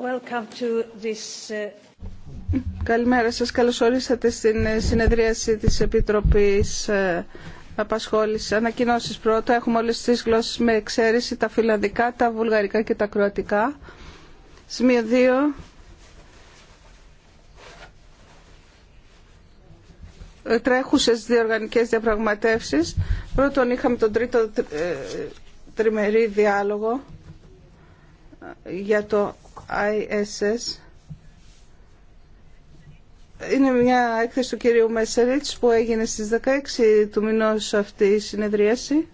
Uh, Καλημέρα σας. Καλώς ορίσατε στην ε, συνεδρίαση της Επιτροπής ε, Απασχόλησης. Ανακοινώσεις πρώτα. Έχουμε όλες τις γλώσσες με εξαίρεση τα φιλανδικά, τα βουλγαρικά και τα κροατικά. Σημείο 2. Ε, τρέχουσες διοργανικές διαπραγματεύσεις. Πρώτον είχαμε τον τρίτο τριμερή διάλογο για το ISS είναι μια έκθεση του κυρίου Μέσεριτς που έγινε στις 16 του μηνός αυτή η συνεδρίαση.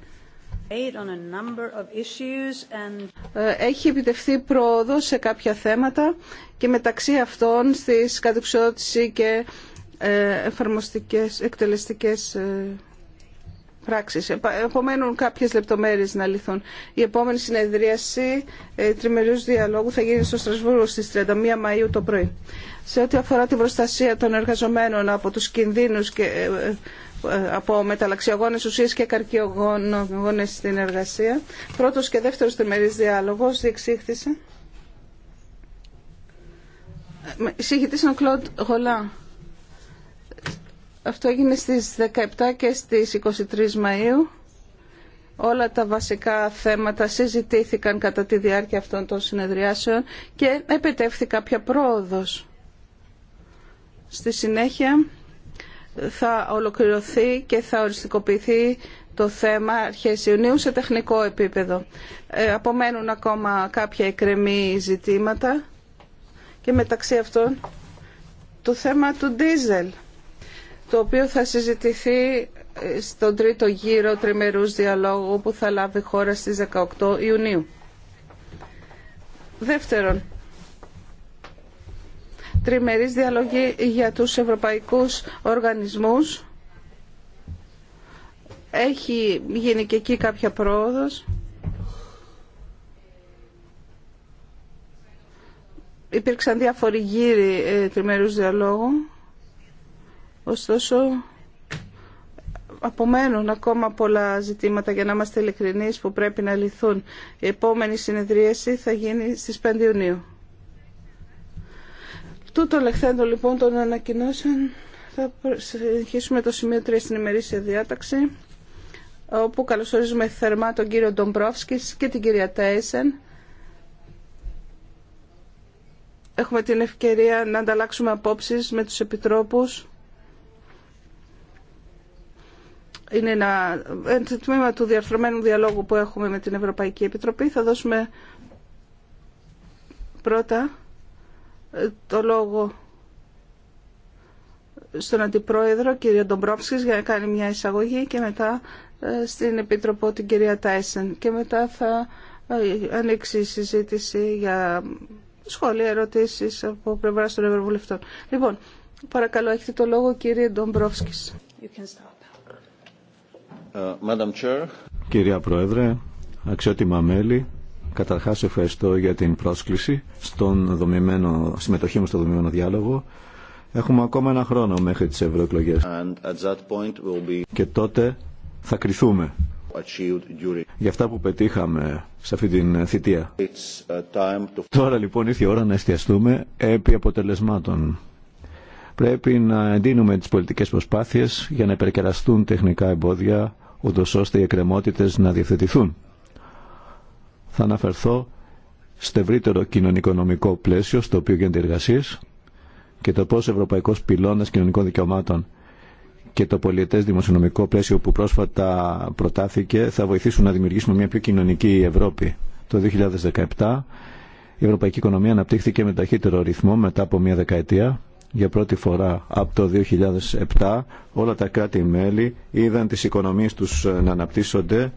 Ε, έχει επιτευχθεί πρόοδο σε κάποια θέματα και μεταξύ αυτών στις κατεξιότηση και ε, εφαρμοστικές, εκτελεστικές ε, πράξεις. Επομένουν κάποιες λεπτομέρειες να λυθούν. Η επόμενη συνεδρίαση ε, διαλόγου θα γίνει στο Στρασβούργο στις 31 Μαΐου το πρωί. Σε ό,τι αφορά την προστασία των εργαζομένων από τους κινδύνους και, ε, ε, από μεταλλαξιογόνες ουσίες και καρκιογόνες στην εργασία. Πρώτος και δεύτερος τριμερής διάλογος διεξήχθησε. Κλοντ αυτό έγινε στις 17 και στις 23 Μαΐου. Όλα τα βασικά θέματα συζητήθηκαν κατά τη διάρκεια αυτών των συνεδριάσεων και επιτεύχθη κάποια πρόοδος. Στη συνέχεια θα ολοκληρωθεί και θα οριστικοποιηθεί το θέμα αρχές Ιουνίου σε τεχνικό επίπεδο. Ε, απομένουν ακόμα κάποια εκκρεμή ζητήματα και μεταξύ αυτών το θέμα του ντίζελ το οποίο θα συζητηθεί στον τρίτο γύρο τριμερούς διαλόγου που θα λάβει χώρα στις 18 Ιουνίου. Δεύτερον, τριμερής διαλογή για τους ευρωπαϊκούς οργανισμούς. Έχει γίνει και εκεί κάποια πρόοδος. Υπήρξαν διάφοροι γύροι ε, τριμερούς διαλόγου. Ωστόσο, απομένουν ακόμα πολλά ζητήματα για να είμαστε ειλικρινεί που πρέπει να λυθούν. Η επόμενη συνεδρίαση θα γίνει στις 5 Ιουνίου. Τούτο λεχθέντο λοιπόν των ανακοινώσεων θα συνεχίσουμε το σημείο 3 στην ημερήσια διάταξη όπου καλωσορίζουμε θερμά τον κύριο Ντομπρόφσκης και την κυρία Τέισεν. Έχουμε την ευκαιρία να ανταλλάξουμε απόψεις με τους επιτρόπους είναι ένα, τμήμα του διαρθρωμένου διαλόγου που έχουμε με την Ευρωπαϊκή Επιτροπή. Θα δώσουμε πρώτα ε, το λόγο στον Αντιπρόεδρο, κύριο Ντομπρόψκης, για να κάνει μια εισαγωγή και μετά ε, στην Επίτροπο την κυρία Τάισεν. Και μετά θα ε, ανοίξει η συζήτηση για σχόλια, ερωτήσεις από πλευρά των Ευρωβουλευτών. Λοιπόν, παρακαλώ, έχετε το λόγο κύριε Ντομπρόφσκης. You can start. Ε, Κυρία Πρόεδρε, αξιότιμα μέλη, καταρχάς ευχαριστώ για την πρόσκληση στον δομημένο, συμμετοχή μου στο δομημένο διάλογο. Έχουμε ακόμα ένα χρόνο μέχρι τις ευρωεκλογέ. Και τότε θα κριθούμε για αυτά που πετύχαμε σε αυτή την θητεία. Τώρα λοιπόν ήρθε η ώρα να εστιαστούμε επί αποτελεσμάτων. Πρέπει να εντείνουμε τις πολιτικές προσπάθειες για να υπερκεραστούν τεχνικά εμπόδια ούτως ώστε οι εκκρεμότητες να διευθετηθούν. Θα αναφερθώ στο ευρύτερο κοινωνικονομικό πλαίσιο στο οποίο γίνονται εργασίε και το πώς ευρωπαϊκός Πυλώνα κοινωνικών δικαιωμάτων και το πολιτέ δημοσιονομικό πλαίσιο που πρόσφατα προτάθηκε θα βοηθήσουν να δημιουργήσουμε μια πιο κοινωνική Ευρώπη. Το 2017 η ευρωπαϊκή οικονομία αναπτύχθηκε με ταχύτερο ρυθμό μετά από μια δεκαετία για πρώτη φορά από το 2007 όλα τα κράτη-μέλη είδαν τις οικονομίες τους ε, να αναπτύσσονται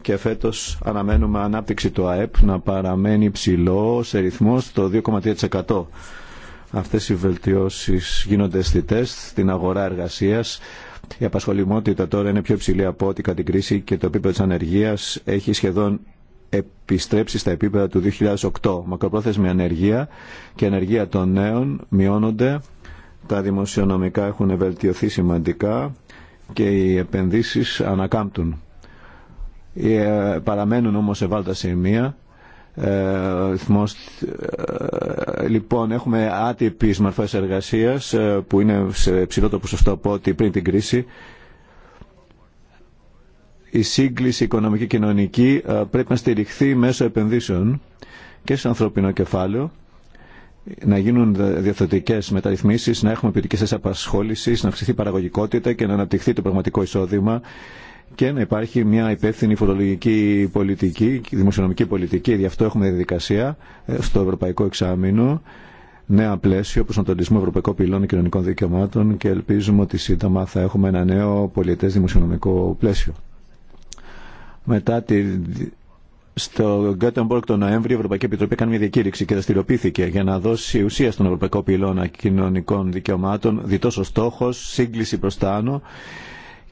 και φέτος αναμένουμε ανάπτυξη του ΑΕΠ να παραμένει ψηλό σε ρυθμό στο 2,3%. Αυτές οι βελτιώσεις γίνονται αισθητέ στην αγορά εργασίας. Η απασχολημότητα τώρα είναι πιο ψηλή από ό,τι κατά την κρίση και το επίπεδο της ανεργίας έχει σχεδόν επιστρέψει στα επίπεδα του 2008. Μακροπρόθεσμη ανεργία και ανεργία των νέων μειώνονται τα δημοσιονομικά έχουν βελτιωθεί σημαντικά και οι επενδύσεις ανακάμπτουν. Ε, παραμένουν όμως ευάλωτα σημεία. Ε, ε, λοιπόν, έχουμε άτυπη μορφές εργασίας που είναι σε ψηλότερο ποσοστό από ό,τι πριν την κρίση. Η σύγκληση οικονομική-κοινωνική πρέπει να στηριχθεί μέσω επενδύσεων και σε ανθρωπινό κεφάλαιο να γίνουν διαθετικέ μεταρρυθμίσει, να έχουμε ποιοτικέ απασχόληση, να αυξηθεί η παραγωγικότητα και να αναπτυχθεί το πραγματικό εισόδημα και να υπάρχει μια υπεύθυνη φορολογική πολιτική, δημοσιονομική πολιτική. Γι' αυτό έχουμε διαδικασία ε, στο Ευρωπαϊκό Εξάμεινο, νέα πλαίσιο προσανατολισμού Ευρωπαϊκών Πυλών και Κοινωνικών Δικαιωμάτων και ελπίζουμε ότι σύντομα θα έχουμε ένα νέο πολιετέ δημοσιονομικό πλαίσιο. Μετά τη στο Γκέτεμπορκ τον Νοέμβριο η Ευρωπαϊκή Επιτροπή έκανε μια διακήρυξη και δραστηριοποιήθηκε για να δώσει ουσία στον Ευρωπαϊκό Πυλώνα Κοινωνικών Δικαιωμάτων, διτό ο στόχο, σύγκληση προ τα άνω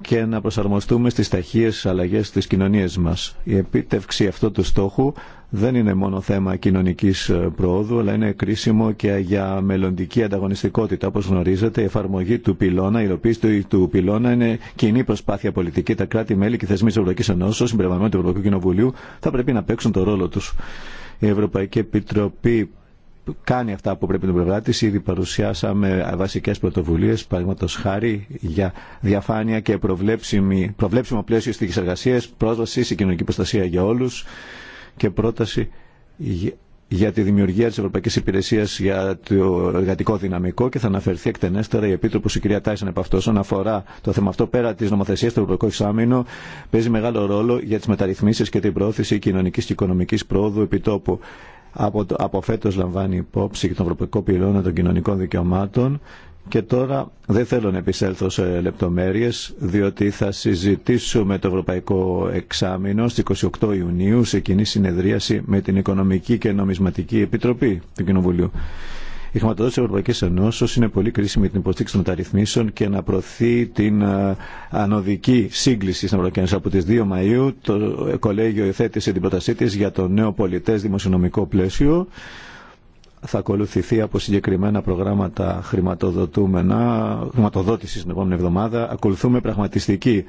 και να προσαρμοστούμε στις ταχείες αλλαγές της κοινωνίας μας. Η επίτευξη αυτού του στόχου δεν είναι μόνο θέμα κοινωνικής ε, προόδου, αλλά είναι κρίσιμο και για μελλοντική ανταγωνιστικότητα. Όπως γνωρίζετε, η εφαρμογή του πυλώνα, η υλοποίηση του πυλώνα είναι κοινή προσπάθεια πολιτική. Τα κράτη-μέλη και θεσμοί της Ευρωπαϊκής Ενώσης, συμπεριλαμβανομένου του Ευρωπαϊκού Κοινοβουλίου, θα πρέπει να παίξουν το ρόλο τους. Η Ευρωπαϊκή Επιτροπή κάνει αυτά που πρέπει την πλευρά τη. Ήδη παρουσιάσαμε βασικέ πρωτοβουλίε, παραδείγματο χάρη για διαφάνεια και προβλέψιμο πλαίσιο στι εργασίε, πρόσβαση σε κοινωνική προστασία για όλου και πρόταση για τη δημιουργία της Ευρωπαϊκής Υπηρεσίας για το εργατικό δυναμικό και θα αναφερθεί εκτενέστερα η Επίτροπος η κυρία Τάισαν από αυτό. Όσον αφορά το θέμα αυτό, πέρα τη νομοθεσία του Ευρωπαϊκό Εξάμεινο παίζει μεγάλο ρόλο για τις μεταρρυθμίσεις και την προώθηση κοινωνικής και οικονομικής πρόοδου επιτόπου από, το, φέτος λαμβάνει υπόψη και τον Ευρωπαϊκό Πυλώνα των Κοινωνικών Δικαιωμάτων και τώρα δεν θέλω να επισέλθω σε λεπτομέρειες διότι θα συζητήσουμε το Ευρωπαϊκό Εξάμεινο στις 28 Ιουνίου σε κοινή συνεδρίαση με την Οικονομική και Νομισματική Επιτροπή του Κοινοβουλίου. Η χρηματοδότηση τη Ευρωπαϊκή Ενώσεω είναι πολύ κρίσιμη για την υποστήριξη των μεταρρυθμίσεων και να προωθεί την ε, ανωδική σύγκληση στην Ευρωπαϊκή Ένωση. Από τι 2 Μαου το κολέγιο εθέτησε την πρότασή τη για το νέο πολιτέ δημοσιονομικό πλαίσιο θα ακολουθηθεί από συγκεκριμένα προγράμματα χρηματοδοτούμενα, χρηματοδότησης την επόμενη εβδομάδα. Ακολουθούμε πραγματιστική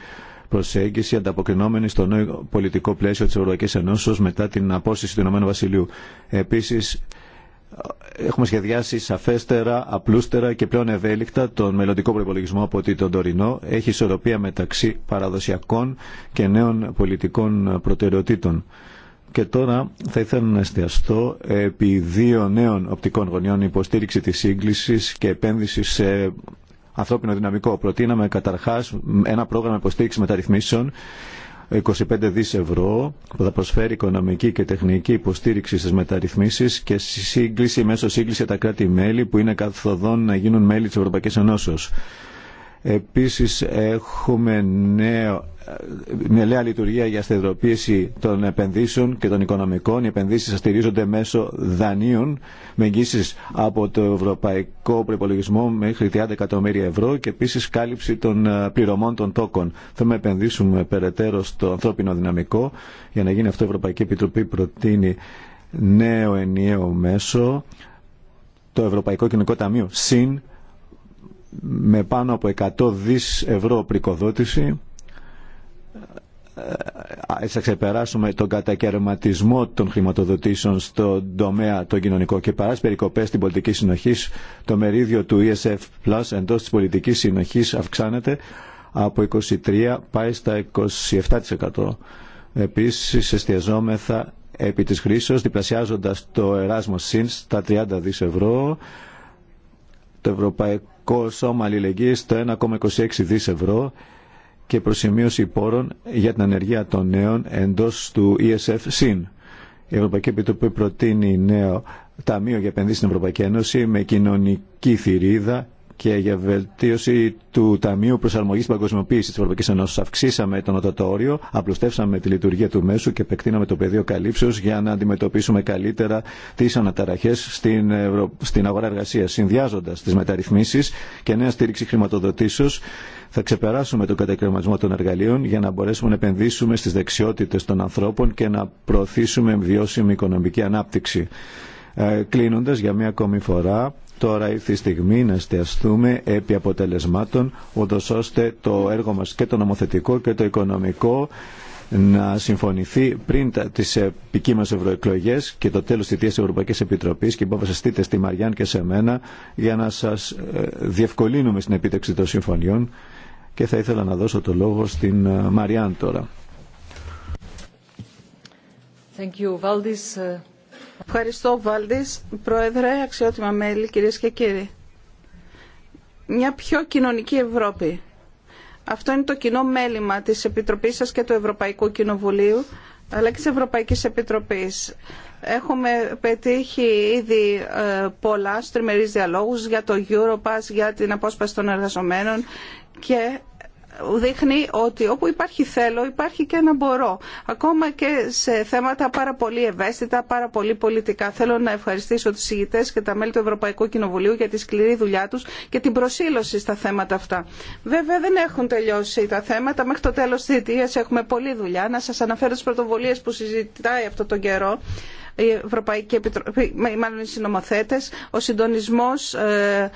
προσέγγιση ανταποκρινόμενη στο νέο πολιτικό πλαίσιο τη Ευρωπαϊκή Ένωση μετά την απόσυση του Ηνωμένου Βασιλείου. Έχουμε σχεδιάσει σαφέστερα, απλούστερα και πλέον ευέλικτα τον μελλοντικό προπολογισμό από ότι τον τωρινό έχει ισορροπία μεταξύ παραδοσιακών και νέων πολιτικών προτεραιοτήτων. Και τώρα θα ήθελα να εστιαστώ επί δύο νέων οπτικών γωνιών υποστήριξη της σύγκλησης και επένδυση σε ανθρώπινο δυναμικό. Προτείναμε καταρχάς ένα πρόγραμμα υποστήριξη μεταρρυθμίσεων 25 δις ευρώ που θα προσφέρει οικονομική και τεχνική υποστήριξη στις μεταρρυθμίσεις και σύγκληση μέσω σύγκληση τα κράτη-μέλη που είναι καθοδόν να γίνουν μέλη της Ευρωπαϊκής Ενώσεως. Επίσης έχουμε νέο, νέα λειτουργία για στεδροποίηση των επενδύσεων και των οικονομικών. Οι επενδύσεις στηρίζονται μέσω δανείων με εγγύσεις από το Ευρωπαϊκό Προπολογισμό μέχρι 30 εκατομμύρια ευρώ και επίσης κάλυψη των ε, πληρωμών των τόκων. Θέλουμε να επενδύσουμε περαιτέρω στο ανθρώπινο δυναμικό. Για να γίνει αυτό η Ευρωπαϊκή Επιτροπή προτείνει νέο ενιαίο μέσο το Ευρωπαϊκό Κοινωνικό Ταμείο ΣΥΝ με πάνω από 100 δις ευρώ πρικοδότηση ε, ε, θα ξεπεράσουμε τον κατακαιρματισμό των χρηματοδοτήσεων στον τομέα το κοινωνικό και παρά περικοπέ στην πολιτική συνοχή, το μερίδιο του ESF Plus εντό τη πολιτική συνοχή αυξάνεται από 23 πάει στα 27%. Επίση, εστιαζόμεθα επί της χρήσεως, διπλασιάζοντας το Erasmus Sins στα 30 δις ευρώ, το Ευρωπαϊκό ελληνικό Σώμα αλληλεγγύη το 1,26 δις ευρώ και προσημείωση πόρων για την ανεργία των νέων εντός του esf σύν. Η Ευρωπαϊκή Επιτροπή προτείνει νέο Ταμείο για Επενδύσεις στην Ευρωπαϊκή Ένωση με κοινωνική θηρίδα και για βελτίωση του Ταμείου Προσαρμογή και Παγκοσμιοποίηση τη Ευρωπαϊκή Ενώση. Αυξήσαμε το νοτοτόριο, απλουστεύσαμε τη λειτουργία του μέσου και επεκτείναμε το πεδίο καλύψεω για να αντιμετωπίσουμε καλύτερα τι αναταραχέ στην, στην αγορά εργασία. Συνδυάζοντα τι μεταρρυθμίσει και νέα στήριξη χρηματοδοτήσεω, θα ξεπεράσουμε τον κατακαιρματισμό των εργαλείων για να μπορέσουμε να επενδύσουμε στι δεξιότητε των ανθρώπων και να προωθήσουμε βιώσιμη οικονομική ανάπτυξη. Ε, για μία ακόμη φορά, Τώρα ήρθε η στιγμή να εστιαστούμε επί αποτελεσμάτων, ούτως ώστε το έργο μας και το νομοθετικό και το οικονομικό να συμφωνηθεί πριν τι επικοί μα ευρωεκλογέ και το τέλο τη Ευρωπαϊκής Ευρωπαϊκή Επιτροπή και υποβασιστείτε στη Μαριάν και σε μένα για να σα ε, διευκολύνουμε στην επίτευξη των συμφωνιών. Και θα ήθελα να δώσω το λόγο στην ε, Μαριάν τώρα. Thank you, ε, Ευχαριστώ, Βάλτη. Πρόεδρε, αξιότιμα μέλη, κυρίες και κύριοι. Μια πιο κοινωνική Ευρώπη. Αυτό είναι το κοινό μέλημα της Επιτροπής σα και του Ευρωπαϊκού Κοινοβουλίου, αλλά και τη Ευρωπαϊκή Επιτροπή. Έχουμε πετύχει ήδη ε, πολλά στριμερεί διαλόγους για το Europass, για την απόσπαση των εργαζομένων και δείχνει ότι όπου υπάρχει θέλω υπάρχει και ένα μπορώ. Ακόμα και σε θέματα πάρα πολύ ευαίσθητα, πάρα πολύ πολιτικά. Θέλω να ευχαριστήσω τους ηγητές και τα μέλη του Ευρωπαϊκού Κοινοβουλίου για τη σκληρή δουλειά τους και την προσήλωση στα θέματα αυτά. Βέβαια δεν έχουν τελειώσει τα θέματα. Μέχρι το τέλος της θητείας έχουμε πολλή δουλειά. Να σας αναφέρω τις πρωτοβουλίες που συζητάει αυτό τον καιρό η Ευρωπαϊκή Επιτροπή, μάλλον οι συνομοθέτες, ο συντονισμός ε,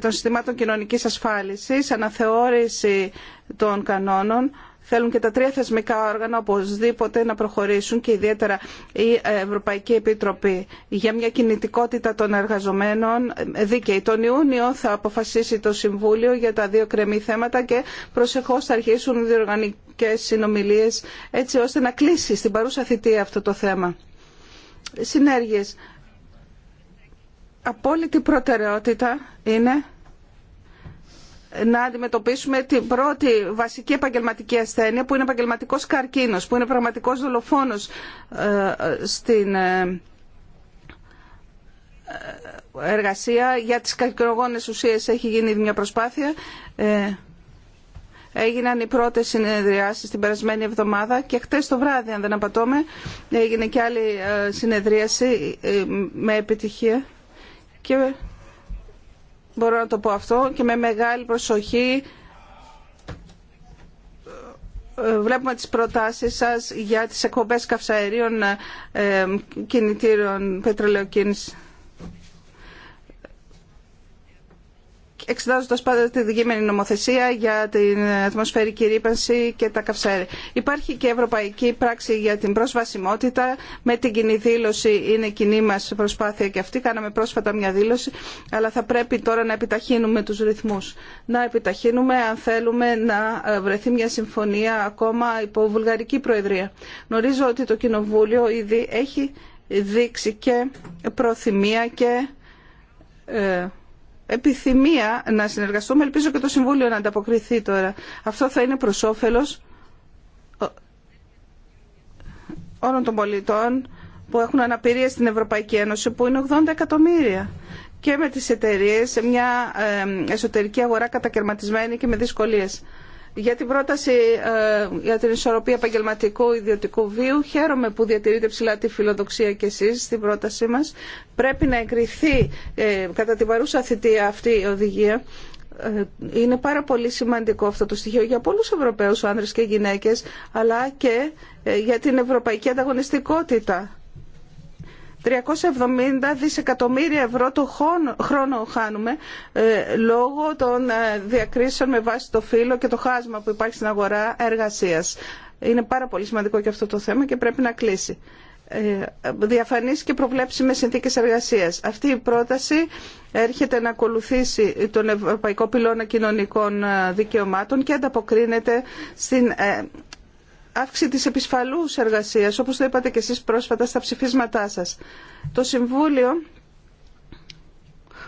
των συστημάτων κοινωνικής ασφάλισης, αναθεώρηση των κανόνων. Θέλουν και τα τρία θεσμικά όργανα οπωσδήποτε να προχωρήσουν και ιδιαίτερα η Ευρωπαϊκή Επιτροπή για μια κινητικότητα των εργαζομένων δίκαιη. Τον Ιούνιο θα αποφασίσει το Συμβούλιο για τα δύο κρεμή θέματα και προσεχώς θα αρχίσουν διοργανικές συνομιλίες έτσι ώστε να κλείσει στην παρούσα θητεία αυτό το θέμα. Συνέργειες απόλυτη προτεραιότητα είναι να αντιμετωπίσουμε την πρώτη βασική επαγγελματική ασθένεια που είναι επαγγελματικός καρκίνος, που είναι πραγματικός δολοφόνος ε, στην ε, ε, εργασία. Για τις καρκινογόνες ουσίες έχει γίνει μια προσπάθεια. Έγιναν οι πρώτες συνεδριάσεις την περασμένη εβδομάδα και χτες το βράδυ, αν δεν απατώμε, έγινε και άλλη συνεδρίαση με επιτυχία και μπορώ να το πω αυτό και με μεγάλη προσοχή ε, βλέπουμε τις προτάσεις σας για τις εκπομπές καυσαερίων ε, κινητήρων πετρελαιοκίνησης. εξετάζοντα πάντα τη διηγήμενη νομοθεσία για την ατμοσφαιρική ρήπανση και τα καυσαέρια. Υπάρχει και ευρωπαϊκή πράξη για την προσβασιμότητα. Με την κοινή δήλωση είναι κοινή μα προσπάθεια και αυτή. Κάναμε πρόσφατα μια δήλωση, αλλά θα πρέπει τώρα να επιταχύνουμε τους ρυθμούς. Να επιταχύνουμε αν θέλουμε να βρεθεί μια συμφωνία ακόμα υπό βουλγαρική προεδρία. Γνωρίζω ότι το Κοινοβούλιο ήδη έχει δείξει και προθυμία και ε, επιθυμία να συνεργαστούμε. Ελπίζω και το Συμβούλιο να ανταποκριθεί τώρα. Αυτό θα είναι προς όφελος ε, όλων των πολιτών που έχουν αναπηρία στην Ευρωπαϊκή Ένωση που είναι 80 εκατομμύρια και με τις εταιρείες σε μια ε, εσωτερική αγορά κατακαιρματισμένη και με δυσκολίες. Για την πρόταση ε, για την ισορροπία επαγγελματικού ιδιωτικού βίου χαίρομαι που διατηρείτε ψηλά τη φιλοδοξία και εσείς στην πρότασή μας. Πρέπει να εγκριθεί ε, κατά την παρούσα θητεία αυτή η οδηγία ε, είναι πάρα πολύ σημαντικό αυτό το στοιχείο για πολλούς Ευρωπαίους άνδρες και γυναίκες αλλά και για την ευρωπαϊκή ανταγωνιστικότητα 370 δισεκατομμύρια ευρώ το χρόνο χάνουμε ε, λόγω των ε, διακρίσεων με βάση το φύλλο και το χάσμα που υπάρχει στην αγορά εργασίας. Είναι πάρα πολύ σημαντικό και αυτό το θέμα και πρέπει να κλείσει. Ε, διαφανής και προβλέψιμες συνθήκες εργασίας. Αυτή η πρόταση έρχεται να ακολουθήσει τον Ευρωπαϊκό Πυλώνα Κοινωνικών Δικαιωμάτων και ανταποκρίνεται στην αύξηση της επισφαλούς εργασίας, όπως το είπατε και εσείς πρόσφατα στα ψηφίσματά σας. Το Συμβούλιο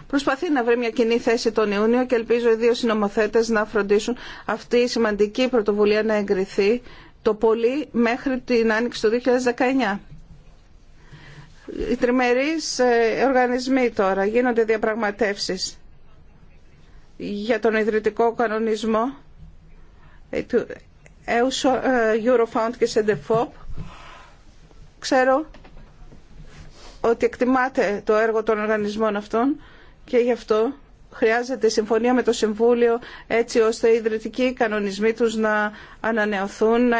προσπαθεί να βρει μια κοινή θέση τον Ιούνιο και ελπίζω οι δύο συνομοθέτες να φροντίσουν αυτή η σημαντική πρωτοβουλία να εγκριθεί το πολύ μέχρι την άνοιξη του 2019. Οι τριμερείς ε, οργανισμοί τώρα γίνονται διαπραγματεύσεις για τον ιδρυτικό κανονισμό ε, ε, Eurofound και Σεντεφόπ. Ξέρω ότι εκτιμάτε το έργο των οργανισμών αυτών και γι' αυτό χρειάζεται συμφωνία με το Συμβούλιο έτσι ώστε οι ιδρυτικοί κανονισμοί τους να ανανεωθούν, να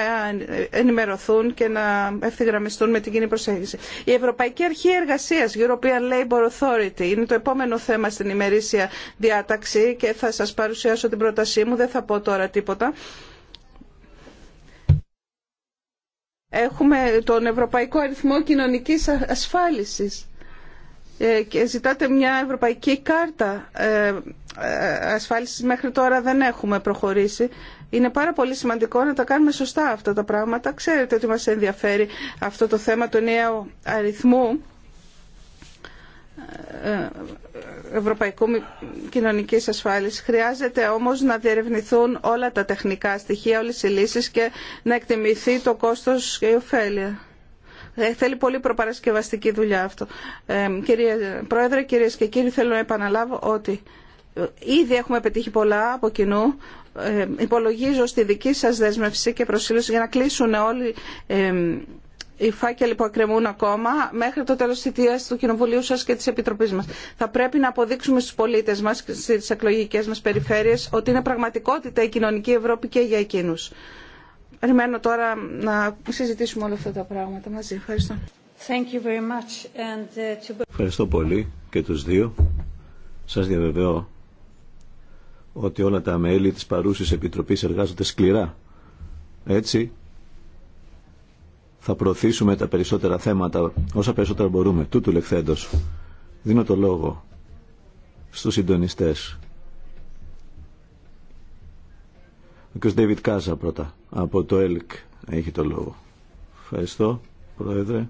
ενημερωθούν και να ευθυγραμμιστούν με την κοινή προσέγγιση. Η Ευρωπαϊκή Αρχή Εργασίας, European Labor Authority, είναι το επόμενο θέμα στην ημερήσια διάταξη και θα σας παρουσιάσω την πρότασή μου, δεν θα πω τώρα τίποτα. Έχουμε τον Ευρωπαϊκό Αριθμό Κοινωνικής Ασφάλισης ε, και ζητάτε μια ευρωπαϊκή κάρτα ε, ε, ασφάλισης. Μέχρι τώρα δεν έχουμε προχωρήσει. Είναι πάρα πολύ σημαντικό να τα κάνουμε σωστά αυτά τα πράγματα. Ξέρετε ότι μας ενδιαφέρει αυτό το θέμα του νέου αριθμού ε, ευρωπαϊκού Κοινωνικής Ασφάλισης. Χρειάζεται όμως να διερευνηθούν όλα τα τεχνικά στοιχεία, όλες οι λύσεις και να εκτιμηθεί το κόστος και η ωφέλεια. Ε, θέλει πολύ προπαρασκευαστική δουλειά αυτό. Ε, κυρία Πρόεδρε, κυρίες και κύριοι, θέλω να επαναλάβω ότι ήδη έχουμε πετύχει πολλά από κοινού. Ε, υπολογίζω στη δική σας δέσμευση και προσήλωση για να κλείσουν όλοι οι φάκελοι που ακρεμούν ακόμα μέχρι το τέλος της θητείας του Κοινοβουλίου σας και της Επιτροπής μας. Θα πρέπει να αποδείξουμε στους πολίτες μας, στις εκλογικές μας περιφέρειες, ότι είναι πραγματικότητα η κοινωνική Ευρώπη και για εκείνους. Περιμένω τώρα να συζητήσουμε όλα αυτά τα πράγματα μαζί. Ευχαριστώ. Uh, Ευχαριστώ πολύ και τους δύο. Σας διαβεβαιώ ότι όλα τα μέλη της παρούσης Επιτροπής εργάζονται σκληρά. Έτσι, θα προωθήσουμε τα περισσότερα θέματα όσα περισσότερα μπορούμε. Τούτου λεχθέντος. Δίνω το λόγο στους συντονιστές. Ο κ. Ντέιβιτ Κάζα πρώτα από το ΕΛΚ έχει το λόγο. Ευχαριστώ, Πρόεδρε.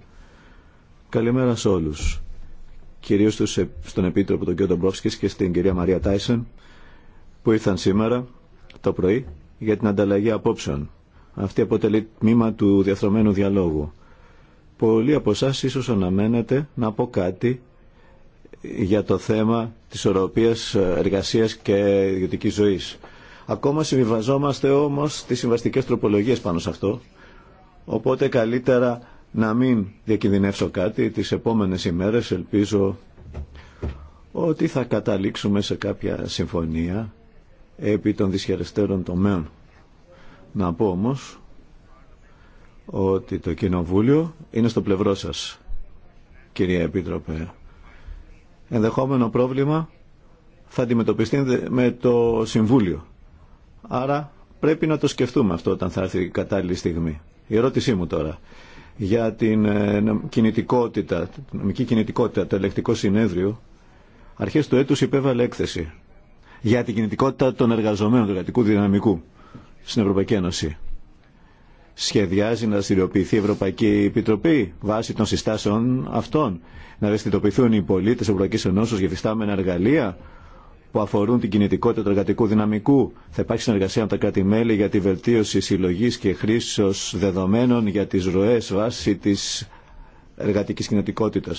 Καλημέρα σε όλους. Κυρίως στον Επίτροπο τον κ. Ντομπρόφσκης και στην κυρία Μαρία Τάισεν που ήρθαν σήμερα το πρωί για την ανταλλαγή απόψεων αυτή αποτελεί τμήμα του διαθρωμένου διαλόγου. Πολλοί από εσά ίσως αναμένετε να πω κάτι για το θέμα της οροπίας ε, εργασίας και ιδιωτικής ζωής. Ακόμα συμβιβαζόμαστε όμως τις συμβαστικές τροπολογίες πάνω σε αυτό, οπότε καλύτερα να μην διακινδυνεύσω κάτι τις επόμενες ημέρες ελπίζω ότι θα καταλήξουμε σε κάποια συμφωνία επί των δυσχερεστέρων τομέων. Να πω όμως ότι το Κοινοβούλιο είναι στο πλευρό σας, κυρία Επίτροπε. Ενδεχόμενο πρόβλημα θα αντιμετωπιστεί με το Συμβούλιο. Άρα πρέπει να το σκεφτούμε αυτό όταν θα έρθει η κατάλληλη στιγμή. Η ερώτησή μου τώρα για την ε, κινητικότητα, την νομική κινητικότητα, το ελεκτικό συνέδριο, αρχές του έτους υπέβαλε έκθεση για την κινητικότητα των εργαζομένων, του εργατικού δυναμικού στην Ευρωπαϊκή Ένωση. Σχεδιάζει να δραστηριοποιηθεί η Ευρωπαϊκή Επιτροπή βάσει των συστάσεων αυτών, να δραστηριοποιηθούν οι πολίτε τη Ευρωπαϊκή Ενώσεω για φυστάμενα εργαλεία που αφορούν την κινητικότητα του εργατικού δυναμικού. Θα υπάρχει συνεργασία με τα κράτη-μέλη για τη βελτίωση συλλογή και χρήσεω δεδομένων για τι ροέ βάσει τη εργατική κινητικότητα.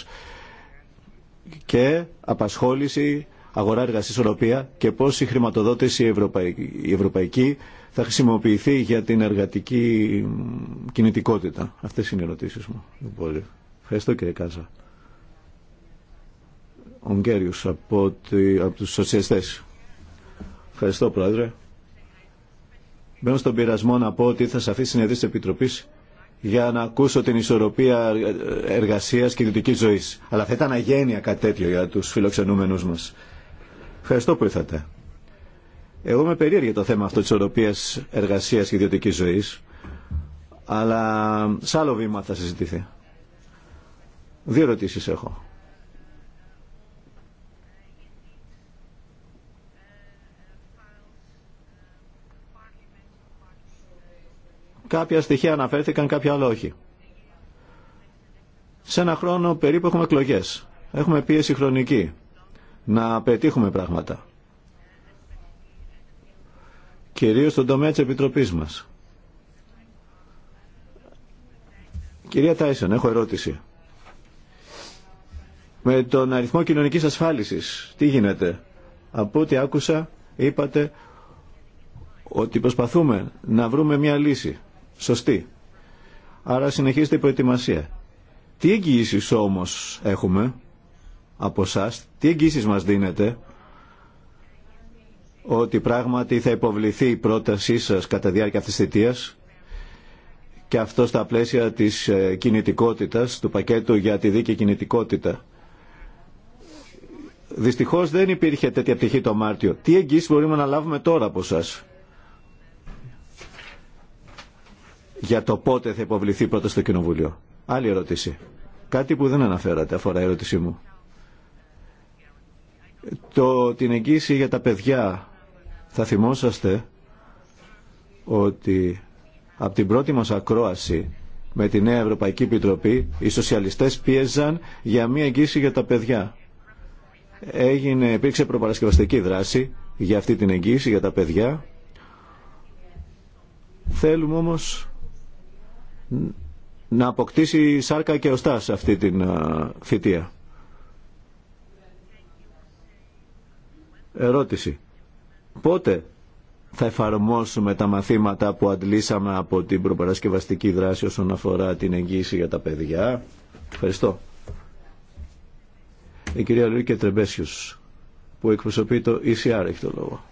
Και απασχόληση, αγορά εργασία ισορροπία και πώ η χρηματοδότηση η ευρωπαϊκή θα χρησιμοποιηθεί για την εργατική κινητικότητα. Αυτές είναι οι ερωτήσεις μου. Πολύ. Ευχαριστώ κύριε Κάζα. Ο από, τη, από τους σοσιαστές. Ευχαριστώ πρόεδρε. Μπαίνω στον πειρασμό να πω ότι ήρθα σε αυτή τη συνεδρία της για να ακούσω την ισορροπία εργασία και ιδιωτική ζωή. Αλλά θα ήταν αγένεια κάτι τέτοιο για του φιλοξενούμενου μα. Ευχαριστώ που ήρθατε. Εγώ είμαι περίεργη το θέμα αυτό τη οροπία εργασίας και ιδιωτική ζωής, αλλά σε άλλο βήμα θα συζητηθεί. Δύο ερωτήσει έχω. Κάποια στοιχεία αναφέρθηκαν, κάποια άλλα όχι. Σε ένα χρόνο περίπου έχουμε εκλογέ. Έχουμε πίεση χρονική να πετύχουμε πράγματα κυρίως στον τομέα της Επιτροπής μας. Κυρία Τάισον, έχω ερώτηση. Με τον αριθμό κοινωνικής ασφάλισης, τι γίνεται. Από ό,τι άκουσα, είπατε ότι προσπαθούμε να βρούμε μια λύση. Σωστή. Άρα συνεχίζεται η προετοιμασία. Τι εγγυήσει όμως έχουμε από εσά, τι εγγύσεις μας δίνετε ότι πράγματι θα υποβληθεί η πρότασή σας κατά διάρκεια αυτής της και αυτό στα πλαίσια της ε, κινητικότητας, του πακέτου για τη δίκαιη κινητικότητα. Δυστυχώς δεν υπήρχε τέτοια πτυχή το Μάρτιο. Τι εγγύηση μπορούμε να λάβουμε τώρα από σας για το πότε θα υποβληθεί πρώτα στο Κοινοβουλίο. Άλλη ερώτηση. Κάτι που δεν αναφέρατε αφορά η ερώτησή μου. Το, την εγγύηση για τα παιδιά θα θυμόσαστε ότι από την πρώτη μας ακρόαση με τη Νέα Ευρωπαϊκή Επιτροπή οι σοσιαλιστές πίεζαν για μία εγγύηση για τα παιδιά. Έγινε, υπήρξε προπαρασκευαστική δράση για αυτή την εγγύηση για τα παιδιά. Θέλουμε όμως να αποκτήσει σάρκα και οστά σε αυτή την θητεία. Ερώτηση. Πότε θα εφαρμόσουμε τα μαθήματα που αντλήσαμε από την προπαρασκευαστική δράση όσον αφορά την εγγύηση για τα παιδιά. Ευχαριστώ. Η κυρία Λουίκε Τρεμπέσιους που εκπροσωπεί το ECR έχει το λόγο.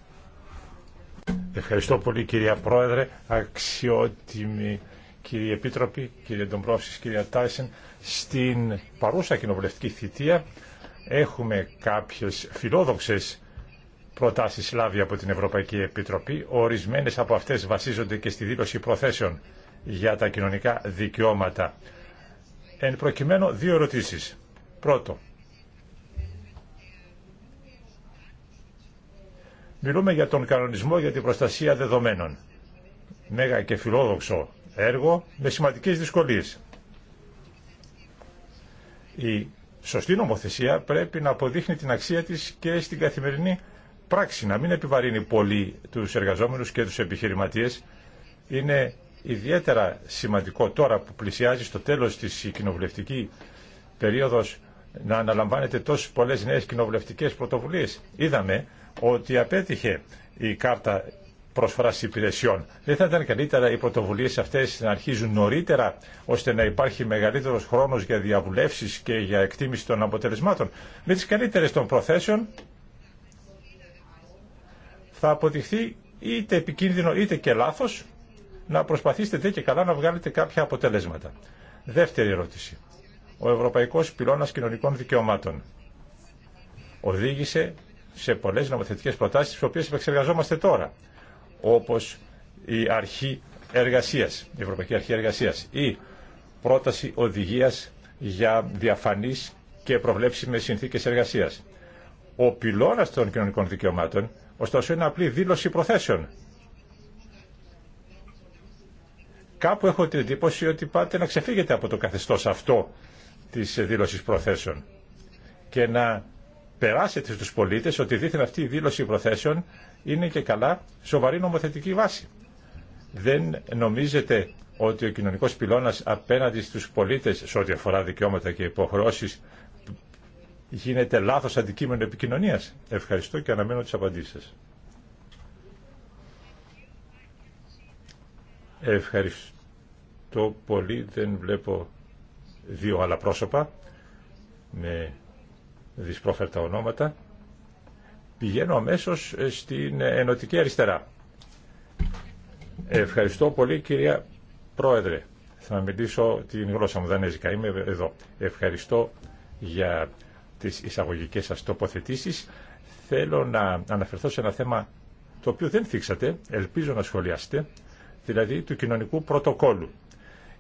Ευχαριστώ πολύ κυρία Πρόεδρε, αξιότιμη κυρία Επίτροπη, κύριε Ντομπρόφσης, κυρία Τάισεν. Στην παρούσα κοινοβουλευτική θητεία έχουμε κάποιες φιλόδοξες προτάσεις λάβει από την Ευρωπαϊκή Επιτροπή. Ορισμένες από αυτές βασίζονται και στη δήλωση προθέσεων για τα κοινωνικά δικαιώματα. Εν προκειμένου δύο ερωτήσει. Πρώτο, μιλούμε για τον κανονισμό για την προστασία δεδομένων. Μέγα και φιλόδοξο έργο με σημαντικές δυσκολίες. Η σωστή νομοθεσία πρέπει να αποδείχνει την αξία της και στην καθημερινή πράξη, να μην επιβαρύνει πολύ τους εργαζόμενους και τους επιχειρηματίες. Είναι ιδιαίτερα σημαντικό τώρα που πλησιάζει στο τέλος της κοινοβουλευτική περίοδος να αναλαμβάνεται τόσες πολλές νέες κοινοβουλευτικές πρωτοβουλίες. Είδαμε ότι απέτυχε η κάρτα προσφορά υπηρεσιών. Δεν θα ήταν καλύτερα οι πρωτοβουλίε αυτέ να αρχίζουν νωρίτερα, ώστε να υπάρχει μεγαλύτερο χρόνο για διαβουλεύσει και για εκτίμηση των αποτελεσμάτων. Με τι καλύτερε των προθέσεων θα αποδειχθεί είτε επικίνδυνο είτε και λάθος να προσπαθήσετε δε και καλά να βγάλετε κάποια αποτελέσματα. Δεύτερη ερώτηση. Ο Ευρωπαϊκός Πυλώνας Κοινωνικών Δικαιωμάτων οδήγησε σε πολλές νομοθετικές προτάσεις τις οποίες επεξεργαζόμαστε τώρα όπως η αρχή εργασίας, η Ευρωπαϊκή Αρχή Εργασίας ή πρόταση οδηγίας για διαφανείς και προβλέψιμες συνθήκες εργασίας. Ο πυλώνας των κοινωνικών δικαιωμάτων Ωστόσο είναι απλή δήλωση προθέσεων. Κάπου έχω την εντύπωση ότι πάτε να ξεφύγετε από το καθεστώς αυτό της δήλωσης προθέσεων και να περάσετε στους πολίτες ότι δήθεν αυτή η δήλωση προθέσεων είναι και καλά σοβαρή νομοθετική βάση. Δεν νομίζετε ότι ο κοινωνικός πυλώνας απέναντι στους πολίτες σε ό,τι αφορά δικαιώματα και υποχρεώσεις γίνεται λάθος αντικείμενο επικοινωνίας. Ευχαριστώ και αναμένω τις απαντήσεις σας. Ευχαριστώ πολύ. Δεν βλέπω δύο άλλα πρόσωπα με δυσπρόφερτα ονόματα. Πηγαίνω αμέσως στην Ενωτική Αριστερά. Ευχαριστώ πολύ κυρία Πρόεδρε. Θα μιλήσω την γλώσσα μου δανέζικα. Είμαι εδώ. Ευχαριστώ για τις εισαγωγικές σας τοποθετήσεις, θέλω να αναφερθώ σε ένα θέμα το οποίο δεν θίξατε, ελπίζω να σχολιάσετε, δηλαδή του κοινωνικού πρωτοκόλου.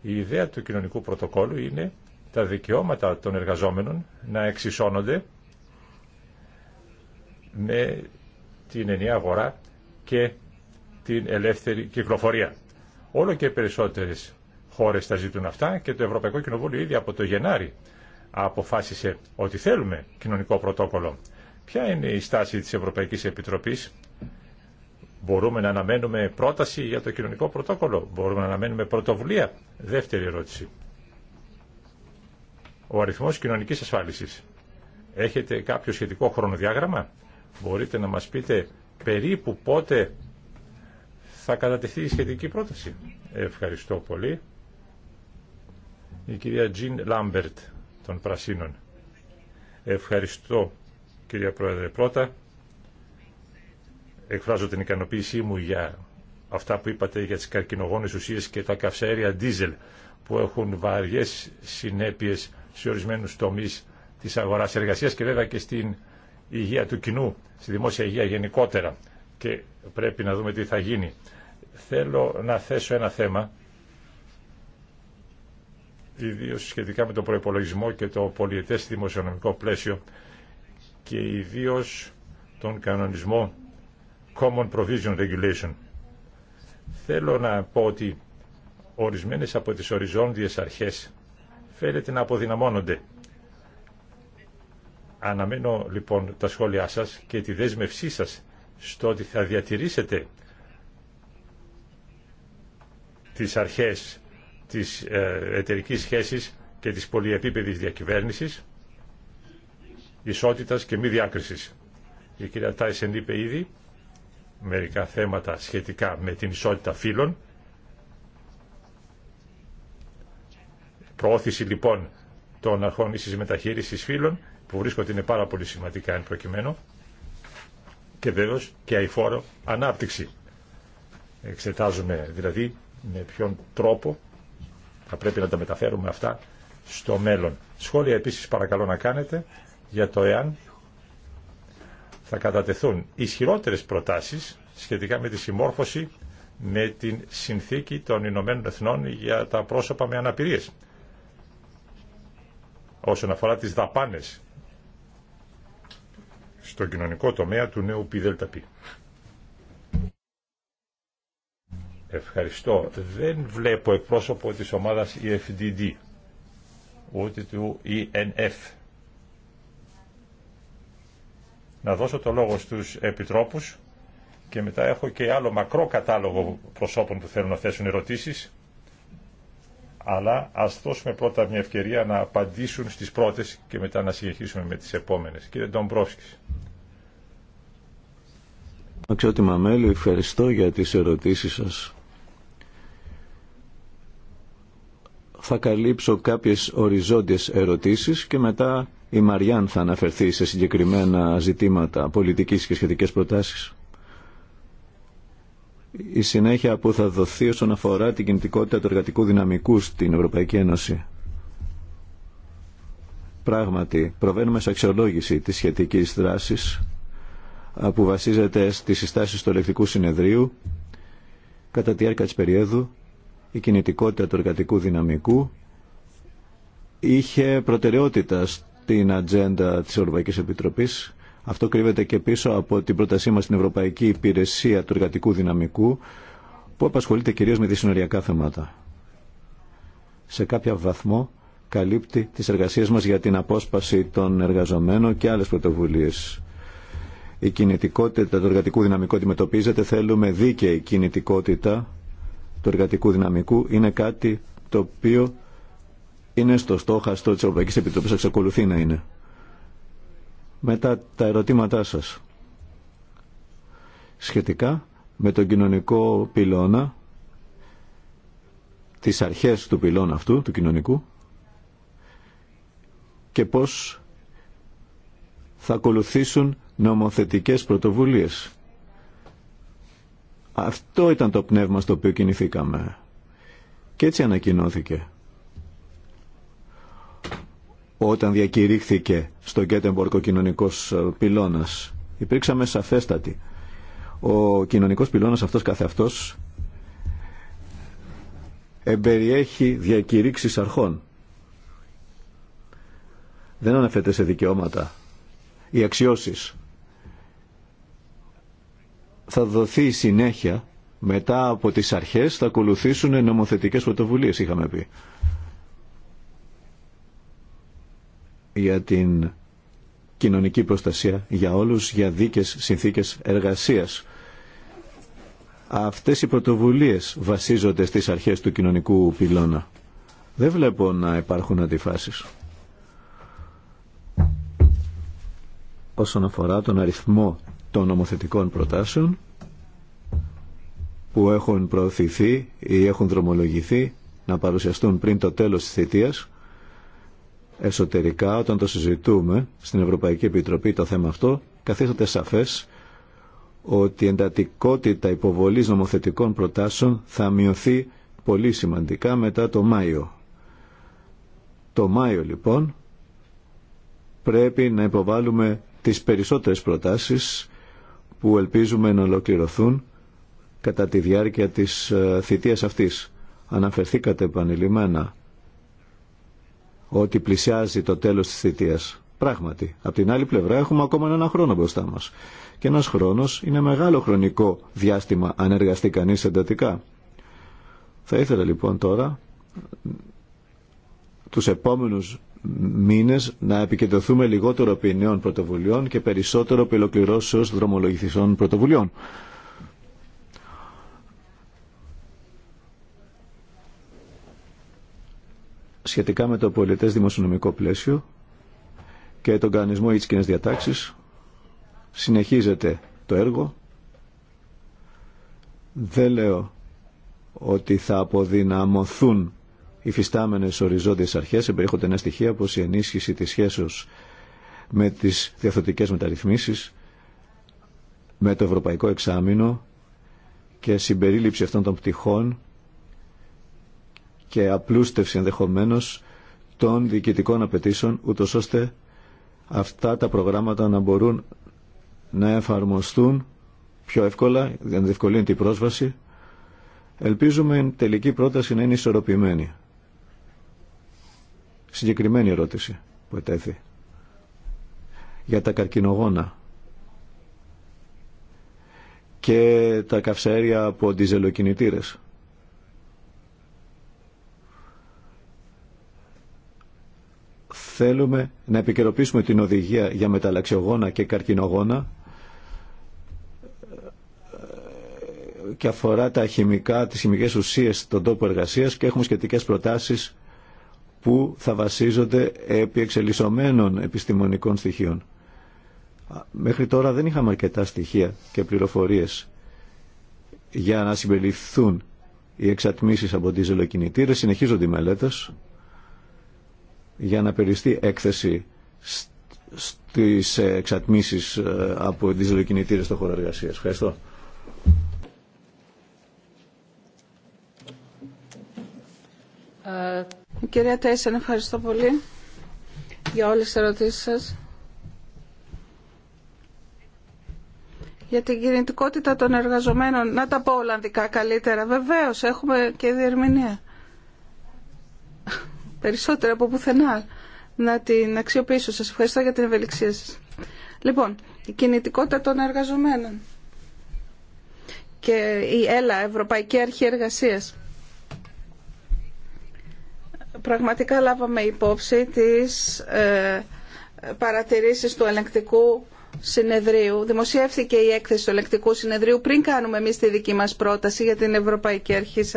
Η ιδέα του κοινωνικού πρωτοκόλου είναι τα δικαιώματα των εργαζόμενων να εξισώνονται με την ενιαία αγορά και την ελεύθερη κυκλοφορία. Όλο και περισσότερες χώρες τα ζητούν αυτά και το Ευρωπαϊκό Κοινοβούλιο ήδη από το Γενάρη αποφάσισε ότι θέλουμε κοινωνικό πρωτόκολλο. Ποια είναι η στάση της Ευρωπαϊκής Επιτροπής. Μπορούμε να αναμένουμε πρόταση για το κοινωνικό πρωτόκολλο. Μπορούμε να αναμένουμε πρωτοβουλία. Δεύτερη ερώτηση. Ο αριθμός κοινωνικής ασφάλισης. Έχετε κάποιο σχετικό χρονοδιάγραμμα. Μπορείτε να μας πείτε περίπου πότε θα κατατεθεί η σχετική πρόταση. Ευχαριστώ πολύ. Η κυρία Τζιν Λάμπερτ των Πρασίνων. Ευχαριστώ κυρία Πρόεδρε πρώτα. Εκφράζω την ικανοποίησή μου για αυτά που είπατε για τις καρκινογόνες ουσίες και τα καυσαέρια ντίζελ που έχουν βαριές συνέπειες σε ορισμένους τομείς της αγοράς εργασίας και βέβαια και στην υγεία του κοινού, στη δημόσια υγεία γενικότερα και πρέπει να δούμε τι θα γίνει. Θέλω να θέσω ένα θέμα Ιδίω σχετικά με τον προπολογισμό και το πολιετέ δημοσιονομικό πλαίσιο και ιδίω τον κανονισμό Common Provision Regulation. Θέλω να πω ότι ορισμένες από τις οριζόντιες αρχές φαίνεται να αποδυναμώνονται. Αναμένω λοιπόν τα σχόλιά σας και τη δέσμευσή σας στο ότι θα διατηρήσετε τις αρχές της ε, εταιρικής σχέσης και της πολυεπίπεδης διακυβέρνησης, ισότητας και μη διάκρισης. Η κυρία Τάισεν είπε ήδη μερικά θέματα σχετικά με την ισότητα φύλων. Προώθηση λοιπόν των αρχών ίσης μεταχείρισης φύλων, που βρίσκονται είναι πάρα πολύ σημαντικά εν προκειμένου, και βέβαιως και αηφόρο ανάπτυξη. Εξετάζουμε δηλαδή με ποιον τρόπο θα πρέπει να τα μεταφέρουμε αυτά στο μέλλον. Σχόλια επίσης παρακαλώ να κάνετε για το εάν θα κατατεθούν ισχυρότερες προτάσεις σχετικά με τη συμμόρφωση με την συνθήκη των Ηνωμένων Εθνών για τα πρόσωπα με αναπηρίες όσον αφορά τις δαπάνες στο κοινωνικό τομέα του νέου πι. Ευχαριστώ. Δεν βλέπω εκπρόσωπο της ομάδας EFDD, ούτε του ENF. Να δώσω το λόγο στους επιτρόπους και μετά έχω και άλλο μακρό κατάλογο προσώπων που θέλουν να θέσουν ερωτήσεις. Αλλά ας δώσουμε πρώτα μια ευκαιρία να απαντήσουν στις πρώτες και μετά να συνεχίσουμε με τις επόμενες. Κύριε Ντομπρόσκης. Αξιότιμα μέλη, ευχαριστώ για τις ερωτήσεις σας. Θα καλύψω κάποιες οριζόντιες ερωτήσεις και μετά η Μαριάν θα αναφερθεί σε συγκεκριμένα ζητήματα πολιτικής και σχετικές προτάσεις. Η συνέχεια που θα δοθεί όσον αφορά την κινητικότητα του εργατικού δυναμικού στην Ευρωπαϊκή Ένωση. Πράγματι, προβαίνουμε σε αξιολόγηση της σχετικής δράσης που βασίζεται στις συστάσεις του ελεκτικού συνεδρίου κατά τη διάρκεια της περίοδου η κινητικότητα του εργατικού δυναμικού είχε προτεραιότητα στην ατζέντα της Ευρωπαϊκής Επιτροπής. Αυτό κρύβεται και πίσω από την πρότασή μας στην Ευρωπαϊκή Υπηρεσία του Εργατικού Δυναμικού που απασχολείται κυρίως με δυσυνοριακά θέματα. Σε κάποιο βαθμό καλύπτει τις εργασίες μας για την απόσπαση των εργαζομένων και άλλες πρωτοβουλίες. Η κινητικότητα του εργατικού δυναμικού αντιμετωπίζεται. Θέλουμε δίκαιη κινητικότητα του εργατικού δυναμικού είναι κάτι το οποίο είναι στο στόχαστο της Ευρωπαϊκής Επιτροπής, εξακολουθεί να είναι. Μετά τα ερωτήματά σας σχετικά με τον κοινωνικό πυλώνα, τις αρχές του πυλώνα αυτού, του κοινωνικού, και πώς θα ακολουθήσουν νομοθετικές πρωτοβουλίες. Αυτό ήταν το πνεύμα στο οποίο κινηθήκαμε. Και έτσι ανακοινώθηκε. Όταν διακηρύχθηκε στο Γκέτεμπορκ ο κοινωνικός ε, πυλώνας, υπήρξαμε σαφέστατοι. Ο κοινωνικός πυλώνας αυτός καθεαυτός εμπεριέχει διακηρύξεις αρχών. Δεν αναφέρεται σε δικαιώματα ή αξιώσεις θα δοθεί συνέχεια μετά από τις αρχές θα ακολουθήσουν νομοθετικές πρωτοβουλίες είχαμε πει για την κοινωνική προστασία για όλους για δίκες συνθήκες εργασίας αυτές οι πρωτοβουλίες βασίζονται στις αρχές του κοινωνικού πυλώνα δεν βλέπω να υπάρχουν αντιφάσεις όσον αφορά τον αριθμό των νομοθετικών προτάσεων που έχουν προωθηθεί ή έχουν δρομολογηθεί να παρουσιαστούν πριν το τέλος της θητείας εσωτερικά όταν το συζητούμε στην Ευρωπαϊκή Επιτροπή το θέμα αυτό καθίσταται σαφές ότι η εντατικότητα υποβολής νομοθετικών προτάσεων θα μειωθεί πολύ σημαντικά μετά το Μάιο. Το Μάιο λοιπόν πρέπει να υποβάλουμε τις περισσότερες προτάσεις που ελπίζουμε να ολοκληρωθούν κατά τη διάρκεια της ε, θητείας αυτής. Αναφερθήκατε επανειλημμένα ότι πλησιάζει το τέλος της θητείας. Πράγματι, από την άλλη πλευρά έχουμε ακόμα ένα χρόνο μπροστά μας. Και ένας χρόνος είναι μεγάλο χρονικό διάστημα αν εργαστεί κανείς εντατικά. Θα ήθελα λοιπόν τώρα τους επόμενους μήνες να επικεντρωθούμε λιγότερο επί νέων πρωτοβουλειών και περισσότερο επί ολοκληρώσεως δρομολογηθήσεων πρωτοβουλειών. Σχετικά με το πολιτές δημοσιονομικό πλαίσιο και τον κανονισμό κοινές διατάξεις συνεχίζεται το έργο. Δεν λέω ότι θα αποδυναμωθούν οι φυστάμενες οριζόντιες αρχές εμπεριέχονται ένα στοιχείο όπως η ενίσχυση της σχέσης με τις διαθετικέ μεταρρυθμίσεις, με το ευρωπαϊκό εξάμεινο και συμπερίληψη αυτών των πτυχών και απλούστευση ενδεχομένω των διοικητικών απαιτήσεων, ούτω ώστε αυτά τα προγράμματα να μπορούν να εφαρμοστούν πιο εύκολα, για να διευκολύνει την πρόσβαση. Ελπίζουμε η τελική πρόταση να είναι ισορροπημένη συγκεκριμένη ερώτηση που ετέθη για τα καρκινογόνα και τα καυσαέρια από διζελοκινητήρες. Θέλουμε να επικαιροποιήσουμε την οδηγία για μεταλλαξιογόνα και καρκινογόνα ε, ε, και αφορά τα χημικά, τις χημικές ουσίες στον τόπο εργασίας και έχουμε σχετικές προτάσεις που θα βασίζονται επί εξελισσομένων επιστημονικών στοιχείων. Μέχρι τώρα δεν είχαμε αρκετά στοιχεία και πληροφορίες για να συμπεριληφθούν οι εξατμίσεις από τις ζελοκινητήρες. Συνεχίζονται οι μελέτες για να περιστεί έκθεση στις εξατμίσεις ε, από τις ζελοκινητήρες στο χώρο εργασίας. Ευχαριστώ. Ε, Κυρία Τέσσερα, ευχαριστώ πολύ για όλες τις ερωτήσεις σας. Για την κινητικότητα των εργαζομένων, να τα πω ολλανδικά καλύτερα. Βεβαίως, έχουμε και διερμηνία. Περισσότερα από πουθενά. Να την αξιοποιήσω. Σας ευχαριστώ για την ευελιξία σας. Λοιπόν, η κινητικότητα των εργαζομένων και η ΕΛΑ, Ευρωπαϊκή Αρχή Εργασίας πραγματικά λάβαμε υπόψη τις ε, παρατηρήσεις του ελεγκτικού συνεδρίου. Δημοσιεύθηκε η έκθεση του ελεγκτικού συνεδρίου πριν κάνουμε εμεί τη δική μας πρόταση για την Ευρωπαϊκή Αρχή τη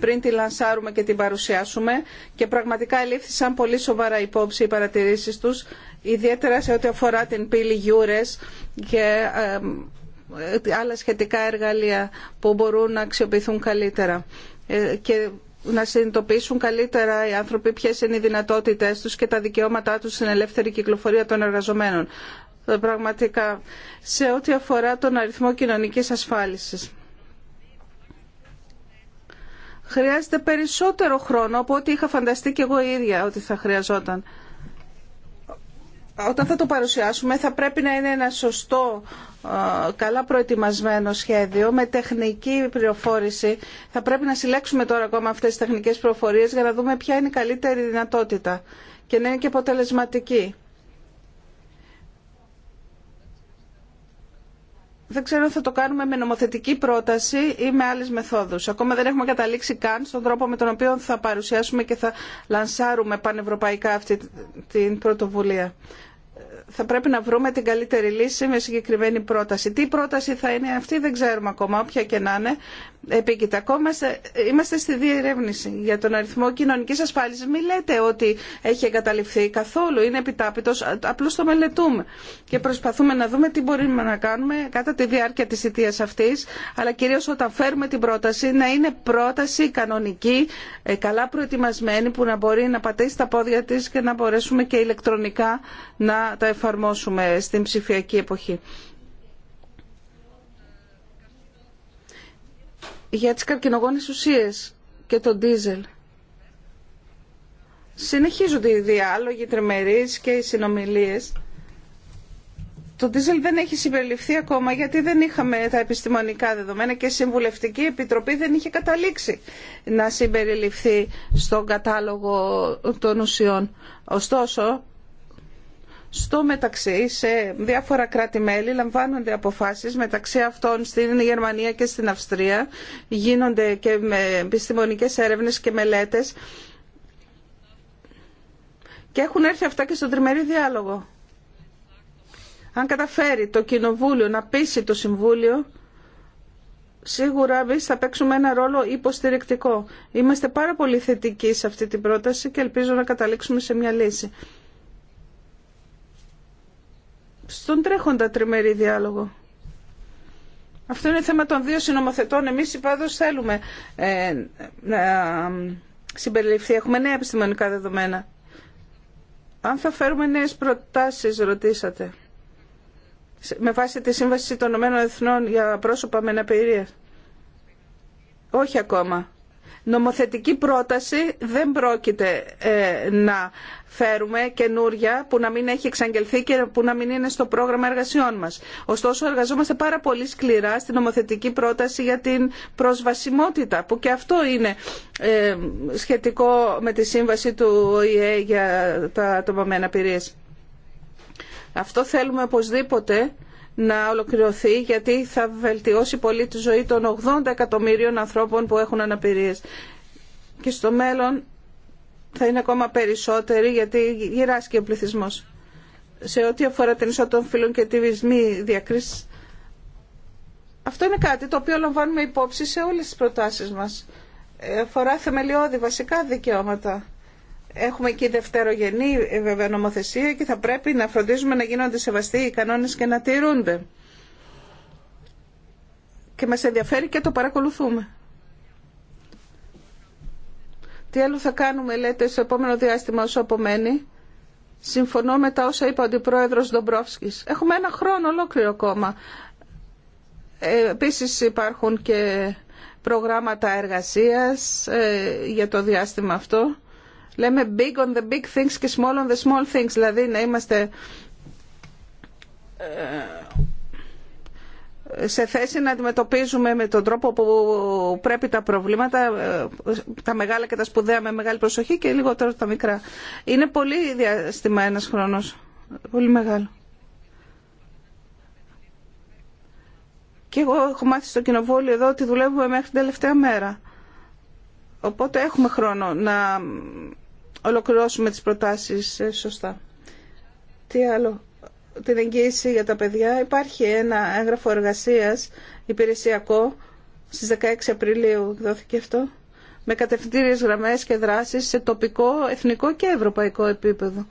πριν τη λανσάρουμε και την παρουσιάσουμε. Και πραγματικά ελήφθησαν πολύ σοβαρά υπόψη οι παρατηρήσεις τους ιδιαίτερα σε ό,τι αφορά την πύλη Γιούρε και ε, ε, άλλα σχετικά εργαλεία που μπορούν να αξιοποιηθούν καλύτερα. Και να συνειδητοποιήσουν καλύτερα οι άνθρωποι ποιε είναι οι δυνατότητέ του και τα δικαιώματά του στην ελεύθερη κυκλοφορία των εργαζομένων. Πραγματικά, σε ό,τι αφορά τον αριθμό κοινωνική ασφάλιση. Χρειάζεται περισσότερο χρόνο από ό,τι είχα φανταστεί και εγώ ίδια ότι θα χρειαζόταν όταν θα το παρουσιάσουμε θα πρέπει να είναι ένα σωστό, καλά προετοιμασμένο σχέδιο με τεχνική πληροφόρηση. Θα πρέπει να συλλέξουμε τώρα ακόμα αυτές τις τεχνικές πληροφορίες για να δούμε ποια είναι η καλύτερη δυνατότητα και να είναι και αποτελεσματική. Δεν ξέρω αν θα το κάνουμε με νομοθετική πρόταση ή με άλλες μεθόδους. Ακόμα δεν έχουμε καταλήξει καν στον τρόπο με τον οποίο θα παρουσιάσουμε και θα λανσάρουμε πανευρωπαϊκά αυτή την πρωτοβουλία θα πρέπει να βρούμε την καλύτερη λύση με συγκεκριμένη πρόταση. Τι πρόταση θα είναι αυτή δεν ξέρουμε ακόμα, όποια και να είναι επικοιτακόμαστε, είμαστε στη διερεύνηση για τον αριθμό κοινωνική ασφάλιση. Μην λέτε ότι έχει εγκαταληφθεί καθόλου, είναι επιτάπητο. Απλώ το μελετούμε και προσπαθούμε να δούμε τι μπορούμε να κάνουμε κατά τη διάρκεια τη ηττία αυτή, αλλά κυρίω όταν φέρουμε την πρόταση να είναι πρόταση κανονική, ε, καλά προετοιμασμένη, που να μπορεί να πατήσει τα πόδια τη και να μπορέσουμε και ηλεκτρονικά να τα εφαρμόσουμε στην ψηφιακή εποχή. για τις καρκινογόνες ουσίες και τον ντίζελ. Συνεχίζονται οι διάλογοι τριμερείς και οι συνομιλίες. Το ντίζελ δεν έχει συμπεριληφθεί ακόμα γιατί δεν είχαμε τα επιστημονικά δεδομένα και η Συμβουλευτική Επιτροπή δεν είχε καταλήξει να συμπεριληφθεί στον κατάλογο των ουσιών. Ωστόσο, στο μεταξύ, σε διάφορα κράτη-μέλη λαμβάνονται αποφάσεις μεταξύ αυτών στην Γερμανία και στην Αυστρία. Γίνονται και με επιστημονικές έρευνες και μελέτες και έχουν έρθει αυτά και στον τριμερή διάλογο. Αν καταφέρει το Κοινοβούλιο να πείσει το Συμβούλιο, σίγουρα εμεί θα παίξουμε ένα ρόλο υποστηρικτικό. Είμαστε πάρα πολύ θετικοί σε αυτή την πρόταση και ελπίζω να καταλήξουμε σε μια λύση στον τρέχοντα τριμερή διάλογο. Αυτό είναι θέμα των δύο συνομοθετών. Εμείς πάντως θέλουμε ε, να συμπεριληφθεί. Έχουμε νέα επιστημονικά δεδομένα. Αν θα φέρουμε νέες προτάσεις, ρωτήσατε. Με βάση τη Σύμβαση των Ηνωμένων Εθνών για πρόσωπα με αναπηρία. Όχι ακόμα νομοθετική πρόταση δεν πρόκειται ε, να φέρουμε καινούρια που να μην έχει εξαγγελθεί και που να μην είναι στο πρόγραμμα εργασιών μας. Ωστόσο, εργαζόμαστε πάρα πολύ σκληρά στην νομοθετική πρόταση για την προσβασιμότητα, που και αυτό είναι ε, σχετικό με τη σύμβαση του ΟΗΕ για τα ατομαμένα πυρίες. Αυτό θέλουμε οπωσδήποτε να ολοκληρωθεί γιατί θα βελτιώσει πολύ τη ζωή των 80 εκατομμύριων ανθρώπων που έχουν αναπηρίες. Και στο μέλλον θα είναι ακόμα περισσότεροι γιατί γυράσκει ο πληθυσμός. Σε ό,τι αφορά την ισότητα των φύλων και τη βυσμή διακρίση. Αυτό είναι κάτι το οποίο λαμβάνουμε υπόψη σε όλες τις προτάσεις μας. Ε, αφορά θεμελιώδη βασικά δικαιώματα έχουμε και δευτερογενή ε, βέβαια νομοθεσία και θα πρέπει να φροντίζουμε να γίνονται σεβαστοί οι κανόνες και να τηρούνται. Και μας ενδιαφέρει και το παρακολουθούμε. Τι άλλο θα κάνουμε, λέτε, στο επόμενο διάστημα όσο απομένει. Συμφωνώ με τα όσα είπε ο Αντιπρόεδρος Ντομπρόφσκης. Έχουμε ένα χρόνο ολόκληρο ακόμα. Ε, επίσης υπάρχουν και προγράμματα εργασίας ε, για το διάστημα αυτό λέμε big on the big things και small on the small things, δηλαδή να είμαστε ε, σε θέση να αντιμετωπίζουμε με τον τρόπο που πρέπει τα προβλήματα, ε, τα μεγάλα και τα σπουδαία με μεγάλη προσοχή και λιγότερο τα μικρά. Είναι πολύ διάστημα ένας χρόνος, πολύ μεγάλο. Και εγώ έχω μάθει στο κοινοβούλιο εδώ ότι δουλεύουμε μέχρι την τελευταία μέρα. Οπότε έχουμε χρόνο να ολοκληρώσουμε τις προτάσεις ε, σωστά. Τι άλλο. Την εγγύηση για τα παιδιά. Υπάρχει ένα έγγραφο εργασίας υπηρεσιακό. Στις 16 Απριλίου δόθηκε αυτό. Με κατευθυντήριες γραμμές και δράσεις σε τοπικό, εθνικό και ευρωπαϊκό επίπεδο.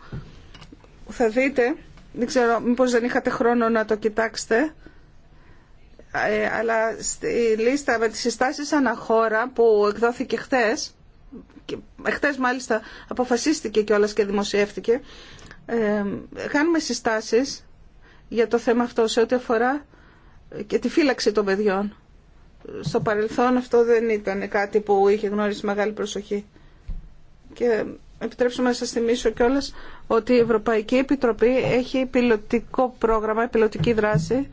Θα δείτε, δεν ξέρω μήπως δεν είχατε χρόνο να το κοιτάξετε, ε, αλλά στη λίστα με τις συστάσεις αναχώρα που εκδόθηκε χθες, Εχθές μάλιστα αποφασίστηκε κιόλας και δημοσιεύτηκε. Ε, κάνουμε συστάσεις για το θέμα αυτό σε ό,τι αφορά ε, και τη φύλαξη των παιδιών. Στο παρελθόν αυτό δεν ήταν κάτι που είχε γνώρισει μεγάλη προσοχή. Και επιτρέψουμε να σας θυμίσω κιόλας ότι η Ευρωπαϊκή Επιτροπή έχει πιλωτικό πρόγραμμα, πιλωτική δράση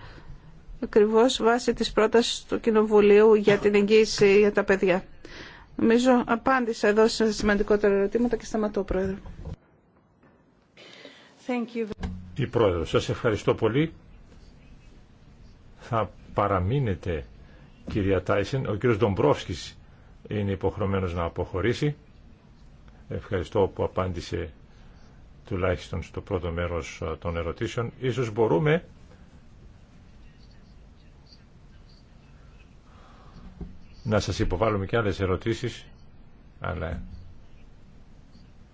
ακριβώς βάσει της πρότασης του Κοινοβουλίου για την εγγύηση για τα παιδιά. Νομίζω απάντησα εδώ σε σημαντικότερα ερωτήματα και σταματώ, Πρόεδρε. Η Πρόεδρο, σας ευχαριστώ πολύ. Θα παραμείνετε, κυρία Τάισεν. Ο κύριος Ντομπρόφσκης είναι υποχρεωμένος να αποχωρήσει. Ευχαριστώ που απάντησε τουλάχιστον στο πρώτο μέρος των ερωτήσεων. Ίσως μπορούμε να σας υποβάλουμε και άλλες ερωτήσεις, αλλά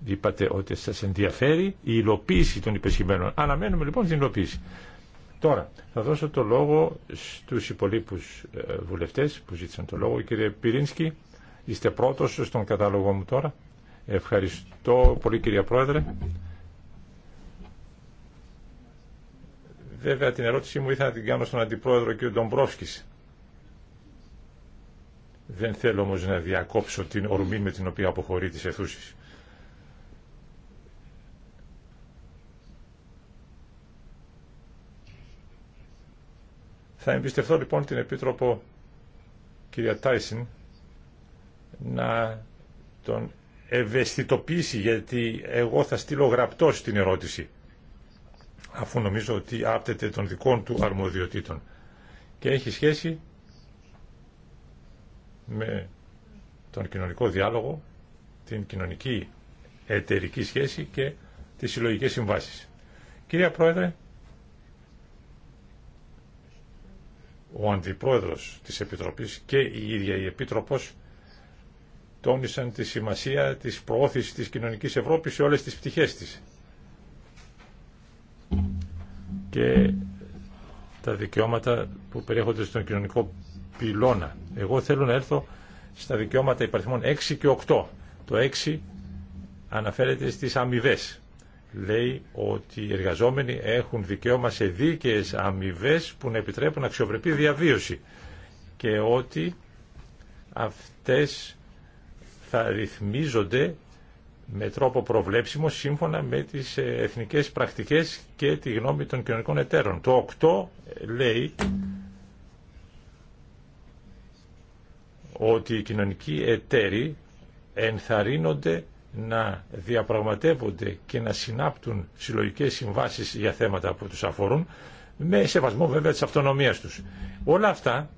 είπατε ότι σας ενδιαφέρει η υλοποίηση των υπεσχημένων. Αναμένουμε λοιπόν την υλοποίηση. Τώρα, θα δώσω το λόγο στους υπολείπους ε, βουλευτές που ζήτησαν το λόγο. Κύριε Πυρίνσκι, είστε πρώτος στον κατάλογο μου τώρα. Ευχαριστώ πολύ κύριε Πρόεδρε. Βέβαια την ερώτησή μου ήθελα να την κάνω στον Αντιπρόεδρο κ. Ντομπρόφσκης. Δεν θέλω όμως να διακόψω την ορμή με την οποία αποχωρεί τις αιθούσεις. Θα εμπιστευτώ λοιπόν την Επίτροπο κυρία Τάισιν να τον ευαισθητοποιήσει γιατί εγώ θα στείλω γραπτό στην ερώτηση αφού νομίζω ότι άπτεται των δικών του αρμοδιοτήτων και έχει σχέση με τον κοινωνικό διάλογο, την κοινωνική εταιρική σχέση και τις συλλογικέ συμβάσεις. Κυρία Πρόεδρε, ο Αντιπρόεδρος της Επιτροπής και η ίδια η Επίτροπος τόνισαν τη σημασία της προώθησης της κοινωνικής Ευρώπης σε όλες τις πτυχές της. Και τα δικαιώματα που περιέχονται στον κοινωνικό πυλώνα. Εγώ θέλω να έρθω στα δικαιώματα υπαριθμών 6 και 8. Το 6 αναφέρεται στις αμοιβέ. Λέει ότι οι εργαζόμενοι έχουν δικαίωμα σε δίκαιες αμοιβέ που να επιτρέπουν αξιοπρεπή διαβίωση και ότι αυτές θα ρυθμίζονται με τρόπο προβλέψιμο σύμφωνα με τις ε, εθνικές πρακτικές και τη γνώμη των κοινωνικών εταίρων. Το 8 λέει ότι οι κοινωνικοί εταίροι ενθαρρύνονται να διαπραγματεύονται και να συνάπτουν συλλογικέ συμβάσεις για θέματα που τους αφορούν με σεβασμό βέβαια της αυτονομίας τους. Όλα αυτά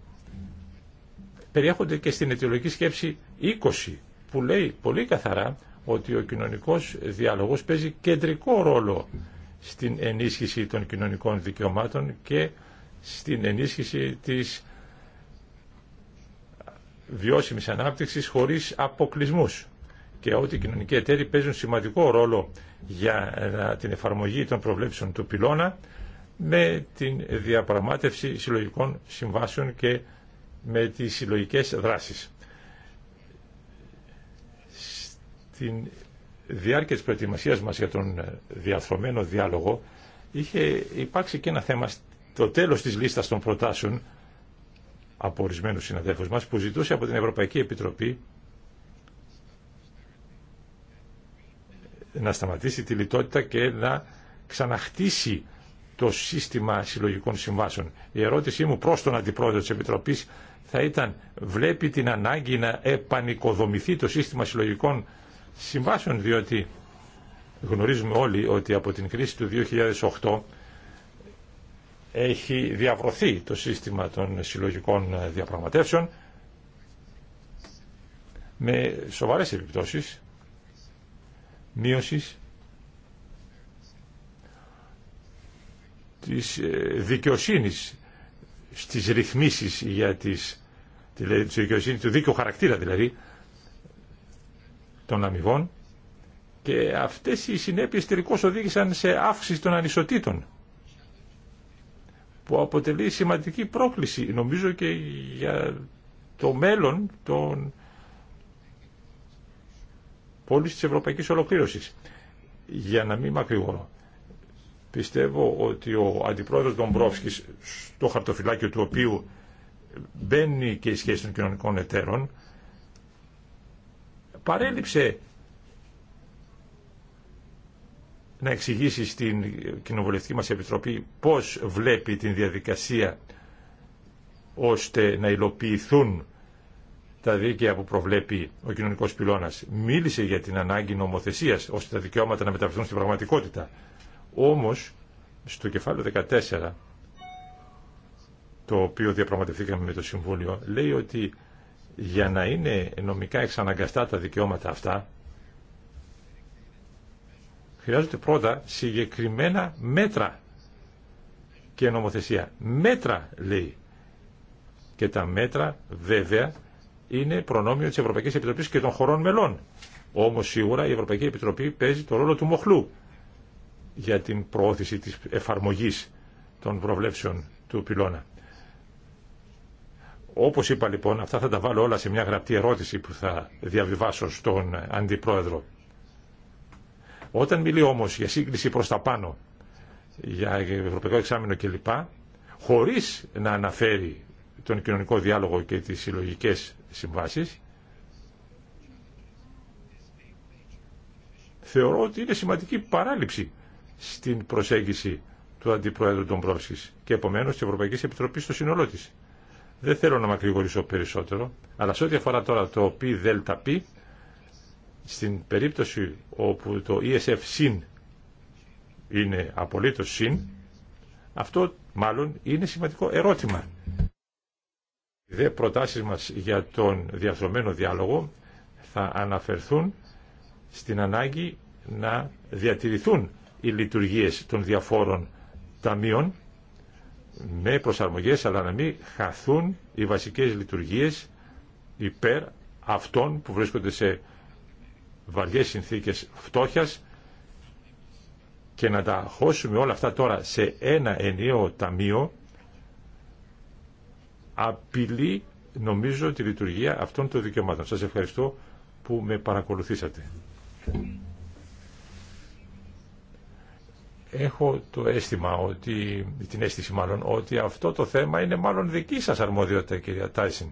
περιέχονται και στην αιτιολογική σκέψη 20 που λέει πολύ καθαρά ότι ο κοινωνικός διάλογος παίζει κεντρικό ρόλο στην ενίσχυση των κοινωνικών δικαιωμάτων και στην ενίσχυση της βιώσιμης ανάπτυξη χωρίς αποκλεισμού και ότι οι κοινωνικοί εταίροι παίζουν σημαντικό ρόλο για ε, την εφαρμογή των προβλέψεων του πυλώνα με την διαπραγμάτευση συλλογικών συμβάσεων και με τις συλλογικές δράσεις. Στην διάρκεια της προετοιμασίας μας για τον ε, διαθρωμένο διάλογο είχε υπάρξει και ένα θέμα στο τέλος της λίστας των προτάσεων από ορισμένου συναδέλφου μα που ζητούσε από την Ευρωπαϊκή Επιτροπή να σταματήσει τη λιτότητα και να ξαναχτίσει το σύστημα συλλογικών συμβάσεων. Η ερώτησή μου προς τον Αντιπρόεδρο της Επιτροπής θα ήταν βλέπει την ανάγκη να επανικοδομηθεί το σύστημα συλλογικών συμβάσεων διότι γνωρίζουμε όλοι ότι από την κρίση του 2008 έχει διαβρωθεί το σύστημα των συλλογικών διαπραγματεύσεων με σοβαρές επιπτώσεις μείωσης της ε, δικαιοσύνης στις ρυθμίσεις για τις, δηλαδή του δίκαιου χαρακτήρα δηλαδή των αμοιβών και αυτές οι συνέπειες τελικώς οδήγησαν σε αύξηση των ανισοτήτων που αποτελεί σημαντική πρόκληση νομίζω και για το μέλλον των πόλης της ευρωπαϊκής ολοκλήρωσης. Για να μην μακρηγορώ. Πιστεύω ότι ο αντιπρόεδρος Ντομπρόφσκης στο χαρτοφυλάκιο του οποίου μπαίνει και η σχέση των κοινωνικών εταίρων παρέλειψε να εξηγήσει στην κοινοβουλευτική μας επιτροπή πώς βλέπει την διαδικασία ώστε να υλοποιηθούν τα δίκαια που προβλέπει ο κοινωνικό πυλώνα. Μίλησε για την ανάγκη νομοθεσία ώστε τα δικαιώματα να μεταφερθούν στην πραγματικότητα. Όμω, στο κεφάλαιο 14, το οποίο διαπραγματευθήκαμε με το Συμβούλιο, λέει ότι για να είναι νομικά εξαναγκαστά τα δικαιώματα αυτά, Χρειάζονται πρώτα συγκεκριμένα μέτρα και νομοθεσία. Μέτρα λέει. Και τα μέτρα βέβαια είναι προνόμιο της Ευρωπαϊκής Επιτροπής και των χωρών μελών. Όμως σίγουρα η Ευρωπαϊκή Επιτροπή παίζει το ρόλο του μοχλού για την προώθηση της εφαρμογής των προβλέψεων του πυλώνα. Όπως είπα λοιπόν, αυτά θα τα βάλω όλα σε μια γραπτή ερώτηση που θα διαβιβάσω στον Αντιπρόεδρο. Όταν μιλεί όμω για σύγκριση προς τα πάνω, για ευρωπαϊκό εξάμεινο κλπ, χωρίς να αναφέρει τον κοινωνικό διάλογο και τις συλλογικέ συμβάσει. θεωρώ ότι είναι σημαντική παράληψη στην προσέγγιση του Αντιπρόεδρου των και επομένω της Ευρωπαϊκή Επιτροπής στο σύνολό τη. Δεν θέλω να μακρηγορήσω περισσότερο, αλλά σε ό,τι αφορά τώρα το πι στην περίπτωση όπου το ESF συν είναι απολύτως συν, αυτό μάλλον είναι σημαντικό ερώτημα. Οι δε προτάσεις μας για τον διαθρωμένο διάλογο θα αναφερθούν στην ανάγκη να διατηρηθούν οι λειτουργίες των διαφόρων ταμείων με προσαρμογές αλλά να μην χαθούν οι βασικές λειτουργίες υπέρ αυτών που βρίσκονται σε βαριές συνθήκες φτώχειας και να τα χώσουμε όλα αυτά τώρα σε ένα ενιαίο ταμείο απειλεί νομίζω τη λειτουργία αυτών των δικαιωμάτων. Σας ευχαριστώ που με παρακολουθήσατε. Έχω το αίσθημα ότι, την αίσθηση μάλλον, ότι αυτό το θέμα είναι μάλλον δική σας αρμοδιότητα κυρία Τάισιν.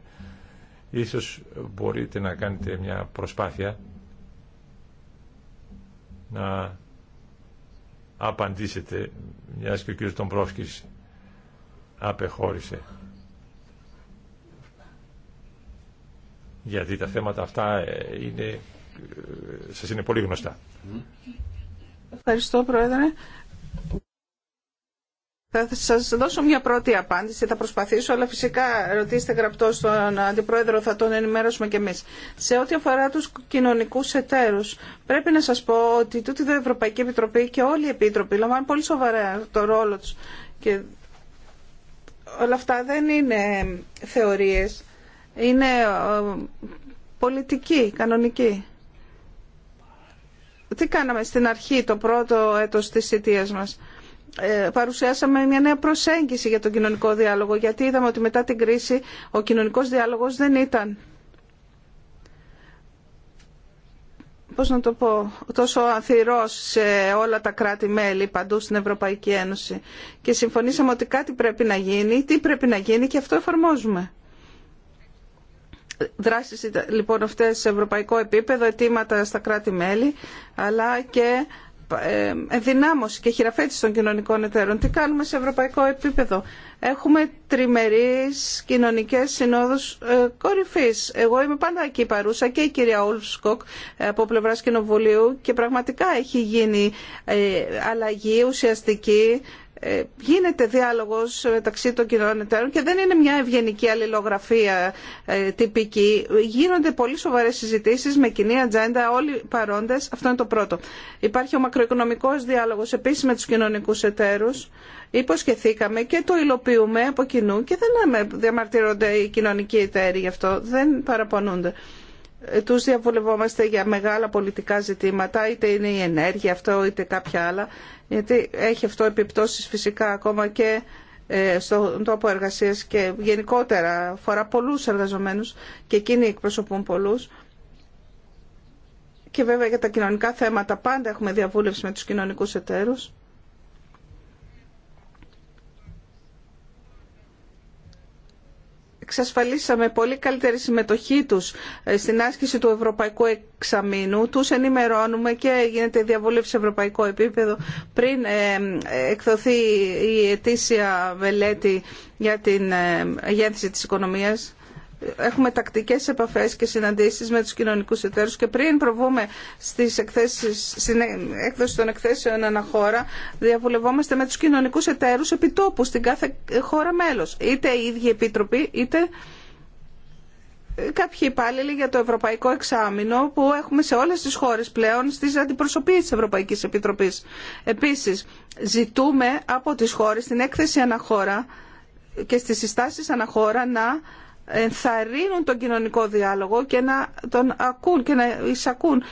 Ίσως μπορείτε να κάνετε μια προσπάθεια να απαντήσετε, μιας και ο κύριος Τομπρόφσκης απεχώρησε. Γιατί τα θέματα αυτά ε, είναι, ε, σας είναι πολύ γνωστά. Ευχαριστώ, Πρόεδρε. Θα σας δώσω μια πρώτη απάντηση, θα προσπαθήσω, αλλά φυσικά ρωτήστε γραπτό στον Αντιπρόεδρο, θα τον ενημέρωσουμε κι εμείς. Σε ό,τι αφορά τους κοινωνικούς εταίρους, πρέπει να σας πω ότι τούτη η Ευρωπαϊκή Επιτροπή και όλοι οι επίτροποι λαμβάνουν πολύ σοβαρά το ρόλο τους. Και όλα αυτά δεν είναι θεωρίες, είναι ε, πολιτική, κανονική. Τι κάναμε στην αρχή, το πρώτο έτος της θητείας μας ε, παρουσιάσαμε μια νέα προσέγγιση για τον κοινωνικό διάλογο γιατί είδαμε ότι μετά την κρίση ο κοινωνικός διάλογος δεν ήταν πώς να το πω, τόσο ανθυρός σε όλα τα κράτη-μέλη παντού στην Ευρωπαϊκή Ένωση και συμφωνήσαμε ότι κάτι πρέπει να γίνει, τι πρέπει να γίνει και αυτό εφαρμόζουμε. Δράσεις λοιπόν αυτές σε ευρωπαϊκό επίπεδο, αιτήματα στα κράτη-μέλη αλλά και ε, ενδυνάμωση και χειραφέτηση των κοινωνικών εταίρων. Τι κάνουμε σε ευρωπαϊκό επίπεδο. Έχουμε τριμερείς κοινωνικές συνόδους ε, κορυφής. Εγώ είμαι πάντα εκεί παρούσα και η κυρία Ολσκοκ ε, από πλευράς Κοινοβουλίου και πραγματικά έχει γίνει αλλαγή ουσιαστική ε, γίνεται διάλογος μεταξύ των κοινωνικών εταίρων και δεν είναι μια ευγενική αλληλογραφία ε, τυπική. Γίνονται πολύ σοβαρές συζητήσεις με κοινή ατζέντα όλοι παρόντες. Αυτό είναι το πρώτο. Υπάρχει ο μακροοικονομικός διάλογος επίσης με τους κοινωνικούς εταίρους. Υποσχεθήκαμε και το υλοποιούμε από κοινού και δεν διαμαρτύρονται οι κοινωνικοί εταίροι γι' αυτό. Δεν παραπονούνται. Ε, τους διαβουλευόμαστε για μεγάλα πολιτικά ζητήματα, είτε είναι η ενέργεια αυτό, είτε κάποια άλλα, γιατί έχει αυτό επιπτώσεις φυσικά ακόμα και ε, στον τόπο εργασίας και γενικότερα φορά πολλούς εργαζομένους και εκείνοι εκπροσωπούν πολλούς. Και βέβαια για τα κοινωνικά θέματα πάντα έχουμε διαβούλευση με τους κοινωνικούς εταίρους. εξασφαλίσαμε πολύ καλύτερη συμμετοχή τους ε, στην άσκηση του Ευρωπαϊκού Εξαμήνου. Τους ενημερώνουμε και γίνεται διαβούλευση σε ευρωπαϊκό επίπεδο πριν ε, εκδοθεί η ετήσια μελέτη για την ε, γέννηση της οικονομίας έχουμε τακτικές επαφές και συναντήσεις με τους κοινωνικούς εταίρους και πριν προβούμε στις εκθέσεις, στην έκδοση των εκθέσεων αναχώρα διαβουλευόμαστε με τους κοινωνικούς εταίρους επιτόπου στην κάθε χώρα μέλος. Είτε η ίδια επίτροπη είτε κάποιοι υπάλληλοι για το Ευρωπαϊκό Εξάμεινο που έχουμε σε όλες τις χώρες πλέον στις αντιπροσωπείες της Ευρωπαϊκής Επιτροπής. Επίσης, ζητούμε από τις χώρες στην έκθεση αναχώρα και στις συστάσεις αναχώρα να ενθαρρύνουν τον κοινωνικό διάλογο και να τον ακούν και να εισακούν.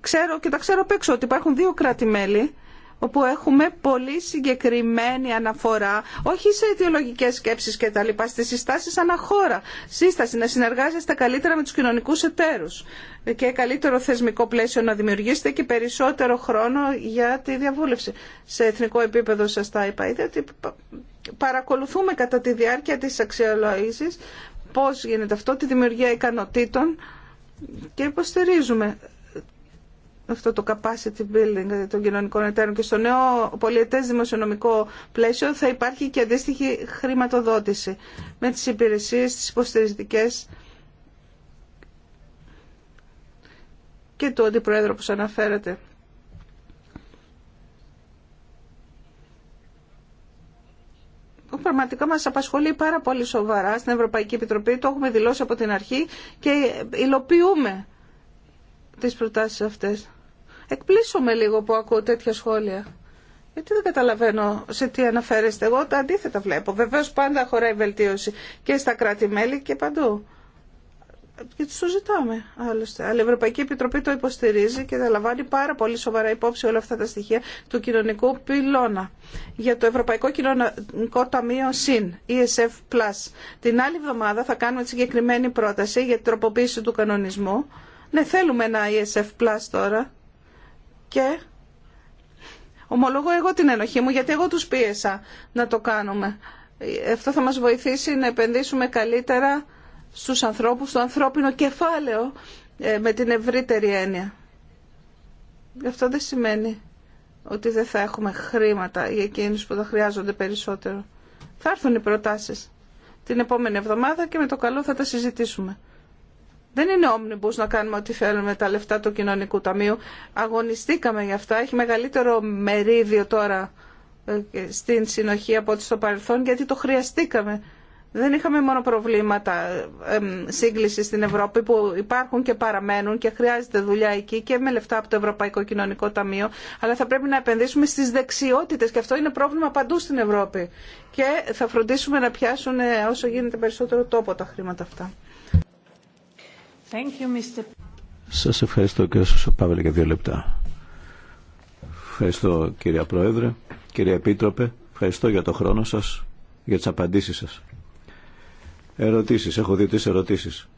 Ξέρω και τα ξέρω απ' έξω ότι υπάρχουν δύο κράτη-μέλη όπου έχουμε πολύ συγκεκριμένη αναφορά, όχι σε ιδεολογικές σκέψεις και τα λοιπά, στις συστάσεις αναχώρα. Σύσταση να συνεργάζεστε καλύτερα με τους κοινωνικούς εταίρους και καλύτερο θεσμικό πλαίσιο να δημιουργήσετε και περισσότερο χρόνο για τη διαβούλευση. Σε εθνικό επίπεδο σας τα είπα, ότι παρακολουθούμε κατά τη διάρκεια της αξιολόγησης πώς γίνεται αυτό, τη δημιουργία ικανοτήτων και υποστηρίζουμε αυτό το capacity building των κοινωνικών εταίρων και στο νέο πολιετές δημοσιονομικό πλαίσιο θα υπάρχει και αντίστοιχη χρηματοδότηση με τις υπηρεσίες, τις υποστηριστικές και το αντιπρόεδρο που αναφέρατε. πραγματικά μας απασχολεί πάρα πολύ σοβαρά στην Ευρωπαϊκή Επιτροπή. Το έχουμε δηλώσει από την αρχή και υλοποιούμε τις προτάσεις αυτές. Εκπλήσωμαι λίγο που ακούω τέτοια σχόλια. Γιατί δεν καταλαβαίνω σε τι αναφέρεστε. Εγώ τα αντίθετα βλέπω. Βεβαίω πάντα χωράει βελτίωση και στα κράτη-μέλη και παντού γιατί τους το ζητάμε άλλωστε. Αλλά η Ευρωπαϊκή Επιτροπή το υποστηρίζει και θα λαμβάνει πάρα πολύ σοβαρά υπόψη όλα αυτά τα στοιχεία του κοινωνικού πυλώνα. Για το Ευρωπαϊκό Κοινωνικό Ταμείο ΣΥΝ, ESF+. Την άλλη εβδομάδα θα κάνουμε τη συγκεκριμένη πρόταση για την τροποποίηση του κανονισμού. Ναι, θέλουμε ένα ESF+, τώρα. Και ομολογώ εγώ την ενοχή μου, γιατί εγώ τους πίεσα να το κάνουμε. Αυτό θα μας βοηθήσει να επενδύσουμε καλύτερα στους ανθρώπους, στο ανθρώπινο κεφάλαιο ε, με την ευρύτερη έννοια. αυτό δεν σημαίνει ότι δεν θα έχουμε χρήματα για εκείνους που θα χρειάζονται περισσότερο. Θα έρθουν οι προτάσεις την επόμενη εβδομάδα και με το καλό θα τα συζητήσουμε. Δεν είναι όμνιμπους να κάνουμε ό,τι θέλουμε τα λεφτά του κοινωνικού ταμείου. Αγωνιστήκαμε γι' αυτά. Έχει μεγαλύτερο μερίδιο τώρα ε, στην συνοχή από ό,τι στο παρελθόν γιατί το χρειαστήκαμε δεν είχαμε μόνο προβλήματα σύγκληση στην Ευρώπη που υπάρχουν και παραμένουν και χρειάζεται δουλειά εκεί και με λεφτά από το Ευρωπαϊκό Κοινωνικό Ταμείο, αλλά θα πρέπει να επενδύσουμε στι δεξιότητε και αυτό είναι πρόβλημα παντού στην Ευρώπη. Και θα φροντίσουμε να πιάσουν ε, όσο γίνεται περισσότερο τόπο τα χρήματα αυτά. Σας ευχαριστώ κύριε Σωσοπάβελ για δύο λεπτά. Ευχαριστώ κυρία Πρόεδρε, κυρία Επίτροπε, ευχαριστώ για το χρόνο σας, για τις απαντήσεις σας. Ερωτήσεις. Έχω δύο-τρεις ερωτήσεις.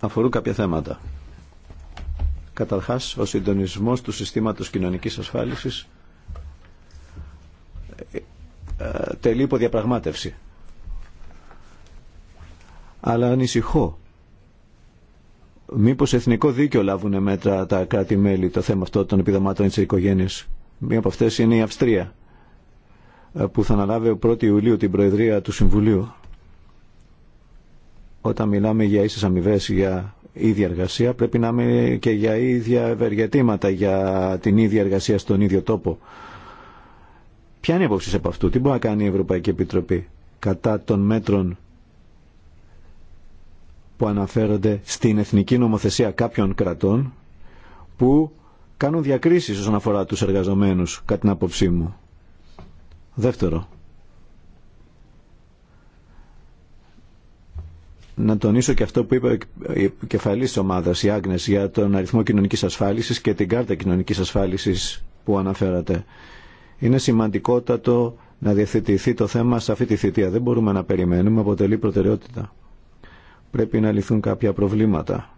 Αφορούν κάποια θέματα. Καταρχάς, ο συντονισμός του συστήματος κοινωνικής ασφάλισης ε, τελεί υπό διαπραγμάτευση. Αλλά ανησυχώ. Μήπως εθνικό δίκαιο λάβουν μέτρα τα κράτη-μέλη το θέμα αυτό των επιδομάτων της οικογένειας. Μία από αυτές είναι η Αυστρία ε, που θα αναλάβει 1η Ιουλίου την Προεδρία του Συμβουλίου όταν μιλάμε για ίσες αμοιβέ για ίδια εργασία, πρέπει να είμαι και για ίδια ευεργετήματα για την ίδια εργασία στον ίδιο τόπο. Ποια είναι η απόψη από αυτού, τι μπορεί να κάνει η Ευρωπαϊκή Επιτροπή κατά των μέτρων που αναφέρονται στην εθνική νομοθεσία κάποιων κρατών που κάνουν διακρίσεις όσον αφορά τους εργαζομένους, κατά την άποψή μου. Δεύτερο, να τονίσω και αυτό που είπε η κεφαλής της ομάδας, η Άγνες, για τον αριθμό κοινωνικής ασφάλισης και την κάρτα κοινωνικής ασφάλισης που αναφέρατε. Είναι σημαντικότατο να διευθετηθεί το θέμα σε αυτή τη θητεία. Δεν μπορούμε να περιμένουμε, αποτελεί προτεραιότητα. Πρέπει να λυθούν κάποια προβλήματα.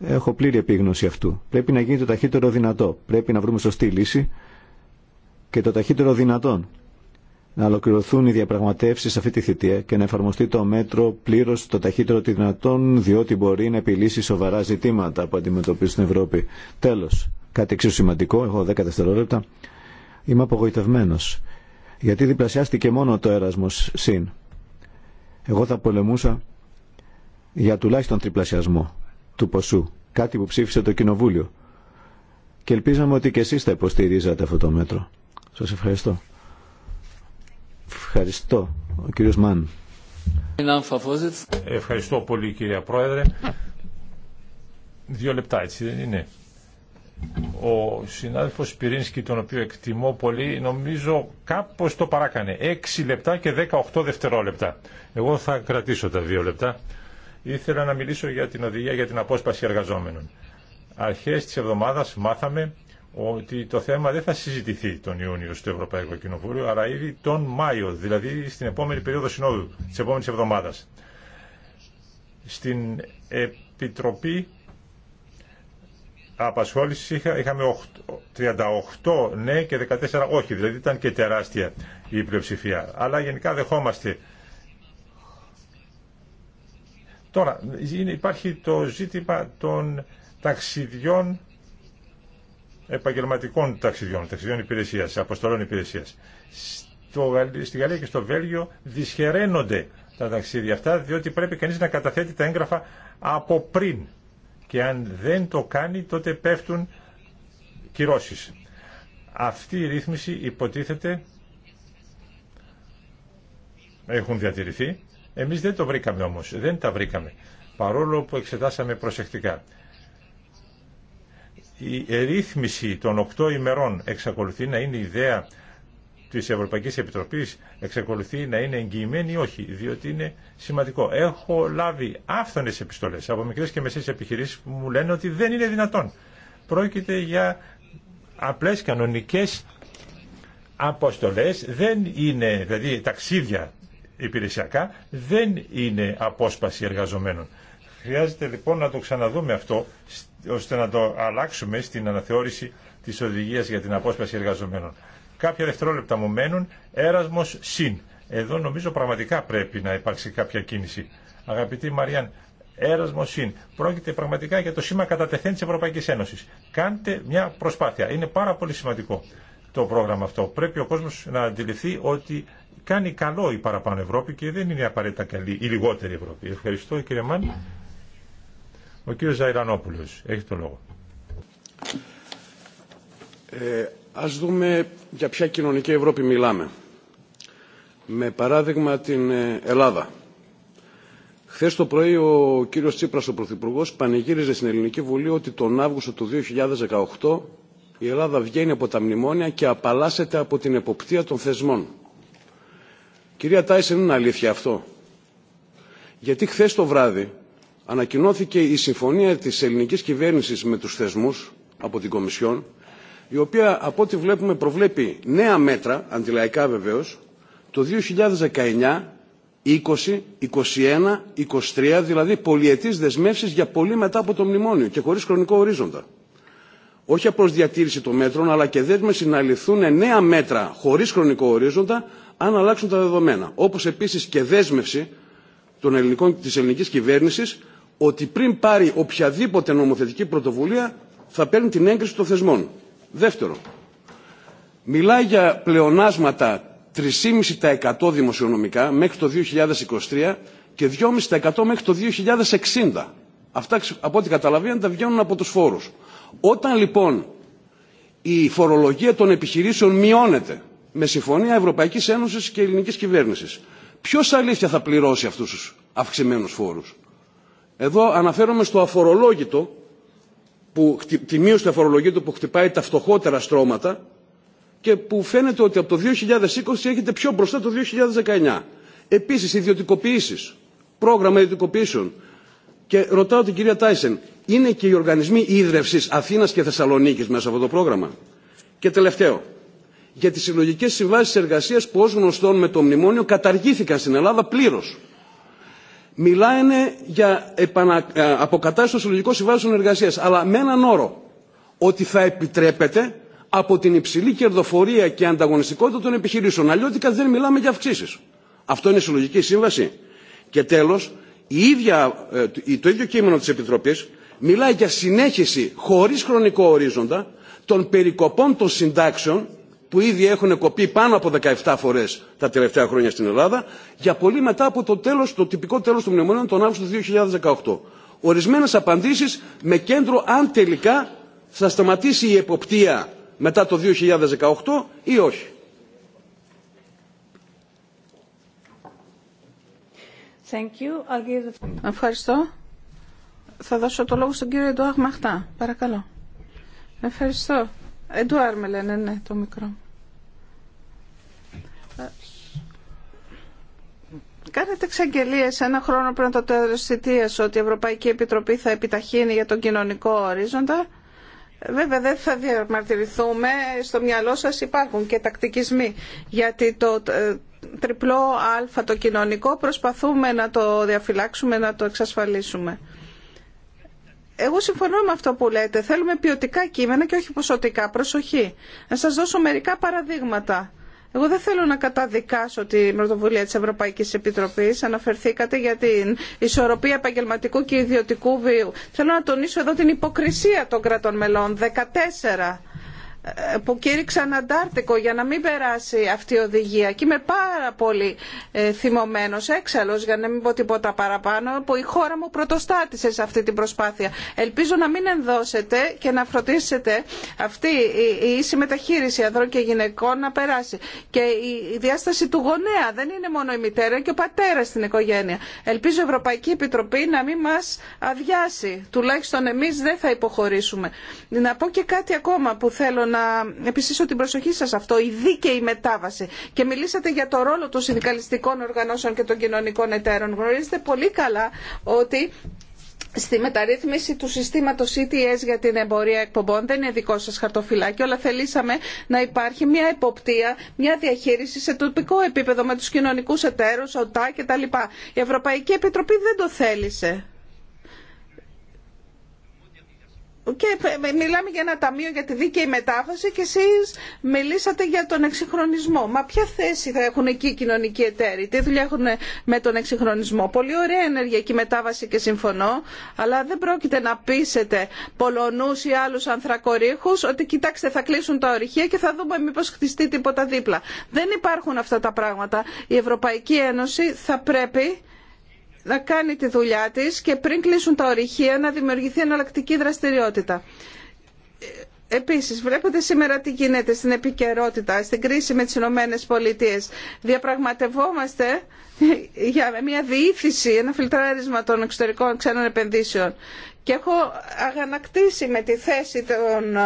Έχω πλήρη επίγνωση αυτού. Πρέπει να γίνει το ταχύτερο δυνατό. Πρέπει να βρούμε σωστή λύση και το ταχύτερο δυνατόν να ολοκληρωθούν οι διαπραγματεύσει σε αυτή τη θητεία και να εφαρμοστεί το μέτρο πλήρω το ταχύτερο τη δυνατόν, διότι μπορεί να επιλύσει σοβαρά ζητήματα που αντιμετωπίζει στην Ευρώπη. Τέλο, κάτι εξίσου σημαντικό, έχω δέκα δευτερόλεπτα. Είμαι απογοητευμένο. Γιατί διπλασιάστηκε μόνο το έρασμο συν. Εγώ θα πολεμούσα για τουλάχιστον τριπλασιασμό του ποσού. Κάτι που ψήφισε το Κοινοβούλιο. Και ελπίζαμε ότι και εσεί θα υποστηρίζατε αυτό το μέτρο. Σας ευχαριστώ. Ευχαριστώ. Μάν. Ευχαριστώ πολύ κύριε Πρόεδρε. Δύο λεπτά έτσι δεν είναι. Ο συνάδελφος Σπυρίνσκι, τον οποίο εκτιμώ πολύ νομίζω κάπως το παράκανε. Έξι λεπτά και 18 δευτερόλεπτα. Εγώ θα κρατήσω τα δύο λεπτά. Ήθελα να μιλήσω για την οδηγία για την απόσπαση εργαζόμενων. Αρχές της εβδομάδας μάθαμε ότι το θέμα δεν θα συζητηθεί τον Ιούνιο στο Ευρωπαϊκό Κοινοβούλιο, αλλά ήδη τον Μάιο, δηλαδή στην επόμενη περίοδο συνόδου, τη επόμενη εβδομάδα. Στην Επιτροπή Απασχόλησης είχα, είχαμε 38 ναι και 14 όχι, δηλαδή ήταν και τεράστια η πλειοψηφία. Αλλά γενικά δεχόμαστε. Τώρα, υπάρχει το ζήτημα των ταξιδιών επαγγελματικών ταξιδιών, ταξιδιών υπηρεσίας, αποστολών υπηρεσίας. στη Γαλλία και στο Βέλγιο δυσχεραίνονται τα ταξίδια αυτά, διότι πρέπει κανείς να καταθέτει τα έγγραφα από πριν. Και αν δεν το κάνει, τότε πέφτουν κυρώσει. Αυτή η ρύθμιση υποτίθεται έχουν διατηρηθεί. Εμείς δεν το βρήκαμε όμως, δεν τα βρήκαμε, παρόλο που εξετάσαμε προσεκτικά. Η ρύθμιση των οκτώ ημερών εξακολουθεί να είναι ιδέα της Ευρωπαϊκής Επιτροπής, εξακολουθεί να είναι εγγυημένη ή όχι, διότι είναι σημαντικό. Έχω λάβει άφθονες επιστολές από μικρές και μεσές επιχειρήσεις που μου λένε ότι δεν είναι δυνατόν. Πρόκειται για απλές κανονικές αποστολές, δεν είναι, δηλαδή ταξίδια υπηρεσιακά, δεν είναι απόσπαση εργαζομένων. Χρειάζεται λοιπόν να το ξαναδούμε αυτό, ώστε να το αλλάξουμε στην αναθεώρηση της οδηγίας για την απόσπαση εργαζομένων. Κάποια δευτερόλεπτα μου μένουν, έρασμος συν. Εδώ νομίζω πραγματικά πρέπει να υπάρξει κάποια κίνηση. Αγαπητή Μαριάν, έρασμος συν. Πρόκειται πραγματικά για το σήμα κατατεθέν της Ευρωπαϊκής Ένωσης. Κάντε μια προσπάθεια. Είναι πάρα πολύ σημαντικό το πρόγραμμα αυτό. Πρέπει ο κόσμος να αντιληφθεί ότι κάνει καλό η παραπάνω Ευρώπη και δεν είναι απαραίτητα καλή η λιγότερη Ευρώπη. Ευχαριστώ κύριε Μάν. Ο κύριος Ζαϊρανόπουλος, έχει το λόγο. Ε, ας δούμε για ποια κοινωνική Ευρώπη μιλάμε. Με παράδειγμα την ε, Ελλάδα. Χθε το πρωί ο κύριος Τσίπρας, ο Πρωθυπουργός, πανηγύριζε στην Ελληνική Βουλή ότι τον Αύγουστο του 2018 η Ελλάδα βγαίνει από τα μνημόνια και απαλλάσσεται από την εποπτεία των θεσμών. Κυρία Τάισεν, είναι αλήθεια αυτό. Γιατί χθε το βράδυ ανακοινώθηκε η συμφωνία της ελληνικής κυβέρνησης με τους θεσμούς από την Κομισιόν, η οποία από ό,τι βλέπουμε προβλέπει νέα μέτρα, αντιλαϊκά βεβαίως, το 2019, 20, 21, 23, δηλαδή πολιετής δεσμεύσεις για πολύ μετά από το μνημόνιο και χωρίς χρονικό ορίζοντα. Όχι απλώς διατήρηση των μέτρων, αλλά και δέσμευση να ληφθούν νέα μέτρα χωρίς χρονικό ορίζοντα, αν αλλάξουν τα δεδομένα. Όπως επίσης και δέσμευση των ελληνικών, της ελληνικής κυβέρνησης ότι πριν πάρει οποιαδήποτε νομοθετική πρωτοβουλία θα παίρνει την έγκριση των θεσμών. Δεύτερο, μιλάει για πλεονάσματα 3,5% δημοσιονομικά μέχρι το 2023 και 2,5% μέχρι το 2060. Αυτά από ό,τι καταλαβαίνετε βγαίνουν από τους φόρους. Όταν λοιπόν η φορολογία των επιχειρήσεων μειώνεται με συμφωνία Ευρωπαϊκής Ένωσης και Ελληνικής Κυβέρνησης, ποιος αλήθεια θα πληρώσει αυτούς τους αυξημένους φόρους. Εδώ αναφέρομαι στο αφορολόγητο, που, τη μείωση του αφορολόγητου που χτυπάει τα φτωχότερα στρώματα και που φαίνεται ότι από το 2020 έχετε πιο μπροστά το 2019. Επίσης, ιδιωτικοποιήσεις, πρόγραμμα ιδιωτικοποιήσεων. Και ρωτάω την κυρία Τάισεν, είναι και οι οργανισμοί ίδρευσης Αθήνας και Θεσσαλονίκης μέσα από το πρόγραμμα. Και τελευταίο, για τις συλλογικές συμβάσεις εργασίας που ως γνωστόν με το μνημόνιο καταργήθηκαν στην Ελλάδα πλήρως μιλάνε για ε, αποκατάσταση των συλλογικών συμβάσεων εργασίας, αλλά με έναν όρο, ότι θα επιτρέπεται από την υψηλή κερδοφορία και ανταγωνιστικότητα των επιχειρήσεων. Αλλιώτικα δεν μιλάμε για αυξήσει. Αυτό είναι συλλογική σύμβαση. Και τέλο, ε, το ίδιο κείμενο τη Επιτροπή μιλάει για συνέχιση χωρί χρονικό ορίζοντα των περικοπών των συντάξεων που ήδη έχουν κοπεί πάνω από 17 φορέ τα τελευταία χρόνια στην Ελλάδα, για πολύ μετά από το, τέλος, το τυπικό τέλο του μνημονίου τον Αύγουστο του 2018. Ορισμένε απαντήσει με κέντρο αν τελικά θα σταματήσει η εποπτεία μετά το 2018 ή όχι. Thank you. Ευχαριστώ. Θα δώσω το λόγο στον κύριο Εντουάρ Μαχτά. Παρακαλώ. Ευχαριστώ. Εντουάρ με λένε, ναι, το μικρό. Κάνετε εξαγγελίε ένα χρόνο πριν το τέλο τη θητεία ότι η Ευρωπαϊκή Επιτροπή θα επιταχύνει για τον κοινωνικό ορίζοντα. Βέβαια δεν θα διαμαρτυρηθούμε. Στο μυαλό σας υπάρχουν και τακτικισμοί. Γιατί το ε, τριπλό α το κοινωνικό προσπαθούμε να το διαφυλάξουμε, να το εξασφαλίσουμε. Εγώ συμφωνώ με αυτό που λέτε. Θέλουμε ποιοτικά κείμενα και όχι ποσοτικά. Προσοχή. Να σας δώσω μερικά παραδείγματα. Εγώ δεν θέλω να καταδικάσω την πρωτοβουλία της Ευρωπαϊκής Επιτροπής. Αναφερθήκατε για την ισορροπία επαγγελματικού και ιδιωτικού βίου. Θέλω να τονίσω εδώ την υποκρισία των κρατών μελών. 14 που κήρυξαν αντάρτικο για να μην περάσει αυτή η οδηγία και είμαι πάρα πολύ ε, θυμωμένος, έξαλλος για να μην πω τίποτα παραπάνω που η χώρα μου πρωτοστάτησε σε αυτή την προσπάθεια. Ελπίζω να μην ενδώσετε και να φροντίσετε αυτή η, η ίση μεταχείριση ανδρών και γυναικών να περάσει. Και η, διάσταση του γονέα δεν είναι μόνο η μητέρα και ο πατέρας στην οικογένεια. Ελπίζω η Ευρωπαϊκή Επιτροπή να μην μας αδειάσει. Τουλάχιστον εμείς δεν θα υποχωρήσουμε. Να πω και κάτι ακόμα που θέλω να επισήσω την προσοχή σας αυτό, η δίκαιη μετάβαση. Και μιλήσατε για το ρόλο των συνδικαλιστικών οργανώσεων και των κοινωνικών εταίρων. Γνωρίζετε πολύ καλά ότι στη μεταρρύθμιση του συστήματος ETS για την εμπορία εκπομπών δεν είναι δικό σας χαρτοφυλάκι, αλλά θελήσαμε να υπάρχει μια εποπτεία, μια διαχείριση σε τοπικό επίπεδο με τους κοινωνικούς εταίρους, ΟΤΑ κτλ. Η Ευρωπαϊκή Επιτροπή δεν το θέλησε. και μιλάμε για ένα ταμείο για τη δίκαιη μετάβαση και εσείς μιλήσατε για τον εξυγχρονισμό. Μα ποια θέση θα έχουν εκεί οι κοινωνικοί εταίροι, τι δουλειά έχουν με τον εξυγχρονισμό. Πολύ ωραία ενεργειακή μετάβαση και συμφωνώ, αλλά δεν πρόκειται να πείσετε Πολωνούς ή άλλους ανθρακορίχους ότι κοιτάξτε θα κλείσουν τα ορυχεία και θα δούμε μήπως χτιστεί τίποτα δίπλα. Δεν υπάρχουν αυτά τα πράγματα. Η Ευρωπαϊκή Ένωση θα πρέπει να κάνει τη δουλειά της και πριν κλείσουν τα ορυχεία να δημιουργηθεί εναλλακτική δραστηριότητα. Επίσης, βλέπετε σήμερα τι γίνεται στην επικαιρότητα, στην κρίση με τις Ηνωμένε Πολιτείες. Διαπραγματευόμαστε για μια διήθηση, ένα φιλτράρισμα των εξωτερικών ξένων επενδύσεων και έχω αγανακτήσει με τη θέση των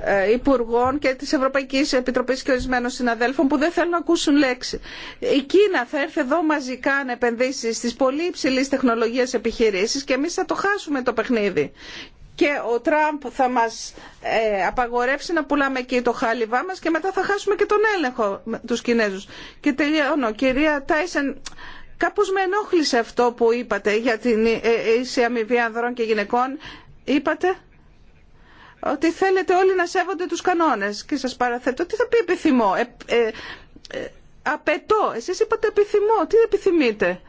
ε, Υπουργών και της Ευρωπαϊκής Επιτροπής και ορισμένων συναδέλφων που δεν θέλουν να ακούσουν λέξη. Η Κίνα θα έρθει εδώ μαζικά να επενδύσει στις πολύ υψηλής τεχνολογίας επιχειρήσεις και εμείς θα το χάσουμε το παιχνίδι. Και ο Τραμπ θα μας ε, απαγορεύσει να πουλάμε εκεί το χάλιβά μας και μετά θα χάσουμε και τον έλεγχο τους Κινέζους. Και τελειώνω. Κυρία Τάισεν, Κάπως με ενόχλησε αυτό που είπατε για την ε, ε, ίση αμοιβή ανδρών και γυναικών. Είπατε ότι θέλετε όλοι να σέβονται τους κανόνες και σας παραθέτω. Τι θα πει επιθυμώ. Ε, ε, ε, απαιτώ. Εσείς είπατε επιθυμώ. Τι επιθυμείτε.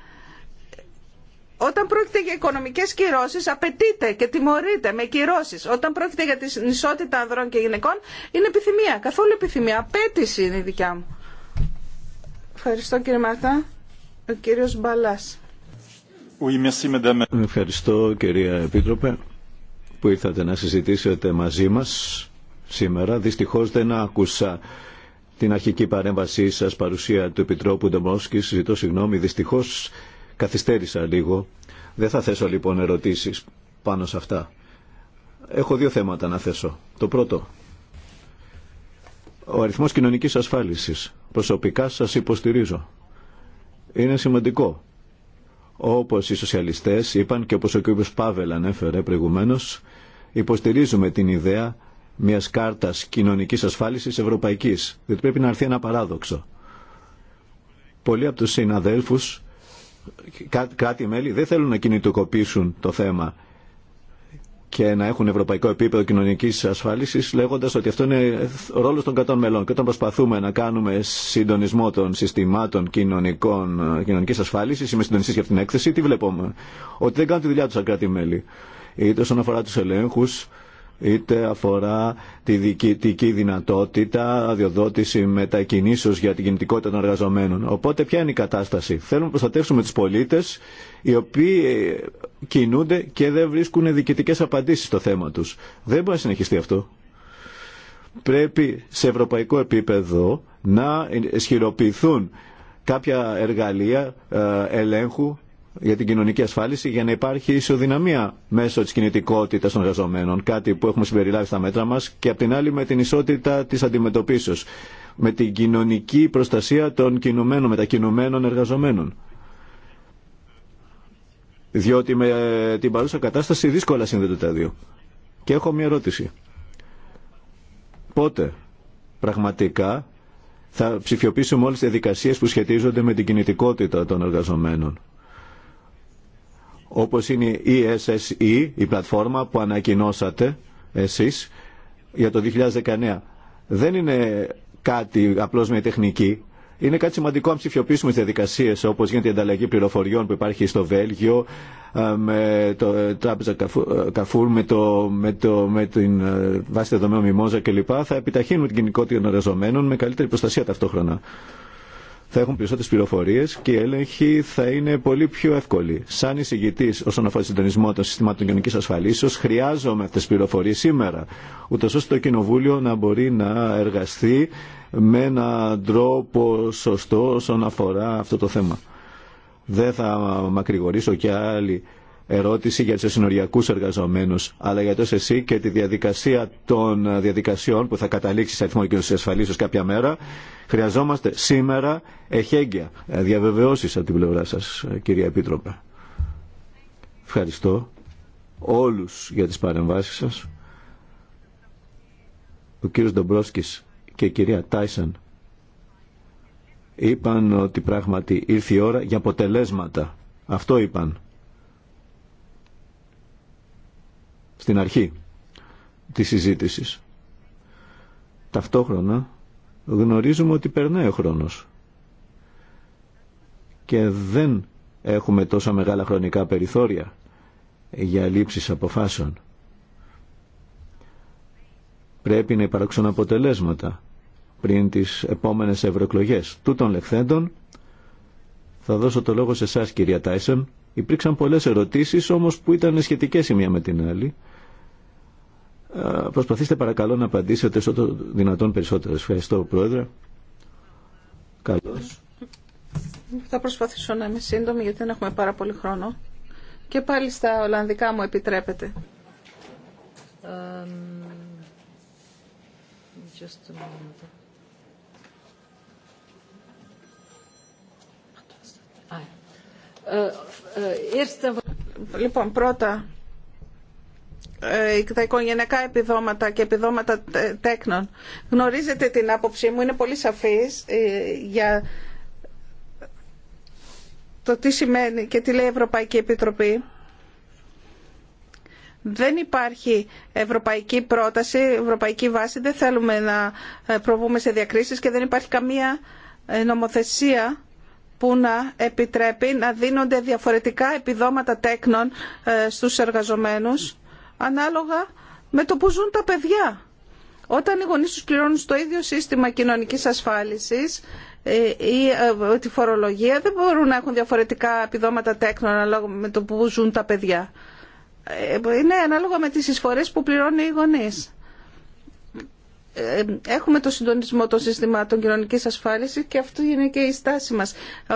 Όταν πρόκειται για οικονομικέ κυρώσει, απαιτείται και τιμωρείται με κυρώσει. Όταν πρόκειται για την ισότητα ανδρών και γυναικών, είναι επιθυμία. Καθόλου επιθυμία. Απέτηση είναι η δικιά μου. Ευχαριστώ κύριε Μάρτα. Ο κύριος Μπαλάς. Ευχαριστώ κυρία Επίτροπε που ήρθατε να συζητήσετε μαζί μας σήμερα. Δυστυχώς δεν άκουσα την αρχική παρέμβασή σας, παρουσία του Επιτρόπου Ντομόσκη. Ζητώ συγγνώμη, δυστυχώς καθυστέρησα λίγο. Δεν θα θέσω λοιπόν ερωτήσεις πάνω σε αυτά. Έχω δύο θέματα να θέσω. Το πρώτο, ο αριθμός κοινωνικής ασφάλισης. Προσωπικά σας υποστηρίζω είναι σημαντικό. Όπως οι σοσιαλιστές είπαν και όπως ο κ. Πάβελ ανέφερε προηγουμένως, υποστηρίζουμε την ιδέα μιας κάρτας κοινωνικής ασφάλισης ευρωπαϊκής, διότι πρέπει να έρθει ένα παράδοξο. Πολλοί από τους συναδέλφους, κράτη-μέλη, δεν θέλουν να κινητοκοπήσουν το θέμα και να έχουν ευρωπαϊκό επίπεδο κοινωνική ασφάλιση, λέγοντα ότι αυτό είναι ρόλο των κρατών μελών. Και όταν προσπαθούμε να κάνουμε συντονισμό των συστημάτων κοινωνική ασφάλιση, είμαι συντονιστή για αυτήν την έκθεση, τι βλέπουμε. Ότι δεν κάνουν τη δουλειά του σαν κράτη-μέλη. Είτε όσον αφορά του ελέγχου, είτε αφορά τη διοικητική δυνατότητα, αδειοδότηση μετακινήσεως για την κινητικότητα των εργαζομένων. Οπότε ποια είναι η κατάσταση. Θέλουμε να προστατεύσουμε τους πολίτες οι οποίοι ε, κινούνται και δεν βρίσκουν διοικητικές απαντήσεις στο θέμα τους. Δεν μπορεί να συνεχιστεί αυτό. Πρέπει σε ευρωπαϊκό επίπεδο να ισχυροποιηθούν κάποια εργαλεία ε, ελέγχου για την κοινωνική ασφάλιση για να υπάρχει ισοδυναμία μέσω της κινητικότητας των εργαζομένων, κάτι που έχουμε συμπεριλάβει στα μέτρα μας και απ' την άλλη με την ισότητα της αντιμετωπίσεως, με την κοινωνική προστασία των κινουμένων, μετακινουμένων εργαζομένων. Διότι με την παρούσα κατάσταση δύσκολα συνδέονται τα δύο. Και έχω μια ερώτηση. Πότε πραγματικά θα ψηφιοποιήσουμε όλες τις διαδικασίες που σχετίζονται με την κινητικότητα των εργαζομένων όπως είναι η ESSE, η πλατφόρμα που ανακοινώσατε εσείς για το 2019. Δεν είναι κάτι απλώς με τεχνική. Είναι κάτι σημαντικό αν ψηφιοποιήσουμε τι διαδικασίε όπω γίνεται η ανταλλαγή πληροφοριών που υπάρχει στο Βέλγιο, ε, με το ε, τράπεζα ε, Καφούρ, με, το, με, το, με την βάση δεδομένων Μιμόζα κλπ. Θα επιταχύνουμε την κοινικότητα των εργαζομένων με καλύτερη προστασία ταυτόχρονα θα έχουν περισσότερε πληροφορίε και η έλεγχη θα είναι πολύ πιο εύκολοι. Σαν εισηγητή όσον αφορά τον συντονισμό των συστημάτων κοινωνική ασφαλίσεω, χρειάζομαι αυτέ τι πληροφορίε σήμερα, ούτω ώστε το Κοινοβούλιο να μπορεί να εργαστεί με έναν τρόπο σωστό όσον αφορά αυτό το θέμα. Δεν θα μακρηγορήσω κι άλλοι ερώτηση για τους συνοριακούς εργαζομένους, αλλά για το εσύ και τη διαδικασία των διαδικασιών που θα καταλήξει σε αριθμό και στους ασφαλίσεις κάποια μέρα, χρειαζόμαστε σήμερα εχέγγυα ε, διαβεβαιώσεις από την πλευρά σας, ε, κυρία Επίτροπε. Ευχαριστώ όλους για τις παρεμβάσεις σας. Ο κύριος Ντομπρόσκης και η κυρία Τάισαν είπαν ότι πράγματι ήρθε η ώρα για αποτελέσματα. Αυτό είπαν. στην αρχή της συζήτησης. Ταυτόχρονα γνωρίζουμε ότι περνάει ο χρόνος και δεν έχουμε τόσα μεγάλα χρονικά περιθώρια για λήψεις αποφάσεων. Πρέπει να υπάρξουν αποτελέσματα πριν τις επόμενες ευρωεκλογές. Τούτων λεχθέντων θα δώσω το λόγο σε εσά κυρία Τάισεν. Υπήρξαν πολλές ερωτήσεις όμως που ήταν σχετικές η μία με την άλλη. Προσπαθήστε παρακαλώ να απαντήσετε όσο δυνατόν περισσότερο. Ευχαριστώ, Πρόεδρε. Καλώς. Θα προσπαθήσω να είμαι σύντομη γιατί δεν έχουμε πάρα πολύ χρόνο. Και πάλι στα Ολλανδικά μου επιτρέπετε. Um, just a Λοιπόν, πρώτα ε, τα οικογενειακά επιδόματα και επιδόματα τέκνων. Γνωρίζετε την άποψή μου, είναι πολύ σαφής ε, για το τι σημαίνει και τι λέει η Ευρωπαϊκή Επιτροπή. Δεν υπάρχει ευρωπαϊκή πρόταση, ευρωπαϊκή βάση, δεν θέλουμε να ε, προβούμε σε διακρίσεις και δεν υπάρχει καμία νομοθεσία που να επιτρέπει να δίνονται διαφορετικά επιδόματα τέκνων στους εργαζομένους ανάλογα με το που ζουν τα παιδιά. Όταν οι γονείς τους πληρώνουν στο ίδιο σύστημα κοινωνικής ασφάλισης ε, ή ε, τη φορολογία, δεν μπορούν να έχουν διαφορετικά επιδόματα τέκνων ανάλογα με το που ζουν τα παιδιά. Ε, είναι ανάλογα με τις εισφορές που πληρώνουν οι γονείς. Έχουμε το συντονισμό των συστημάτων κοινωνικής ασφάλισης και αυτή είναι και η στάση μα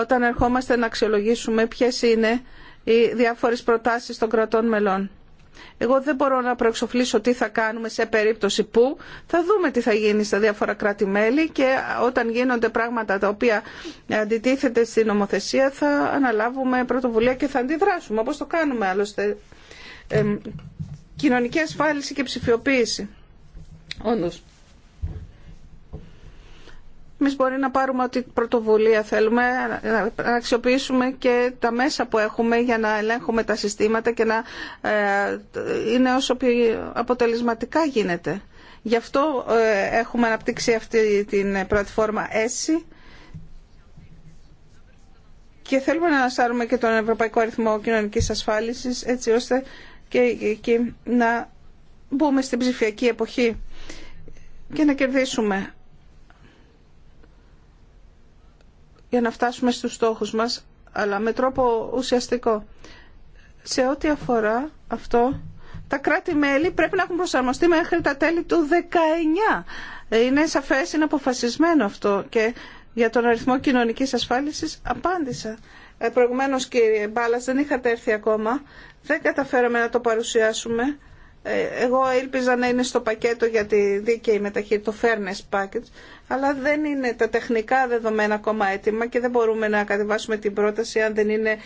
Όταν ερχόμαστε να αξιολογήσουμε ποιε είναι οι διάφορε προτάσει των κρατών μελών. Εγώ δεν μπορώ να προεξοφλήσω τι θα κάνουμε σε περίπτωση που θα δούμε τι θα γίνει στα διάφορα κράτη-μέλη και όταν γίνονται πράγματα τα οποία αντιτίθεται στην νομοθεσία θα αναλάβουμε πρωτοβουλία και θα αντιδράσουμε όπως το κάνουμε άλλωστε. κοινωνική ασφάλιση και ψηφιοποίηση. Όντως. Εμεί μπορεί να πάρουμε ό,τι πρωτοβουλία θέλουμε, να αξιοποιήσουμε και τα μέσα που έχουμε για να ελέγχουμε τα συστήματα και να ε, είναι όσο πιο αποτελεσματικά γίνεται. Γι' αυτό ε, έχουμε αναπτύξει αυτή την πλατφόρμα ΕΣΥ και θέλουμε να ανασάρουμε και τον Ευρωπαϊκό Αριθμό Κοινωνικής Ασφάλισης έτσι ώστε και εκεί να μπούμε στην ψηφιακή εποχή και να κερδίσουμε για να φτάσουμε στους στόχους μας, αλλά με τρόπο ουσιαστικό. Σε ό,τι αφορά αυτό, τα κράτη-μέλη πρέπει να έχουν προσαρμοστεί μέχρι τα τέλη του 19. Είναι σαφές, είναι αποφασισμένο αυτό και για τον αριθμό κοινωνικής ασφάλισης απάντησα. Ε, προηγουμένως κύριε Μπάλας δεν είχατε έρθει ακόμα, δεν καταφέραμε να το παρουσιάσουμε ε, εγώ ήλπιζα να είναι στο πακέτο για τη δίκαιη μεταχείριση, το fairness package, αλλά δεν είναι τα τεχνικά δεδομένα ακόμα έτοιμα και δεν μπορούμε να κατεβάσουμε την πρόταση αν δεν είναι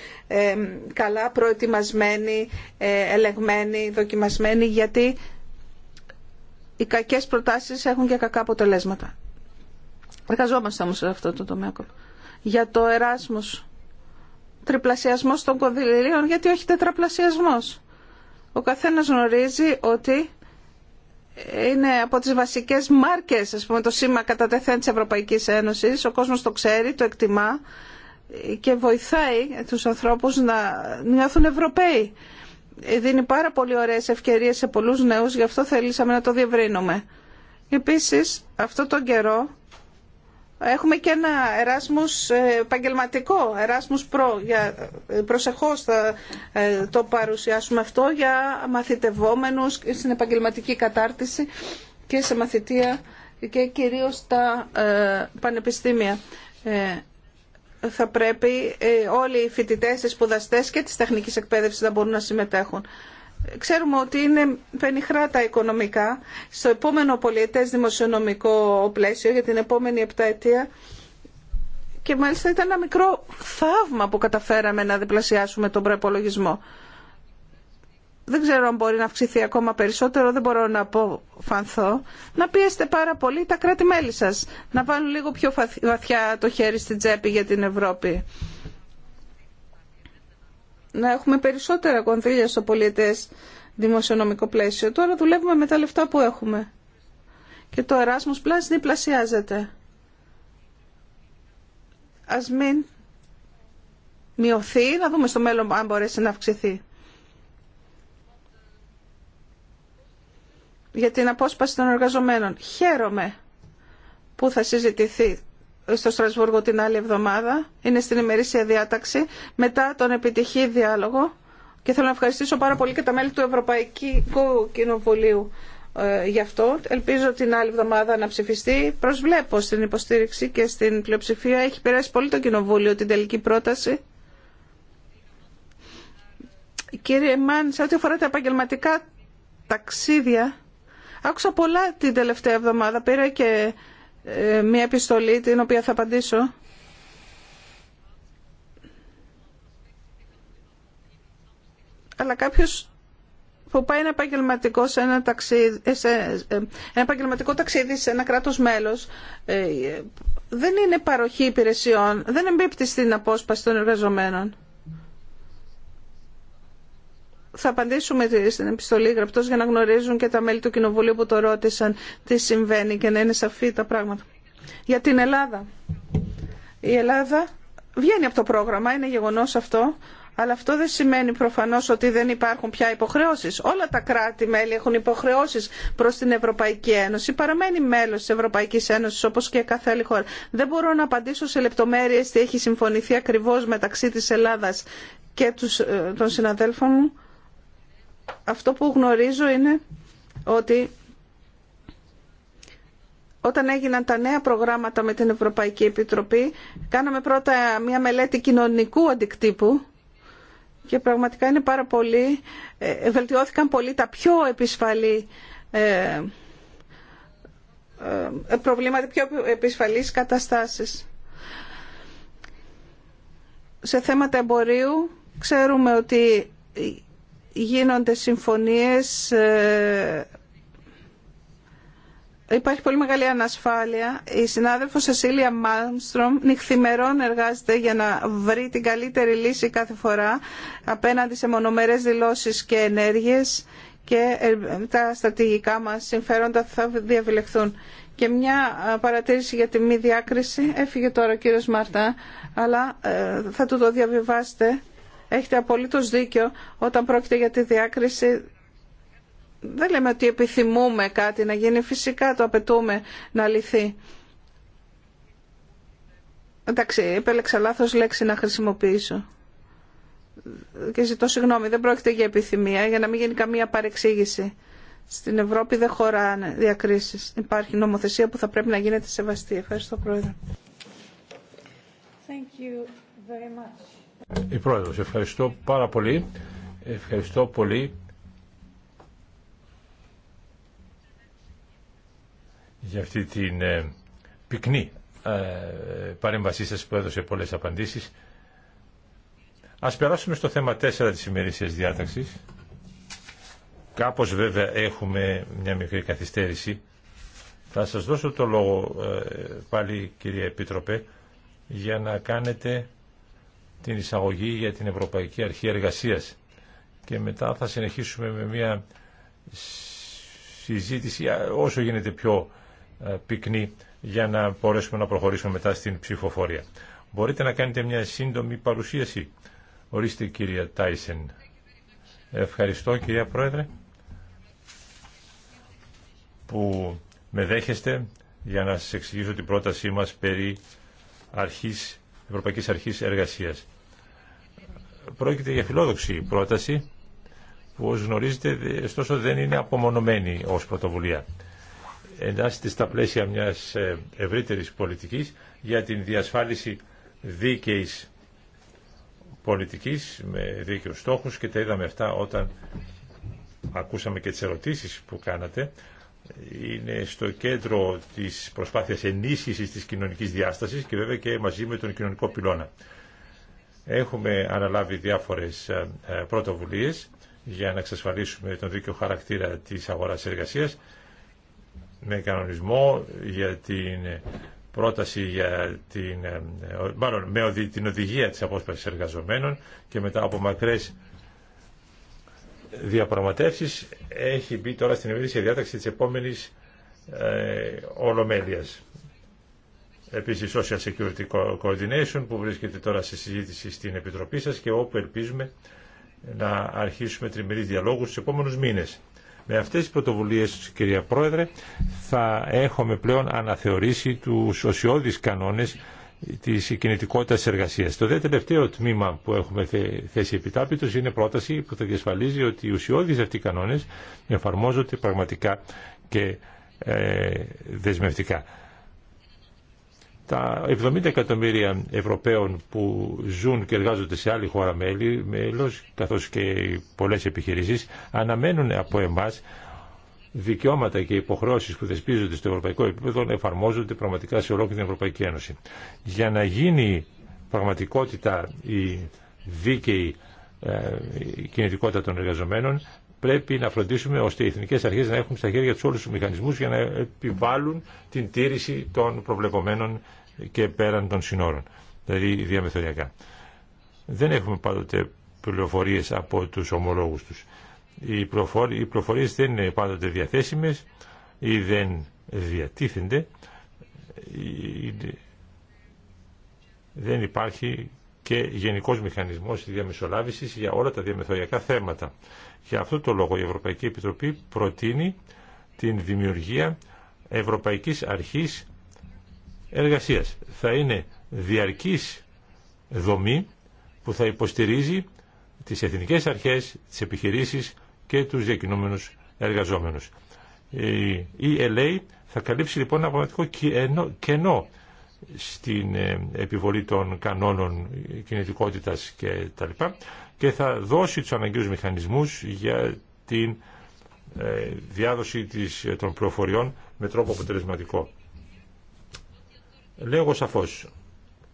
καλά προετοιμασμένη, ε, ελεγμένη, δοκιμασμένη, γιατί οι κακές προτάσεις έχουν και κακά αποτελέσματα. Εργαζόμαστε όμως σε αυτό το τομέα. Για το Εράσμος, τριπλασιασμός των κονδυλίων, γιατί όχι τετραπλασιασμός. Ο καθένας γνωρίζει ότι είναι από τις βασικές μάρκες, ας πούμε, το σήμα κατά τεθέν της Ευρωπαϊκής Ένωσης. Ο κόσμος το ξέρει, το εκτιμά και βοηθάει τους ανθρώπους να νιώθουν Ευρωπαίοι. Δίνει πάρα πολύ ωραίες ευκαιρίες σε πολλούς νέους, γι' αυτό θέλησαμε να το διευρύνουμε. Επίσης, αυτό τον καιρό Έχουμε και ένα εράσμους επαγγελματικό, εράσμους προ. Για, ε, προσεχώς θα ε, το παρουσιάσουμε αυτό για μαθητευόμενους στην επαγγελματική κατάρτιση και σε μαθητεία και κυρίως στα ε, πανεπιστήμια. θα πρέπει όλοι οι φοιτητές, οι σπουδαστές και τις τεχνικής εκπαίδευσης να μπορούν να συμμετέχουν. Ξέρουμε ότι είναι πενιχρά τα οικονομικά. Στο επόμενο πολιετές δημοσιονομικό πλαίσιο για την επόμενη επταετία και μάλιστα ήταν ένα μικρό θαύμα που καταφέραμε να διπλασιάσουμε τον προπολογισμό. Δεν ξέρω αν μπορεί να αυξηθεί ακόμα περισσότερο, δεν μπορώ να αποφανθώ. Να πίεστε πάρα πολύ τα κράτη-μέλη σας, να βάλουν λίγο πιο βαθιά το χέρι στην τσέπη για την Ευρώπη να έχουμε περισσότερα κονδύλια στο πολιτές δημοσιονομικό πλαίσιο. Τώρα δουλεύουμε με τα λεφτά που έχουμε. Και το Erasmus Plus διπλασιάζεται. Ας μην μειωθεί, να δούμε στο μέλλον αν μπορέσει να αυξηθεί. Για την απόσπαση των εργαζομένων. Χαίρομαι που θα συζητηθεί στο Στρασβούργο την άλλη εβδομάδα. Είναι στην ημερήσια διάταξη. Μετά τον επιτυχή διάλογο. Και θέλω να ευχαριστήσω πάρα πολύ και τα μέλη του Ευρωπαϊκού Κοινοβουλίου ε, γι' αυτό. Ελπίζω την άλλη εβδομάδα να ψηφιστεί. Προσβλέπω στην υποστήριξη και στην πλειοψηφία. Έχει περάσει πολύ το Κοινοβούλιο την τελική πρόταση. Κύριε Μάν, σε ό,τι αφορά τα επαγγελματικά ταξίδια, άκουσα πολλά την τελευταία εβδομάδα. Πήρα και ε, μια επιστολή την οποία θα απαντήσω. Αλλά κάποιος που πάει ένα επαγγελματικό, σε ένα, ταξίδι, σε ε, ένα επαγγελματικό ταξίδι σε ένα κράτος μέλος ε, δεν είναι παροχή υπηρεσιών, δεν εμπίπτει στην απόσπαση των εργαζομένων θα απαντήσουμε στην επιστολή γραπτός για να γνωρίζουν και τα μέλη του Κοινοβουλίου που το ρώτησαν τι συμβαίνει και να είναι σαφή τα πράγματα. Για την Ελλάδα. Η Ελλάδα βγαίνει από το πρόγραμμα, είναι γεγονός αυτό, αλλά αυτό δεν σημαίνει προφανώ ότι δεν υπάρχουν πια υποχρεώσει. Όλα τα κράτη-μέλη έχουν υποχρεώσει προ την Ευρωπαϊκή Ένωση. Παραμένει μέλο τη Ευρωπαϊκή Ένωση, όπω και κάθε άλλη χώρα. Δεν μπορώ να απαντήσω σε λεπτομέρειε τι έχει συμφωνηθεί ακριβώ μεταξύ τη Ελλάδα και ε, των συναδέλφων μου αυτό που γνωρίζω είναι ότι όταν έγιναν τα νέα προγράμματα με την Ευρωπαϊκή Επιτροπή, κάναμε πρώτα μια μελέτη κοινωνικού αντικτύπου και πραγματικά είναι πάρα πολύ, ε, βελτιώθηκαν πολύ τα πιο επισφαλή ε, ε, προβλήματα, πιο επισφαλείς καταστάσεις. Σε θέματα εμπορίου ξέρουμε ότι γίνονται συμφωνίες, ε, υπάρχει πολύ μεγάλη ανασφάλεια. Η συνάδελφος Ασίλια Μάλμστρομ νυχθημερών εργάζεται για να βρει την καλύτερη λύση κάθε φορά απέναντι σε μονομερές δηλώσεις και ενέργειες και ε, τα στρατηγικά μας συμφέροντα θα διαβιλεχθούν. Και μια ε, παρατήρηση για τη μη διάκριση. Έφυγε τώρα ο κύριος Μαρτά, αλλά θα του το διαβιβάσετε Έχετε απολύτως δίκιο όταν πρόκειται για τη διάκριση δεν λέμε ότι επιθυμούμε κάτι να γίνει, φυσικά το απαιτούμε να λυθεί. Εντάξει, επέλεξα λάθος λέξη να χρησιμοποιήσω. Και ζητώ συγγνώμη, δεν πρόκειται για επιθυμία, για να μην γίνει καμία παρεξήγηση. Στην Ευρώπη δεν χωράνε διακρίσεις. Υπάρχει νομοθεσία που θα πρέπει να γίνεται σεβαστή. Ευχαριστώ, Πρόεδρε. Thank you very much. Η Πρόεδρος, ευχαριστώ πάρα πολύ. Ευχαριστώ πολύ για αυτή την ε, πυκνή ε, παρέμβασή σας που έδωσε πολλές απαντήσεις. Ας περάσουμε στο θέμα 4 της ημερήσιας διάταξης. Κάπως βέβαια έχουμε μια μικρή καθυστέρηση. Θα σας δώσω το λόγο ε, πάλι κυρία Επίτροπε για να κάνετε την εισαγωγή για την Ευρωπαϊκή Αρχή Εργασίας και μετά θα συνεχίσουμε με μια συζήτηση όσο γίνεται πιο πυκνή για να μπορέσουμε να προχωρήσουμε μετά στην ψηφοφορία. Μπορείτε να κάνετε μια σύντομη παρουσίαση. Ορίστε κυρία Τάισεν. Ευχαριστώ κυρία Πρόεδρε που με δέχεστε για να σας εξηγήσω την πρότασή μας περί αρχής Ευρωπαϊκής Αρχής Εργασίας. Πρόκειται για φιλόδοξη πρόταση που ως γνωρίζετε ωστόσο δεν είναι απομονωμένη ως πρωτοβουλία. Εντάσσεται στα πλαίσια μιας ε, ευρύτερης πολιτικής για την διασφάλιση δίκαιης πολιτικής με δίκαιους στόχους και τα είδαμε αυτά όταν ακούσαμε και τις ερωτήσεις που κάνατε είναι στο κέντρο της προσπάθειας ενίσχυσης της κοινωνικής διάστασης και βέβαια και μαζί με τον κοινωνικό πυλώνα. Έχουμε αναλάβει διάφορες ε, ε, πρωτοβουλίες για να εξασφαλίσουμε τον δίκαιο χαρακτήρα της αγοράς εργασίας με κανονισμό για την πρόταση για την, ε, μάλλον με την οδηγία της απόσπασης εργαζομένων και μετά από μακρές διαπραγματεύσεις έχει μπει τώρα στην η διάταξη της επόμενης ε, Ολομέλειας. Επίσης Social Security Coordination που βρίσκεται τώρα σε συζήτηση στην Επιτροπή σας και όπου ελπίζουμε να αρχίσουμε τριμερείς διαλόγους στους επόμενους μήνες. Με αυτές τις πρωτοβουλίες, κυρία Πρόεδρε, θα έχουμε πλέον αναθεωρήσει τους οσιώδεις κανόνες Τη κινητικότητα τη εργασία. Το δε τελευταίο τμήμα που έχουμε θέσει επιτάπητο είναι πρόταση που θα διασφαλίζει ότι οι ουσιώδει αυτοί οι κανόνε εφαρμόζονται πραγματικά και ε, δεσμευτικά. Τα 70 εκατομμύρια Ευρωπαίων που ζουν και εργάζονται σε άλλη χώρα μέλη, μέλος, καθώς και πολλές επιχειρήσεις, αναμένουν από εμάς δικαιώματα και υποχρεώσεις που δεσπίζονται στο ευρωπαϊκό επίπεδο εφαρμόζονται πραγματικά σε ολόκληρη την Ευρωπαϊκή Ένωση. Για να γίνει πραγματικότητα η δίκαιη ε, κινητικότητα των εργαζομένων πρέπει να φροντίσουμε ώστε οι εθνικέ αρχέ να έχουν στα χέρια του όλου του μηχανισμού για να επιβάλλουν την τήρηση των προβλεπωμένων και πέραν των συνόρων, δηλαδή διαμεθοριακά. Δεν έχουμε πάντοτε πληροφορίε από του ομολόγου του. Οι, προφορίε προφορίες δεν είναι πάντοτε διαθέσιμες ή δεν διατίθενται. Δεν υπάρχει και γενικός μηχανισμός διαμεσολάβησης για όλα τα διαμεθοριακά θέματα. Για αυτό το λόγο η Ευρωπαϊκή Επιτροπή προτείνει την δημιουργία Ευρωπαϊκής Αρχής Εργασίας. Θα είναι διαρκής δομή που θα υποστηρίζει τις εθνικές αρχές, τις επιχειρήσεις και τους διακινούμενους εργαζόμενους. Η ELA θα καλύψει λοιπόν ένα πραγματικό κενό στην ε, επιβολή των κανόνων κινητικότητας και τα λοιπά και θα δώσει τους αναγκαίους μηχανισμούς για την ε, διάδοση της, ε, των πληροφοριών με τρόπο αποτελεσματικό. Λέω εγώ σαφώς,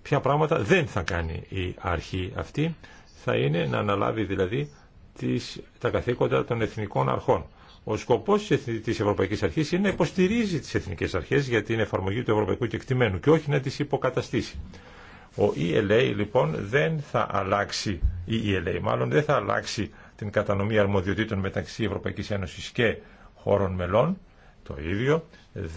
ποια πράγματα δεν θα κάνει η αρχή αυτή, θα είναι να αναλάβει δηλαδή τις, τα καθήκοντα των εθνικών αρχών. Ο σκοπό τη Ευρωπαϊκή Αρχή είναι να υποστηρίζει τι εθνικέ αρχέ για την εφαρμογή του ευρωπαϊκού κεκτημένου και όχι να τι υποκαταστήσει. Ο ELA λοιπόν δεν θα αλλάξει, η ELA μάλλον δεν θα αλλάξει την κατανομή αρμοδιοτήτων μεταξύ Ευρωπαϊκή Ένωση και χώρων μελών. Το ίδιο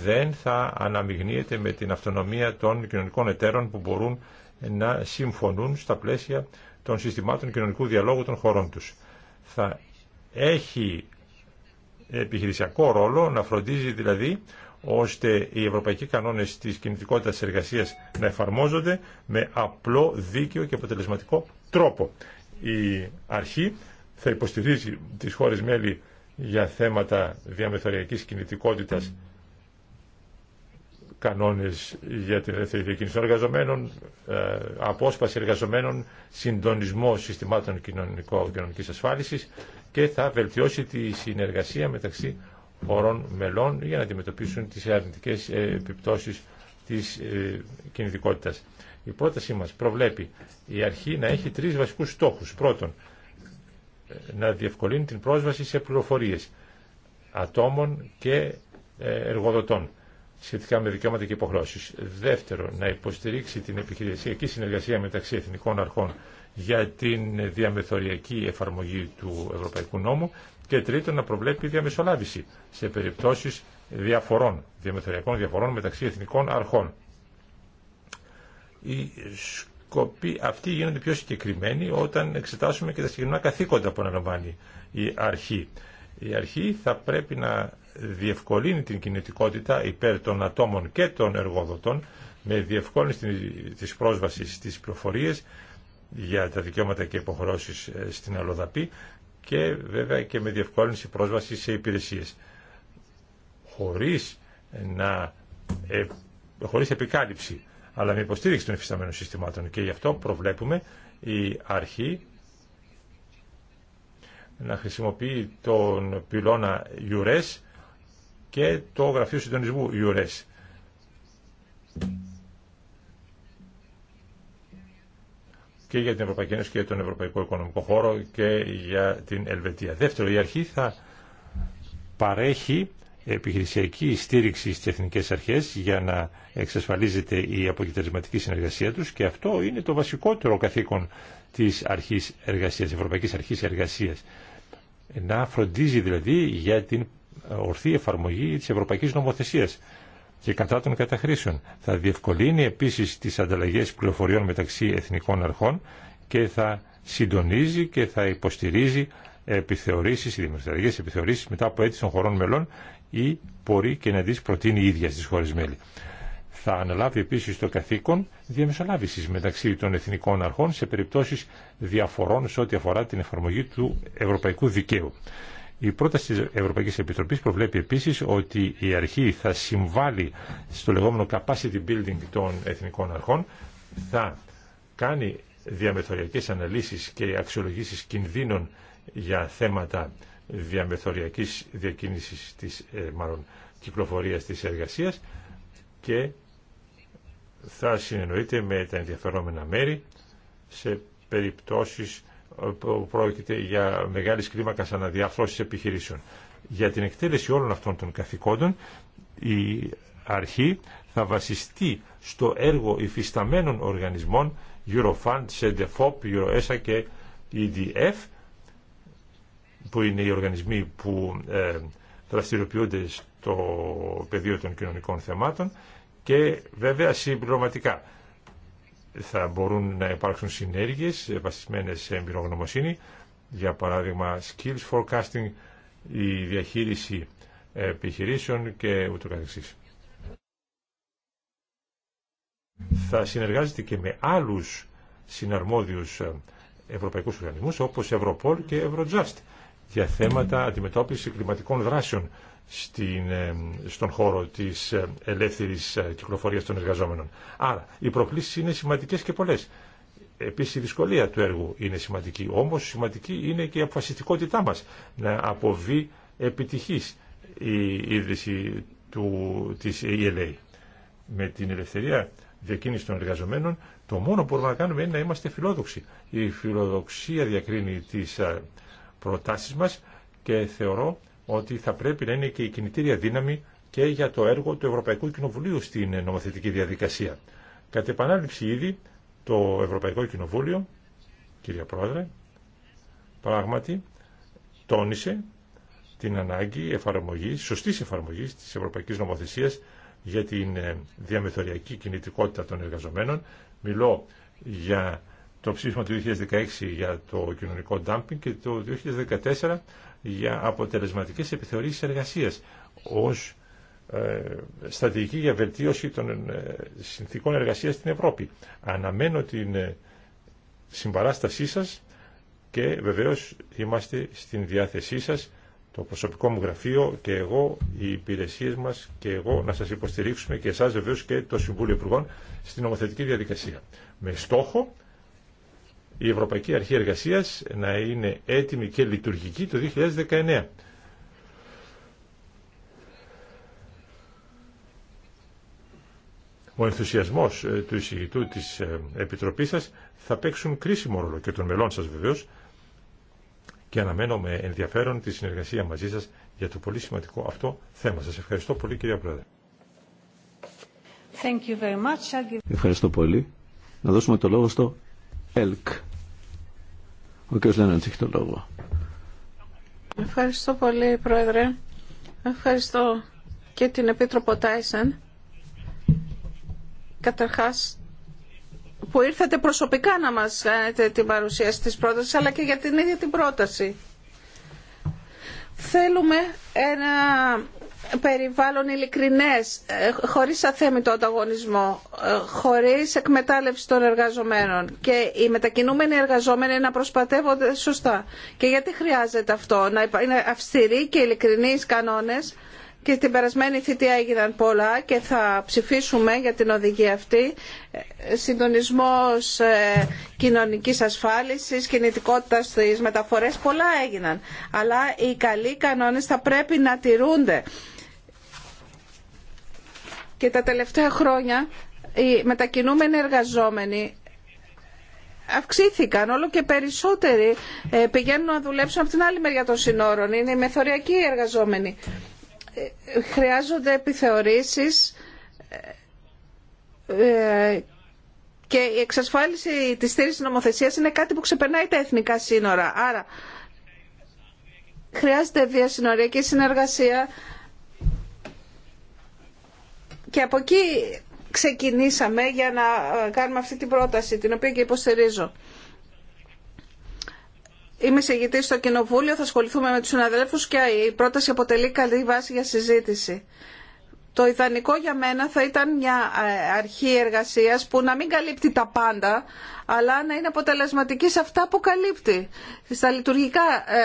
δεν θα αναμειγνύεται με την αυτονομία των κοινωνικών εταίρων που μπορούν να συμφωνούν στα πλαίσια των συστημάτων κοινωνικού διαλόγου των χωρών τους θα έχει επιχειρησιακό ρόλο να φροντίζει δηλαδή ώστε οι ευρωπαϊκοί κανόνες της κινητικότητας εργασίας να εφαρμόζονται με απλό, δίκαιο και αποτελεσματικό τρόπο. Η αρχή θα υποστηρίζει τις χώρες μέλη για θέματα διαμεθοριακής κινητικότητας κανόνες για την ελεύθερη διακίνηση των εργαζομένων, ε, απόσπαση εργαζομένων, συντονισμό συστημάτων κοινωνικής ασφάλισης και θα βελτιώσει τη συνεργασία μεταξύ χωρών μελών για να αντιμετωπίσουν τις αρνητικές ε, επιπτώσεις της ε, κινητικότητας. Η πρότασή μας προβλέπει η αρχή να έχει τρεις βασικούς στόχους. Πρώτον, να διευκολύνει την πρόσβαση σε πληροφορίες ατόμων και εργοδοτών σχετικά με δικαιώματα και υποχρώσεις. Δεύτερο, να υποστηρίξει την επιχειρησιακή συνεργασία μεταξύ εθνικών αρχών για την διαμεθοριακή εφαρμογή του Ευρωπαϊκού Νόμου και τρίτο, να προβλέπει διαμεσολάβηση σε περιπτώσεις διαφορών, διαμεθοριακών διαφορών μεταξύ εθνικών αρχών. Οι σκοποί αυτοί γίνονται πιο συγκεκριμένοι όταν εξετάσουμε και τα συγκεκριμένα καθήκοντα που αναλαμβάνει η αρχή. Η αρχή θα πρέπει να διευκολύνει την κινητικότητα υπέρ των ατόμων και των εργοδοτών με διευκόλυνση της πρόσβασης στις πληροφορίες για τα δικαιώματα και υποχρεώσεις ε, στην Αλοδαπή και βέβαια και με διευκόλυνση πρόσβασης σε υπηρεσίες. Χωρίς, να, ε, χωρίς επικάλυψη, αλλά με υποστήριξη των εφισταμένων συστημάτων και γι' αυτό προβλέπουμε η αρχή να χρησιμοποιεί τον πυλώνα URES και το Γραφείο Συντονισμού ΙΟΡΕΣ. και για την Ευρωπαϊκή Ένωση και τον Ευρωπαϊκό Οικονομικό Χώρο και για την Ελβετία. Δεύτερο, η αρχή θα παρέχει επιχειρησιακή στήριξη στις εθνικές αρχές για να εξασφαλίζεται η αποκτηρισματική συνεργασία τους και αυτό είναι το βασικότερο καθήκον της αρχής εργασίας, Ευρωπαϊκής Αρχής Εργασίας. Να φροντίζει δηλαδή για την ορθή εφαρμογή τη Ευρωπαϊκή Νομοθεσία και κατά των καταχρήσεων. Θα διευκολύνει επίση τι ανταλλαγέ πληροφοριών μεταξύ εθνικών αρχών και θα συντονίζει και θα υποστηρίζει επιθεωρήσεις, δημοσιογραφικέ επιθεωρήσεις μετά από αίτηση των χωρών μελών ή μπορεί και να τι προτείνει η ίδια στι χώρε μέλη. Θα αναλάβει επίση το καθήκον διαμεσολάβηση μεταξύ των εθνικών αρχών σε περιπτώσει διαφορών σε ό,τι αφορά την εφαρμογή του ευρωπαϊκού δικαίου. Η πρόταση της Ευρωπαϊκής Επιτροπής προβλέπει επίσης ότι η αρχή θα συμβάλλει στο λεγόμενο capacity building των εθνικών αρχών, θα κάνει διαμεθοριακές αναλύσεις και αξιολογήσεις κινδύνων για θέματα διαμεθοριακής διακίνησης της ε, μάλλον, κυκλοφορίας της εργασίας και θα συνεννοείται με τα ενδιαφερόμενα μέρη σε περιπτώσεις που πρόκειται για μεγάλη κλίμακα αναδιάρθρωση επιχειρήσεων. Για την εκτέλεση όλων αυτών των καθηκόντων η αρχή θα βασιστεί στο έργο υφισταμένων οργανισμών Eurofund, SEDEFOP, EuroESA και EDF που είναι οι οργανισμοί που ε, δραστηριοποιούνται στο πεδίο των κοινωνικών θεμάτων και βέβαια συμπληρωματικά θα μπορούν να υπάρξουν συνέργειες βασισμένες σε εμπειρογνωμοσύνη, για παράδειγμα skills forecasting, η διαχείριση επιχειρήσεων και ούτω καθεξής. Θα συνεργάζεται και με άλλους συναρμόδιους ευρωπαϊκούς οργανισμούς όπως Ευρωπόλ και Ευρωτζάστ για θέματα αντιμετώπισης κλιματικών δράσεων στην, ε, στον χώρο της ε, ελεύθερης ε, κυκλοφορίας των εργαζόμενων. Άρα, οι προκλήσεις είναι σημαντικές και πολλές. Επίσης η δυσκολία του έργου είναι σημαντική, όμως σημαντική είναι και η αποφασιστικότητά μας να αποβεί επιτυχής η ίδρυση του, της ELA. ΕΕ. Με την ελευθερία διακίνηση των εργαζομένων, το μόνο που μπορούμε να κάνουμε είναι να είμαστε φιλόδοξοι. Η φιλοδοξία διακρίνει τις προτάσεις μας και θεωρώ ότι θα πρέπει να είναι και η κινητήρια δύναμη και για το έργο του Ευρωπαϊκού Κοινοβουλίου στην νομοθετική διαδικασία. Κατ' επανάληψη ήδη το Ευρωπαϊκό Κοινοβούλιο, κυρία Πρόεδρε, πράγματι τόνισε την ανάγκη εφαρμογής, σωστής εφαρμογής της Ευρωπαϊκής Νομοθεσίας για την ε, διαμεθοριακή κινητικότητα των εργαζομένων. Μιλώ για το ψήφισμα του 2016 για το κοινωνικό ντάμπινγκ και το 2014 για αποτελεσματικές επιθεωρήσεις εργασίας ως ε, στρατηγική για βελτίωση των ε, συνθήκων εργασίας στην Ευρώπη. Αναμένω την ε, συμπαράστασή σας και βεβαίως είμαστε στην διάθεσή σας το προσωπικό μου γραφείο και εγώ, οι υπηρεσίες μας και εγώ να σας υποστηρίξουμε και εσάς βεβαίως και το Συμβούλιο Υπουργών στην νομοθετική διαδικασία. Με στόχο η Ευρωπαϊκή Αρχή Εργασίας να είναι έτοιμη και λειτουργική το 2019. Ο ενθουσιασμός ε, του εισηγητού της ε, Επιτροπής σας θα παίξουν κρίσιμο ρόλο και των μελών σας βεβαίως και αναμένω με ενδιαφέρον τη συνεργασία μαζί σας για το πολύ σημαντικό αυτό θέμα. Σας ευχαριστώ πολύ κυρία Πρόεδρε. Thank you very much. Ευχαριστώ πολύ. Να δώσουμε το λόγο στο ΕΛΚ. Ο κ. Ευχαριστώ πολύ, Πρόεδρε. Ευχαριστώ και την Επίτροπο Τάισεν. Καταρχάς, που ήρθατε προσωπικά να μας κάνετε την παρουσίαση της πρότασης, αλλά και για την ίδια την πρόταση. Θέλουμε ένα περιβάλλον ειλικρινές, ε, χωρίς αθέμητο ανταγωνισμό, ε, χωρίς εκμετάλλευση των εργαζομένων και οι μετακινούμενοι εργαζόμενοι να προσπατεύονται σωστά. Και γιατί χρειάζεται αυτό, να είναι αυστηροί και ειλικρινείς κανόνες και στην περασμένη θητεία έγιναν πολλά και θα ψηφίσουμε για την οδηγία αυτή συντονισμός ε, κοινωνικής ασφάλισης, κινητικότητα στις μεταφορές, πολλά έγιναν. Αλλά οι καλοί κανόνες θα πρέπει να τηρούνται. Και τα τελευταία χρόνια οι μετακινούμενοι εργαζόμενοι αυξήθηκαν όλο και περισσότεροι ε, πηγαίνουν να δουλέψουν από την άλλη μεριά των συνόρων. Είναι οι μεθοριακοί εργαζόμενοι χρειάζονται επιθεωρήσεις ε, και η εξασφάλιση της στήριξης νομοθεσίας είναι κάτι που ξεπερνάει τα εθνικά σύνορα. Άρα χρειάζεται διασυνοριακή συνεργασία και από εκεί ξεκινήσαμε για να κάνουμε αυτή την πρόταση την οποία και υποστηρίζω. Είμαι συγγητής στο Κοινοβούλιο, θα ασχοληθούμε με τους συναδέλφους και η πρόταση αποτελεί καλή βάση για συζήτηση. Το ιδανικό για μένα θα ήταν μια ε, αρχή εργασίας που να μην καλύπτει τα πάντα, αλλά να είναι αποτελεσματική σε αυτά που καλύπτει, στα λειτουργικά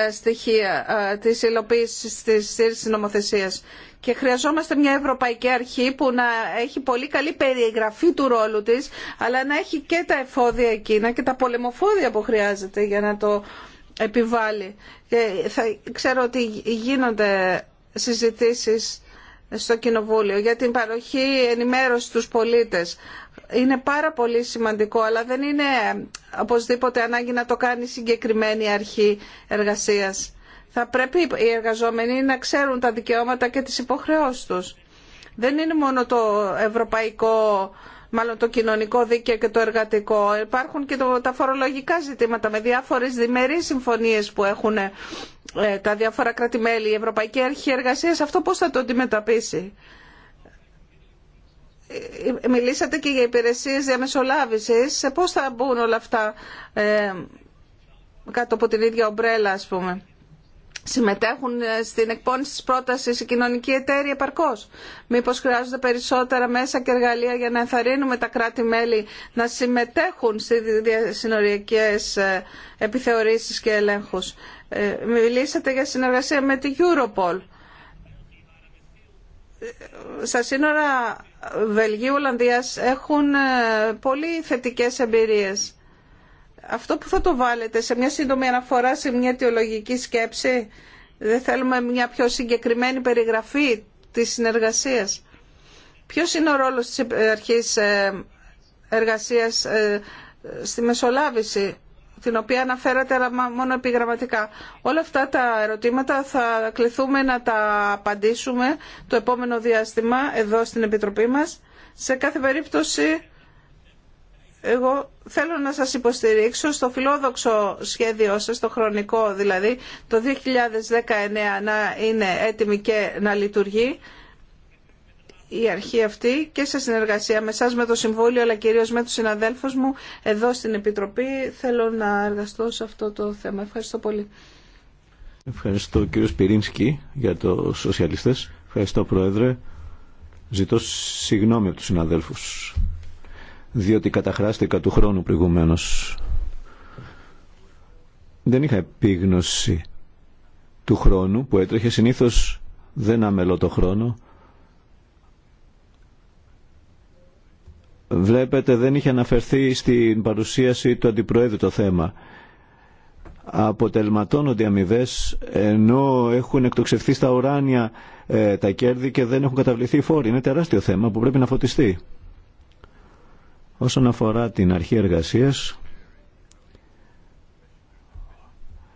ε, στοιχεία ε, της υλοποίηση της της νομοθεσίας. Και χρειαζόμαστε μια ευρωπαϊκή αρχή που να έχει πολύ καλή περιγραφή του ρόλου της, αλλά να έχει και τα εφόδια εκείνα και τα πολεμοφόδια που χρειάζεται για να το επιβάλλει. Και θα ξέρω ότι γίνονται συζητήσεις στο Κοινοβούλιο για την παροχή ενημέρωση στους πολίτες. Είναι πάρα πολύ σημαντικό, αλλά δεν είναι οπωσδήποτε ανάγκη να το κάνει συγκεκριμένη αρχή εργασίας. Θα πρέπει οι εργαζόμενοι να ξέρουν τα δικαιώματα και τις υποχρεώσεις τους. Δεν είναι μόνο το ευρωπαϊκό μάλλον το κοινωνικό δίκαιο και το εργατικό. Υπάρχουν και τα φορολογικά ζητήματα με διάφορες διμερείς συμφωνίες που έχουν ε, τα διάφορα κράτη-μέλη, Η Ευρωπαϊκή Αρχή Εργασίας αυτό πώς θα το αντιμετωπίσει. Ε, ε, μιλήσατε και για υπηρεσίες διαμεσολάβησης. Πώς θα μπουν όλα αυτά κάτω από την ίδια ομπρέλα ας πούμε συμμετέχουν ε, στην εκπόνηση της πρότασης οι κοινωνικοί εταίροι επαρκώς. Μήπως χρειάζονται περισσότερα μέσα και εργαλεία για να ενθαρρύνουμε τα κράτη-μέλη να συμμετέχουν στις συνοριακές ε, επιθεωρήσεις και ελέγχους. Ε, μιλήσατε για συνεργασία με τη Europol. Στα σύνορα Βελγίου-Ολλανδίας έχουν πολύ θετικές εμπειρίες αυτό που θα το βάλετε σε μια σύντομη αναφορά, σε μια αιτιολογική σκέψη, δεν θέλουμε μια πιο συγκεκριμένη περιγραφή της συνεργασίας. Ποιος είναι ο ρόλος της αρχής ε, εργασίας ε, στη μεσολάβηση, την οποία αναφέρατε μόνο επιγραμματικά. Όλα αυτά τα ερωτήματα θα κληθούμε να τα απαντήσουμε το επόμενο διάστημα εδώ στην Επιτροπή μας. Σε κάθε περίπτωση εγώ θέλω να σας υποστηρίξω στο φιλόδοξο σχέδιό σας, το χρονικό δηλαδή, το 2019 να είναι έτοιμη και να λειτουργεί η αρχή αυτή και σε συνεργασία με εσάς, με το Συμβούλιο, αλλά κυρίως με τους συναδέλφους μου εδώ στην Επιτροπή. Θέλω να εργαστώ σε αυτό το θέμα. Ευχαριστώ πολύ. Ευχαριστώ κύριο Σπυρίνσκι για το Σοσιαλιστές. Ευχαριστώ Πρόεδρε. Ζητώ συγγνώμη από τους συναδέλφους διότι καταχράστηκα του χρόνου προηγουμένως. Δεν είχα επίγνωση του χρόνου που έτρεχε. Συνήθως δεν αμελώ το χρόνο. Βλέπετε δεν είχε αναφερθεί στην παρουσίαση του Αντιπροέδρου το θέμα. Αποτελματώνονται αμοιβέ ενώ έχουν εκτοξευθεί στα ουράνια ε, τα κέρδη και δεν έχουν καταβληθεί οι φόροι. Είναι τεράστιο θέμα που πρέπει να φωτιστεί. Όσον αφορά την αρχή εργασίας,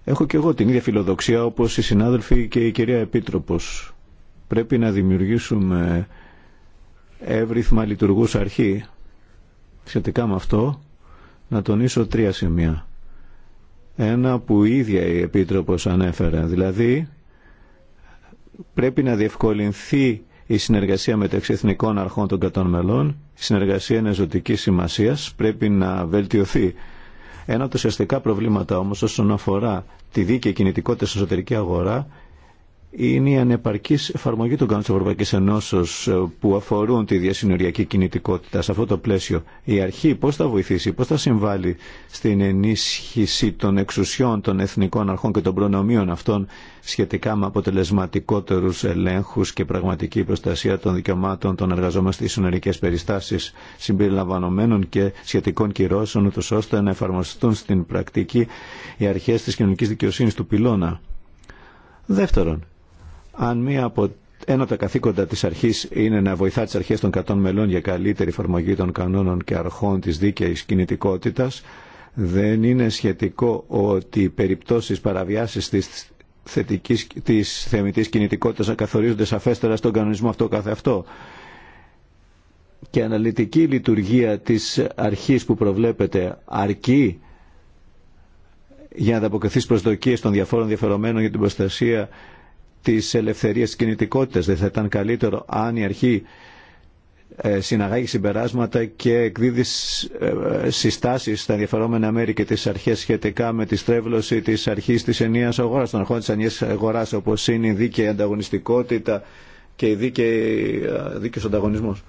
έχω και εγώ την ίδια φιλοδοξία όπως οι συνάδελφοι και η κυρία Επίτροπος. Πρέπει να δημιουργήσουμε εύρυθμα λειτουργούς αρχή. Σχετικά με αυτό, να τονίσω τρία σημεία. Ένα που η ίδια η Επίτροπος ανέφερε, δηλαδή πρέπει να διευκολυνθεί η συνεργασία μεταξύ εθνικών αρχών των κρατών μελών, η συνεργασία είναι ζωτική σημασία, πρέπει να βελτιωθεί. Ένα από τα ουσιαστικά προβλήματα όμω όσον αφορά τη δίκαιη κινητικότητα στην εσωτερική αγορά είναι η ανεπαρκή εφαρμογή των κανόνων τη Ευρωπαϊκή Ενώσεω ε, που αφορούν τη διασυνοριακή κινητικότητα σε αυτό το πλαίσιο. Η αρχή πώ θα βοηθήσει, πώ θα συμβάλλει στην ενίσχυση των εξουσιών των εθνικών αρχών και των προνομίων αυτών σχετικά με αποτελεσματικότερου ελέγχου και πραγματική προστασία των δικαιωμάτων των εργαζόμενων στι συνορικέ περιστάσεις συμπεριλαμβανομένων και σχετικών κυρώσεων ούτω ώστε να εφαρμοστούν στην πρακτική οι αρχέ τη κοινωνική δικαιοσύνη του πυλώνα. Δεύτερον, αν μία από ένα από τα καθήκοντα της αρχής είναι να βοηθά τις αρχές των κατών μελών για καλύτερη εφαρμογή των κανόνων και αρχών της δίκαιης κινητικότητας, δεν είναι σχετικό ότι οι περιπτώσεις παραβιάσεις της θετικής, της θεμητής κινητικότητας καθορίζονται σαφέστερα στον κανονισμό αυτό καθε αυτό. Και αναλυτική λειτουργία της αρχής που προβλέπεται αρκεί για να ανταποκριθεί στις προσδοκίες των διαφόρων διαφερομένων για την προστασία της ελευθερίας κινητικότητας. Δεν θα ήταν καλύτερο αν η αρχή ε, συναγάγει συμπεράσματα και εκδίδει ε, συστάσεις στα ενδιαφερόμενα μέρη και τις αρχές σχετικά με τη στρέβλωση της αρχής της ενίας αγοράς, των αρχών της ενίας αγοράς όπως είναι η δίκαιη ανταγωνιστικότητα και η δίκαιη, ε, δίκαιος ανταγωνισμός.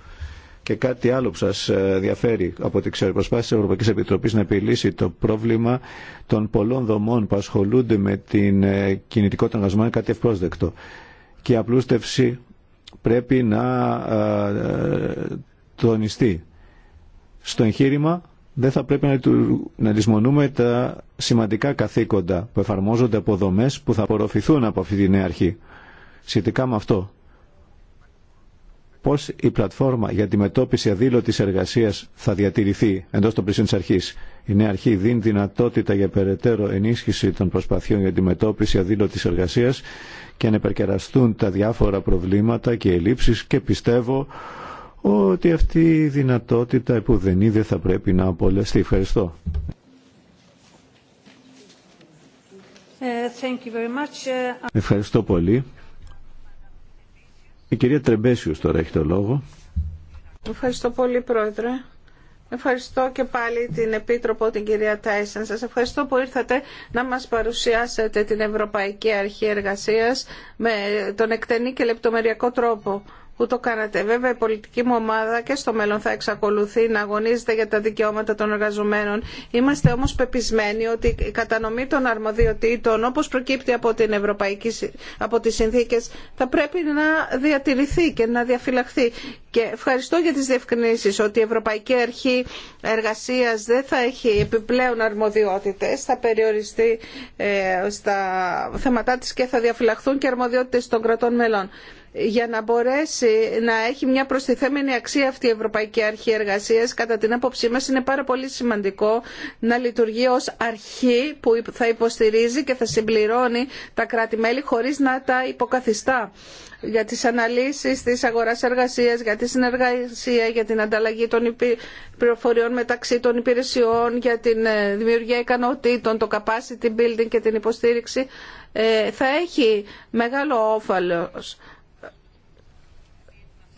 Και κάτι άλλο που σας ε, ενδιαφέρει από ό,τι ξέρω, προσπάθεια της Ευρωπαϊκής Επιτροπής να επιλύσει το πρόβλημα των πολλών δομών που ασχολούνται με την ε, κινητικότητα των εργαζομένων κάτι ευπρόσδεκτο. Και η απλούστευση πρέπει να ε, τονιστεί. Στο εγχείρημα δεν θα πρέπει να, να λησμονούμε τα σημαντικά καθήκοντα που εφαρμόζονται από δομές που θα απορροφηθούν από αυτή τη νέα αρχή. Σχετικά με αυτό, πώς η πλατφόρμα για τη μετώπιση αδήλωτης εργασίας θα διατηρηθεί εντός των πλησίων της αρχής. Η νέα αρχή δίνει δυνατότητα για περαιτέρω ενίσχυση των προσπαθειών για τη μετώπιση αδήλωτης εργασίας και να επερκεραστούν τα διάφορα προβλήματα και ελλείψεις και πιστεύω ότι αυτή η δυνατότητα που δεν είδε θα πρέπει να απολεστεί. Ευχαριστώ. Ε, ε, Ευχαριστώ πολύ. Η κυρία Τρεμπέσιος τώρα έχει το λόγο. Ευχαριστώ πολύ Πρόεδρε. Ευχαριστώ και πάλι την Επίτροπο, την κυρία Τάισεν. Σας ευχαριστώ που ήρθατε να μας παρουσιάσετε την Ευρωπαϊκή Αρχή Εργασίας με τον εκτενή και λεπτομεριακό τρόπο που το κάνατε. Βέβαια η πολιτική μου ομάδα και στο μέλλον θα εξακολουθεί να αγωνίζεται για τα δικαιώματα των εργαζομένων. Είμαστε όμως πεπισμένοι ότι η κατανομή των αρμοδιοτήτων όπως προκύπτει από, την Ευρωπαϊκή, από τις συνθήκες θα πρέπει να διατηρηθεί και να διαφυλαχθεί. Και ευχαριστώ για τις διευκρινήσεις ότι η Ευρωπαϊκή Αρχή Εργασίας δεν θα έχει επιπλέον αρμοδιότητες, θα περιοριστεί ε, στα θέματα της και θα διαφυλαχθούν και αρμοδιότητες των κρατών μελών για να μπορέσει να έχει μια προστιθέμενη αξία αυτή η Ευρωπαϊκή Αρχή Εργασίας, κατά την άποψή μας είναι πάρα πολύ σημαντικό να λειτουργεί ως αρχή που θα υποστηρίζει και θα συμπληρώνει τα κράτη-μέλη χωρίς να τα υποκαθιστά για τις αναλύσεις της αγοράς εργασίας, για τη συνεργασία, για την ανταλλαγή των πληροφοριών μεταξύ των υπηρεσιών, για την ε, δημιουργία ικανοτήτων, το capacity building και την υποστήριξη, ε, θα έχει μεγάλο όφαλος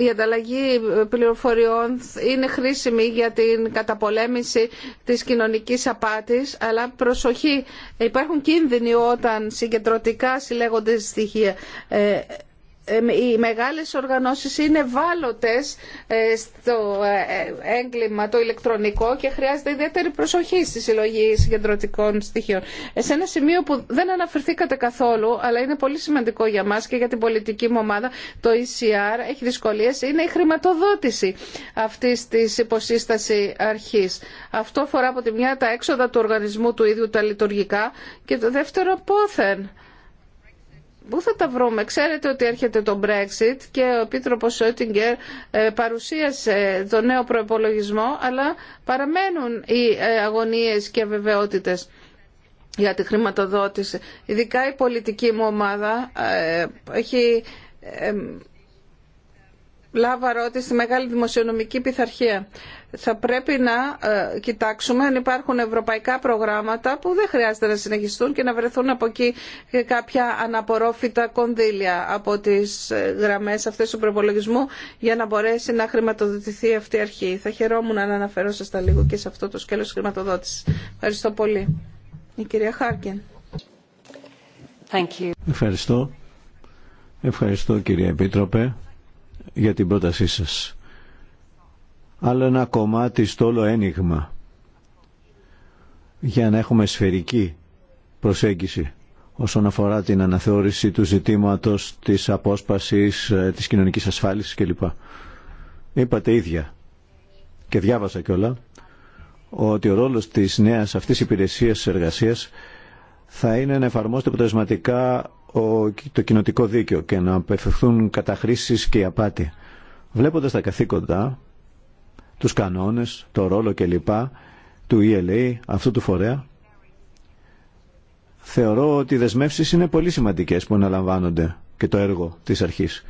η ανταλλαγή πληροφοριών είναι χρήσιμη για την καταπολέμηση της κοινωνικής απάτης, αλλά προσοχή, υπάρχουν κίνδυνοι όταν συγκεντρωτικά συλλέγονται στοιχεία. Ε, οι μεγάλες οργανώσεις είναι βάλωτες ε, στο ε, ε, έγκλημα το ηλεκτρονικό και χρειάζεται ιδιαίτερη προσοχή στη συλλογή συγκεντρωτικών στοιχείων. Σε ένα σημείο που δεν αναφερθήκατε καθόλου, αλλά είναι πολύ σημαντικό για μας και για την πολιτική μου ομάδα, το ECR έχει δυσκολίες, είναι η χρηματοδότηση αυτής της υποσύσταση αρχής. Αυτό αφορά από τη μια τα έξοδα του οργανισμού του ίδιου τα λειτουργικά και το δεύτερο πόθεν Πού θα τα βρούμε. Ξέρετε ότι έρχεται το Brexit και ο πίτροπος Σότιγκερ ε, παρουσίασε το νέο προπολογισμό, αλλά παραμένουν οι ε, αγωνίες και αβεβαιότητες για τη χρηματοδότηση. Ειδικά η πολιτική μου ομάδα ε, έχει λάβα τη στη μεγάλη δημοσιονομική πειθαρχία θα πρέπει να ε, κοιτάξουμε αν υπάρχουν ευρωπαϊκά προγράμματα που δεν χρειάζεται να συνεχιστούν και να βρεθούν από εκεί κάποια αναπορόφητα κονδύλια από τις ε, γραμμές αυτές του προπολογισμού για να μπορέσει να χρηματοδοτηθεί αυτή η αρχή. Θα χαιρόμουν να αναφέρω σας τα λίγο και σε αυτό το σκέλος χρηματοδότησης. Ευχαριστώ πολύ. Η κυρία Χάρκιν. Ευχαριστώ. Ευχαριστώ κυρία Επίτροπε για την πρότασή σας άλλο ένα κομμάτι στο όλο ένιγμα για να έχουμε σφαιρική προσέγγιση όσον αφορά την αναθεώρηση του ζητήματος της απόσπασης, ε, της κοινωνικής ασφάλισης κλπ. Είπατε ίδια και διάβασα κιόλα ότι ο ρόλος της νέας αυτής υπηρεσίας εργασίας θα είναι να εφαρμόσετε αποτελεσματικά το κοινοτικό δίκαιο και να απεφευθούν καταχρήσεις και απάτη. Βλέποντας τα καθήκοντα τους κανόνες, το ρόλο κλπ. του ELA, αυτού του φορέα. Θεωρώ ότι οι δεσμεύσεις είναι πολύ σημαντικές που αναλαμβάνονται και το έργο της αρχής.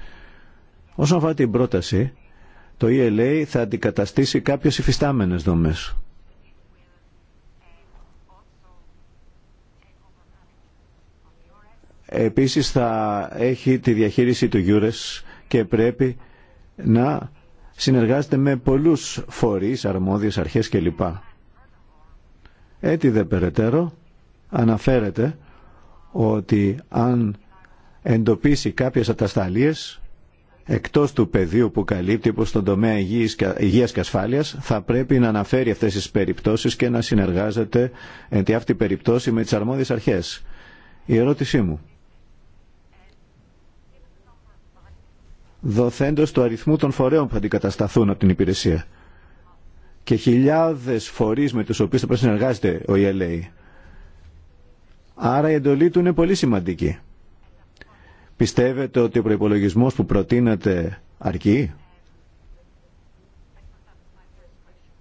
Όσον αφορά την πρόταση, το ELA θα αντικαταστήσει κάποιες υφιστάμενες δομές. Επίσης θα έχει τη διαχείριση του EURES και πρέπει να συνεργάζεται με πολλούς φορείς, αρμόδιες αρχές κλπ. Έτσι δε περαιτέρω αναφέρεται ότι αν εντοπίσει κάποιες ατασταλίες εκτός του πεδίου που καλύπτει όπως στον τομέα υγείας και ασφάλειας θα πρέπει να αναφέρει αυτές τις περιπτώσεις και να συνεργάζεται εν τη αυτή περιπτώση με τις αρμόδιες αρχές. Η ερώτησή μου δοθέντος του αριθμού των φορέων που θα αντικατασταθούν από την υπηρεσία. Και χιλιάδες φορείς με τους οποίους θα πρέπει να συνεργάζεται ο ELA. Άρα η εντολή του είναι πολύ σημαντική. Πιστεύετε ότι ο προϋπολογισμός που προτείνατε αρκεί?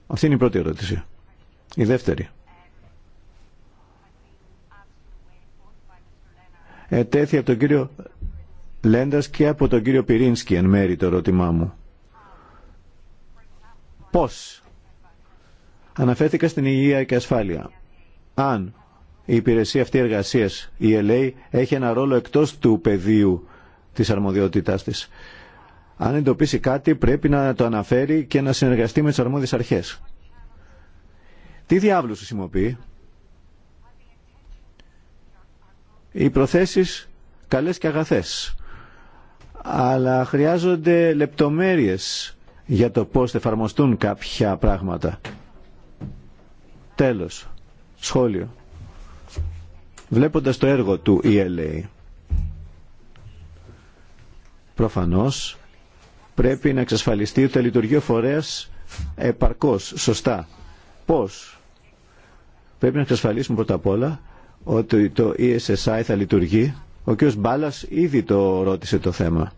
Αυτή είναι η πρώτη ερώτηση. Η δεύτερη. Ετέθη από τον κύριο Λέντας και από τον κύριο Πυρίνσκι εν μέρη το ερώτημά μου. Πώς. Αναφέρθηκα στην υγεία και ασφάλεια. Αν η υπηρεσία αυτή εργασίας, η LA, έχει ένα ρόλο εκτός του πεδίου της αρμοδιότητάς της. Αν εντοπίσει κάτι πρέπει να το αναφέρει και να συνεργαστεί με τις αρμόδιες αρχές. Τι διάβλους χρησιμοποιεί. Οι προθέσεις καλές και αγαθές αλλά χρειάζονται λεπτομέρειες για το πώς θα εφαρμοστούν κάποια πράγματα. Τέλος. Σχόλιο. Βλέποντας το έργο του ELA, προφανώς πρέπει να εξασφαλιστεί ότι θα λειτουργεί ο φορέας επαρκώς, σωστά. Πώς. Πρέπει να εξασφαλίσουμε πρώτα απ' όλα ότι το ESSI θα λειτουργεί ο κ. Μπάλλα ήδη το ρώτησε το θέμα.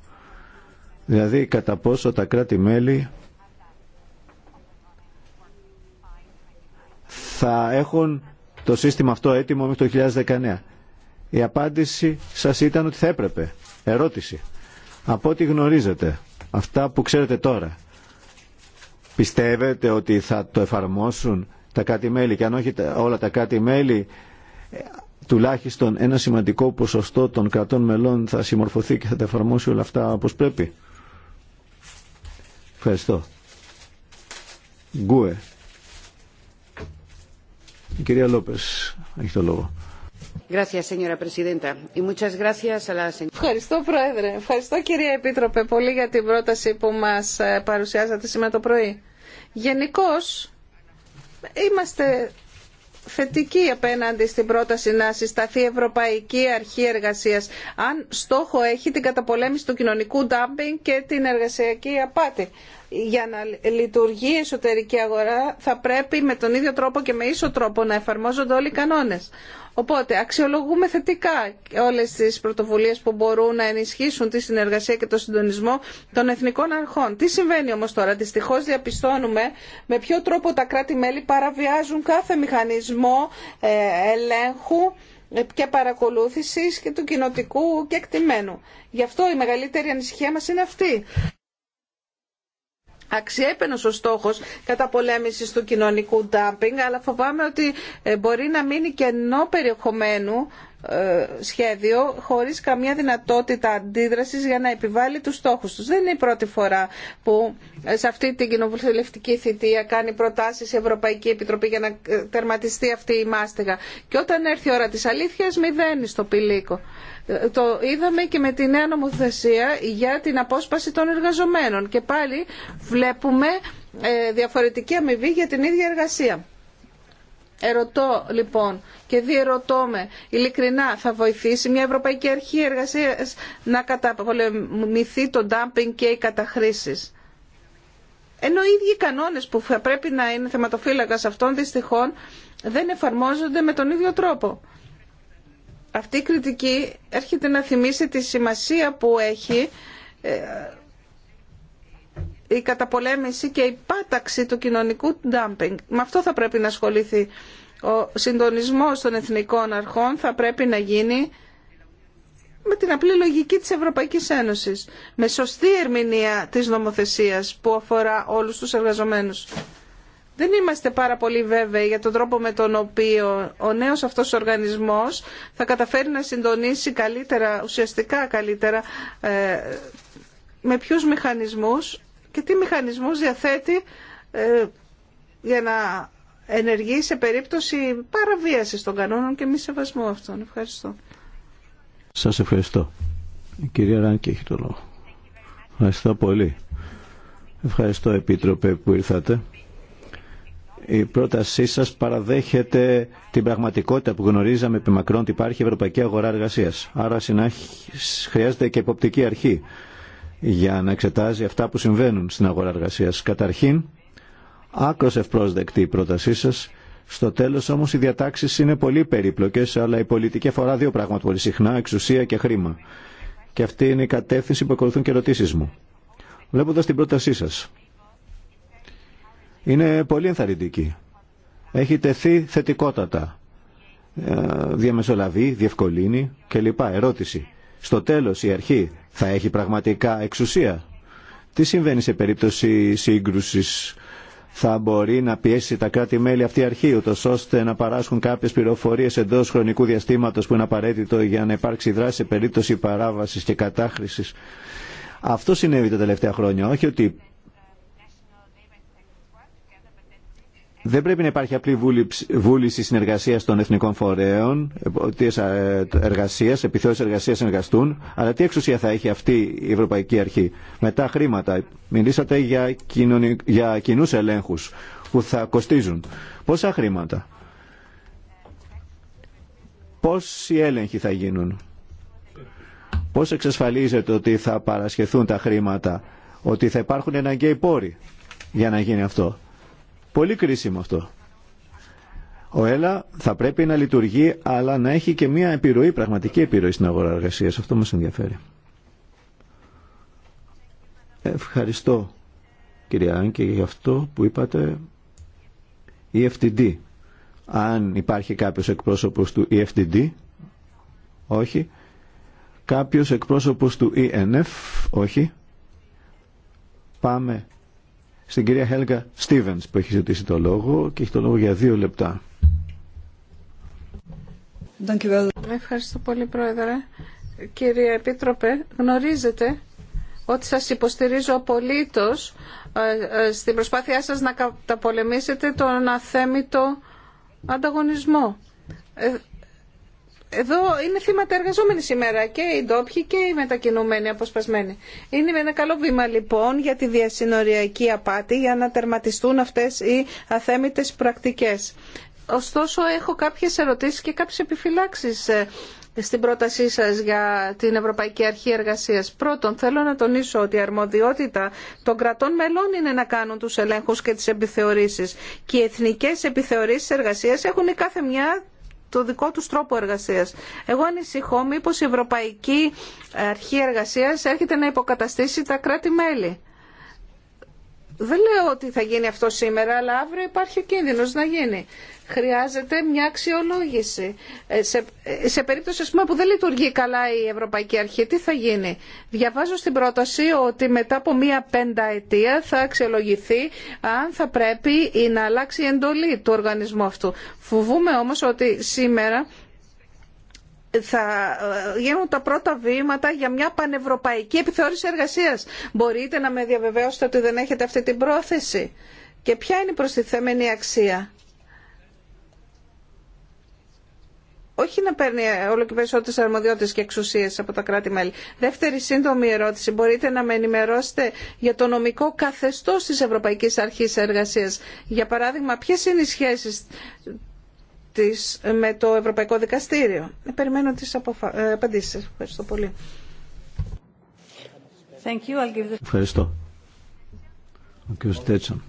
Δηλαδή κατά πόσο τα κράτη-μέλη θα έχουν το σύστημα αυτό έτοιμο μέχρι το 2019. Η απάντηση σας ήταν ότι θα έπρεπε. Ερώτηση. Από ό,τι γνωρίζετε, αυτά που ξέρετε τώρα, πιστεύετε ότι θα το εφαρμόσουν τα κάτι μέλη και αν όχι όλα τα κάτι μέλη τουλάχιστον ένα σημαντικό ποσοστό των κρατών μελών θα συμμορφωθεί και θα τα εφαρμόσει όλα αυτά όπως πρέπει. Ευχαριστώ. Γκουε. Η κυρία Λόπες έχει το λόγο. Ευχαριστώ, Πρόεδρε. Ευχαριστώ, κυρία Επίτροπε, πολύ για την πρόταση που μα ε, παρουσιάσατε σήμερα το πρωί. Γενικώ, είμαστε θετική απέναντι στην πρόταση να συσταθεί Ευρωπαϊκή Αρχή Εργασίας αν στόχο έχει την καταπολέμηση του κοινωνικού ντάμπινγκ και την εργασιακή απάτη. Για να λειτουργεί η εσωτερική αγορά θα πρέπει με τον ίδιο τρόπο και με ίσο τρόπο να εφαρμόζονται όλοι οι κανόνες. Οπότε αξιολογούμε θετικά όλες τις πρωτοβουλίες που μπορούν να ενισχύσουν τη συνεργασία και το συντονισμό των εθνικών αρχών. Τι συμβαίνει όμως τώρα. Δυστυχώς διαπιστώνουμε με ποιο τρόπο τα κράτη-μέλη παραβιάζουν κάθε μηχανισμό ε, ελέγχου και παρακολούθησης και του κοινοτικού εκτιμένου. Γι' αυτό η μεγαλύτερη ανησυχία μας είναι αυτή αξιέπαινος ο στόχος κατά του κοινωνικού ντάμπινγκ, αλλά φοβάμαι ότι ε, μπορεί να μείνει κενό περιεχομένου ε, σχέδιο χωρίς καμία δυνατότητα αντίδρασης για να επιβάλλει τους στόχους τους. Δεν είναι η πρώτη φορά που ε, σε αυτή την κοινοβουλευτική θητεία κάνει προτάσεις η Ευρωπαϊκή Επιτροπή για να ε, τερματιστεί αυτή η μάστιγα. Και όταν έρθει η ώρα της αλήθειας μηδένει στο πηλίκο. Το είδαμε και με τη νέα νομοθεσία για την απόσπαση των εργαζομένων και πάλι βλέπουμε διαφορετική αμοιβή για την ίδια εργασία. Ερωτώ λοιπόν και διερωτώ με ειλικρινά θα βοηθήσει μια Ευρωπαϊκή Αρχή Εργασίας να καταπολεμηθεί το ντάμπινγκ και οι καταχρήσεις. Ενώ οι ίδιοι κανόνες που θα πρέπει να είναι θεματοφύλακας αυτών δυστυχών δεν εφαρμόζονται με τον ίδιο τρόπο. Αυτή η κριτική έρχεται να θυμίσει τη σημασία που έχει ε, η καταπολέμηση και η πάταξη του κοινωνικού ντάμπινγκ. Με αυτό θα πρέπει να ασχοληθεί. Ο συντονισμός των εθνικών αρχών θα πρέπει να γίνει με την απλή λογική της Ευρωπαϊκής Ένωσης, με σωστή ερμηνεία της νομοθεσίας που αφορά όλους τους εργαζομένους. Δεν είμαστε πάρα πολύ βέβαιοι για τον τρόπο με τον οποίο ο νέος αυτός οργανισμός θα καταφέρει να συντονίσει καλύτερα, ουσιαστικά καλύτερα, ε, με ποιους μηχανισμούς και τι μηχανισμούς διαθέτει ε, για να ενεργεί σε περίπτωση παραβίασης των κανόνων και μη σεβασμού αυτών. Ευχαριστώ. Σας ευχαριστώ. Η κυρία Ράνκη έχει το λόγο. Ευχαριστώ πολύ. Ευχαριστώ Επίτροπε που ήρθατε. Η πρότασή σας παραδέχεται την πραγματικότητα που γνωρίζαμε επί μακρόν ότι υπάρχει ευρωπαϊκή αγορά εργασίας. Άρα συνάχει, χρειάζεται και υποπτική αρχή για να εξετάζει αυτά που συμβαίνουν στην αγορά εργασίας. Καταρχήν, άκρος ευπρόσδεκτη η πρότασή σας. Στο τέλος όμως οι διατάξεις είναι πολύ περίπλοκες, αλλά η πολιτική αφορά δύο πράγματα πολύ συχνά, εξουσία και χρήμα. Και αυτή είναι η κατεύθυνση που ακολουθούν και ερωτήσει μου. Βλέποντας την πρότασή σας, είναι πολύ ενθαρρυντική. Έχει τεθεί θετικότατα. Ε, Διαμεσολαβεί, διευκολύνει κλπ. Ερώτηση. Στο τέλος η αρχή θα έχει πραγματικά εξουσία. Τι συμβαίνει σε περίπτωση σύγκρουσης. Θα μπορεί να πιέσει τα κράτη-μέλη αυτή η αρχή, ούτω ώστε να παράσχουν κάποιες πληροφορίε εντό χρονικού διαστήματος που είναι απαραίτητο για να υπάρξει δράση σε περίπτωση παράβασης και κατάχρηση. Αυτό συνέβη τα τελευταία χρόνια. Όχι ότι Δεν πρέπει να υπάρχει απλή βούληση συνεργασία των εθνικών φορέων, τι ε, εργασία, επιθεώρηση εργασία συνεργαστούν, αλλά τι εξουσία θα έχει αυτή η Ευρωπαϊκή Αρχή. Μετά χρήματα. Μιλήσατε για, για κοινού ελέγχου που θα κοστίζουν. Πόσα χρήματα. Πόσοι έλεγχοι θα γίνουν. Πώς εξασφαλίζεται ότι θα παρασχεθούν τα χρήματα, ότι θα υπάρχουν εναγκαίοι πόροι για να γίνει αυτό. Πολύ κρίσιμο αυτό. Ο ΕΛΑ θα πρέπει να λειτουργεί, αλλά να έχει και μια επιρροή, πραγματική επιρροή στην αγορά εργασία. Αυτό μας ενδιαφέρει. Ευχαριστώ, κυρία Άνκη, για αυτό που είπατε. EFTD. Αν υπάρχει κάποιος εκπρόσωπος του EFTD, όχι. Κάποιος εκπρόσωπος του ENF, όχι. Πάμε στην κυρία Χέλγα Στίβενς που έχει ζητήσει το λόγο και έχει το λόγο για δύο λεπτά. Ευχαριστώ πολύ Πρόεδρε. Κύριε Επίτροπε, γνωρίζετε ότι σας υποστηρίζω απολύτως ε, ε, στην προσπάθειά σας να καταπολεμήσετε τον αθέμητο ανταγωνισμό. Ε, εδώ είναι θύματα εργαζόμενοι σήμερα και οι ντόπιοι και οι μετακινούμενοι αποσπασμένοι. Είναι ένα καλό βήμα λοιπόν για τη διασυνοριακή απάτη για να τερματιστούν αυτές οι αθέμητες πρακτικές. Ωστόσο έχω κάποιες ερωτήσεις και κάποιες επιφυλάξεις ε, στην πρότασή σας για την Ευρωπαϊκή Αρχή Εργασίας. Πρώτον, θέλω να τονίσω ότι η αρμοδιότητα των κρατών μελών είναι να κάνουν τους ελέγχους και τις επιθεωρήσεις. Και οι εθνικές επιθεωρήσεις εργασίας έχουν κάθε μια το δικό τους τρόπο εργασίας. Εγώ ανησυχώ μήπως η Ευρωπαϊκή Αρχή Εργασίας έρχεται να υποκαταστήσει τα κράτη-μέλη. Δεν λέω ότι θα γίνει αυτό σήμερα, αλλά αύριο υπάρχει ο κίνδυνος να γίνει. Χρειάζεται μια αξιολόγηση. Ε, σε, ε, σε περίπτωση πούμε, που δεν λειτουργεί καλά η Ευρωπαϊκή Αρχή, τι θα γίνει. Διαβάζω στην πρόταση ότι μετά από μία πενταετία θα αξιολογηθεί αν θα πρέπει ή να αλλάξει η εντολή του οργανισμού αυτού. Φοβούμε όμως ότι σήμερα θα ε, γίνουν τα πρώτα βήματα για μια πανευρωπαϊκή επιθεώρηση εργασίας. Μπορείτε να με διαβεβαιώσετε ότι δεν έχετε αυτή την πρόθεση. Και ποια είναι η προστιθέμενη αξία. όχι να παίρνει όλο και περισσότερε αρμοδιότητε και εξουσίε από τα κράτη-μέλη. Δεύτερη σύντομη ερώτηση. Μπορείτε να με ενημερώσετε για το νομικό καθεστώ τη Ευρωπαϊκή Αρχή Εργασία. Για παράδειγμα, ποιε είναι οι σχέσει της με το Ευρωπαϊκό Δικαστήριο. Περιμένω τις αποφα... Ε, απαντήσεις. Ευχαριστώ πολύ. Thank you. I'll give the... Ευχαριστώ. Ο κ. Τέτσον,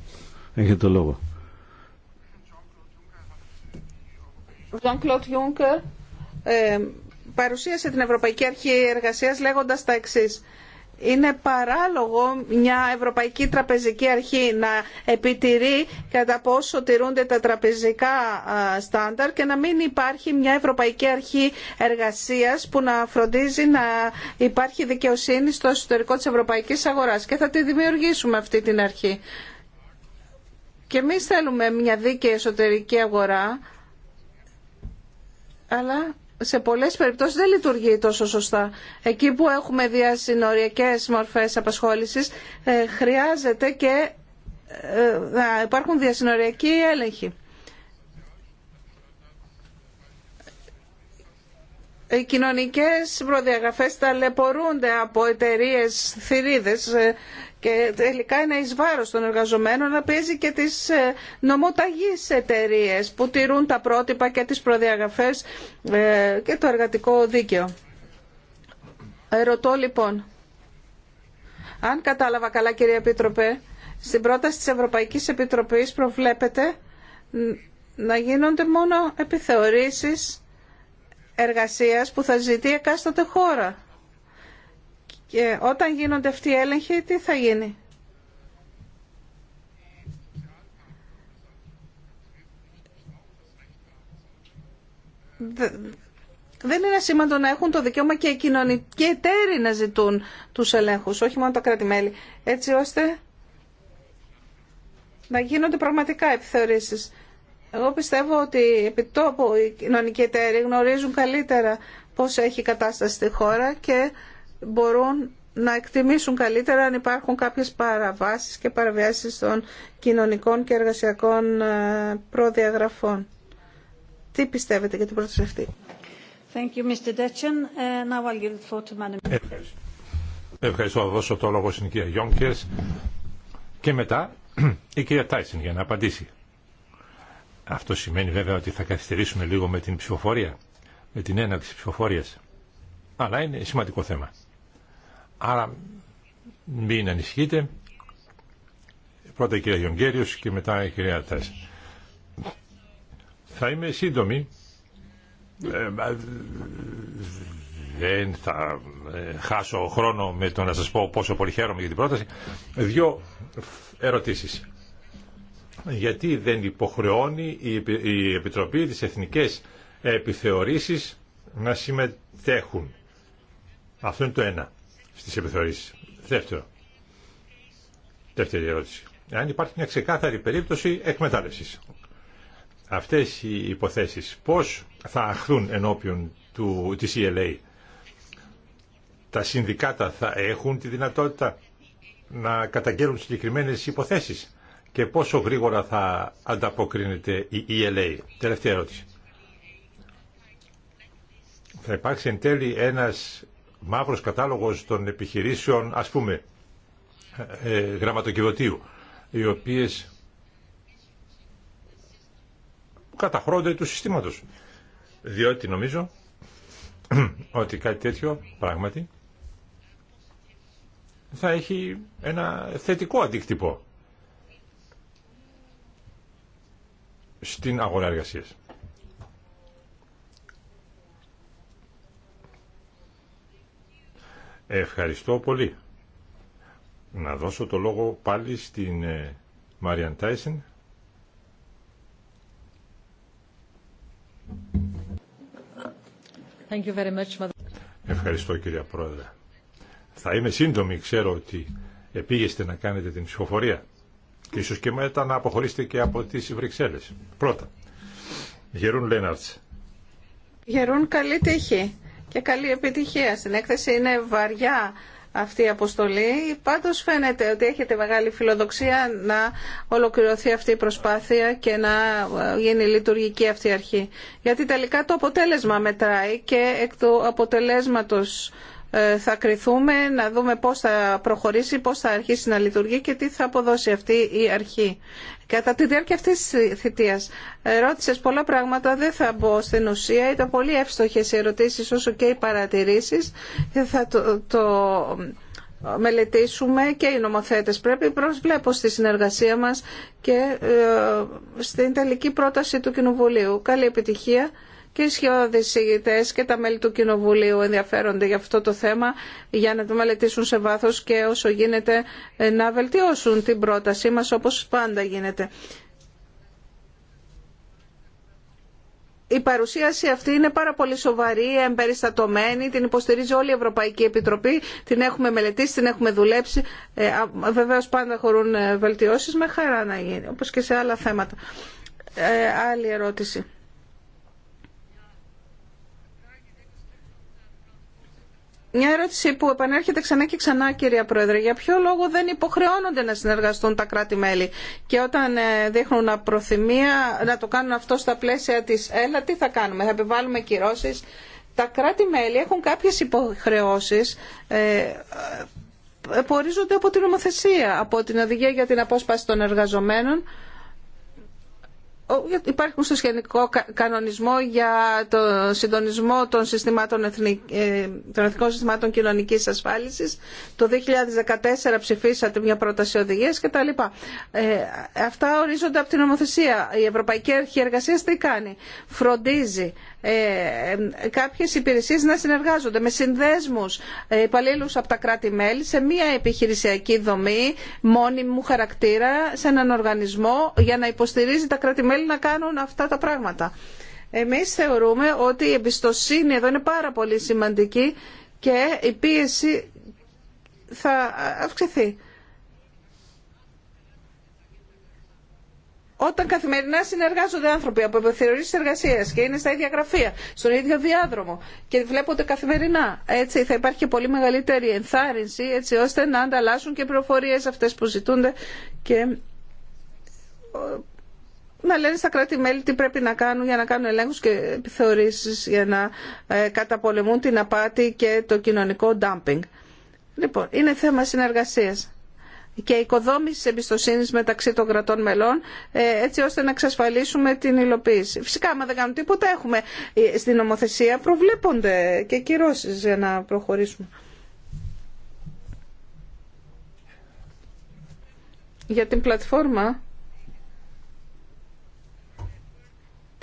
έχετε το λόγο. Ο Ζαν Κλώτ παρουσίασε την Ευρωπαϊκή Αρχή Εργασίας λέγοντας τα εξής είναι παράλογο μια Ευρωπαϊκή Τραπεζική Αρχή να επιτηρεί κατά πόσο τηρούνται τα τραπεζικά στάνταρ και να μην υπάρχει μια Ευρωπαϊκή Αρχή Εργασίας που να φροντίζει να υπάρχει δικαιοσύνη στο εσωτερικό της ευρωπαϊκής αγοράς και θα τη δημιουργήσουμε αυτή την αρχή. Και εμεί θέλουμε μια δίκαιη εσωτερική αγορά αλλά σε πολλές περιπτώσεις δεν λειτουργεί τόσο σωστά. Εκεί που έχουμε διασυνοριακές μορφές απασχόλησης ε, χρειάζεται και ε, να υπάρχουν διασυνοριακοί έλεγχοι. Οι κοινωνικές προδιαγραφές ταλαιπωρούνται από εταιρείε θηρίδες ε, και τελικά είναι εις βάρος των εργαζομένων να παίζει και τις ε, νομοταγείς εταιρείε που τηρούν τα πρότυπα και τις προδιαγραφές ε, και το εργατικό δίκαιο. Ρωτώ λοιπόν, αν κατάλαβα καλά κυρία Επίτροπε, στην πρόταση της Ευρωπαϊκής Επιτροπής προβλέπεται να γίνονται μόνο επιθεωρήσεις εργασίας που θα ζητεί εκάστοτε χώρα. Και όταν γίνονται αυτοί οι έλεγχοι, τι θα γίνει. Δεν είναι σήμαντο να έχουν το δικαίωμα και οι κοινωνικοί εταίροι να ζητούν τους ελέγχους, όχι μόνο τα κράτη-μέλη, έτσι ώστε να γίνονται πραγματικά επιθεωρήσεις. Εγώ πιστεύω ότι επί τόπου οι κοινωνικοί εταίροι γνωρίζουν καλύτερα πώς έχει η κατάσταση στη χώρα και μπορούν να εκτιμήσουν καλύτερα αν υπάρχουν κάποιες παραβάσεις και παραβιάσεις των κοινωνικών και εργασιακών ε, προδιαγραφών. Τι πιστεύετε για την πρόταση αυτή. Ευχαριστώ. Ευχαριστώ. Θα δώσω το λόγο στην κυρία Γιόγκες και μετά η κυρία Τάισιν για να απαντήσει. Αυτό σημαίνει βέβαια ότι θα καθυστερήσουμε λίγο με την ψηφοφορία, με την έναρξη ψηφοφορίας. Αλλά είναι σημαντικό θέμα. Άρα μην ανησυχείτε. Πρώτα η κυρία Γιονγκέριος και μετά η κυρία Τάση. Θα είμαι σύντομη. Ε, δεν θα ε, χάσω χρόνο με το να σας πω πόσο πολύ χαίρομαι για την πρόταση. Δύο ερωτήσεις. Γιατί δεν υποχρεώνει η Επιτροπή της Εθνικές Επιθεωρήσεις να συμμετέχουν. Αυτό είναι το ένα. Στι επιθεωρήσει. Δεύτερο. Δεύτερη ερώτηση. Αν υπάρχει μια ξεκάθαρη περίπτωση εκμετάλλευσης. Αυτές οι υποθέσεις πώς θα αχθούν ενώπιον του, της ELA. Τα συνδικάτα θα έχουν τη δυνατότητα να καταγγέλουν συγκεκριμένες υποθέσεις και πόσο γρήγορα θα ανταποκρίνεται η ELA. Τελευταία ερώτηση. Θα υπάρξει εν τέλει ένας μαύρος κατάλογος των επιχειρήσεων, ας πούμε, ε, ε, γραμματοκιβωτίου, οι οποίες καταχρώνται του συστήματος. Διότι νομίζω ότι κάτι τέτοιο πράγματι θα έχει ένα θετικό αντίκτυπο στην αγορά εργασίας. Ευχαριστώ πολύ. Να δώσω το λόγο πάλι στην ε, Μάριαν Τάισεν. Ευχαριστώ κυρία Πρόεδρε. Θα είμαι σύντομη, ξέρω ότι επήγεστε να κάνετε την ψηφοφορία και ίσως και μετά να αποχωρήσετε και από τις Βρυξέλλες. Πρώτα, Γερούν Λέναρτς. Γερούν καλή τύχη και καλή επιτυχία. Στην έκθεση είναι βαριά αυτή η αποστολή. Πάντως φαίνεται ότι έχετε μεγάλη φιλοδοξία να ολοκληρωθεί αυτή η προσπάθεια και να ε, γίνει λειτουργική αυτή η αρχή. Γιατί τελικά το αποτέλεσμα μετράει και εκ του αποτελέσματος ε, θα κρυθούμε να δούμε πώς θα προχωρήσει, πώς θα αρχίσει να λειτουργεί και τι θα αποδώσει αυτή η αρχή. Κατά τη διάρκεια αυτής της θητείας ε, ρώτησες πολλά πράγματα, δεν θα μπω στην ουσία, ήταν πολύ εύστοχες οι ερωτήσεις όσο και οι παρατηρήσεις θα το, το μελετήσουμε και οι νομοθέτες. Πρέπει προσβλέπω στη συνεργασία μας και ε, στην τελική πρόταση του Κοινοβουλίου. Καλή επιτυχία και οι συγγητέ και τα μέλη του Κοινοβουλίου ενδιαφέρονται για αυτό το θέμα για να το μελετήσουν σε βάθος και όσο γίνεται ε, να βελτιώσουν την πρότασή μα όπως πάντα γίνεται. η παρουσίαση αυτή είναι πάρα πολύ σοβαρή, εμπεριστατωμένη, την υποστηρίζει όλη η Ευρωπαϊκή Επιτροπή, την έχουμε μελετήσει, την έχουμε δουλέψει. Ε, βεβαίως πάντα χωρούν ε, βελτιώσει με χαρά να γίνει, όπω και σε άλλα θέματα. Ε, άλλη ερώτηση. Μια ερώτηση που επανέρχεται ξανά και ξανά, κυρία Πρόεδρε. Για ποιο λόγο δεν υποχρεώνονται να συνεργαστούν τα κράτη-μέλη και όταν ε, δείχνουν προθυμία να το κάνουν αυτό στα πλαίσια της ΕΛΑ, τι θα κάνουμε, θα επιβάλλουμε κυρώσεις. Τα κράτη-μέλη έχουν κάποιες υποχρεώσεις ε, ε, που ορίζονται από την νομοθεσία, από την οδηγία για την απόσπαση των εργαζομένων Υπάρχουν στο σχετικό κανονισμό για το συντονισμό των, συστημάτων εθνικ... Ε, εθνικών συστημάτων κοινωνικής ασφάλισης. Το 2014 ψηφίσατε μια πρόταση οδηγίας κτλ. Ε, αυτά ορίζονται από την νομοθεσία. Η Ευρωπαϊκή Αρχή Εργασία τι κάνει. Φροντίζει ε, ε, κάποιες υπηρεσίες να συνεργάζονται με συνδέσμους ε, υπαλλήλου από τα κράτη-μέλη σε μια επιχειρησιακή δομή μόνιμου χαρακτήρα σε έναν οργανισμό για να υποστηρίζει τα κράτη-μέλη να κάνουν αυτά τα πράγματα. Εμείς θεωρούμε ότι η εμπιστοσύνη εδώ είναι πάρα πολύ σημαντική και η πίεση θα αυξηθεί. Όταν καθημερινά συνεργάζονται άνθρωποι από επιθεωρήσει εργασία και είναι στα ίδια γραφεία, στον ίδιο διάδρομο και βλέπονται καθημερινά, έτσι θα υπάρχει και πολύ μεγαλύτερη ενθάρρυνση έτσι ώστε να ανταλλάσσουν και πληροφορίε αυτέ που ζητούνται και να λένε στα κράτη-μέλη τι πρέπει να κάνουν για να κάνουν ελέγχους και επιθεωρήσεις για να ε, καταπολεμούν την απάτη και το κοινωνικό ντάμπινγκ. Λοιπόν, είναι θέμα συνεργασίας και οικοδόμηση εμπιστοσύνη μεταξύ των κρατών μελών, ε, έτσι ώστε να εξασφαλίσουμε την υλοποίηση. Φυσικά, άμα δεν κάνουμε τίποτα, έχουμε ε, στην νομοθεσία προβλέπονται και κυρώσει για να προχωρήσουμε. Για την πλατφόρμα,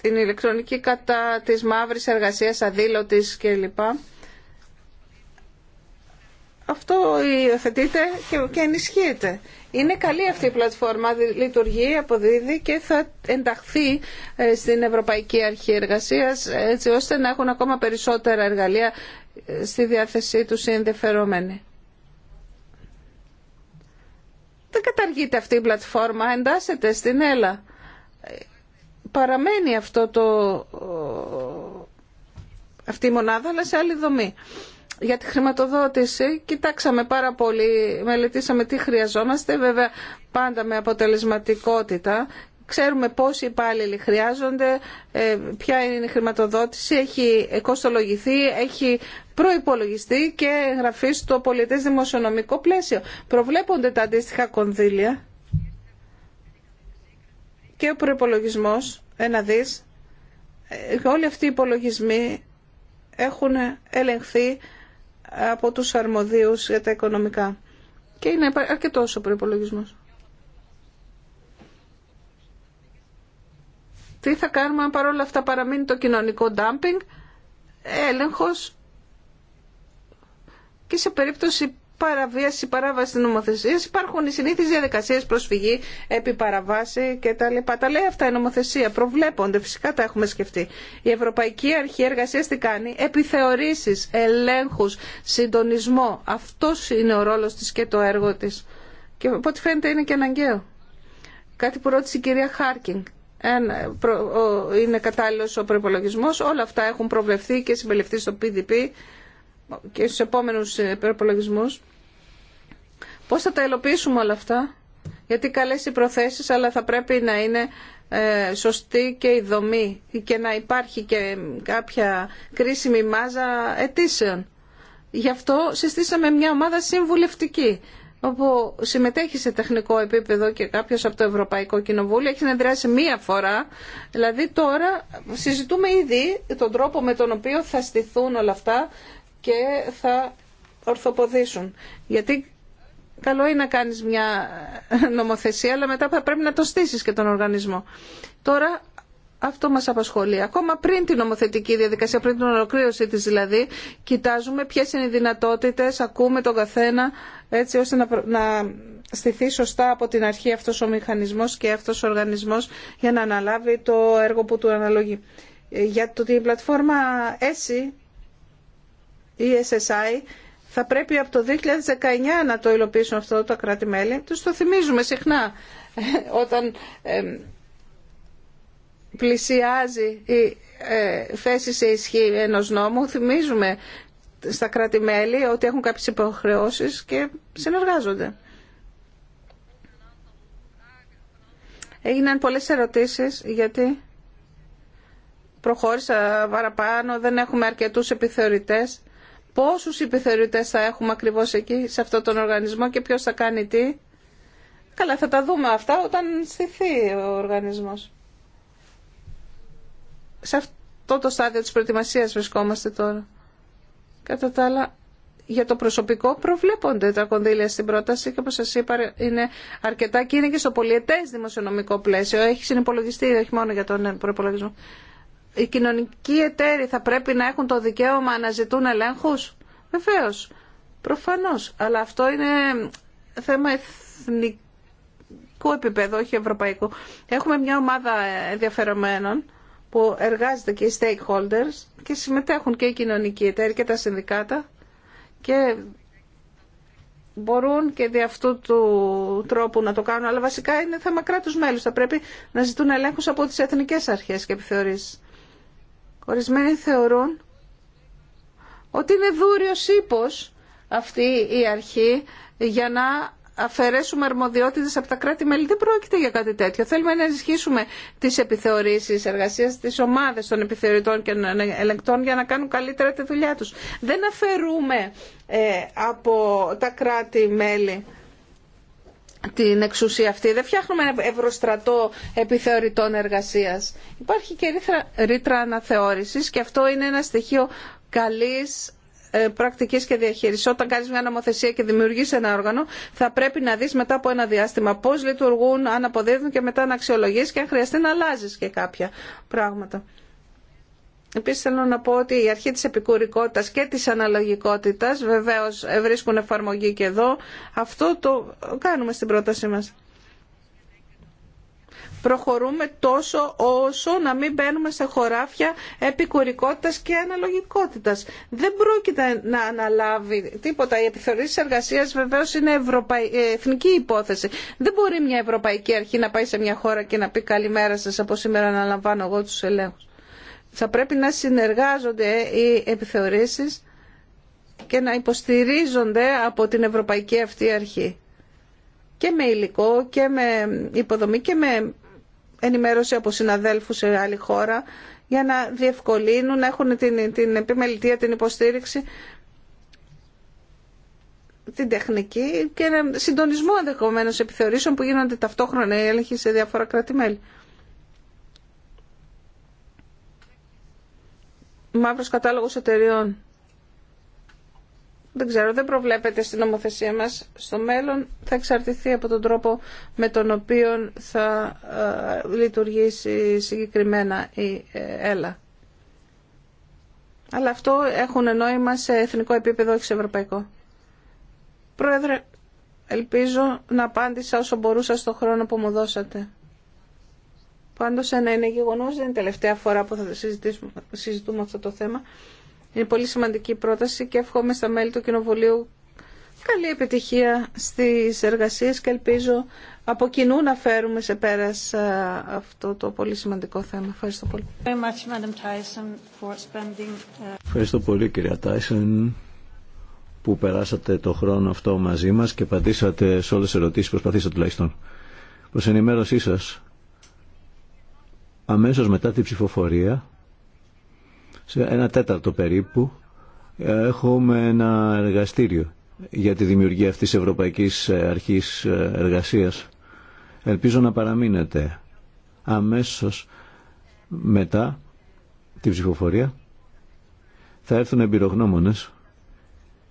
την ηλεκτρονική κατά της μαύρης εργασίας, αδήλωτης κλπ αυτό υιοθετείται και ενισχύεται. Είναι καλή αυτή η πλατφόρμα, λειτουργεί, αποδίδει και θα ενταχθεί ε, στην Ευρωπαϊκή Αρχή Εργασίας έτσι ώστε να έχουν ακόμα περισσότερα εργαλεία ε, στη διάθεσή τους οι ενδιαφερόμενοι. Δεν καταργείται αυτή η πλατφόρμα, εντάσσεται στην ΕΛΑ. Παραμένει αυτό το, αυτή η μονάδα, αλλά σε άλλη δομή. Για τη χρηματοδότηση κοιτάξαμε πάρα πολύ, μελετήσαμε τι χρειαζόμαστε, βέβαια πάντα με αποτελεσματικότητα. Ξέρουμε πόσοι υπάλληλοι χρειάζονται, ε, ποια είναι η χρηματοδότηση, έχει κοστολογηθεί, έχει προϋπολογιστεί και εγγραφεί στο πολιτές δημοσιονομικό πλαίσιο. Προβλέπονται τα αντίστοιχα κονδύλια και ο προϋπολογισμός, ένα δις, ε, όλοι αυτοί οι υπολογισμοί έχουν ελεγχθεί από τους αρμοδίους για τα οικονομικά. Και είναι αρκετός ο προϋπολογισμός. Τι θα κάνουμε αν παρόλα αυτά παραμείνει το κοινωνικό ντάμπινγκ, έλεγχος και σε περίπτωση παραβίαση, παράβαση νομοθεσία. Υπάρχουν οι συνήθει διαδικασίε προσφυγή, επί παραβάση κτλ. Τα λέει αυτά η νομοθεσία. Προβλέπονται, φυσικά τα έχουμε σκεφτεί. Η Ευρωπαϊκή Αρχή Εργασία τι κάνει, επιθεωρήσει, ελέγχου, συντονισμό. Αυτό είναι ο ρόλο τη και το έργο τη. Και από ό,τι φαίνεται είναι και αναγκαίο. Κάτι που ρώτησε η κυρία Χάρκινγκ. είναι κατάλληλο ο προπολογισμό, όλα αυτά έχουν προβλεφθεί και συμπεριληφθεί στο PDP και στου επόμενου ε, προπολογισμού. Πώς θα τα ελοπίσουμε όλα αυτά. Γιατί καλές οι προθέσεις, αλλά θα πρέπει να είναι ε, σωστή και η δομή και να υπάρχει και κάποια κρίσιμη μάζα αιτήσεων. Γι' αυτό συστήσαμε μια ομάδα συμβουλευτική όπου συμμετέχει σε τεχνικό επίπεδο και κάποιος από το Ευρωπαϊκό Κοινοβούλιο έχει συνεδριάσει μία φορά. Δηλαδή τώρα συζητούμε ήδη τον τρόπο με τον οποίο θα στηθούν όλα αυτά και θα ορθοποδήσουν. Γιατί Καλό είναι να κάνεις μια νομοθεσία, αλλά μετά θα πρέπει να το στήσεις και τον οργανισμό. Τώρα αυτό μας απασχολεί. Ακόμα πριν την νομοθετική διαδικασία, πριν την ολοκλήρωση της δηλαδή, κοιτάζουμε ποιες είναι οι δυνατότητες, ακούμε τον καθένα, έτσι ώστε να, στηθεί σωστά από την αρχή αυτός ο μηχανισμός και αυτός ο οργανισμός για να αναλάβει το έργο που του αναλογεί. Ε, για το, η πλατφόρμα ESI, η SSI, θα πρέπει από το 2019 να το υλοποιήσουν αυτό το κράτη-μέλη. Τους το θυμίζουμε συχνά ε, όταν ε, πλησιάζει η ε, θέση σε ισχύ ενός νόμου. Θυμίζουμε στα κράτη-μέλη ότι έχουν κάποιες υποχρεώσεις και συνεργάζονται. Έγιναν πολλές ερωτήσεις γιατί προχώρησα παραπάνω, δεν έχουμε αρκετούς επιθεωρητές. Πόσους υπηθεωρητές θα έχουμε ακριβώς εκεί, σε αυτόν τον οργανισμό και ποιος θα κάνει τι. Καλά, θα τα δούμε αυτά όταν στηθεί ο οργανισμός. Σε αυτό το στάδιο της προετοιμασίας βρισκόμαστε τώρα. Κατά τα άλλα, για το προσωπικό προβλέπονται τα κονδύλια στην πρόταση και όπως σας είπα είναι αρκετά και είναι και στο πολιετές δημοσιονομικό πλαίσιο. Έχει συνυπολογιστεί, όχι μόνο για τον ε, προπολογισμό οι κοινωνικοί εταίροι θα πρέπει να έχουν το δικαίωμα να ζητούν ελέγχους. Βεβαίως, προφανώς. Αλλά αυτό είναι θέμα εθνικού επίπεδου, όχι ευρωπαϊκού. Έχουμε μια ομάδα ενδιαφερομένων που εργάζεται και οι stakeholders και συμμετέχουν και οι κοινωνικοί εταίροι και τα συνδικάτα και μπορούν και δι' αυτού του τρόπου να το κάνουν, αλλά βασικά είναι θέμα κράτους μέλους. Θα πρέπει να ζητούν ελέγχους από τις εθνικές αρχές και επιθεωρήσεις. Ορισμένοι θεωρούν ότι είναι δούριος ύπος αυτή η αρχή για να αφαιρέσουμε αρμοδιότητες από τα κράτη-μέλη. Δεν πρόκειται για κάτι τέτοιο. Θέλουμε να ενισχύσουμε τις επιθεωρήσεις εργασίας, τις ομάδες των επιθεωρητών και ελεγκτών για να κάνουν καλύτερα τη δουλειά τους. Δεν αφαιρούμε ε, από τα κράτη-μέλη την εξουσία αυτή. Δεν φτιάχνουμε ευρωστρατό επιθεωρητών εργασίας. Υπάρχει και ρήτρα αναθεώρησης και αυτό είναι ένα στοιχείο καλής ε, πρακτική και διαχείριση. Όταν κάνει μια νομοθεσία και δημιουργεί ένα όργανο, θα πρέπει να δει μετά από ένα διάστημα πώ λειτουργούν, αν αποδίδουν και μετά να αξιολογεί και αν χρειαστεί να αλλάζει και κάποια πράγματα. Επίσης θέλω να πω ότι η αρχή της επικουρικότητας και της αναλογικότητας βεβαίως βρίσκουν εφαρμογή και εδώ. Αυτό το κάνουμε στην πρότασή μας. Προχωρούμε τόσο όσο να μην μπαίνουμε σε χωράφια επικουρικότητας και αναλογικότητας. Δεν πρόκειται να αναλάβει τίποτα. η επιθεωρήσεις εργασίας βεβαίως είναι ε, εθνική υπόθεση. Δεν μπορεί μια ευρωπαϊκή αρχή να πάει σε μια χώρα και να πει καλημέρα σας από σήμερα να λαμβάνω εγώ τους ελέγχους. Θα πρέπει να συνεργάζονται οι επιθεωρήσεις και να υποστηρίζονται από την Ευρωπαϊκή αυτή αρχή. Και με υλικό και με υποδομή και με ενημέρωση από συναδέλφους σε άλλη χώρα για να διευκολύνουν, να έχουν την, την επιμελητία, την υποστήριξη, την τεχνική και συντονισμό ενδεχομένω επιθεωρήσεων που γίνονται ταυτόχρονα οι έλεγχοι σε διάφορα κράτη-μέλη. μαύρος κατάλογος εταιριών. Δεν ξέρω, δεν προβλέπεται στην νομοθεσία μας. Στο μέλλον θα εξαρτηθεί από τον τρόπο με τον οποίο θα ε, λειτουργήσει συγκεκριμένα η ΕΛΑ. Αλλά αυτό έχουν νόημα σε εθνικό επίπεδο, όχι σε ευρωπαϊκό. Πρόεδρε, ελπίζω να απάντησα όσο μπορούσα στο χρόνο που μου δώσατε. Πάντω, ένα είναι γεγονό. δεν είναι τελευταία φορά που θα συζητούμε αυτό το θέμα. Είναι πολύ σημαντική πρόταση και εύχομαι στα μέλη του Κοινοβουλίου καλή επιτυχία στι εργασίε και ελπίζω από κοινού να φέρουμε σε πέρας αυτό το πολύ σημαντικό θέμα. Ευχαριστώ πολύ. Uh, Ευχαριστώ πολύ κυρία Τάισεν που περάσατε το χρόνο αυτό μαζί μας και απαντήσατε σε όλες τις ερωτήσεις, προσπαθήσατε τουλάχιστον. Προς ενημέρωσή σας, αμέσως μετά την ψηφοφορία, σε ένα τέταρτο περίπου, ε, έχουμε ένα εργαστήριο για τη δημιουργία αυτής της Ευρωπαϊκής ε, Αρχής ε, Εργασίας. Ελπίζω να παραμείνετε αμέσως μετά την ψηφοφορία. Θα έρθουν εμπειρογνώμονες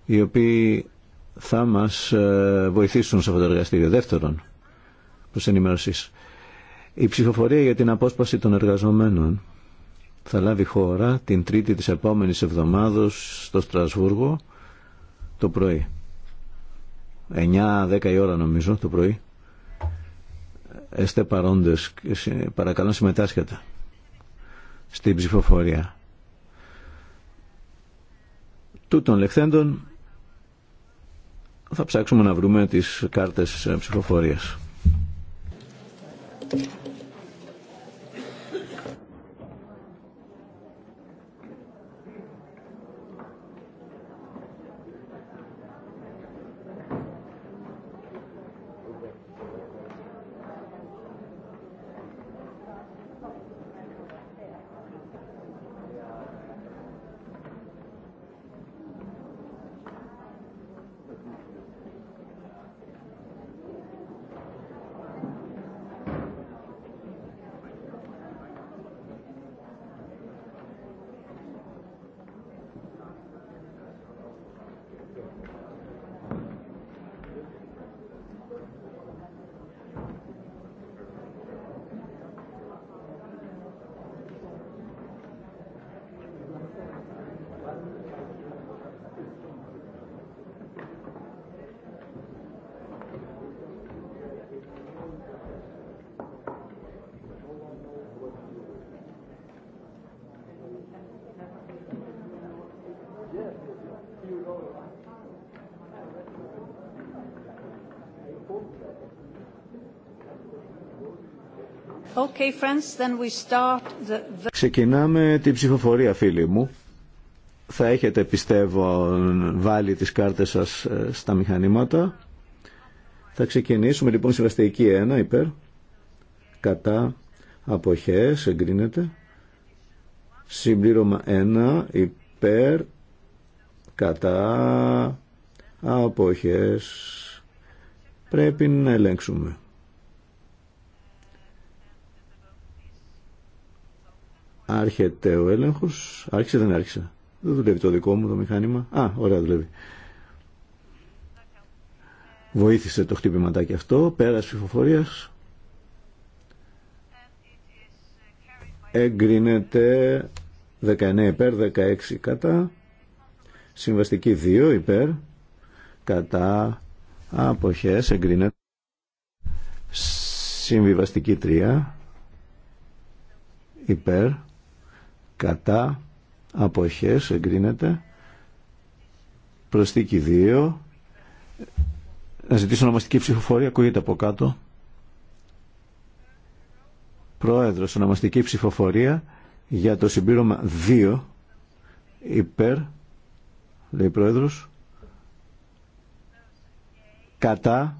οι οποίοι θα μας βοηθήσουν σε αυτό το εργαστήριο. Δεύτερον, προς ενημέρωσης, η ψηφοφορία για την απόσπαση των εργαζομένων θα λάβει χώρα την τρίτη της επόμενης εβδομάδος στο Στρασβούργο το πρωί. 9-10 η ώρα νομίζω το πρωί. Εστε παρόντες, παρακαλώ συμμετάσχετε στην ψηφοφορία. Τούτων λεχθέντων θα ψάξουμε να βρούμε τις κάρτες ε, ψηφοφορίας. Ξεκινάμε την ψηφοφορία, φίλοι μου. Θα έχετε, πιστεύω, βάλει τις κάρτες σας ε, στα μηχανήματα. Θα ξεκινήσουμε, λοιπόν, συμβαστική 1, υπέρ. Κατά αποχές, εγκρίνεται. Συμπλήρωμα 1, υπέρ. Κατά αποχές. Πρέπει να ελέγξουμε. Άρχεται ο έλεγχος. Άρχισε δεν άρχισε. Δεν δουλεύει το δικό μου το μηχάνημα. Α, ωραία δουλεύει. Βοήθησε το χτυπηματάκι αυτό. Πέρας ψηφοφορίας. Εγκρίνεται 19 υπέρ, 16 κατά. Συμβαστική 2 υπέρ. Κατά. Αποχές εγκρίνεται. Συμβιβαστική 3 υπέρ κατά αποχές εγκρίνεται προσθήκη 2 να ζητήσω ονομαστική ψηφοφορία ακούγεται από κάτω Πρόεδρος ονομαστική ψηφοφορία για το συμπλήρωμα 2 υπέρ λέει πρόεδρος κατά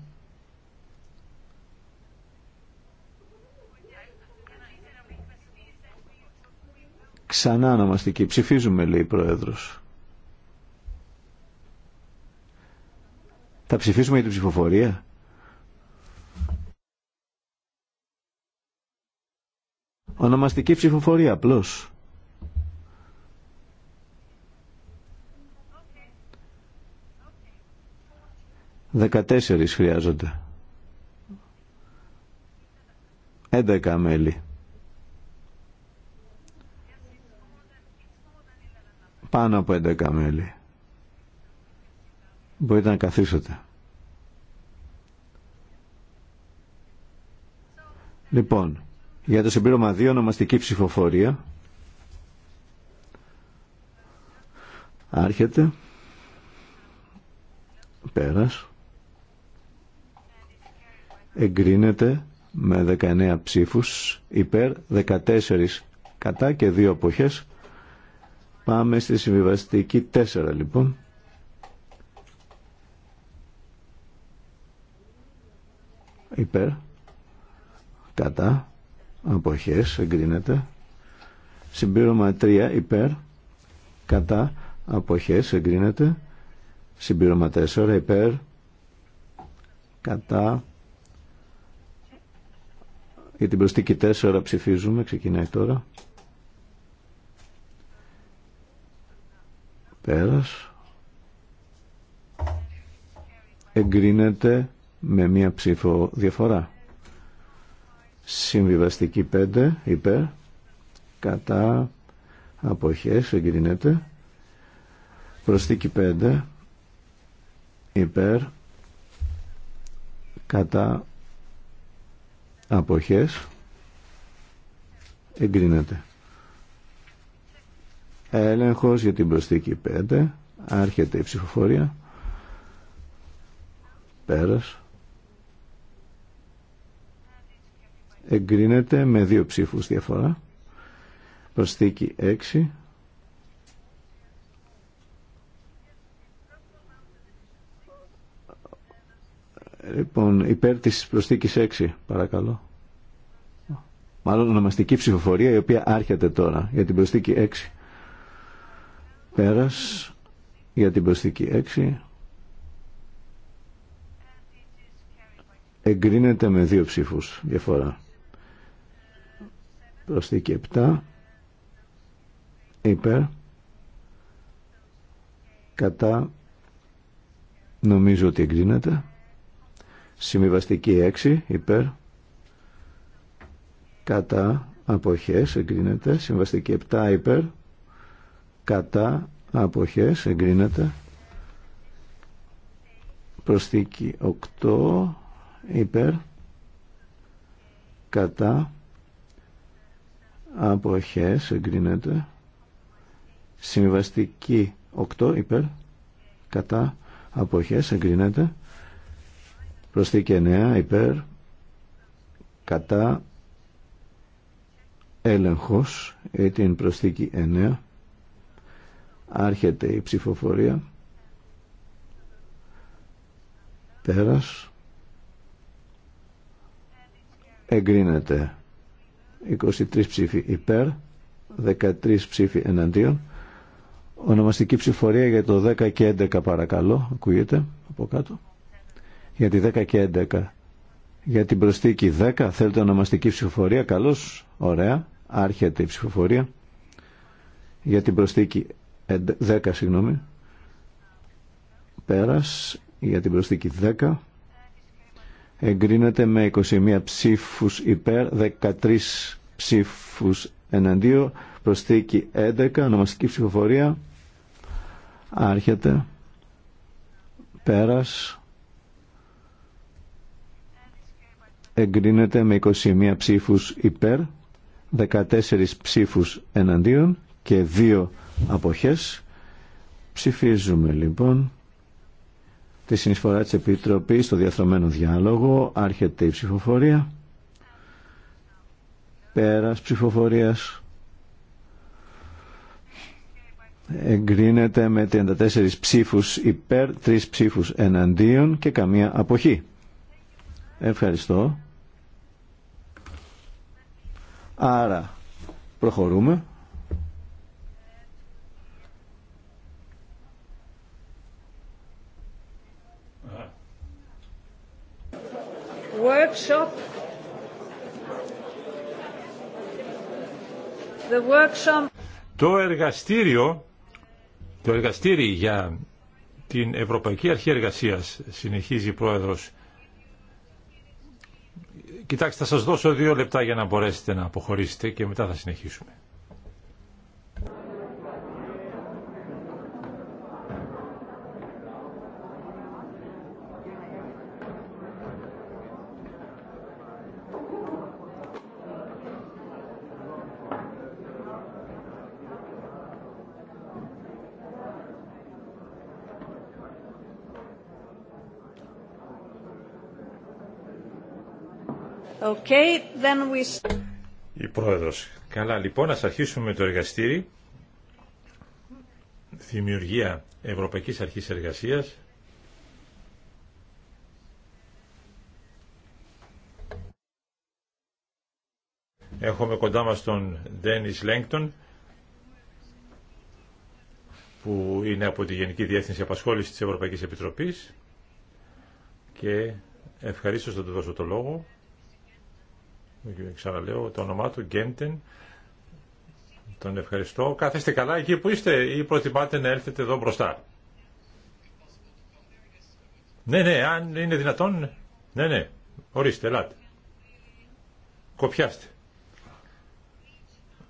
Ξανά ονομαστική. Ψηφίζουμε, λέει η Πρόεδρος. Θα ψηφίσουμε για την ψηφοφορία. Ονομαστική ψηφοφορία απλώς. Δεκατέσσερις χρειάζονται. Έντεκα μέλη. πάνω από 11 μέλη. Μπορείτε να καθίσετε. Λοιπόν, για το συμπλήρωμα 2 ονομαστική ψηφοφορία. Άρχεται. Πέρας. Εγκρίνεται με 19 ψήφους υπέρ 14 κατά και 2 αποχές. Πάμε στη συμβιβαστική 4 λοιπόν. Υπέρ. Κατά. Αποχές. Εγκρίνεται. Συμπλήρωμα 3. Υπέρ. Κατά. Αποχές. Εγκρίνεται. Συμπλήρωμα 4. Υπέρ. Κατά. Για την προστίκη 4 ψηφίζουμε. Ξεκινάει τώρα. Εγκρίνεται με μία ψήφο διαφορά. Συμβιβαστική 5 υπέρ. Κατά αποχές εγκρίνεται. Προστίκη 5 υπέρ. Κατά αποχές εγκρίνεται. Έλεγχος για την προσθήκη 5. Άρχεται η ψηφοφορία. Πέρας. Εγκρίνεται με δύο ψήφους διαφορά. Προσθήκη 6. Λοιπόν, υπέρ της προσθήκης 6, παρακαλώ. Μάλλον ονομαστική ψηφοφορία η οποία άρχεται τώρα για την προσθήκη 6. Πέρας για την προσθήκη 6. Εγκρίνεται με δύο ψήφους διαφορά. Προσθήκη 7. Υπέρ. Κατά. Νομίζω ότι εγκρίνεται. Συμβιβαστική 6. Υπέρ. Κατά. Αποχές εγκρίνεται. Συμβαστική 7. Υπέρ κατά αποχές εγκρίνεται προσθήκη 8 υπέρ κατά αποχές εγκρίνεται συμβαστική 8 υπέρ κατά αποχές εγκρίνεται προσθήκη 9 υπέρ κατά έλεγχος ή την προσθήκη 9 Άρχεται η ψηφοφορία. Πέρας. Εγκρίνεται. 23 ψήφοι υπέρ, 13 ψήφοι εναντίον. Ονομαστική ψηφορία για το 10 και 11 παρακαλώ. Ακούγεται από κάτω. Για τη 10 και 11. Για την προστίκη 10 θέλετε ονομαστική ψηφοφορία. Καλώς. Ωραία. Άρχεται η ψηφοφορία. Για την προστίκη 10 συγγνώμη πέρας για την προσθήκη 10 εγκρίνεται με 21 ψήφους υπέρ 13 ψήφους εναντίον προσθήκη 11 ονομαστική ψηφοφορία άρχεται πέρας εγκρίνεται με 21 ψήφους υπέρ 14 ψήφους εναντίον και 2 αποχές. Ψηφίζουμε λοιπόν τη συνεισφορά της Επιτροπής στο διαθρωμένο διάλογο. Άρχεται η ψηφοφορία. Πέρας ψηφοφορίας. Εγκρίνεται με 34 ψήφους υπέρ, 3 ψήφους εναντίον και καμία αποχή. Ευχαριστώ. Άρα προχωρούμε. workshop το εργαστήριο το εργαστήριο για την Ευρωπαϊκή Αρχή Εργασίας συνεχίζει η Πρόεδρος Κοιτάξτε, θα σας δώσω δύο λεπτά για να μπορέσετε να αποχωρήσετε και μετά θα συνεχίσουμε. Okay, then we... Η πρόεδρος. Καλά, λοιπόν, ας αρχίσουμε με το εργαστήρι. Δημιουργία Ευρωπαϊκής Αρχής Εργασίας. Έχουμε κοντά μας τον Ντένις Λέγκτον, που είναι από τη Γενική Διεύθυνση Απασχόλησης της Ευρωπαϊκής Επιτροπής και ευχαριστώ θα του δώσω το λόγο ξαναλέω το όνομά του Γκέντεν. Τον ευχαριστώ. Κάθεστε καλά εκεί που είστε ή προτιμάτε να έρθετε εδώ μπροστά. Ναι, ναι, αν είναι δυνατόν, ναι, ναι, ορίστε, ελάτε. Κοπιάστε.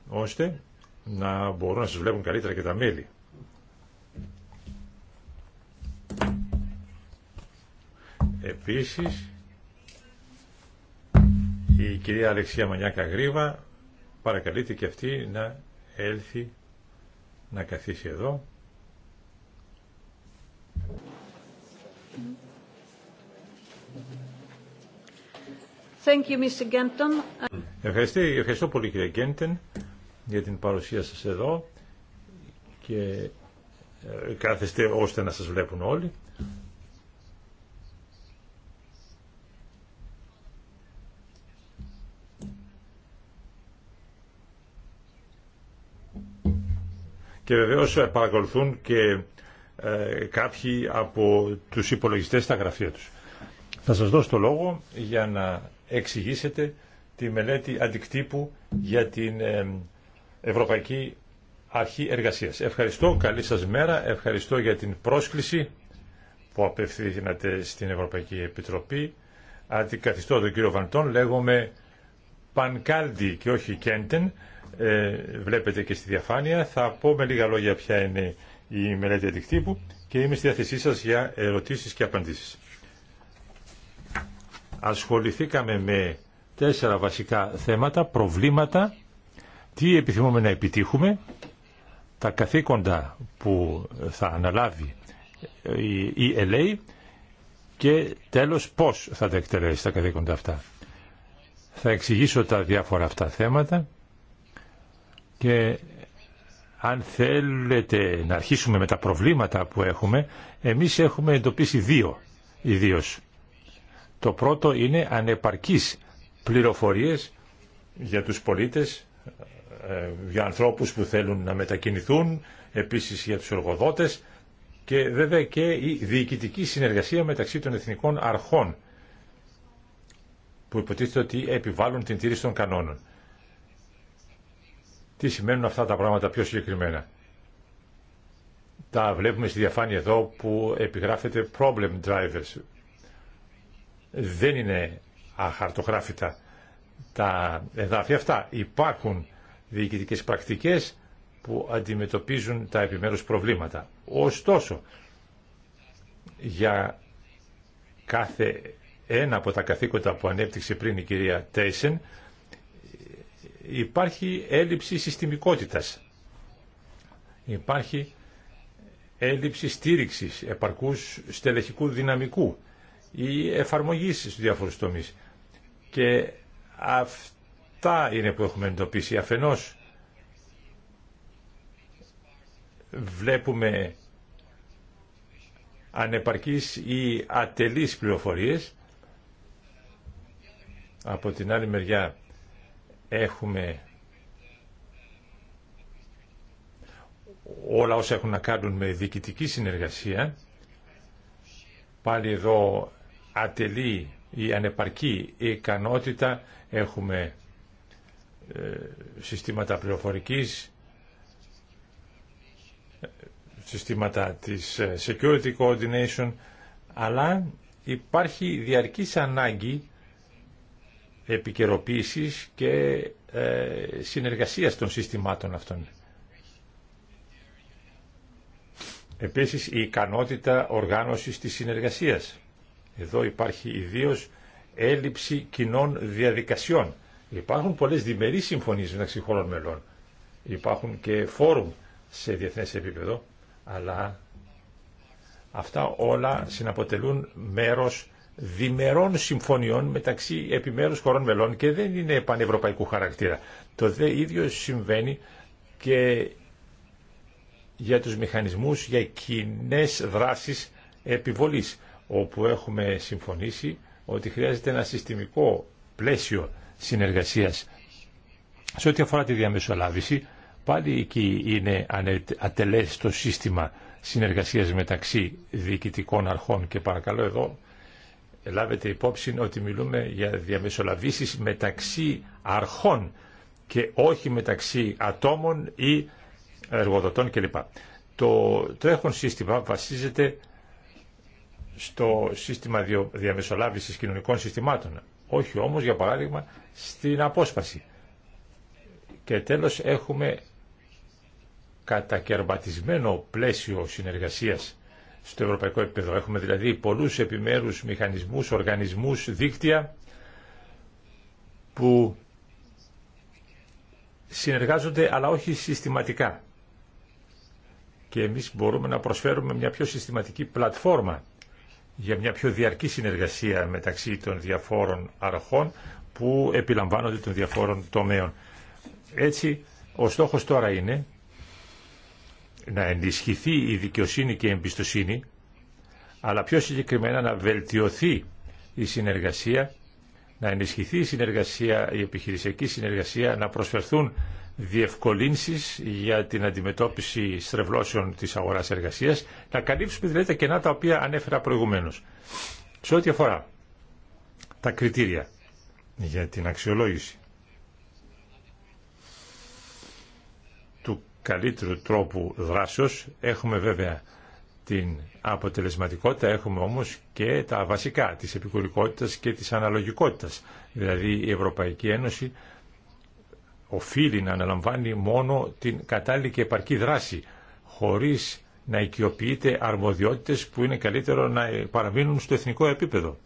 Ώστε να μπορούν να σας βλέπουν καλύτερα και τα μέλη. Επίσης, η κυρία Αλεξία Μανιάκα Γρίβα παρακαλείται και αυτή να έλθει να καθίσει εδώ. Ευχαριστώ, πολύ κύριε Γκέντεν για την παρουσία σας εδώ και ε, κάθεστε ώστε να σας βλέπουν όλοι. και βεβαίως παρακολουθούν και ε, κάποιοι από τους υπολογιστές στα γραφεία τους. Θα σας δώσω το λόγο για να εξηγήσετε τη μελέτη αντικτύπου για την ε, Ευρωπαϊκή Αρχή Εργασίας. Ευχαριστώ, καλή σας μέρα, ευχαριστώ για την πρόσκληση που απευθύνατε στην Ευρωπαϊκή Επιτροπή. Αντικαθιστώ τον κύριο Βαντών, λέγομαι Πανκάλντι και όχι Κέντεν. Ε, βλέπετε και στη διαφάνεια. Θα πω με λίγα λόγια ποια είναι η μελέτη αντικτύπου και είμαι στη διάθεσή σας για ερωτήσεις και απαντήσεις. Ασχοληθήκαμε με τέσσερα βασικά θέματα, προβλήματα, τι επιθυμούμε να επιτύχουμε, τα καθήκοντα που θα αναλάβει η LA και τέλος πώς θα τα εκτελέσει τα καθήκοντα αυτά. Θα εξηγήσω τα διάφορα αυτά θέματα και αν θέλετε να αρχίσουμε με τα προβλήματα που έχουμε, εμείς έχουμε εντοπίσει δύο ιδίως. Το πρώτο είναι ανεπαρκείς πληροφορίες για τους πολίτες, ε, για ανθρώπους που θέλουν να μετακινηθούν, επίσης για τους εργοδότες και βέβαια και η διοικητική συνεργασία μεταξύ των εθνικών αρχών που υποτίθεται ότι επιβάλλουν την τήρηση των κανόνων. Τι σημαίνουν αυτά τα πράγματα πιο συγκεκριμένα. Τα βλέπουμε στη διαφάνεια εδώ που επιγράφεται problem drivers. Δεν είναι αχαρτογράφητα τα εδάφια αυτά. Υπάρχουν διοικητικές πρακτικές που αντιμετωπίζουν τα επιμέρους προβλήματα. Ωστόσο, για κάθε ένα από τα καθήκοντα που ανέπτυξε πριν η κυρία Τέισεν, υπάρχει έλλειψη συστημικότητας. Υπάρχει έλλειψη στήριξης επαρκούς στελεχικού δυναμικού ή εφαρμογής στους διάφορους τομείς. Και αυτά είναι που έχουμε εντοπίσει. Αφενός βλέπουμε ανεπαρκείς ή ατελείς πληροφορίες. Από την άλλη μεριά Έχουμε όλα όσα έχουν να κάνουν με διοικητική συνεργασία. Πάλι εδώ ατελή η ανεπαρκή ικανότητα. Έχουμε ε, συστήματα πληροφορικής, συστήματα της ε, security coordination, αλλά υπάρχει διαρκής ανάγκη επικαιροποίησης και ε, συνεργασίας των συστημάτων αυτών. Επίσης η ικανότητα οργάνωσης της συνεργασίας. Εδώ υπάρχει ιδίως έλλειψη κοινών διαδικασιών. Υπάρχουν πολλές διμερείς συμφωνίες μεταξύ χωρών μελών. Υπάρχουν και φόρουμ σε διεθνές επίπεδο, αλλά αυτά όλα συναποτελούν μέρος διμερών συμφωνιών μεταξύ επιμέρους χωρών μελών και δεν είναι πανευρωπαϊκού χαρακτήρα. Το δε ίδιο συμβαίνει και για τους μηχανισμούς για κοινέ δράσεις επιβολής όπου έχουμε συμφωνήσει ότι χρειάζεται ένα συστημικό πλαίσιο συνεργασίας σε ό,τι αφορά τη διαμεσολάβηση πάλι εκεί είναι ατελέστο σύστημα συνεργασίας μεταξύ διοικητικών αρχών και παρακαλώ εδώ λάβετε υπόψη ότι μιλούμε για διαμεσολαβήσεις μεταξύ αρχών και όχι μεταξύ ατόμων ή εργοδοτών κλπ. Το τρέχον σύστημα βασίζεται στο σύστημα διαμεσολάβησης κοινωνικών συστημάτων, όχι όμως για παράδειγμα στην απόσπαση. Και τέλος έχουμε κατακερματισμένο πλαίσιο συνεργασίας στο ευρωπαϊκό επίπεδο. Έχουμε δηλαδή πολλούς επιμέρους μηχανισμούς, οργανισμούς, δίκτυα που συνεργάζονται αλλά όχι συστηματικά. Και εμείς μπορούμε να προσφέρουμε μια πιο συστηματική πλατφόρμα για μια πιο διαρκή συνεργασία μεταξύ των διαφόρων αρχών που επιλαμβάνονται των διαφόρων τομέων. Έτσι, ο στόχος τώρα είναι να ενισχυθεί η δικαιοσύνη και η εμπιστοσύνη, αλλά πιο συγκεκριμένα να βελτιωθεί η συνεργασία, να ενισχυθεί η συνεργασία, η επιχειρησιακή συνεργασία, να προσφερθούν διευκολύνσεις για την αντιμετώπιση στρεβλώσεων της αγοράς εργασίας, να καλύψουμε δηλαδή τα κενά τα οποία ανέφερα προηγουμένως. Σε ό,τι αφορά τα κριτήρια για την αξιολόγηση, καλύτερου τρόπου δράσεως. Έχουμε βέβαια την αποτελεσματικότητα, έχουμε όμως και τα βασικά της επικουρικότητας και της αναλογικότητας. Δηλαδή η Ευρωπαϊκή Ένωση οφείλει να αναλαμβάνει μόνο την κατάλληλη και επαρκή δράση, χωρίς να οικειοποιείται αρμοδιότητες που είναι καλύτερο να παραμείνουν στο εθνικό επίπεδο.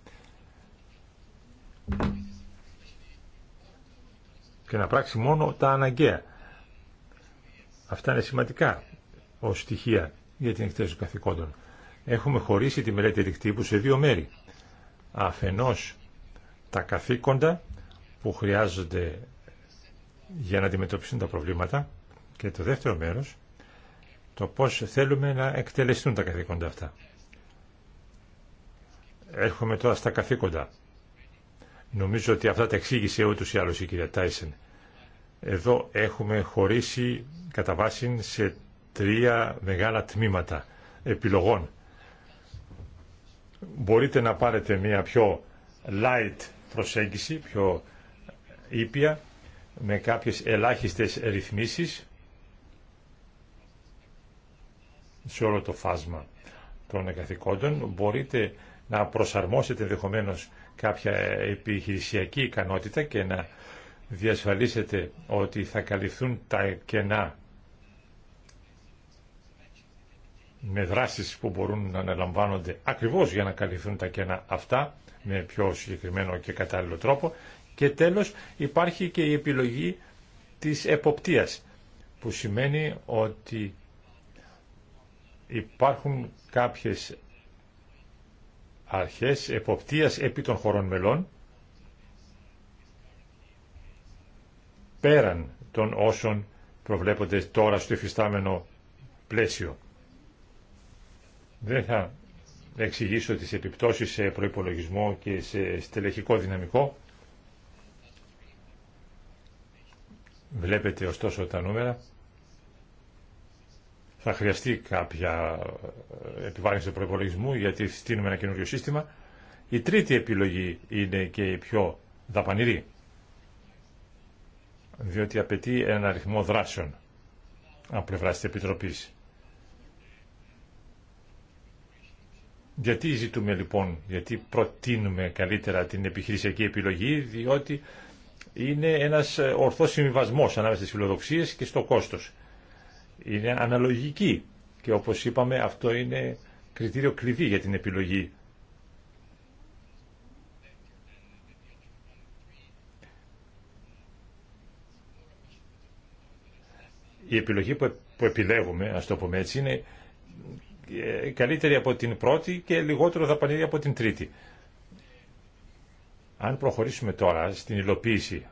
Και να πράξει μόνο τα αναγκαία. Αυτά είναι σημαντικά ω στοιχεία για την εκτέλεση των καθηκόντων. Έχουμε χωρίσει τη μελέτη δικτύπου σε δύο μέρη. Αφενός τα καθήκοντα που χρειάζονται για να αντιμετωπιστούν τα προβλήματα και το δεύτερο μέρος το πώς θέλουμε να εκτελεστούν τα καθήκοντα αυτά. Έρχομαι τώρα στα καθήκοντα. Νομίζω ότι αυτά τα εξήγησε ούτως ή άλλως η κυρία Τάισεν. Εδώ έχουμε χωρίσει κατά βάση σε τρία μεγάλα τμήματα επιλογών. Μπορείτε να πάρετε μια πιο light προσέγγιση, πιο ήπια, με κάποιες ελάχιστες ρυθμίσεις σε όλο το φάσμα των εγκαθηκόντων. Μπορείτε να προσαρμόσετε ενδεχομένω κάποια επιχειρησιακή ικανότητα και να διασφαλίσετε ότι θα καλυφθούν τα κενά με δράσεις που μπορούν να αναλαμβάνονται ακριβώς για να καλυφθούν τα κενά αυτά με πιο συγκεκριμένο και κατάλληλο τρόπο και τέλος υπάρχει και η επιλογή της εποπτείας που σημαίνει ότι υπάρχουν κάποιες αρχές εποπτείας επί των χωρών μελών πέραν των όσων προβλέπονται τώρα στο εφιστάμενο πλαίσιο. Δεν θα εξηγήσω τις επιπτώσεις σε προϋπολογισμό και σε στελεχικό δυναμικό. Βλέπετε ωστόσο τα νούμερα. Θα χρειαστεί κάποια επιβάρυνση του προϋπολογισμού γιατί στείλουμε ένα καινούριο σύστημα. Η τρίτη επιλογή είναι και η πιο δαπανηρή διότι απαιτεί ένα αριθμό δράσεων από πλευρά τη Επιτροπή. Γιατί ζητούμε λοιπόν, γιατί προτείνουμε καλύτερα την επιχειρησιακή επιλογή, διότι είναι ένας ε, ορθός συμβιβασμό ανάμεσα στις φιλοδοξίες και στο κόστος. Είναι αναλογική και όπως είπαμε αυτό είναι κριτήριο κλειδί για την επιλογή η επιλογή που επιλέγουμε, α το πούμε έτσι, είναι ε, καλύτερη από την πρώτη και λιγότερο δαπανηρή από την τρίτη. Αν προχωρήσουμε τώρα στην υλοποίηση,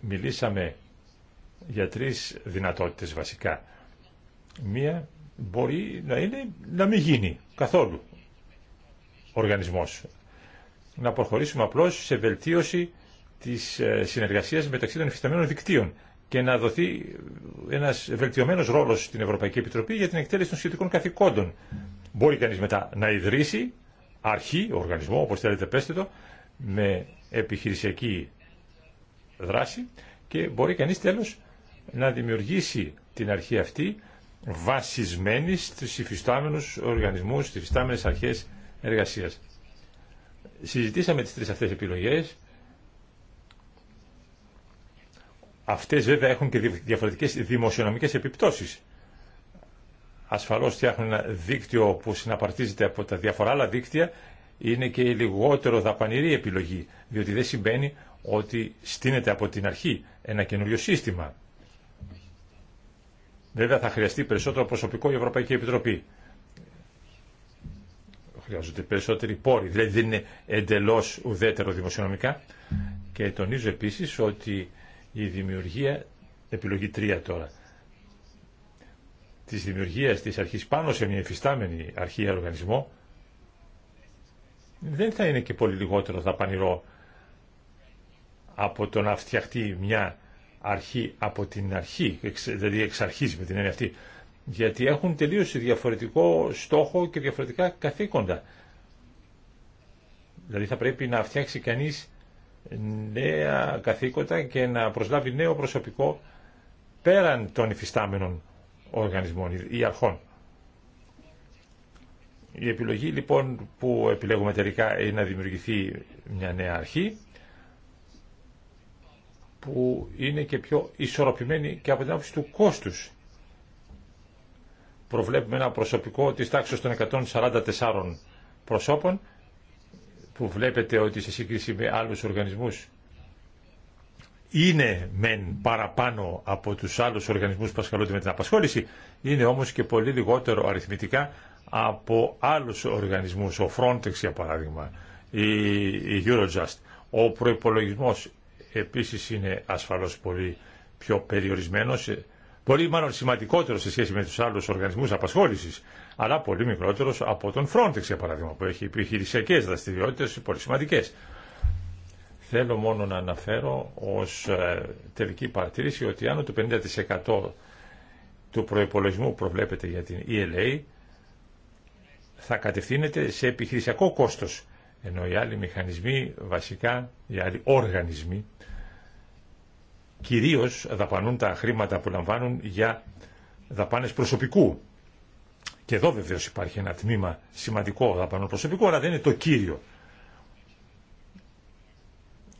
μιλήσαμε για τρεις δυνατότητες βασικά. Μία μπορεί να είναι να μην γίνει καθόλου οργανισμός. Να προχωρήσουμε απλώς σε βελτίωση της ε, συνεργασίας μεταξύ των υφισταμένων δικτύων και να δοθεί ένας βελτιωμένο ρόλος στην Ευρωπαϊκή Επιτροπή για την εκτέλεση των σχετικών καθηκόντων. Μπορεί κανείς μετά να ιδρύσει αρχή, οργανισμό, όπως θέλετε πέστε το, με επιχειρησιακή δράση και μπορεί κανείς τέλος να δημιουργήσει την αρχή αυτή βασισμένη στις υφιστάμενους οργανισμούς, στις υφιστάμενες αρχές εργασίας. Συζητήσαμε τις τρεις αυτές επιλογές Αυτές βέβαια έχουν και διαφορετικές δημοσιονομικές επιπτώσεις. Ασφαλώς φτιάχνουν ένα δίκτυο που συναπαρτίζεται από τα διαφορά άλλα δίκτυα είναι και η λιγότερο δαπανηρή επιλογή, διότι δεν συμβαίνει ότι στείνεται από την αρχή ένα καινούριο σύστημα. Βέβαια θα χρειαστεί περισσότερο προσωπικό η Ευρωπαϊκή Επιτροπή. Χρειάζονται περισσότεροι πόροι, δηλαδή δεν είναι εντελώς ουδέτερο δημοσιονομικά. Και τονίζω επίσης ότι η δημιουργία, επιλογή τρία τώρα, της δημιουργίας της αρχής πάνω σε μια εφιστάμενη αρχή οργανισμό, δεν θα είναι και πολύ λιγότερο δαπανηρό από το να φτιαχτεί μια αρχή από την αρχή, δηλαδή εξ αρχής με την έννοια αυτή, γιατί έχουν τελείως διαφορετικό στόχο και διαφορετικά καθήκοντα. Δηλαδή θα πρέπει να φτιάξει κανείς νέα καθήκοντα και να προσλάβει νέο προσωπικό πέραν των υφιστάμενων οργανισμών ή αρχών. Η επιλογή λοιπόν που επιλέγουμε τελικά είναι να δημιουργηθεί μια νέα αρχή που είναι και πιο ισορροπημένη και από την άποψη του κόστους. Προβλέπουμε ένα προσωπικό της τάξης των 144 προσώπων που βλέπετε ότι σε σύγκριση με άλλους οργανισμούς είναι μεν παραπάνω από τους άλλους οργανισμούς που ασχολούνται με την απασχόληση, είναι όμως και πολύ λιγότερο αριθμητικά από άλλους οργανισμούς, ο Frontex για παράδειγμα, η Eurojust. Ο προϋπολογισμός επίσης είναι ασφαλώς πολύ πιο περιορισμένος, πολύ μάλλον σημαντικότερο σε σχέση με τους άλλους οργανισμούς απασχόλησης, αλλά πολύ μικρότερο από τον Frontex, για παράδειγμα, που έχει επιχειρησιακές δραστηριότητες πολύ σημαντικές. Θέλω μόνο να αναφέρω ως ε, τελική παρατήρηση ότι άνω του 50% του προϋπολογισμού που προβλέπεται για την ELA θα κατευθύνεται σε επιχειρησιακό κόστος, ενώ οι άλλοι μηχανισμοί, βασικά οι άλλοι οργανισμοί, κυρίως δαπανούν τα χρήματα που λαμβάνουν για δαπάνες προσωπικού. Και εδώ βεβαίως υπάρχει ένα τμήμα σημαντικό δαπανών προσωπικού, αλλά δεν είναι το κύριο.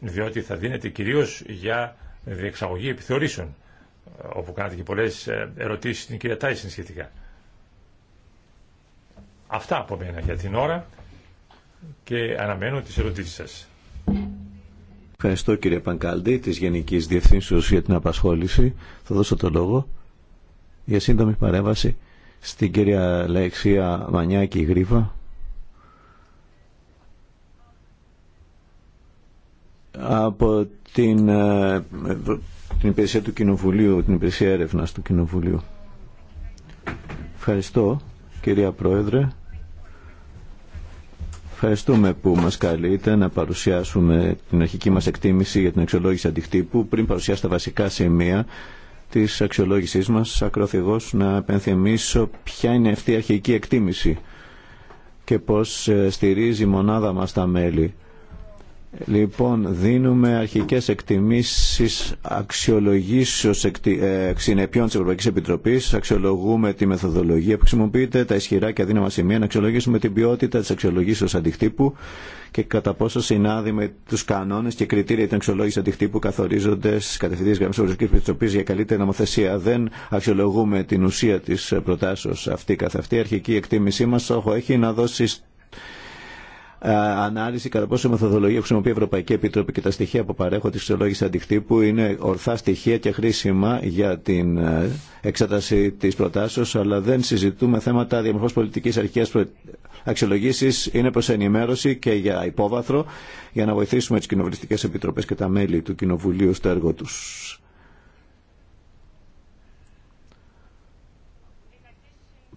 Διότι θα δίνεται κυρίως για διεξαγωγή επιθεωρήσεων, όπου κάνατε και πολλές ε, ερωτήσεις στην κυρία Τάισιν σχετικά. Αυτά από μένα για την ώρα και αναμένω τις ερωτήσεις σας. Ευχαριστώ κύριε Πανκάλντη της Γενικής Διευθύνσεως για την απασχόληση. Θα δώσω το λόγο για σύντομη παρέμβαση στην κυρία Λεξία Μανιάκη Γρίβα. από την, ε, την υπηρεσία του Κοινοβουλίου, την υπηρεσία έρευνας του Κοινοβουλίου. Ευχαριστώ κυρία Πρόεδρε. Ευχαριστούμε που μας καλείτε να παρουσιάσουμε την αρχική μας εκτίμηση για την αξιολόγηση αντιχτύπου. Πριν παρουσιάσω τα βασικά σημεία της αξιολόγησής μας, ακροθυγώ να επενθυμίσω ποια είναι αυτή η αρχική εκτίμηση και πώς ε, στηρίζει η μονάδα μας τα μέλη. Λοιπόν, δίνουμε αρχικές εκτιμήσεις αξιολογήσεως εκτι... ε, συνεπιών της Ευρωπαϊκής Επιτροπής, αξιολογούμε τη μεθοδολογία που χρησιμοποιείται, τα ισχυρά και αδύναμα σημεία, να αξιολογήσουμε την ποιότητα της αξιολογήσεως αντιχτύπου και κατά πόσο συνάδει με τους κανόνες και κριτήρια την αξιολόγηση αντιχτύπου καθορίζονται στις κατευθυντήριες γραμμές της Ευρωπαϊκής Επιτροπής για καλύτερη νομοθεσία. Δεν αξιολογούμε την ουσία της προτάσεως αυτή καθ' αρχική εκτίμησή μας στόχο έχει να δώσει ε, ανάλυση κατά πόσο η μεθοδολογία που χρησιμοποιεί η Ευρωπαϊκή Επιτροπή και τα στοιχεία που παρέχω τη αξιολόγηση αντικτύπου είναι ορθά στοιχεία και χρήσιμα για την ε, εξέταση τη προτάσεω, αλλά δεν συζητούμε θέματα διαμορφώ πολιτική αρχαία αξιολογήσει. Είναι προ ενημέρωση και για υπόβαθρο για να βοηθήσουμε τι κοινοβουλευτικέ επιτροπέ και τα μέλη του Κοινοβουλίου στο έργο του.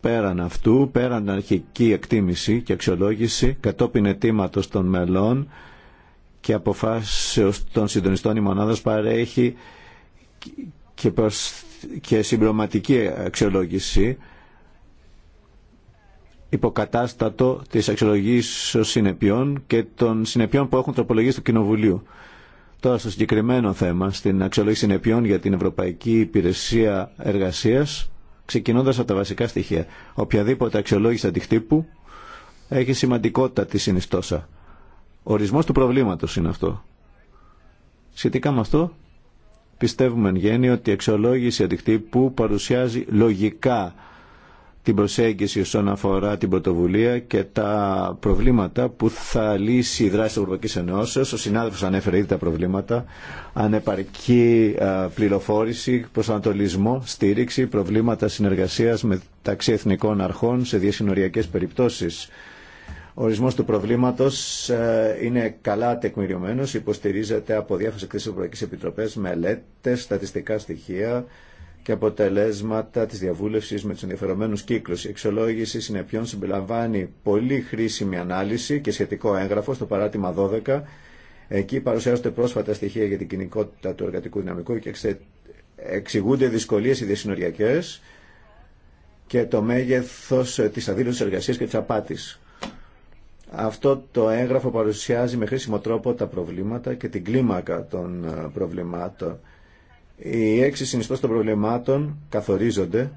Πέραν αυτού, πέραν αρχική εκτίμηση και αξιολόγηση κατόπιν ετήματος των μελών και αποφάσεως των συντονιστών η μονάδα παρέχει και, προς, και συμπροματική αξιολόγηση υποκατάστατο της των συνεπειών και των συνεπειών που έχουν τροπολογήσει του Κοινοβουλίου. Τώρα στο συγκεκριμένο θέμα, στην αξιολόγηση συνεπειών για την Ευρωπαϊκή Υπηρεσία Εργασίας, ξεκινώντας από τα βασικά στοιχεία. Οποιαδήποτε αξιολόγηση αντιχτύπου έχει σημαντικότητα τη συνιστόσα. Ορισμός του προβλήματος είναι αυτό. Σχετικά με αυτό, πιστεύουμε εν γέννη ότι η αξιολόγηση αντιχτύπου παρουσιάζει λογικά την προσέγγιση όσον αφορά την πρωτοβουλία και τα προβλήματα που θα λύσει η δράση τη Ευρωπαϊκή Ενώσεω. Ο συνάδελφο ανέφερε ήδη τα προβλήματα. Ανεπαρκή πληροφόρηση, προσανατολισμό, στήριξη, προβλήματα συνεργασία μεταξύ εθνικών αρχών σε διασυνοριακέ περιπτώσει. Ο ορισμό του προβλήματο είναι καλά τεκμηριωμένο, υποστηρίζεται από διάφορε εκθέσει Ευρωπαϊκή Επιτροπέ, μελέτε, στατιστικά στοιχεία, και αποτελέσματα της διαβούλευσης με τους ενδιαφερομένους κύκλους. Η εξολόγηση συνεπιών συμπεριλαμβάνει πολύ χρήσιμη ανάλυση και σχετικό έγγραφο στο παράτημα 12. Εκεί παρουσιάζονται πρόσφατα στοιχεία για την κοινικότητα του εργατικού δυναμικού και εξηγούνται δυσκολίες οι και το μέγεθος ε, της αδήλωσης εργασίας και της απάτης. Αυτό το έγγραφο παρουσιάζει με χρήσιμο τρόπο τα προβλήματα και την κλίμακα των ε, προβλημάτων οι έξι συνιστώ των προβλημάτων καθορίζονται,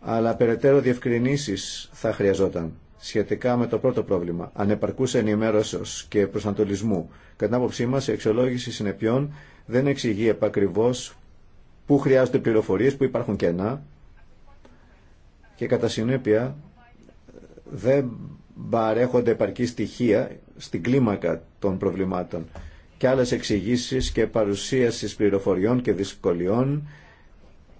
αλλά περαιτέρω διευκρινήσεις θα χρειαζόταν σχετικά με το πρώτο πρόβλημα, ανεπαρκού ενημέρωση και προσανατολισμού. Κατά την άποψή μα, η αξιολόγηση συνεπιών δεν εξηγεί επακριβώς επακριβώ που χρειαζονται πληροφορίε που κενά και κατά συνέπεια δεν παρέχονται επαρκή στοιχεία στην κλίμακα των προβλημάτων και άλλες εξηγήσει και παρουσίασης πληροφοριών και δυσκολιών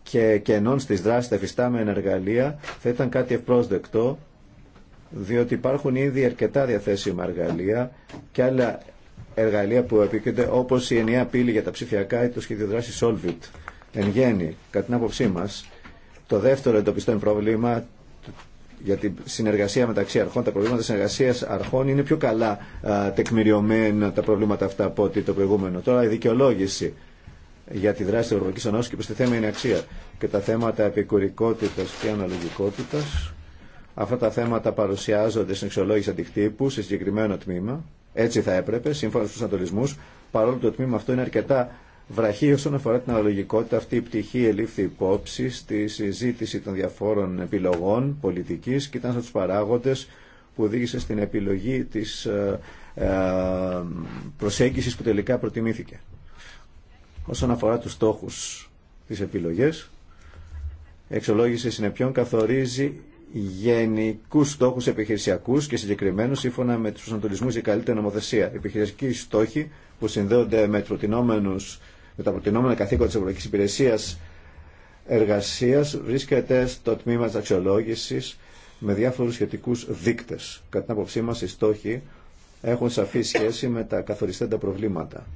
και κενών στις δράσεις τα εφιστάμενα εργαλεία θα ήταν κάτι ευπρόσδεκτο διότι υπάρχουν ήδη αρκετά διαθέσιμα εργαλεία και άλλα εργαλεία που επίκενται όπως η ενιαία πύλη για τα ψηφιακά ή το σχέδιο δράση Solvit. Εν γέννη, κατά την άποψή μας, το δεύτερο εντοπιστό πρόβλημα για τη συνεργασία μεταξύ αρχών. Τα προβλήματα συνεργασία αρχών είναι πιο καλά τεκμηριωμένα τα προβλήματα αυτά από ότι το προηγούμενο. Τώρα η δικαιολόγηση για τη δράση τη Ευρωπαϊκή Ενώση και προ τη είναι αξία. Και τα θέματα επικουρικότητα και αναλογικότητα. Αυτά τα θέματα παρουσιάζονται στην εξολόγηση αντικτύπου σε συγκεκριμένο τμήμα. Έτσι θα έπρεπε, σύμφωνα στου αντολισμού, παρόλο που το τμήμα αυτό είναι αρκετά Βραχή όσον αφορά την αναλογικότητα αυτή η πτυχή ελήφθη υπόψη στη συζήτηση των διαφόρων επιλογών πολιτικής και ήταν στους παράγοντες που οδήγησε στην επιλογή της ε, ε, προσέγγισης που τελικά προτιμήθηκε. Όσον αφορά τους στόχους της επιλογές, εξολόγηση συνεπιών καθορίζει γενικού στόχου επιχειρησιακού και συγκεκριμένου σύμφωνα με του προσανατολισμού για καλύτερη νομοθεσία. Επιχειρησιακοί στόχοι που συνδέονται με του με τα προτινόμενα καθήκοντα τη Ευρωπαϊκή Υπηρεσία Εργασία βρίσκεται στο τμήμα τη αξιολόγηση με διάφορου σχετικού δείκτε. Κατά την άποψή μα, οι στόχοι έχουν σαφή σχέση με τα καθοριστέντα προβλήματα.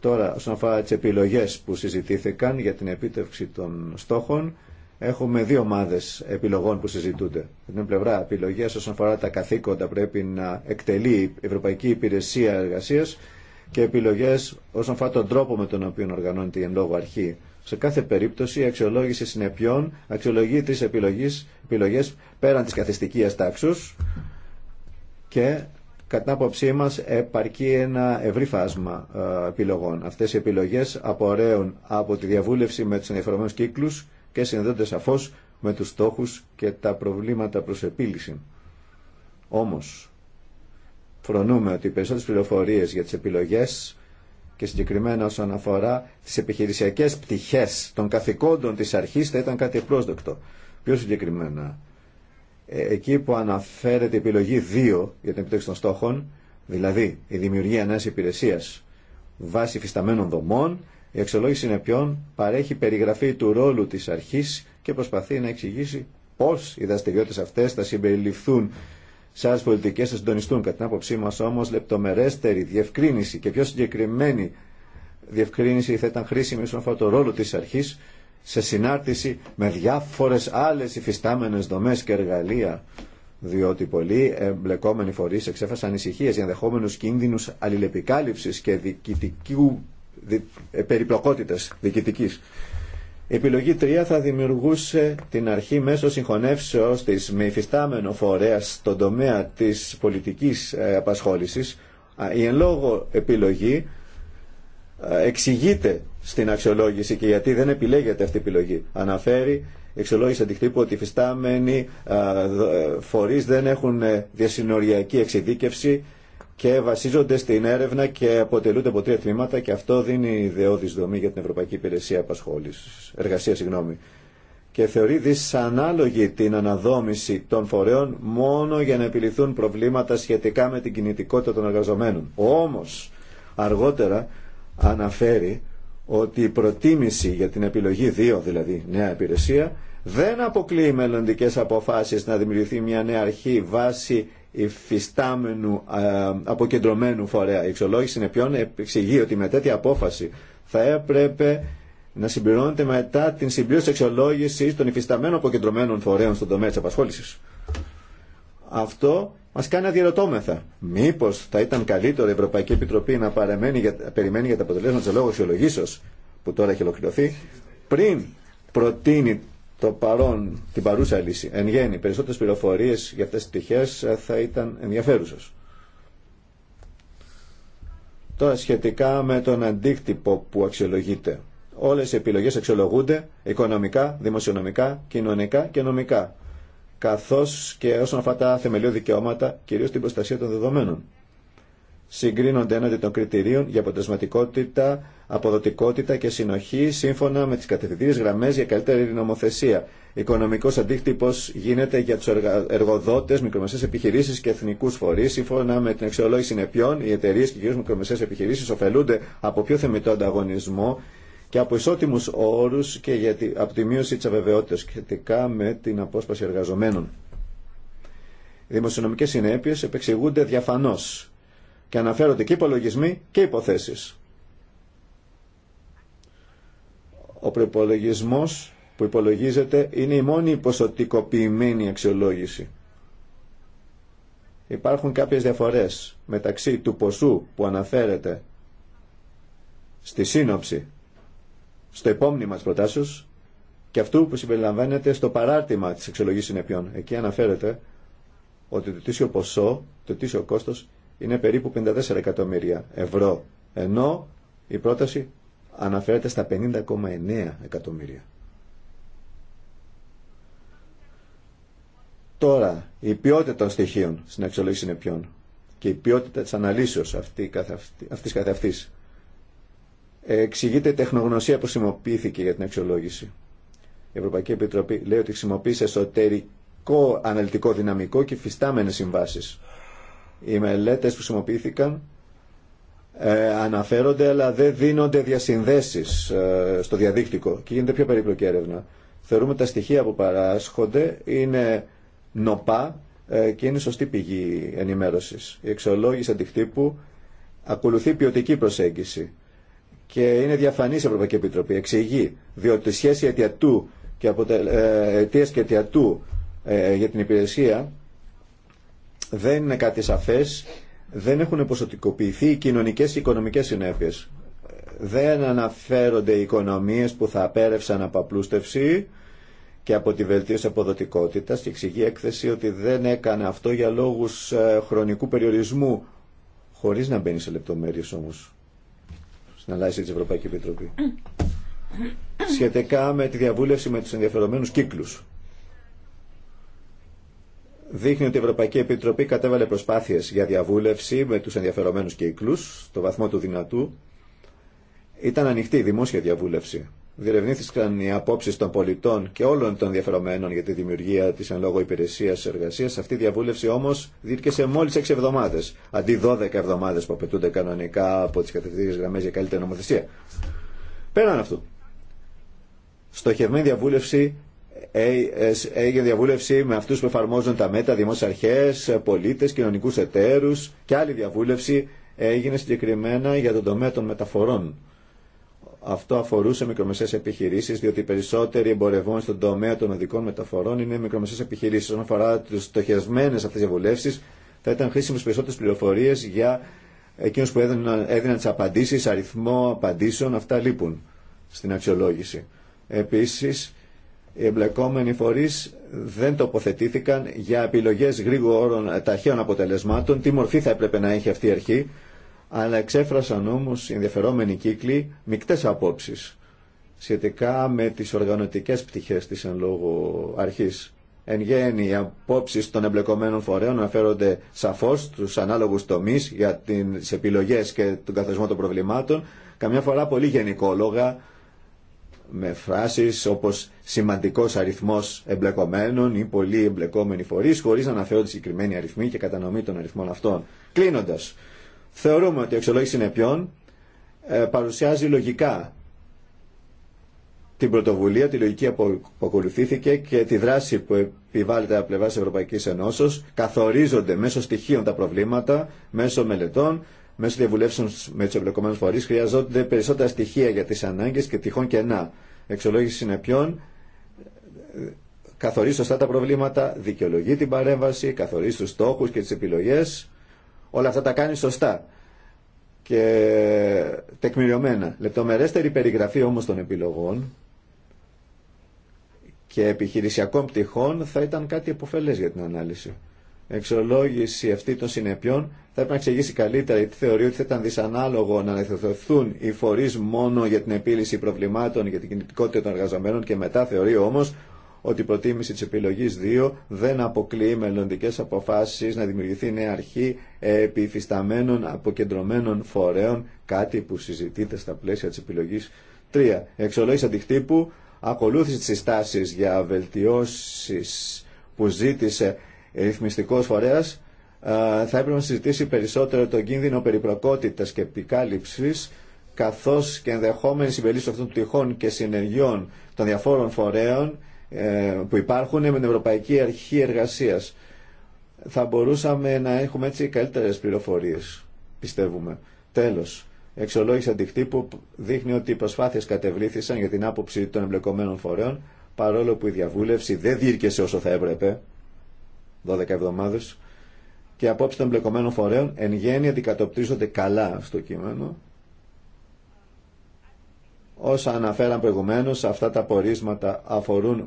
Τώρα, όσον αφορά τι επιλογέ που συζητήθηκαν για την επίτευξη των στόχων, έχουμε δύο ομάδε επιλογών που συζητούνται. Από την πλευρά, επιλογέ όσον αφορά τα καθήκοντα πρέπει να εκτελεί η Ευρωπαϊκή Υπηρεσία Εργασία και επιλογέ όσον αφορά τον τρόπο με τον οποίο οργανώνεται η εν λόγω αρχή. Σε κάθε περίπτωση η αξιολόγηση συνεπιών αξιολογεί τρεις επιλογές, πέραν της καθιστική τάξης και κατά άποψή μα επαρκεί ένα ευρύ φάσμα ε, επιλογών. Αυτές οι επιλογές απορρέουν από τη διαβούλευση με τους ενδιαφερομένου κύκλου και συνδέονται σαφώ με του στόχου και τα προβλήματα προ επίλυση. Όμως, Φρονούμε ότι οι περισσότερες πληροφορίες για τις επιλογές και συγκεκριμένα όσον αφορά τις επιχειρησιακές πτυχές των καθηκόντων της αρχής θα ήταν κάτι πρόσδεκτο. Πιο συγκεκριμένα, ε, εκεί που αναφέρεται η επιλογή 2 για την επιτέξη των στόχων, δηλαδή η δημιουργία νέας υπηρεσίας βάσει φυσταμένων δομών, η αξιολόγηση συνεπιών παρέχει περιγραφή του ρόλου της αρχής και προσπαθεί να εξηγήσει πώς οι δραστηριότητε αυτές θα συμπεριληφθούν σε άλλε πολιτικέ θα συντονιστούν. Κατά την άποψή μα όμω, λεπτομερέστερη διευκρίνηση και πιο συγκεκριμένη διευκρίνηση θα ήταν χρήσιμη όσον αφορά το ρόλο τη αρχή σε συνάρτηση με διάφορε άλλε υφιστάμενε δομέ και εργαλεία. Διότι πολλοί εμπλεκόμενοι φορεί εξέφασαν ανησυχίε για ενδεχόμενου κίνδυνου αλληλεπικάλυψη και ε, περιπλοκότητα διοικητική. Η επιλογή 3 θα δημιουργούσε την αρχή μέσω συγχωνεύσεως της με υφιστάμενο φορέας στον τομέα της πολιτικής ε, απασχόλησης. Η εν λόγω επιλογή ε, εξηγείται στην αξιολόγηση και γιατί δεν επιλέγεται αυτή η επιλογή. Αναφέρει η αξιολόγηση αντικτύπου ότι οι φυστάμενοι ε, φορείς δεν έχουν διασυνοριακή εξειδίκευση και βασίζονται στην έρευνα και αποτελούνται από τρία τμήματα και αυτό δίνει ιδεώδης δομή για την Ευρωπαϊκή Υπηρεσία Απασχόλησης, εργασία συγγνώμη. Και θεωρεί δυσανάλογη την αναδόμηση των φορέων μόνο για να επιληθούν προβλήματα σχετικά με την κινητικότητα των εργαζομένων. Όμως αργότερα αναφέρει ότι η προτίμηση για την επιλογή 2, δηλαδή νέα υπηρεσία, δεν αποκλείει μελλοντικέ αποφάσει να δημιουργηθεί μια νέα αρχή βάση υφιστάμενου αποκεντρωμένου φορέα. Η εξολόγηση ποιόν εξηγεί ότι με τέτοια απόφαση θα έπρεπε να συμπληρώνεται μετά την συμπλήρωση εξολόγηση των υφισταμένων αποκεντρωμένων φορέων στον τομέα τη απασχόληση. Αυτό μα κάνει να διαρωτώμεθα. Μήπω θα ήταν καλύτερο η Ευρωπαϊκή Επιτροπή να παραμένει για, περιμένει για τα αποτελέσματα τη λόγω αξιολογήσεω που τώρα έχει ολοκληρωθεί πριν προτείνει το παρόν, την παρούσα λύση. Εν γέννη, περισσότερες πληροφορίες για αυτές τις πτυχές ε, θα ήταν ενδιαφέρουσες. Τώρα σχετικά με τον αντίκτυπο που αξιολογείται. Όλες οι επιλογές αξιολογούνται οικονομικά, δημοσιονομικά, κοινωνικά και νομικά καθώς και όσον αφορά τα θεμελιώδη δικαιώματα, κυρίως την προστασία των δεδομένων συγκρίνονται έναντι των κριτηρίων για αποτελεσματικότητα, αποδοτικότητα και συνοχή σύμφωνα με τι κατευθυντήρε γραμμέ για καλύτερη νομοθεσία. οικονομικό αντίκτυπο γίνεται για του εργοδότε, μικρομεσαίες επιχειρήσει και εθνικού φορεί, Σύμφωνα με την αξιολόγηση συνεπιών, οι εταιρείε και κυρίω μικρομεσαίες επιχειρήσει ωφελούνται από πιο θεμητό ανταγωνισμό και από ισότιμου όρου και για από τη μείωση τη αβεβαιότητα σχετικά με την απόσπαση εργαζομένων. Οι δημοσιονομικέ συνέπειε επεξηγούνται διαφανώ και αναφέρονται και υπολογισμοί και υποθέσεις. Ο προπολογισμό που υπολογίζεται είναι η μόνη ποσοτικοποιημένη αξιολόγηση. Υπάρχουν κάποιες διαφορές μεταξύ του ποσού που αναφέρεται στη σύνοψη, στο επόμενο μας προτάσεως και αυτού που συμπεριλαμβάνεται στο παράρτημα της αξιολογής συνεπειών. Εκεί αναφέρεται ότι το τίσιο ποσό, το τίσιο κόστος είναι περίπου 54 εκατομμύρια ευρώ, ενώ η πρόταση αναφέρεται στα 50,9 εκατομμύρια. Τώρα, η ποιότητα των στοιχείων στην αξιολόγηση ποιον και η ποιότητα της αναλύσεως αυτή, αυτής καθ' εξηγείται η τεχνογνωσία που χρησιμοποιήθηκε για την αξιολόγηση. Η Ευρωπαϊκή Επιτροπή λέει ότι χρησιμοποιεί εσωτερικό αναλυτικό δυναμικό και φυστάμενες συμβάσεις. Οι μελέτες που χρησιμοποιήθηκαν ε, αναφέρονται αλλά δεν δίνονται διασυνδέσεις ε, στο διαδίκτυο και γίνεται πιο περίπλοκη έρευνα. Θεωρούμε τα στοιχεία που παράσχονται είναι νοπά ε, και είναι σωστή πηγή ενημέρωσης. Η εξολόγηση αντικτύπου ακολουθεί ποιοτική προσέγγιση και είναι διαφανή η Ευρωπαϊκή Επιτροπή. Εξηγεί διότι σχέση και και αιτιατού για την υπηρεσία δεν είναι κάτι σαφές, δεν έχουν ποσοτικοποιηθεί οι κοινωνικές και οικονομικές συνέπειες. Δεν αναφέρονται οι οικονομίες που θα απέρευσαν από απλούστευση και από τη βελτίωση αποδοτικότητας και εξηγεί έκθεση ότι δεν έκανε αυτό για λόγους ε, χρονικού περιορισμού, χωρίς να μπαίνει σε λεπτομέρειες όμως, στην αλλάση της Ευρωπαϊκή Επιτροπή. Σχετικά με τη διαβούλευση με τους ενδιαφερομένους κύκλους δείχνει ότι η Ευρωπαϊκή Επιτροπή κατέβαλε προσπάθειες για διαβούλευση με τους ενδιαφερομένους κύκλους, το βαθμό του δυνατού. Ήταν ανοιχτή η δημόσια διαβούλευση. Διερευνήθηκαν οι απόψει των πολιτών και όλων των ενδιαφερομένων για τη δημιουργία τη εν λόγω υπηρεσία εργασία. Αυτή η διαβούλευση όμω διήρκεσε μόλι 6 εβδομάδε, αντί 12 εβδομάδε που απαιτούνται κανονικά από τι κατευθυντήριε γραμμέ για καλύτερη νομοθεσία. Πέραν αυτού, στοχευμένη διαβούλευση έγινε διαβούλευση με αυτούς που εφαρμόζουν τα μέτα, δημόσιες αρχές, πολίτες, κοινωνικούς εταίρους και άλλη διαβούλευση έγινε συγκεκριμένα για τον τομέα των μεταφορών. Αυτό αφορούσε μικρομεσαίες επιχειρήσεις, διότι οι περισσότεροι εμπορευόμενοι στον τομέα των οδικών μεταφορών είναι μικρομεσαίες επιχειρήσεις. Όσον αφορά τι στοχευμένε αυτές διαβουλεύσεις, θα ήταν χρήσιμε περισσότερες πληροφορίες για εκείνους που έδιναν, έδιναν τις αριθμό απαντήσεων, αυτά λείπουν στην αξιολόγηση. Επίσης, οι εμπλεκόμενοι φορείς δεν τοποθετήθηκαν για επιλογές γρήγορων ταχαίων αποτελεσμάτων, τι μορφή θα έπρεπε να έχει αυτή η αρχή, αλλά εξέφρασαν όμως οι ενδιαφερόμενοι κύκλοι μικτές απόψεις σχετικά με τις οργανωτικές πτυχές της εν λόγω αρχής. Εν γέννη, οι απόψει των εμπλεκομένων φορέων αναφέρονται σαφώ στου ανάλογου τομεί για τι επιλογέ και τον καθορισμό των προβλημάτων, καμιά φορά πολύ γενικόλογα, με φράσεις όπως σημαντικός αριθμός εμπλεκομένων ή πολλοί εμπλεκόμενοι φορείς χωρίς να αναφέρονται συγκεκριμένοι αριθμοί και κατανομή των αριθμών αυτών. Κλείνοντας, θεωρούμε ότι η πολυ εμπλεκομενοι φορεις χωρις να αναφερονται συνεπιών ε, παρουσιάζει λογικά την πρωτοβουλία, τη λογική που ακολουθήθηκε και τη δράση που επιβάλλεται από πλευρά Ευρωπαϊκή Ενώσεω. Καθορίζονται μέσω στοιχείων τα προβλήματα, μέσω μελετών, μέσω διαβουλεύσεων με του εμπλεκομένου φορεί χρειαζόνται περισσότερα στοιχεία για τι ανάγκε και τυχόν κενά. Εξολόγηση συνεπιών καθορίζει σωστά τα προβλήματα, δικαιολογεί την παρέμβαση, καθορίζει του στόχου και τι επιλογέ. Όλα αυτά τα κάνει σωστά και τεκμηριωμένα. Λεπτομερέστερη περιγραφή όμως των επιλογών και επιχειρησιακών πτυχών θα ήταν κάτι επωφελές για την ανάλυση εξολόγηση αυτή των συνεπειών θα έπρεπε να εξηγήσει καλύτερα γιατί θεωρεί ότι θα ήταν δυσανάλογο να αναθεωρηθούν οι φορεί μόνο για την επίλυση προβλημάτων για την κινητικότητα των εργαζομένων και μετά θεωρεί όμω ότι η προτίμηση τη επιλογή 2 δεν αποκλείει μελλοντικέ αποφάσει να δημιουργηθεί νέα αρχή επιφυσταμένων αποκεντρωμένων φορέων, κάτι που συζητείται στα πλαίσια τη επιλογή 3. Εξολόγηση αντιχτύπου, ακολούθησε τι συστάσει για βελτιώσει που ζήτησε ρυθμιστικό φορέα θα έπρεπε να συζητήσει περισσότερο τον κίνδυνο περιπροκότητας και επικάλυψης καθώς και ενδεχόμενη συμπερίληψη αυτών των τυχών και συνεργειών των διαφόρων φορέων ε, που υπάρχουν με την Ευρωπαϊκή Αρχή Εργασίας. Θα μπορούσαμε να έχουμε έτσι καλύτερες πληροφορίες, πιστεύουμε. Τέλος, εξολόγηση αντικτύπου δείχνει ότι οι προσπάθειες κατεβλήθησαν για την άποψη των εμπλεκομένων φορέων, παρόλο που η διαβούλευση δεν διήρκεσε όσο θα έπρεπε 12 εβδομάδε και απόψη των μπλεκομένων φορέων εν γέννη αντικατοπτρίζονται καλά στο κείμενο όσα αναφέραν προηγουμένως αυτά τα πορίσματα αφορούν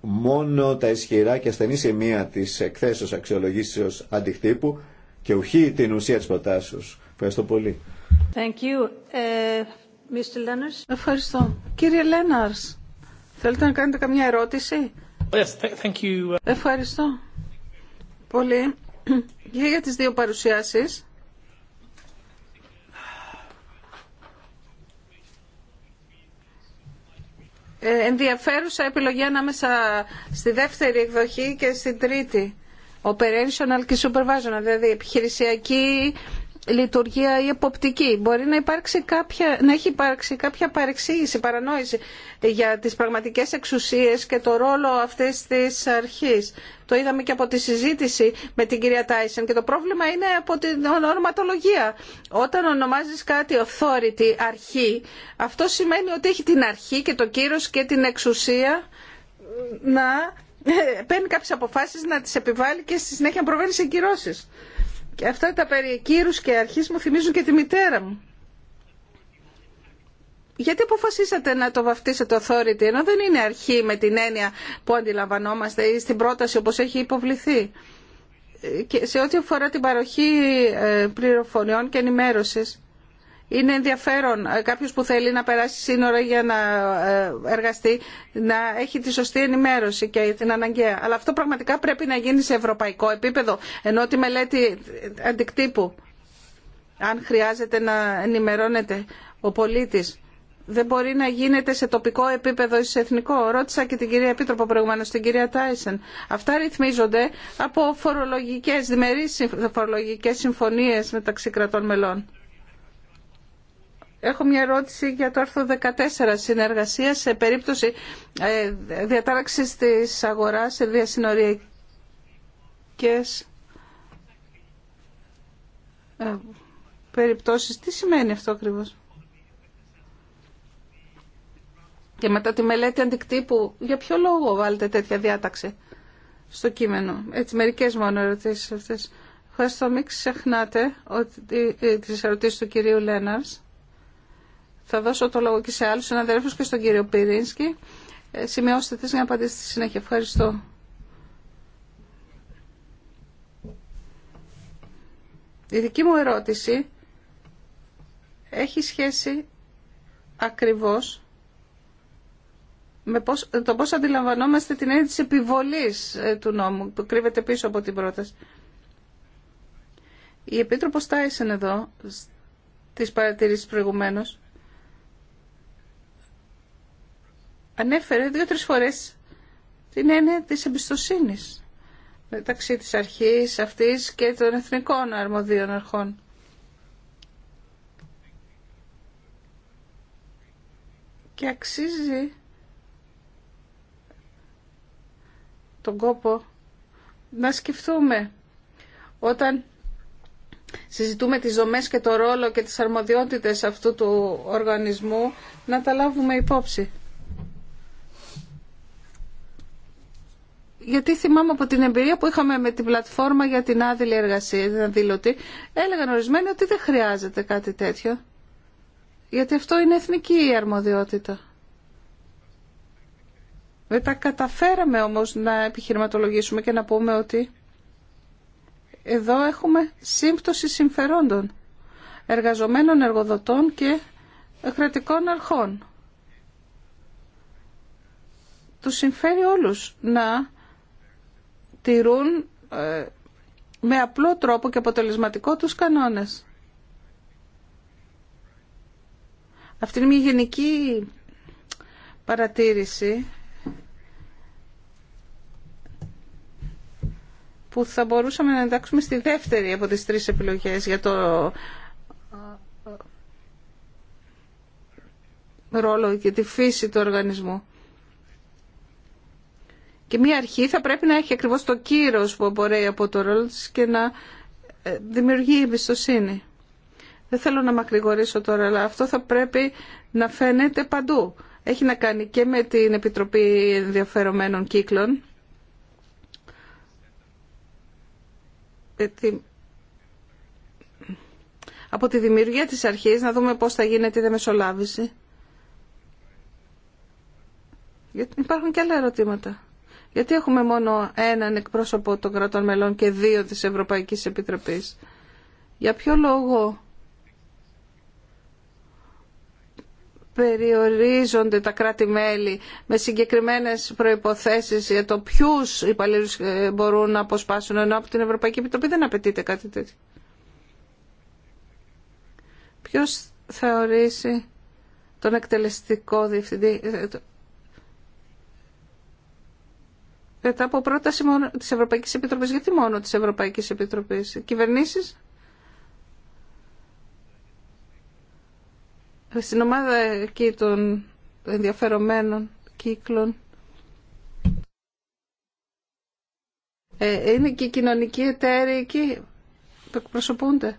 μόνο τα ισχυρά και ασθενή σημεία της εκθέσεως αξιολογήσεως αντιχτύπου και ουχή την ουσία της προτάσεως. Ευχαριστώ πολύ. Thank you. Ε, Mr. Ευχαριστώ. Κύριε Λέναρς, θέλετε να κάνετε καμιά ερώτηση. Uh, Ευχαριστώ πολύ και για τις δύο παρουσιάσεις. Ε, ενδιαφέρουσα επιλογή ανάμεσα στη δεύτερη εκδοχή και στην τρίτη. Operational και supervisional, δηλαδή επιχειρησιακή λειτουργία η εποπτική. Μπορεί να, υπάρξει κάποια, να έχει υπάρξει κάποια παρεξήγηση, παρανόηση για τις πραγματικές εξουσίες και το ρόλο αυτής της αρχής. Το είδαμε και από τη συζήτηση με την κυρία Τάισεν και το πρόβλημα είναι από την ονοματολογία. Όταν ονομάζεις κάτι authority, αρχή, αυτό σημαίνει ότι έχει την αρχή και το κύρος και την εξουσία να ε, παίρνει κάποιες αποφάσεις, να τις επιβάλλει και στη συνέχεια να προβαίνει σε κυρώσεις. Και αυτά τα περί κύρους και αρχής μου θυμίζουν και τη μητέρα μου. Γιατί αποφασίσατε να το βαφτίσετε authority, ενώ δεν είναι αρχή με την έννοια που αντιλαμβανόμαστε ή στην πρόταση όπως έχει υποβληθεί. Ε, και σε ό,τι αφορά την παροχή ε, πληροφοριών και ενημέρωσης, είναι ενδιαφέρον ε, κάποιο που θέλει να περάσει σύνορα για να ε, εργαστεί να έχει τη σωστή ενημέρωση και την αναγκαία. Αλλά αυτό πραγματικά πρέπει να γίνει σε ευρωπαϊκό επίπεδο, ενώ τη μελέτη αντικτύπου, αν χρειάζεται να ενημερώνεται ο πολίτης. Δεν μπορεί να γίνεται σε τοπικό επίπεδο ή σε εθνικό. Ρώτησα και την κυρία Επίτροπο προηγουμένω, την κυρία Τάισεν. Αυτά ρυθμίζονται από φορολογικέ, διμερεί φορολογικέ συμφωνίε μεταξύ κρατών μελών. Έχω μια ερώτηση για το άρθρο 14, συνεργασία σε περίπτωση ε, διατάραξης της αγοράς σε διασυνοριακές ε, περιπτώσεις. Τι σημαίνει αυτό ακριβώς. Και μετά τη μελέτη αντικτύπου, για ποιο λόγο βάλετε τέτοια διάταξη στο κείμενο. Έτσι, μερικές μόνο ερωτήσεις αυτές. Ευχαριστώ, μην ξεχνάτε ότι, ε, τις ερωτήσεις του κυρίου Λέναρς θα δώσω το λόγο και σε άλλους συναδέλφους και στον κύριο Πυρίνσκι. Ε, σημειώστε τις για να απαντήσετε στη συνέχεια. Ευχαριστώ. Η δική μου ερώτηση έχει σχέση ακριβώς με πώς, το πώς αντιλαμβανόμαστε την έννοια της επιβολής ε, του νόμου που κρύβεται πίσω από την πρόταση. Η Επίτροπος Τάισεν εδώ, τις παρατηρήσεις προηγουμένως, ανέφερε δύο-τρεις φορές την έννοια της εμπιστοσύνης μεταξύ της αρχής αυτής και των εθνικών αρμοδίων αρχών. Και αξίζει τον κόπο να σκεφτούμε όταν συζητούμε τις δομές και το ρόλο και τις αρμοδιότητες αυτού του οργανισμού να τα λάβουμε υπόψη. γιατί θυμάμαι από την εμπειρία που είχαμε με την πλατφόρμα για την άδειλη εργασία, την ότι έλεγαν ορισμένοι ότι δεν χρειάζεται κάτι τέτοιο. Γιατί αυτό είναι εθνική αρμοδιότητα. Μετά καταφέραμε όμως να επιχειρηματολογήσουμε και να πούμε ότι εδώ έχουμε σύμπτωση συμφερόντων εργαζομένων εργοδοτών και κρατικών αρχών. Του συμφέρει όλους να τηρούν ε, με απλό τρόπο και αποτελεσματικό τους κανόνες. Αυτή είναι μια γενική παρατήρηση που θα μπορούσαμε να εντάξουμε στη δεύτερη από τις τρεις επιλογές για το ε, ε, ρόλο και τη φύση του οργανισμού. Και μία αρχή θα πρέπει να έχει ακριβώς το κύρος που μπορεί από το ρόλο της και να ε, δημιουργεί εμπιστοσύνη. Δεν θέλω να μακρηγορήσω τώρα, αλλά αυτό θα πρέπει να φαίνεται παντού. Έχει να κάνει και με την Επιτροπή Ενδιαφερομένων Κύκλων. Ε, από τη δημιουργία της αρχής να δούμε πώς θα γίνεται η μεσολάβηση. Υπάρχουν και άλλα ερωτήματα. Γιατί έχουμε μόνο έναν εκπρόσωπο των κρατών μελών και δύο της Ευρωπαϊκής Επιτροπής. Για ποιο λόγο περιορίζονται τα κράτη-μέλη με συγκεκριμένες προϋποθέσεις για το ποιους υπαλλήλους ε, μπορούν να αποσπάσουν, ενώ από την Ευρωπαϊκή Επιτροπή δεν απαιτείται κάτι τέτοιο. Ποιος θα ορίσει τον εκτελεστικό διευθυντή, ε, μετά από πρόταση μόνο της Ευρωπαϊκής Επιτροπής. Γιατί μόνο της Ευρωπαϊκής Επιτροπής. Κυβερνήσεις. Στην ομάδα εκεί των ενδιαφερομένων κύκλων. Ε, είναι και οι κοινωνικοί εταίροι εκεί που εκπροσωπούνται.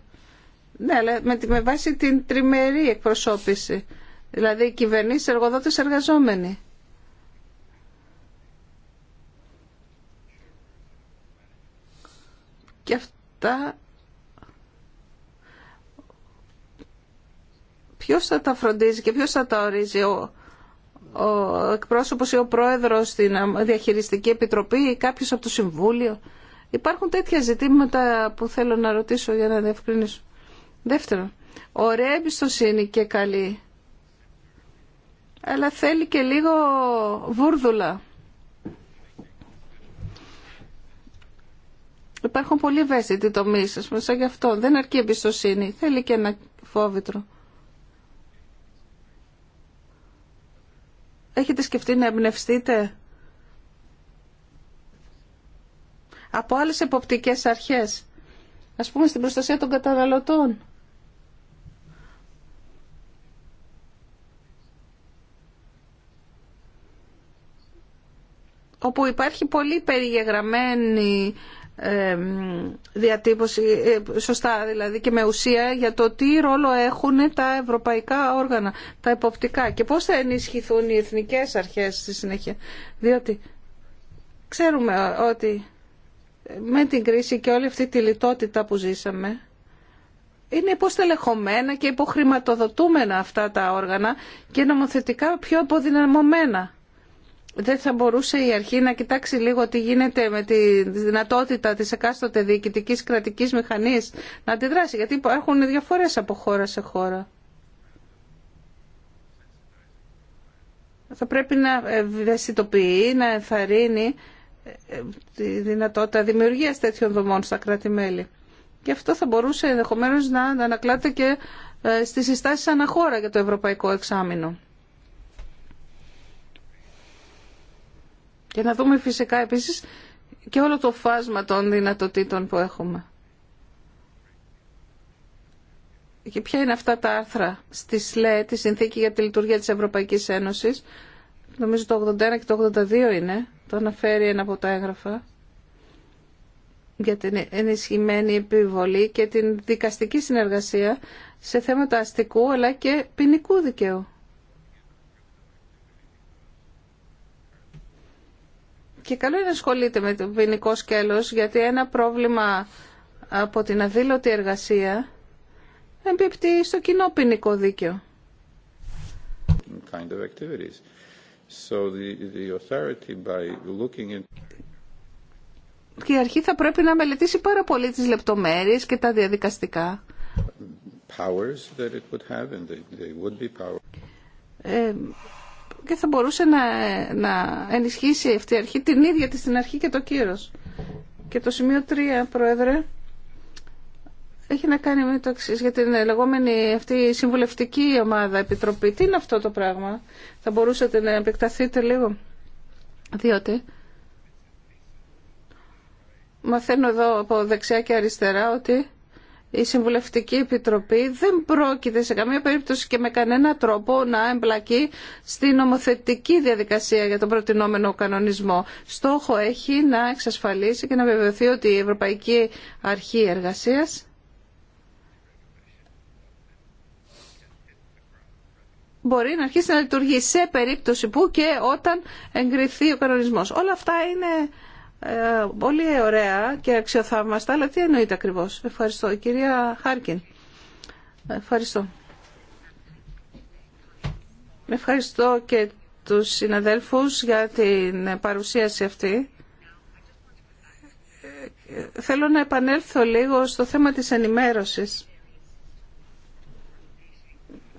Ναι, αλλά με, με βάση την τριμερή εκπροσώπηση. Δηλαδή, κυβερνήσει, εργοδότε, εργαζόμενοι. και αυτά ποιος θα τα φροντίζει και ποιος θα τα ορίζει ο, ο εκπρόσωπος ή ο πρόεδρος στην διαχειριστική επιτροπή ή κάποιος από το Συμβούλιο. Υπάρχουν τέτοια ζητήματα που θέλω να ρωτήσω για να διευκρινίσω. Δεύτερον, ωραία εμπιστοσύνη και καλή, αλλά θέλει και λίγο βούρδουλα. Υπάρχουν πολύ ευαίσθητοι τομεί, α πούμε, σαν γι' αυτό. Δεν αρκεί εμπιστοσύνη. Θέλει και ένα φόβητρο. Έχετε σκεφτεί να εμπνευστείτε από άλλες εποπτικές αρχές, ας πούμε στην προστασία των καταναλωτών. όπου υπάρχει πολύ περιγεγραμμένη διατύπωση ε, σωστά δηλαδή και με ουσία για το τι ρόλο έχουν τα ευρωπαϊκά όργανα, τα εποπτικά και πώς θα ενισχυθούν οι εθνικές αρχές στη συνέχεια. Διότι ξέρουμε ότι με την κρίση και όλη αυτή τη λιτότητα που ζήσαμε είναι υποστελεχωμένα και υποχρηματοδοτούμενα αυτά τα όργανα και νομοθετικά πιο αποδυναμωμένα δεν θα μπορούσε η αρχή να κοιτάξει λίγο τι γίνεται με τη δυνατότητα της εκάστοτε διοικητικής κρατικής μηχανής να αντιδράσει, γιατί έχουν διαφορές από χώρα σε χώρα. Θα πρέπει να ευαισθητοποιεί, να ενθαρρύνει ε, τη δυνατότητα δημιουργίας τέτοιων δομών στα κράτη-μέλη. Και αυτό θα μπορούσε ενδεχομένως να ανακλάται και ε, στις συστάσεις αναχώρα για το Ευρωπαϊκό Εξάμεινο. Και να δούμε φυσικά επίσης και όλο το φάσμα των δυνατοτήτων που έχουμε. Και ποια είναι αυτά τα άρθρα στη ΣΛΕ, τη Συνθήκη για τη Λειτουργία της Ευρωπαϊκής Ένωσης. Νομίζω το 81 και το 82 είναι. Το αναφέρει ένα από τα έγγραφα για την ενισχυμένη επιβολή και την δικαστική συνεργασία σε θέματα αστικού αλλά και ποινικού δικαίου. Και καλό είναι να ασχολείται με το ποινικό σκέλος, γιατί ένα πρόβλημα από την αδήλωτη εργασία εμπίπτει στο κοινό ποινικό δίκαιο. Kind of So the, the by in... Και η αρχή θα πρέπει να μελετήσει πάρα πολύ τις λεπτομέρειες και τα διαδικαστικά και θα μπορούσε να, να ενισχύσει αυτή η αρχή την ίδια της στην αρχή και το κύρος. Και το σημείο 3, Πρόεδρε, έχει να κάνει με το εξή για την λεγόμενη αυτή συμβουλευτική ομάδα επιτροπή. Τι είναι αυτό το πράγμα, θα μπορούσατε να επεκταθείτε λίγο, διότι μαθαίνω εδώ από δεξιά και αριστερά ότι η Συμβουλευτική Επιτροπή δεν πρόκειται σε καμία περίπτωση και με κανένα τρόπο να εμπλακεί στη νομοθετική διαδικασία για τον προτινόμενο κανονισμό. Στόχο έχει να εξασφαλίσει και να βεβαιωθεί ότι η Ευρωπαϊκή Αρχή Εργασίας μπορεί να αρχίσει να λειτουργεί σε περίπτωση που και όταν εγκριθεί ο κανονισμός. Όλα αυτά είναι ε, πολύ ωραία και αξιοθαύμαστα, αλλά τι εννοείται ακριβώς. Ευχαριστώ. κυρία Χάρκιν. Ευχαριστώ. Ευχαριστώ και τους συναδέλφους για την παρουσίαση αυτή. Θέλω να επανέλθω λίγο στο θέμα της ενημέρωσης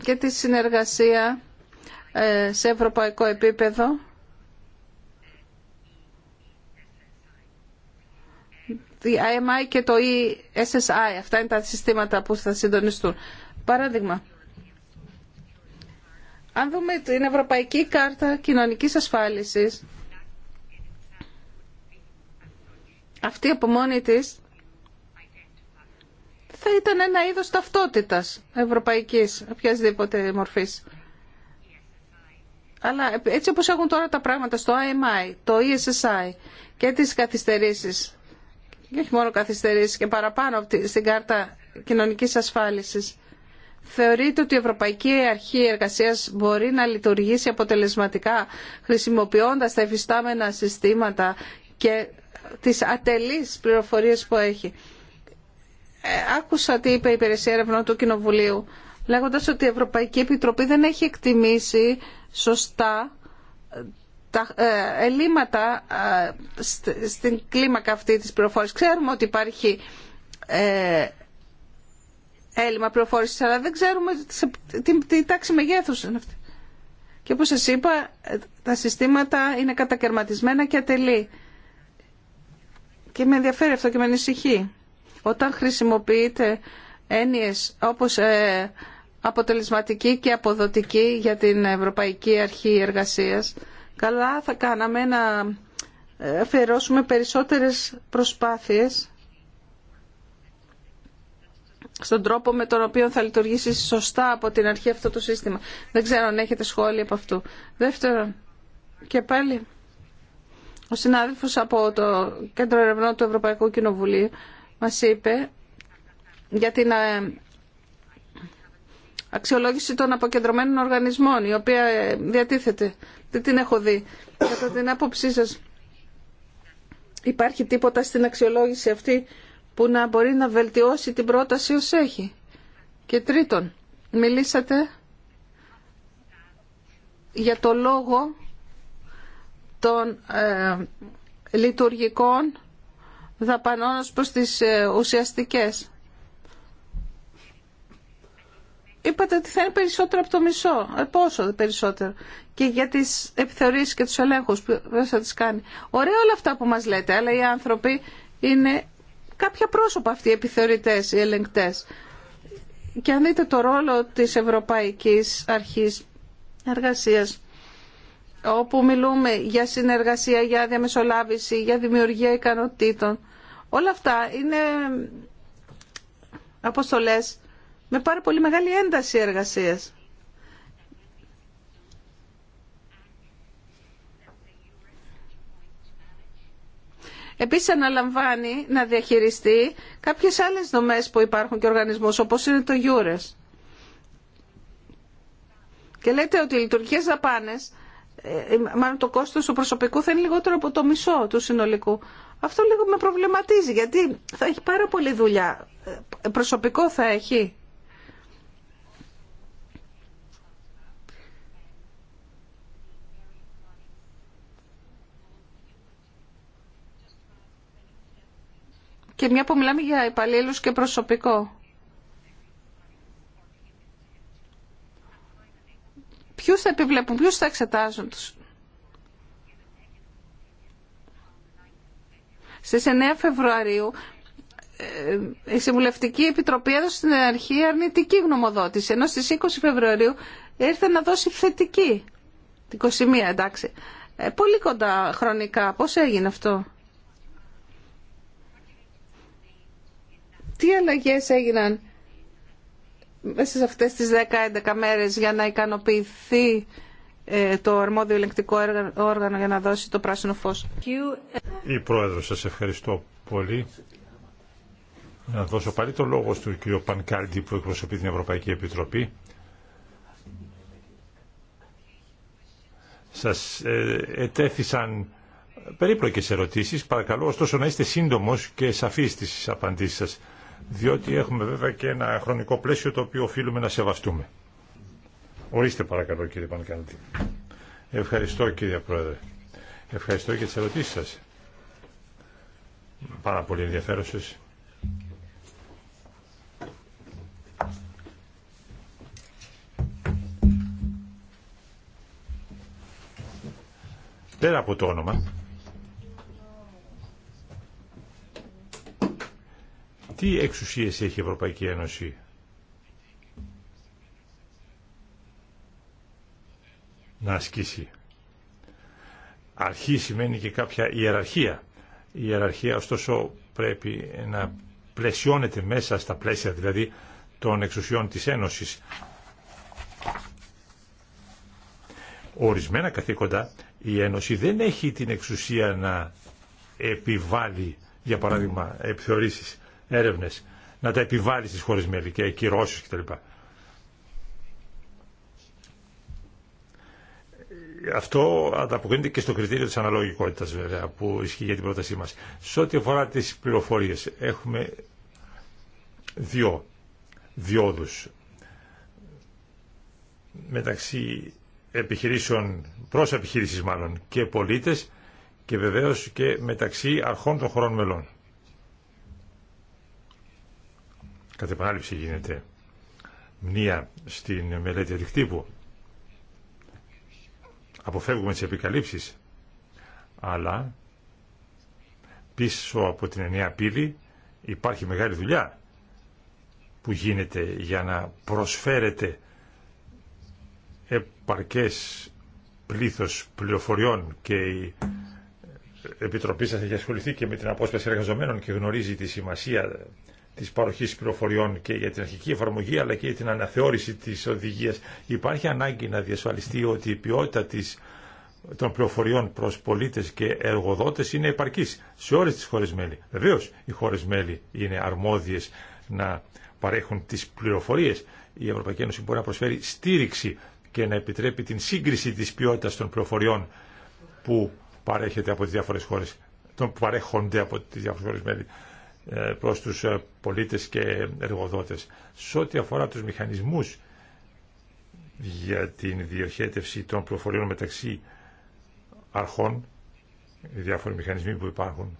και τη συνεργασία ε, σε ευρωπαϊκό επίπεδο IMI και το ESSI. Αυτά είναι τα συστήματα που θα συντονιστούν. Παράδειγμα, αν δούμε την Ευρωπαϊκή Κάρτα Κοινωνικής Ασφάλισης, αυτή από μόνη της θα ήταν ένα είδος ταυτότητας ευρωπαϊκής, οποιασδήποτε μορφής. Αλλά έτσι όπως έχουν τώρα τα πράγματα στο IMI, το ESSI και τις καθυστερήσεις και όχι μόνο καθυστερήσει και παραπάνω στην κάρτα κοινωνικής ασφάλισης. Θεωρείτε ότι η Ευρωπαϊκή Αρχή Εργασίας μπορεί να λειτουργήσει αποτελεσματικά χρησιμοποιώντας τα εφιστάμενα συστήματα και τις ατελείς πληροφορίες που έχει. Ε, άκουσα τι είπε η Υπηρεσία Ερευνών του Κοινοβουλίου λέγοντας ότι η Ευρωπαϊκή Επιτροπή δεν έχει εκτιμήσει σωστά τα ε, ελλείμματα ε, στην κλίμακα αυτή της πληροφόρησης. Ξέρουμε ότι υπάρχει ε, έλλειμμα πληροφόρησης, αλλά δεν ξέρουμε τι τάξη μεγέθους είναι αυτή. Και όπως σας είπα, τα συστήματα είναι κατακαιρματισμένα και ατελή. Και με ενδιαφέρει αυτό και με ανησυχεί. Όταν χρησιμοποιείται έννοιες όπως αποτελεσματική και αποδοτική για την Ευρωπαϊκή Αρχή Εργασίας, Καλά θα κάναμε να αφιερώσουμε περισσότερες προσπάθειες στον τρόπο με τον οποίο θα λειτουργήσει σωστά από την αρχή αυτό το σύστημα. Δεν ξέρω αν έχετε σχόλια από αυτού. Δεύτερον, και πάλι, ο συνάδελφος από το Κέντρο Ερευνών του Ευρωπαϊκού Κοινοβουλίου μας είπε για την ε, αξιολόγηση των αποκεντρωμένων οργανισμών, η οποία ε, διατίθεται. Δεν την έχω δει. Κατά την άποψή σας, υπάρχει τίποτα στην αξιολόγηση αυτή που να μπορεί να βελτιώσει την πρόταση ως έχει. Και τρίτον, μιλήσατε για το λόγο των ε, λειτουργικών δαπανών προς τις ε, ουσιαστικές. είπατε ότι θα είναι περισσότερο από το μισό. Ε, πόσο περισσότερο. Και για τις επιθεωρήσεις και τους ελέγχους που θα τις κάνει. Ωραία όλα αυτά που μας λέτε, αλλά οι άνθρωποι είναι κάποια πρόσωπα αυτοί οι επιθεωρητές, οι ελεγκτές. Και αν δείτε το ρόλο της Ευρωπαϊκής Αρχής Εργασίας, όπου μιλούμε για συνεργασία, για διαμεσολάβηση, για δημιουργία ικανοτήτων, όλα αυτά είναι αποστολές με πάρα πολύ μεγάλη ένταση εργασίας. Επίσης αναλαμβάνει να διαχειριστεί κάποιες άλλες δομές που υπάρχουν και οργανισμούς, όπως είναι το EURES. Και λέτε ότι οι λειτουργικές δαπάνες, ε, ε, μάλλον το κόστος του προσωπικού θα είναι λιγότερο από το μισό του συνολικού. Αυτό λίγο με προβληματίζει, γιατί θα έχει πάρα πολλή δουλειά. Ε, προσωπικό θα έχει. και μια που μιλάμε για υπαλλήλους και προσωπικό. Ποιους θα επιβλέπουν, ποιους θα εξετάζουν τους. Στις 9 Φεβρουαρίου ε, η Συμβουλευτική Επιτροπή έδωσε στην αρχή αρνητική γνωμοδότηση, ενώ στις 20 Φεβρουαρίου ήρθε να δώσει θετική. Την 21 εντάξει. Ε, πολύ κοντά χρονικά. Πώς έγινε αυτό. Τι αλλαγές έγιναν μέσα σε αυτές τις 10-11 μέρες για να ικανοποιηθεί ε, το αρμόδιο ελεγκτικό όργανο για να δώσει το πράσινο φως. Η Πρόεδρο, σας ευχαριστώ πολύ. Να δώσω πάλι το λόγο στον κύριο Πανκάλντι που εκπροσωπεί την Ευρωπαϊκή Επιτροπή. Σας ε, ετέθησαν περίπλοκες ερωτήσεις. Παρακαλώ ωστόσο να είστε σύντομος και σαφείς στις απαντήσεις σας διότι έχουμε βέβαια και ένα χρονικό πλαίσιο το οποίο οφείλουμε να σεβαστούμε. Ορίστε παρακαλώ κύριε Πανκάντη. Ευχαριστώ κύριε Πρόεδρε. Ευχαριστώ για τις ερωτήσεις σας. Πάρα πολύ ενδιαφέρουσες. Πέρα από το όνομα, Τι εξουσίες έχει η Ευρωπαϊκή Ένωση. Να ασκήσει. Αρχή σημαίνει και κάποια ιεραρχία. Η ιεραρχία ωστόσο πρέπει να πλαισιώνεται μέσα στα πλαίσια δηλαδή των εξουσιών της Ένωσης. Ορισμένα καθήκοντα η Ένωση δεν έχει την εξουσία να επιβάλλει για παράδειγμα επιθεωρήσεις έρευνες, να τα επιβάλλει στι χώρε μέλη και κτλ. Αυτό ανταποκρίνεται και στο κριτήριο τη αναλογικότητα, βέβαια που ισχύει για την πρότασή μα. Σε ό,τι αφορά τις πληροφορίε, έχουμε δύο διόδους μεταξύ επιχειρήσεων, προς επιχειρήσεις μάλλον και πολίτες και βεβαίως και μεταξύ αρχών των χωρών μελών. κατ' επανάληψη γίνεται μνήα στην μελέτη αντικτύπου. Αποφεύγουμε τις επικαλύψεις, αλλά πίσω από την εννέα πύλη υπάρχει μεγάλη δουλειά που γίνεται για να προσφέρεται επαρκές πλήθος πληροφοριών και η Επιτροπή σας έχει ασχοληθεί και με την απόσπαση εργαζομένων και γνωρίζει τη σημασία τη παροχή πληροφοριών και για την αρχική εφαρμογή αλλά και για την αναθεώρηση τη οδηγία. υπάρχει ανάγκη να διασφαλιστεί ότι η ποιότητα της, των πληροφοριών προ πολίτε και εργοδότε είναι επαρκή σε όλε τι χώρε μέλη. Βεβαίω, οι χώρε μέλη είναι αρμόδιε να παρέχουν τι πληροφορίε. Η Ευρωπαϊκή Ένωση μπορεί να προσφέρει στήριξη και να επιτρέπει την σύγκριση τη ποιότητα των πληροφοριών που παρέχεται από που παρέχονται από τι διάφορε χώρε μέλη. Ε, προς τους ε, πολίτες και εργοδότες. Σε ό,τι αφορά τους μηχανισμούς για την διοχέτευση των προφορίων μεταξύ αρχών, οι διάφοροι μηχανισμοί που υπάρχουν,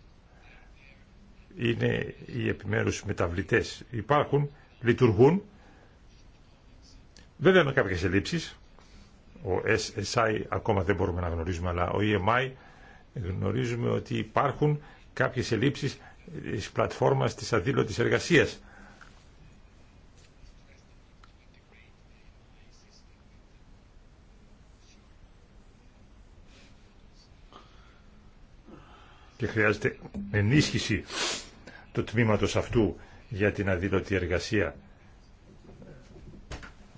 είναι οι επιμέρους μεταβλητές. Υπάρχουν, λειτουργούν, βέβαια με κάποιες ελλείψεις, ο SSI ακόμα δεν μπορούμε να γνωρίζουμε, αλλά ο EMI γνωρίζουμε ότι υπάρχουν κάποιες ελλείψεις της πλατφόρμας της αδήλωτης εργασίας. Και χρειάζεται ενίσχυση του τμήματος αυτού για την αδήλωτη εργασία.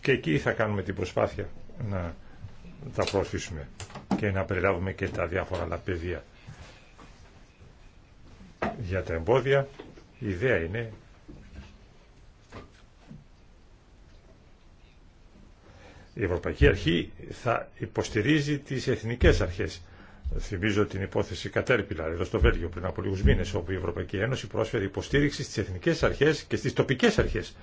Και εκεί θα κάνουμε την προσπάθεια να τα προωθήσουμε και να περιλάβουμε και τα διάφορα άλλα για τα εμπόδια. Η ιδέα είναι η Ευρωπαϊκή Αρχή θα υποστηρίζει τις εθνικές αρχές. Θυμίζω την υπόθεση Κατέρπιλα εδώ στο Βέλγιο πριν από λίγους μήνες όπου η Ευρωπαϊκή Ένωση πρόσφερε υποστήριξη στις εθνικές αρχές και στις τοπικές αρχές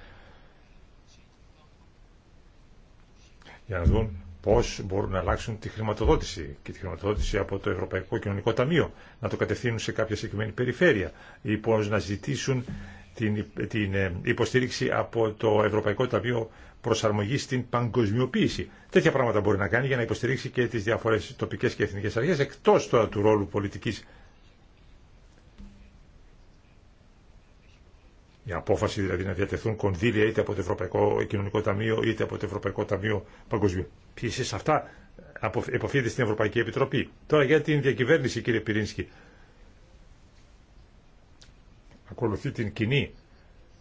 για να δουν πώς μπορούν να αλλάξουν τη χρηματοδότηση και τη χρηματοδότηση από το Ευρωπαϊκό Κοινωνικό Ταμείο, να το κατευθύνουν σε κάποια συγκεκριμένη περιφέρεια ή πώ να ζητήσουν την, την ε, υποστήριξη από το Ευρωπαϊκό Ταμείο προσαρμογή στην παγκοσμιοποίηση. Τέτοια πράγματα μπορεί να κάνει για να υποστηρίξει και τι διάφορε τοπικέ και εθνικέ αρχέ, εκτό τώρα του ρόλου πολιτική Η απόφαση δηλαδή να διατεθούν κονδύλια είτε από το Ευρωπαϊκό Κοινωνικό Ταμείο είτε από το Ευρωπαϊκό Ταμείο Παγκοσμίου. Επίση Αυτά υποφύγεται στην Ευρωπαϊκή Επιτροπή. Τώρα για την διακυβέρνηση, κύριε Πυρίνσκι. Ακολουθεί την κοινή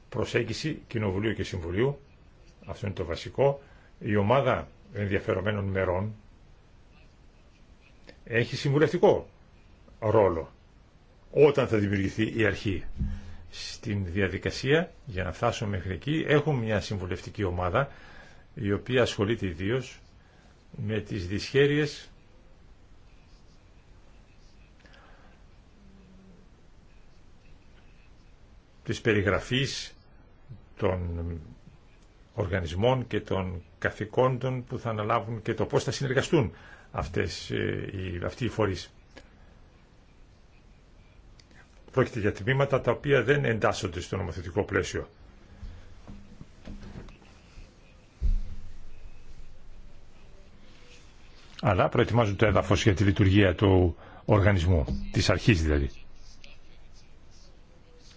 προσέγγιση Κοινοβουλίου και Συμβουλίου. Αυτό είναι το βασικό. Η ομάδα ενδιαφερομένων μερών έχει συμβουλευτικό ρόλο όταν θα δημιουργηθεί η αρχή στην διαδικασία για να φτάσουμε μέχρι εκεί. Έχουμε μια συμβουλευτική ομάδα η οποία ασχολείται ιδίω με τις δυσχέρειες της περιγραφής των οργανισμών και των καθηκόντων που θα αναλάβουν και το πώς θα συνεργαστούν αυτές, ε, αυτοί οι φορείς. Πρόκειται για τμήματα τα οποία δεν εντάσσονται στο νομοθετικό πλαίσιο. Αλλά προετοιμάζουν το έδαφος για τη λειτουργία του οργανισμού, της αρχής δηλαδή.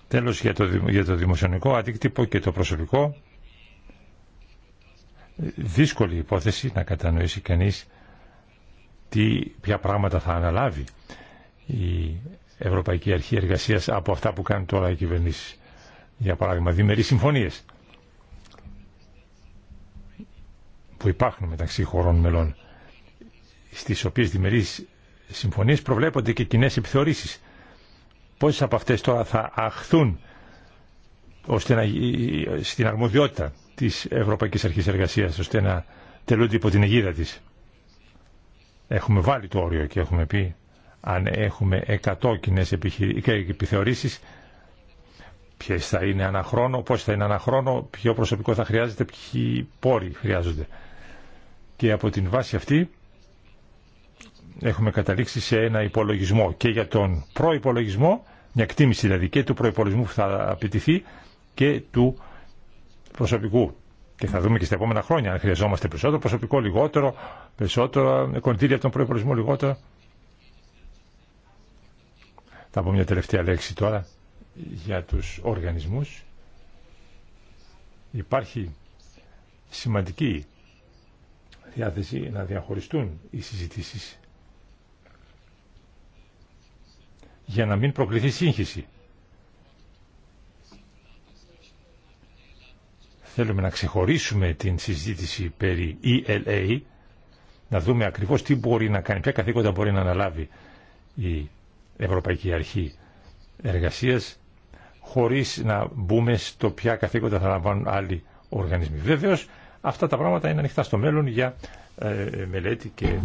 Τέλος για το, για το δημοσιονομικό αντίκτυπο και το προσωπικό. Δύσκολη υπόθεση να κατανοήσει κανείς τι, ποια πράγματα θα αναλάβει η Ευρωπαϊκή Αρχή εργασία από αυτά που κάνουν τώρα οι κυβερνήσεις. Για παράδειγμα, διμερεί συμφωνίε που υπάρχουν μεταξύ χωρών μελών, στις οποίες διμερεί συμφωνίες προβλέπονται και κοινέ επιθεωρήσει. Πόσε από αυτές τώρα θα αχθούν ώστε να, στην αρμοδιότητα της Ευρωπαϊκής Αρχή εργασία, ώστε να τελούνται υπό την αιγίδα τη. Έχουμε βάλει το όριο και έχουμε πει αν έχουμε 100 κοινέ επιθεωρήσεις, ποιε θα είναι ένα χρόνο, πώς θα είναι ένα χρόνο, ποιο προσωπικό θα χρειάζεται, ποιοι πόροι χρειάζονται. Και από την βάση αυτή έχουμε καταλήξει σε ένα υπολογισμό και για τον προϋπολογισμό, μια εκτίμηση δηλαδή και του προϋπολογισμού που θα απαιτηθεί και του προσωπικού. Και θα δούμε και στα επόμενα χρόνια αν χρειαζόμαστε περισσότερο προσωπικό, λιγότερο, περισσότερο κονδύλια από τον προϋπολογισμό, λιγότερο. Θα πω μια τελευταία λέξη τώρα για τους οργανισμούς. Υπάρχει σημαντική διάθεση να διαχωριστούν οι συζητήσεις για να μην προκληθεί σύγχυση. Θέλουμε να ξεχωρίσουμε την συζήτηση περί ELA, να δούμε ακριβώς τι μπορεί να κάνει, ποια καθήκοντα μπορεί να αναλάβει η Ευρωπαϊκή Αρχή Εργασίας χωρίς να μπούμε στο ποια καθήκοντα θα λαμβάνουν άλλοι οργανισμοί. Βεβαίως αυτά τα πράγματα είναι ανοιχτά στο μέλλον για ε, μελέτη και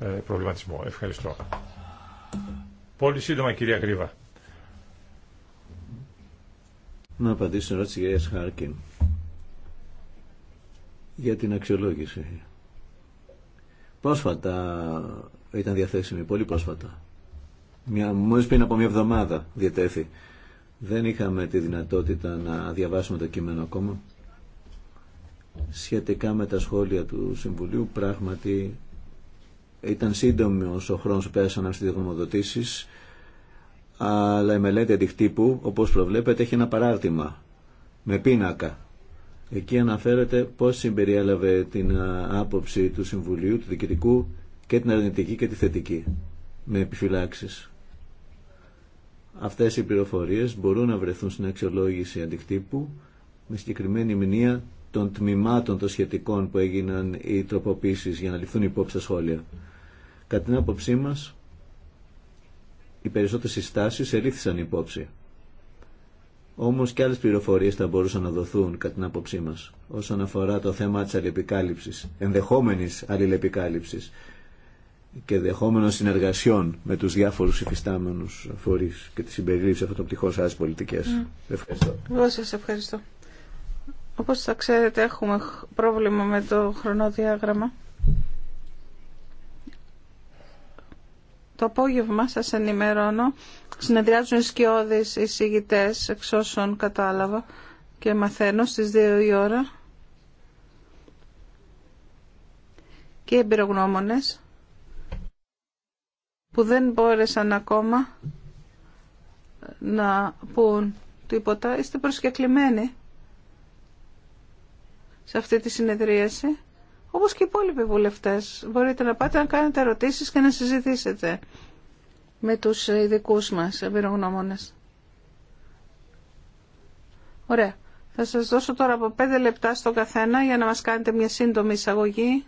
ε, προβληματισμό. Ευχαριστώ. Πολύ σύντομα κυρία Γρήβα. Να απαντήσω στην ερώτηση κυρία Χάρκιν για την αξιολόγηση. Πρόσφατα ήταν διαθέσιμη, πολύ πρόσφατα μια, μόλις πριν από μια εβδομάδα διατέθη. Δεν είχαμε τη δυνατότητα να διαβάσουμε το κείμενο ακόμα. Σχετικά με τα σχόλια του Συμβουλίου, πράγματι ήταν σύντομο ο χρόνος που πέρασαν τι γνωμοδοτήσεις, αλλά η μελέτη αντιχτύπου, όπως προβλέπετε, έχει ένα παράρτημα με πίνακα. Εκεί αναφέρεται πώς συμπεριέλαβε την άποψη του Συμβουλίου, του Διοικητικού και την αρνητική και τη θετική με επιφυλάξεις. Αυτές οι πληροφορίες μπορούν να βρεθούν στην αξιολόγηση αντικτύπου με συγκεκριμένη μνήμα των τμήματων των σχετικών που έγιναν οι τροποποίησεις για να ληφθούν υπόψη σχόλια. Κατά την άποψή μας, οι περισσότερες συστάσεις ελήφθησαν υπόψη. Όμως και άλλες πληροφορίες θα μπορούσαν να δοθούν κατά την άποψή μας όσον αφορά το θέμα της αλληλεπικάλυψης, ενδεχόμενης αλληλεπικάλυψης και δεχόμενων συνεργασιών με τους διάφορους υφιστάμενους φορείς και τη συμπερίληψη αυτών των πτυχών σε άλλες πολιτικές. Mm. Ευχαριστώ. Εγώ σας ευχαριστώ. Όπως θα ξέρετε έχουμε πρόβλημα με το χρονοδιάγραμμα. Το απόγευμα σας ενημερώνω. Συνεδριάζουν σκιώδεις εισηγητές εξ όσων κατάλαβα και μαθαίνω στις 2 η ώρα και εμπειρογνώμονες που δεν μπόρεσαν ακόμα να πούν τίποτα. Είστε προσκεκλημένοι σε αυτή τη συνεδρίαση, όπως και οι υπόλοιποι βουλευτές. Μπορείτε να πάτε να κάνετε ερωτήσεις και να συζητήσετε με τους ειδικού μας εμπειρογνώμονες. Ωραία. Θα σας δώσω τώρα από πέντε λεπτά στον καθένα για να μας κάνετε μια σύντομη εισαγωγή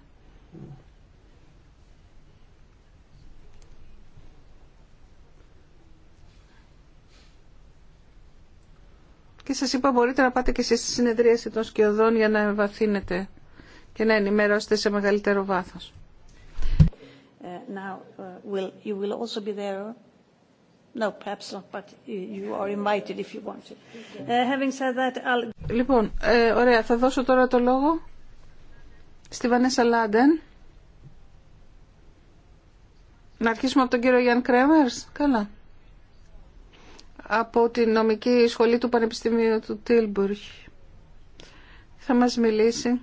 Και σας είπα μπορείτε να πάτε και εσείς στη συνεδρίαση των σκιωδών για να εμβαθύνετε και να ενημερώσετε σε μεγαλύτερο βάθος. Λοιπόν, ωραία, θα δώσω τώρα το λόγο στη Βανέσα Λάντεν. Να αρχίσουμε από τον κύριο Γιάνν Κρέμερς. Καλά από την νομική σχολή του Πανεπιστημίου του Τίλμπουργκ. Θα μας μιλήσει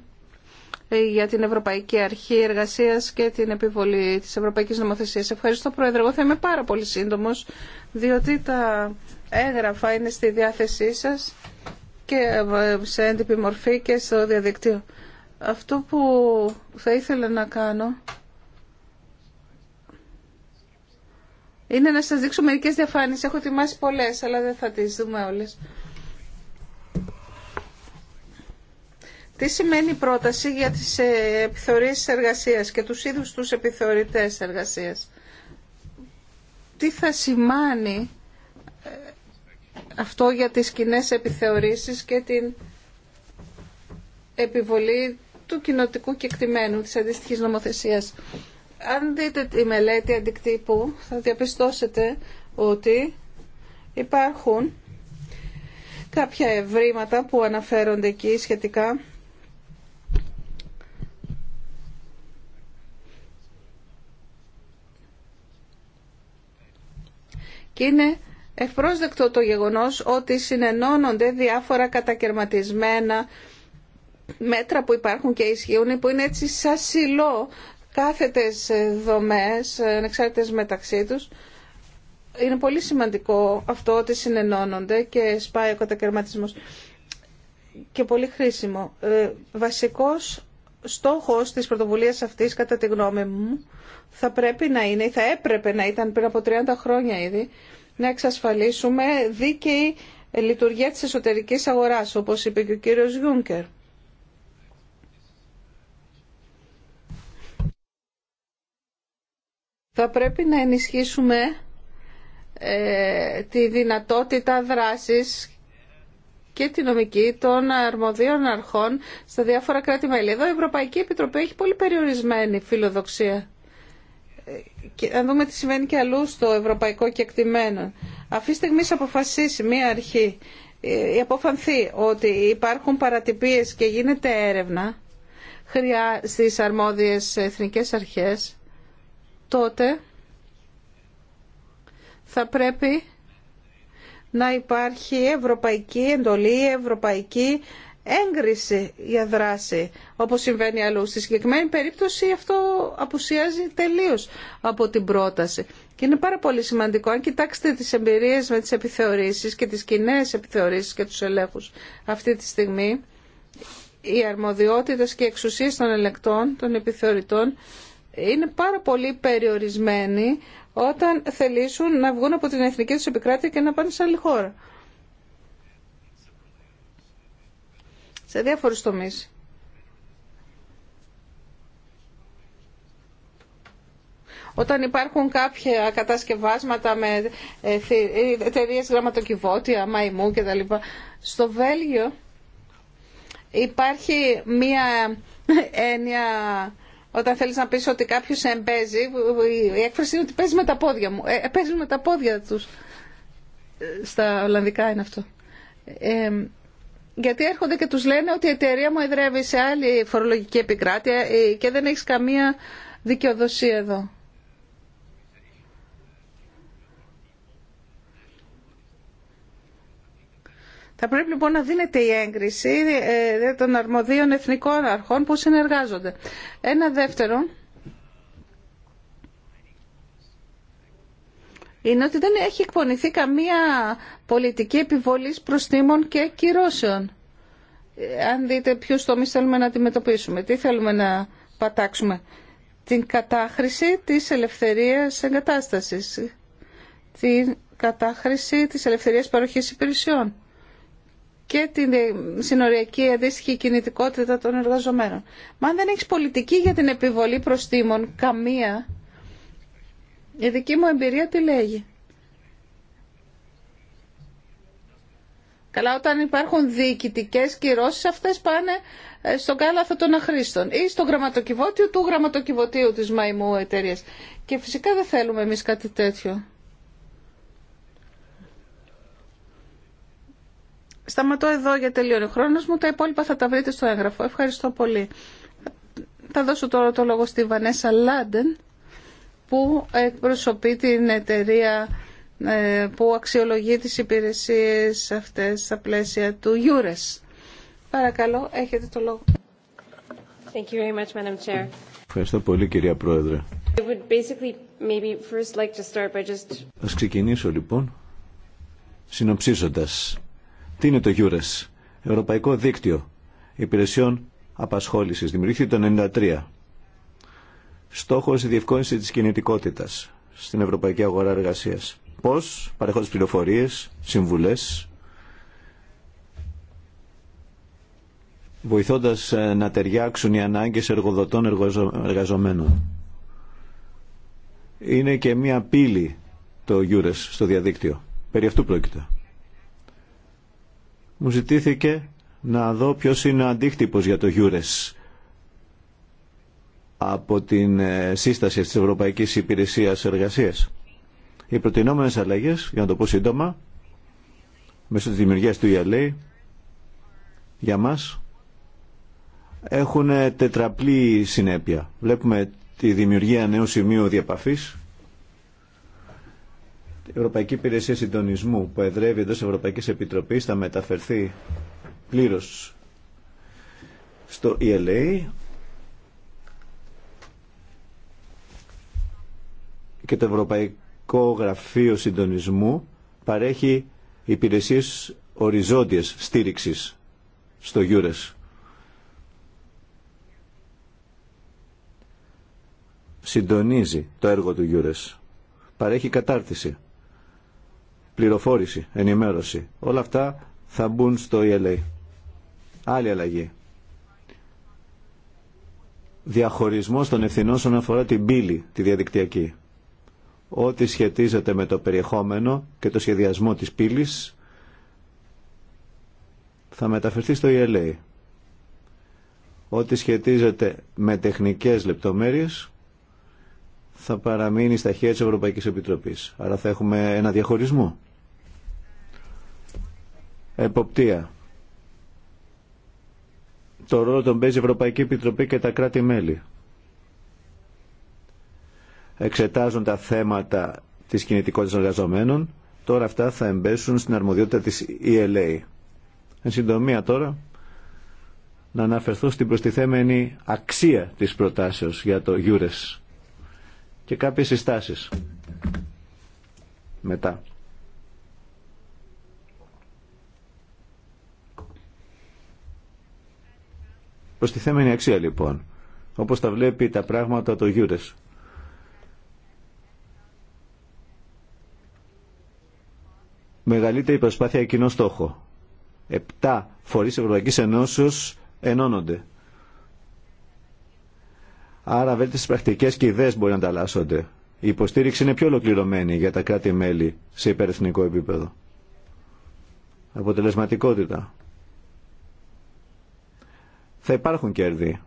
για την Ευρωπαϊκή Αρχή Εργασίας και την επιβολή της Ευρωπαϊκής Νομοθεσίας. Ευχαριστώ Πρόεδρε. Εγώ θα είμαι πάρα πολύ σύντομος, διότι τα έγγραφα είναι στη διάθεσή σας και σε έντυπη μορφή και στο διαδικτύο. Αυτό που θα ήθελα να κάνω είναι να σας δείξω μερικές διαφάνειες. Έχω ετοιμάσει πολλές, αλλά δεν θα τις δούμε όλες. Τι σημαίνει η πρόταση για τις ε, επιθεωρήσεις εργασίας και τους είδους τους επιθεωρητές εργασίας. Τι θα σημάνει ε, αυτό για τις κοινέ επιθεωρήσεις και την επιβολή του κοινοτικού κεκτημένου της αντίστοιχης νομοθεσίας. Αν δείτε τη μελέτη αντικτύπου θα διαπιστώσετε ότι υπάρχουν κάποια ευρήματα που αναφέρονται εκεί σχετικά και είναι ευπρόσδεκτο το γεγονός ότι συνενώνονται διάφορα κατακαιρματισμένα μέτρα που υπάρχουν και ισχύουν που είναι έτσι σαν σιλό κάθετες δομές, ανεξάρτητες μεταξύ τους. Είναι πολύ σημαντικό αυτό ότι συνενώνονται και σπάει ο κατακαιρματισμός και πολύ χρήσιμο. Ε, βασικός στόχος της πρωτοβουλίας αυτής, κατά τη γνώμη μου, θα πρέπει να είναι, ή θα έπρεπε να ήταν πριν από 30 χρόνια ήδη, να εξασφαλίσουμε δίκαιη λειτουργία της εσωτερικής αγοράς, όπως είπε και ο κύριος Γιούνκερ. Θα πρέπει να ενισχύσουμε ε, τη δυνατότητα δράσης και τη νομική των αρμοδίων αρχών στα διάφορα κράτη-μέλη. Εδώ η Ευρωπαϊκή Επιτροπή έχει πολύ περιορισμένη φιλοδοξία. Και να δούμε τι συμβαίνει και αλλού στο ευρωπαϊκό κεκτημένο. Αυτή τη στιγμή αποφασίσει μία αρχή ή ε, αποφανθεί ότι υπάρχουν παρατυπίες και γίνεται έρευνα στις αρμόδιες εθνικές αρχές τότε θα πρέπει να υπάρχει ευρωπαϊκή εντολή, ευρωπαϊκή έγκριση για δράση, όπως συμβαίνει αλλού. Στη συγκεκριμένη περίπτωση αυτό απουσιάζει τελείως από την πρόταση. Και είναι πάρα πολύ σημαντικό, αν κοιτάξετε τις εμπειρίες με τις επιθεωρήσεις και τις κοινέ επιθεωρήσεις και τους ελέγχους αυτή τη στιγμή, οι αρμοδιότητες και εξουσίες των ελεκτών, των επιθεωρητών, είναι πάρα πολύ περιορισμένοι όταν θελήσουν να βγουν από την εθνική τους επικράτεια και να πάνε σε άλλη χώρα. Σε διάφορους τομείς. Όταν υπάρχουν κάποια κατασκευάσματα με ε, ε, εταιρείε γραμματοκιβώτια, μαϊμού κλπ, Στο Βέλγιο υπάρχει μία έννοια όταν θέλεις να πεις ότι κάποιος εμπέζει, η έκφραση είναι ότι παίζει με τα πόδια μου. Ε, ε παίζουν με τα πόδια τους. Ε, στα Ολλανδικά είναι αυτό. Ε, γιατί έρχονται και τους λένε ότι η εταιρεία μου εδρεύει σε άλλη φορολογική επικράτεια και δεν έχεις καμία δικαιοδοσία εδώ. Θα πρέπει λοιπόν να δίνεται η έγκριση ε, των αρμοδίων εθνικών αρχών που συνεργάζονται. Ένα δεύτερο είναι ότι δεν έχει εκπονηθεί καμία πολιτική επιβολής προστήμων και κυρώσεων. Ε, αν δείτε ποιου τομείς θέλουμε να αντιμετωπίσουμε, τι θέλουμε να πατάξουμε. Την κατάχρηση της ελευθερίας εγκατάστασης, την κατάχρηση της ελευθερίας παροχής υπηρεσιών, και την συνοριακή αντίστοιχη κινητικότητα των εργαζομένων. Μα αν δεν έχει πολιτική για την επιβολή προστήμων, καμία, η δική μου εμπειρία τι λέγει. Καλά, όταν υπάρχουν διοικητικέ κυρώσει, αυτέ πάνε ε, στον κάλαθο των αχρήστων ή στο γραμματοκιβώτιο του γραμματοκιβωτίου τη Μαϊμού εταιρεία. Και φυσικά δεν θέλουμε εμεί κάτι τέτοιο. Σταματώ εδώ για τελειώνει ο χρόνο μου. Τα υπόλοιπα θα τα βρείτε στο έγγραφο. Ευχαριστώ πολύ. Θα δώσω τώρα το λόγο στη Βανέσα Λάντεν που εκπροσωπεί την εταιρεία ε, που αξιολογεί τις υπηρεσίες αυτές στα πλαίσια του Eures. Παρακαλώ, έχετε το λόγο. Thank you very much, Madam Chair. Ευχαριστώ πολύ, κυρία Πρόεδρε. I maybe first like to start Ας ξεκινήσω λοιπόν συνοψίζοντας τι είναι το EURES, Ευρωπαϊκό Δίκτυο Υπηρεσιών Απασχόλησης, δημιουργήθηκε το 1993. Στόχος η διευκόνιση της κινητικότητας στην Ευρωπαϊκή Αγορά Εργασίας. Πώς, παρέχοντας πληροφορίες, συμβουλές, βοηθώντας ε, να ταιριάξουν οι ανάγκες εργοδοτών εργαζομένων. Είναι και μία πύλη το EURES στο διαδίκτυο. Περί αυτού πρόκειται μου ζητήθηκε να δω ποιος είναι ο αντίκτυπος για το Γιούρες από την ε, σύσταση της Ευρωπαϊκής Υπηρεσίας Εργασίας. Οι προτινόμενες αλλαγές, για να το πω σύντομα, μέσω της δημιουργίας του ELA, για μας, έχουν τετραπλή συνέπεια. Βλέπουμε τη δημιουργία νέου σημείου διαπαφής, η Ευρωπαϊκή Υπηρεσία Συντονισμού που εδρεύει εντό Ευρωπαϊκή Επιτροπή θα μεταφερθεί πλήρω στο ELA και το Ευρωπαϊκό Γραφείο Συντονισμού παρέχει υπηρεσίες οριζόντιες στήριξης στο EURES. Συντονίζει το έργο του EURES. Παρέχει κατάρτιση πληροφόρηση, ενημέρωση. Όλα αυτά θα μπουν στο ELA. Άλλη αλλαγή. Διαχωρισμός των ευθυνών όσον αφορά την πύλη, τη διαδικτυακή. Ό,τι σχετίζεται με το περιεχόμενο και το σχεδιασμό της πύλης θα μεταφερθεί στο ELA. Ό,τι σχετίζεται με τεχνικές λεπτομέρειες θα παραμείνει στα χέρια της Ευρωπαϊκής Επιτροπής. Άρα θα έχουμε ένα διαχωρισμό. Εποπτεία. Το ρόλο των παίζει η Ευρωπαϊκή Επιτροπή και τα κράτη-μέλη. Εξετάζουν τα θέματα της κινητικότητας των εργαζομένων. Τώρα αυτά θα εμπέσουν στην αρμοδιότητα της ELA. Εν συντομία τώρα να αναφερθώ στην προστιθέμενη αξία της προτάσεως για το EURES και κάποιες συστάσεις μετά. θέμενη αξία λοιπόν, όπως τα βλέπει τα πράγματα το Γιούρες. Μεγαλύτερη προσπάθεια κοινό στόχο. Επτά φορείς Ευρωπαϊκής Ενώσεως ενώνονται Άρα βέλτιστε πρακτικέ και ιδέε μπορεί να ανταλλάσσονται. Η υποστήριξη είναι πιο ολοκληρωμένη για τα κράτη-μέλη σε υπερεθνικό επίπεδο. Αποτελεσματικότητα. Θα υπάρχουν κέρδη.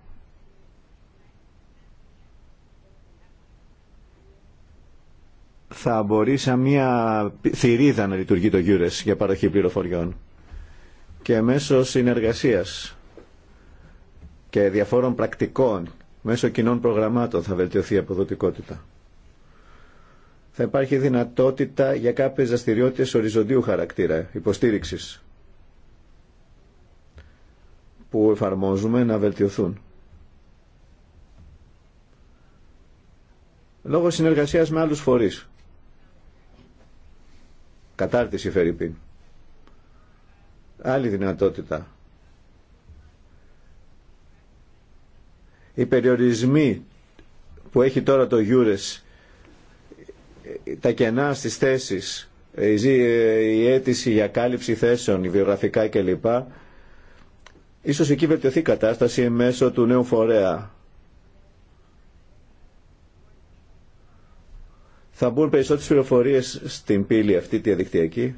Θα μπορεί σαν μια θηρίδα να λειτουργεί το γιούρες για παροχή πληροφοριών και μέσω συνεργασίας και διαφόρων πρακτικών Μέσω κοινών προγραμμάτων θα βελτιωθεί η αποδοτικότητα. Θα υπάρχει δυνατότητα για κάποιες δραστηριότητε οριζοντίου χαρακτήρα, υποστήριξης, που εφαρμόζουμε να βελτιωθούν. Λόγω συνεργασίας με άλλους φορείς. Κατάρτιση φερειπίν. Άλλη δυνατότητα οι περιορισμοί που έχει τώρα το Γιούρες, τα κενά στις θέσεις, η ε, αίτηση για κάλυψη θέσεων, η βιογραφικά κλπ. Ίσως εκεί βελτιωθεί η κατάσταση μέσω του νέου φορέα. Θα μπουν περισσότερες πληροφορίες στην πύλη αυτή τη διαδικτυακή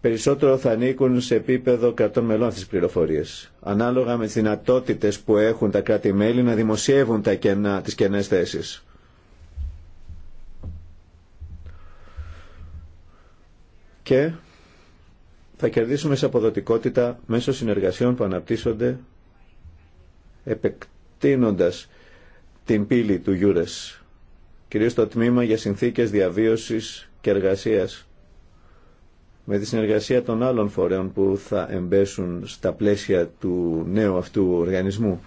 περισσότερο θα ανήκουν σε επίπεδο κρατών μελών αυτές τις πληροφορίες, ανάλογα με τις δυνατότητες που έχουν τα κράτη-μέλη να δημοσιεύουν τα κενά, τις κενές θέσεις. Και θα κερδίσουμε σε αποδοτικότητα μέσω συνεργασιών που αναπτύσσονται επεκτείνοντας την πύλη του Γιούρες, κυρίως το τμήμα για συνθήκες διαβίωσης και εργασίας με τη συνεργασία των άλλων φορέων που θα εμπέσουν στα πλαίσια του νέου αυτού οργανισμού.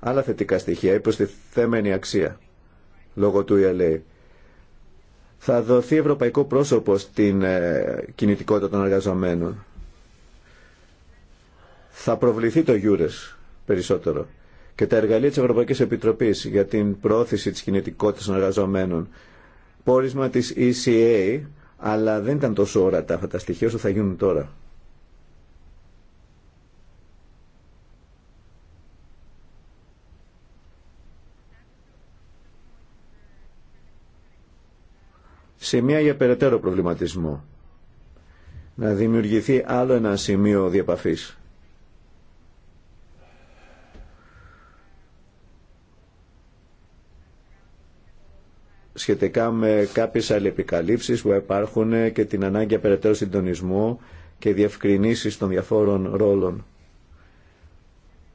Άλλα θετικά στοιχεία, η αξία, λόγω του ΙΑΛΕΗ. Θα δοθεί ευρωπαϊκό πρόσωπο στην ε, κινητικότητα των εργαζομένων. Θα προβληθεί το Γιούρες περισσότερο και τα εργαλεία της Ευρωπαϊκής Επιτροπής για την πρόθεση της κινητικότητας των εργαζομένων πόρισμα της ECA, αλλά δεν ήταν τόσο όρατα αυτά τα στοιχεία όσο θα γίνουν τώρα. Σε μία για περαιτέρω προβληματισμό. Να δημιουργηθεί άλλο ένα σημείο διαπαφής. σχετικά με κάποιες αλληλεπικαλύψεις που υπάρχουν και την ανάγκη περαιτέρω συντονισμού και διευκρινήσει των διαφόρων ρόλων.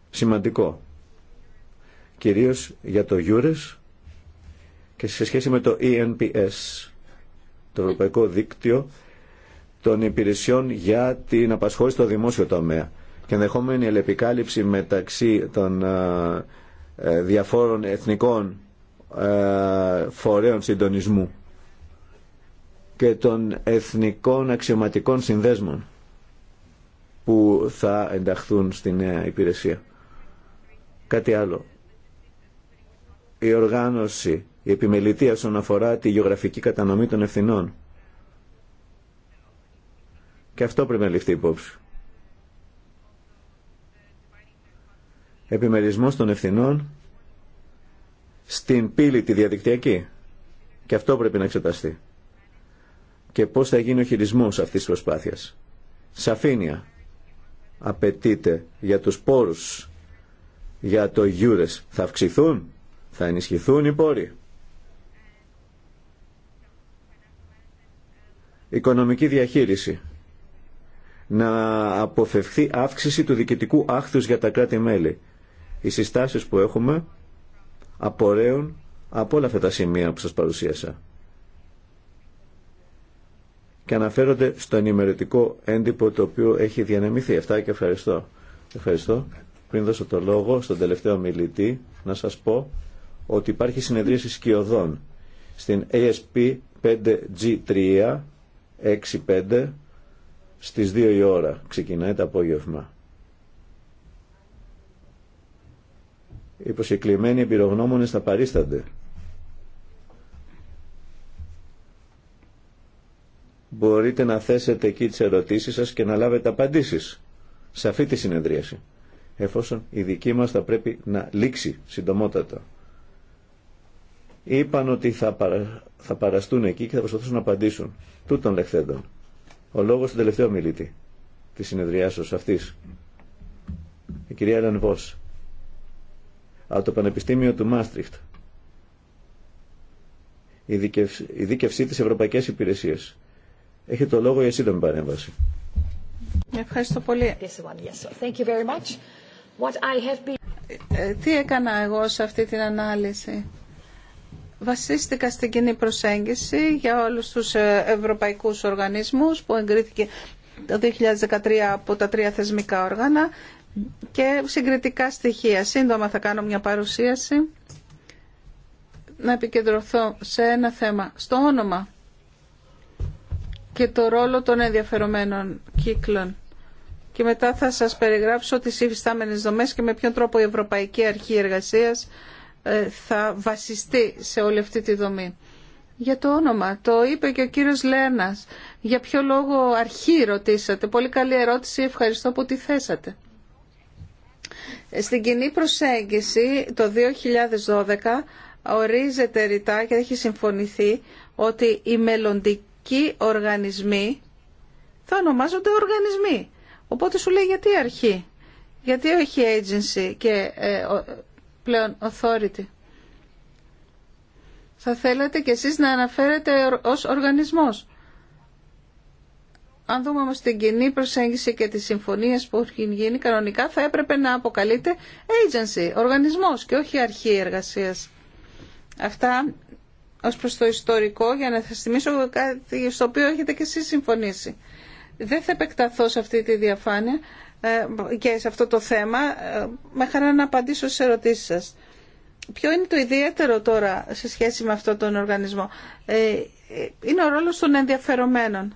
Σημαντικό. Κυρίως για το EURES και σε σχέση με το ENPS, το Ευρωπαϊκό Δίκτυο των Υπηρεσιών για την Απασχόληση στο Δημόσιο Τομέα και ενδεχόμενη αλληλεπικάλυψη μεταξύ των ε, ε, διαφόρων εθνικών ε, φορέων συντονισμού και των εθνικών αξιωματικών συνδέσμων που θα ενταχθούν στη νέα υπηρεσία. Κάτι άλλο. Η οργάνωση, η επιμελητία όσον αφορά τη γεωγραφική κατανομή των ευθυνών. Και αυτό πρέπει να ληφθεί υπόψη. Επιμερισμός των ευθυνών στην πύλη τη διαδικτυακή. Και αυτό πρέπει να εξεταστεί. Και πώς θα γίνει ο χειρισμός αυτής της προσπάθειας. Σαφήνεια απαιτείται για τους πόρους, για το γιούρες. Θα αυξηθούν, θα ενισχυθούν οι πόροι. Οικονομική διαχείριση. Να αποφευχθεί αύξηση του διοικητικού άχθους για τα κράτη-μέλη. Οι συστάσεις που έχουμε απορρέουν από όλα αυτά τα σημεία που σας παρουσίασα και αναφέρονται στο ενημερωτικό έντυπο το οποίο έχει διανεμηθεί. Αυτά και ευχαριστώ. Ευχαριστώ. Πριν δώσω το λόγο στον τελευταίο μιλητή να σας πω ότι υπάρχει συνεδρίαση σκιωδών στην ASP 5G3 65 στις 2 η ώρα. Ξεκινάει το απόγευμα. οι προσκεκλημένοι εμπειρογνώμονες θα παρίστανται. Μπορείτε να θέσετε εκεί τι ερωτήσεις σας και να λάβετε απαντήσεις σε αυτή τη συνεδρίαση, εφόσον η δική μας θα πρέπει να λήξει συντομότατα. Είπαν ότι θα, θα παραστούν εκεί και θα προσπαθήσουν να απαντήσουν τούτων λεχθέντων. Ο λόγος του τελευταίου μιλήτη της συνεδριάσεω αυτή. η κυρία Λανβός από το Πανεπιστήμιο του Μάστριχτ. Η, δίκευση, της Ευρωπαϊκής Υπηρεσίας. Έχει το λόγο για σύντομη παρέμβαση. Ευχαριστώ πολύ. Ε, τι έκανα εγώ σε αυτή την ανάλυση. Βασίστηκα στην κοινή προσέγγιση για όλους τους ε, ευρωπαϊκούς οργανισμούς που εγκρίθηκε το 2013 από τα τρία θεσμικά όργανα και συγκριτικά στοιχεία. Σύντομα θα κάνω μια παρουσίαση να επικεντρωθώ σε ένα θέμα, στο όνομα και το ρόλο των ενδιαφερομένων κύκλων. Και μετά θα σας περιγράψω τις υφιστάμενες δομές και με ποιον τρόπο η Ευρωπαϊκή Αρχή Εργασίας ε, θα βασιστεί σε όλη αυτή τη δομή. Για το όνομα, το είπε και ο κύριος Λένας. Για ποιο λόγο αρχή ρωτήσατε. Πολύ καλή ερώτηση, ευχαριστώ που τη θέσατε. Στην κοινή προσέγγιση το 2012 ορίζεται ρητά και έχει συμφωνηθεί ότι οι μελλοντικοί οργανισμοί θα ονομάζονται οργανισμοί. Οπότε σου λέει γιατί αρχή, γιατί όχι agency και ε, πλέον authority. Θα θέλατε κι εσείς να αναφέρετε ως οργανισμός. Αν δούμε όμως την κοινή προσέγγιση και τις συμφωνίες που έχουν γίνει κανονικά θα έπρεπε να αποκαλείται agency, οργανισμός και όχι αρχή εργασίας. Αυτά ως προς το ιστορικό για να σας θυμίσω κάτι στο οποίο έχετε και εσείς συμφωνήσει. Δεν θα επεκταθώ σε αυτή τη διαφάνεια ε, και σε αυτό το θέμα ε, με χαρά να απαντήσω στις ερωτήσεις σας. Ποιο είναι το ιδιαίτερο τώρα σε σχέση με αυτόν τον οργανισμό. Ε, είναι ο ρόλος των ενδιαφερομένων.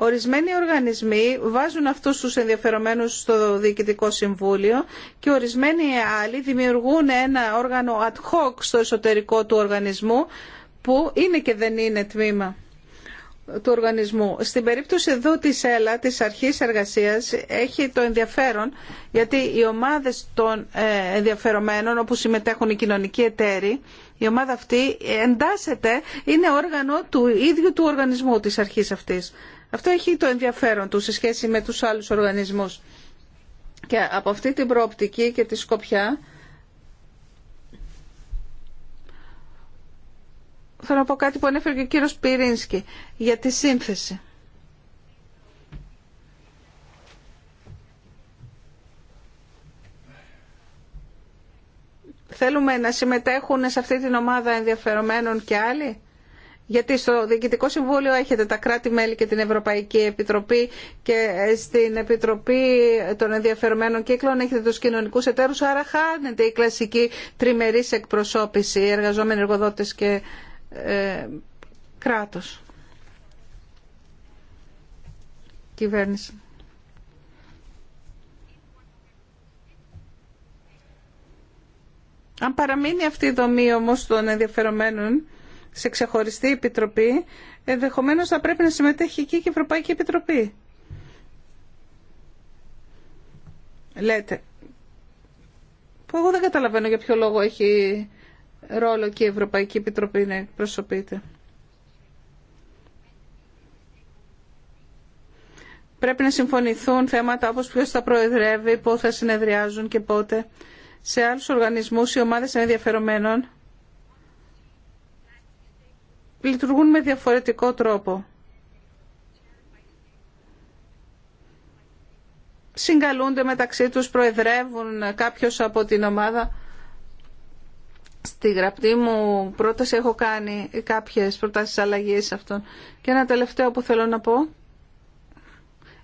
Ορισμένοι οργανισμοί βάζουν αυτούς τους ενδιαφερομένους στο Διοικητικό Συμβούλιο και ορισμένοι άλλοι δημιουργούν ένα όργανο ad hoc στο εσωτερικό του οργανισμού που είναι και δεν είναι τμήμα του οργανισμού. Στην περίπτωση εδώ της ΕΛΑ, της αρχής εργασίας, έχει το ενδιαφέρον γιατί οι ομάδες των ε, ενδιαφερομένων όπου συμμετέχουν οι κοινωνικοί εταίροι, η ομάδα αυτή εντάσσεται, είναι όργανο του ίδιου του οργανισμού της αρχής αυτής. Αυτό έχει το ενδιαφέρον του σε σχέση με τους άλλους οργανισμούς. Και από αυτή την προοπτική και τη σκοπιά θέλω να πω κάτι που ανέφερε και ο κύριος Πυρίνσκι για τη σύνθεση. Θέλουμε να συμμετέχουν σε αυτή την ομάδα ενδιαφερομένων και άλλοι. Γιατί στο Διοικητικό Συμβούλιο έχετε τα κράτη-μέλη και την Ευρωπαϊκή Επιτροπή και στην Επιτροπή των Ενδιαφερομένων Κύκλων έχετε τους κοινωνικούς εταίρους, άρα χάνεται η κλασική τριμερής εκπροσώπηση εργαζόμενοι εργοδότες και ε, κράτος. Κυβέρνηση. Αν παραμείνει αυτή η δομή όμως των ενδιαφερομένων, σε ξεχωριστή επιτροπή, ενδεχομένω θα πρέπει να συμμετέχει εκεί και η Ευρωπαϊκή Επιτροπή. Λέτε. Που εγώ δεν καταλαβαίνω για ποιο λόγο έχει ρόλο και η Ευρωπαϊκή Επιτροπή να εκπροσωπείται. Πρέπει να συμφωνηθούν θέματα όπως ποιος θα προεδρεύει, πού θα συνεδριάζουν και πότε. Σε άλλους οργανισμούς ή ομάδες ενδιαφερομένων λειτουργούν με διαφορετικό τρόπο. Συγκαλούνται μεταξύ τους, προεδρεύουν κάποιος από την ομάδα. Στη γραπτή μου πρόταση έχω κάνει κάποιες προτάσεις αλλαγής αυτών. Και ένα τελευταίο που θέλω να πω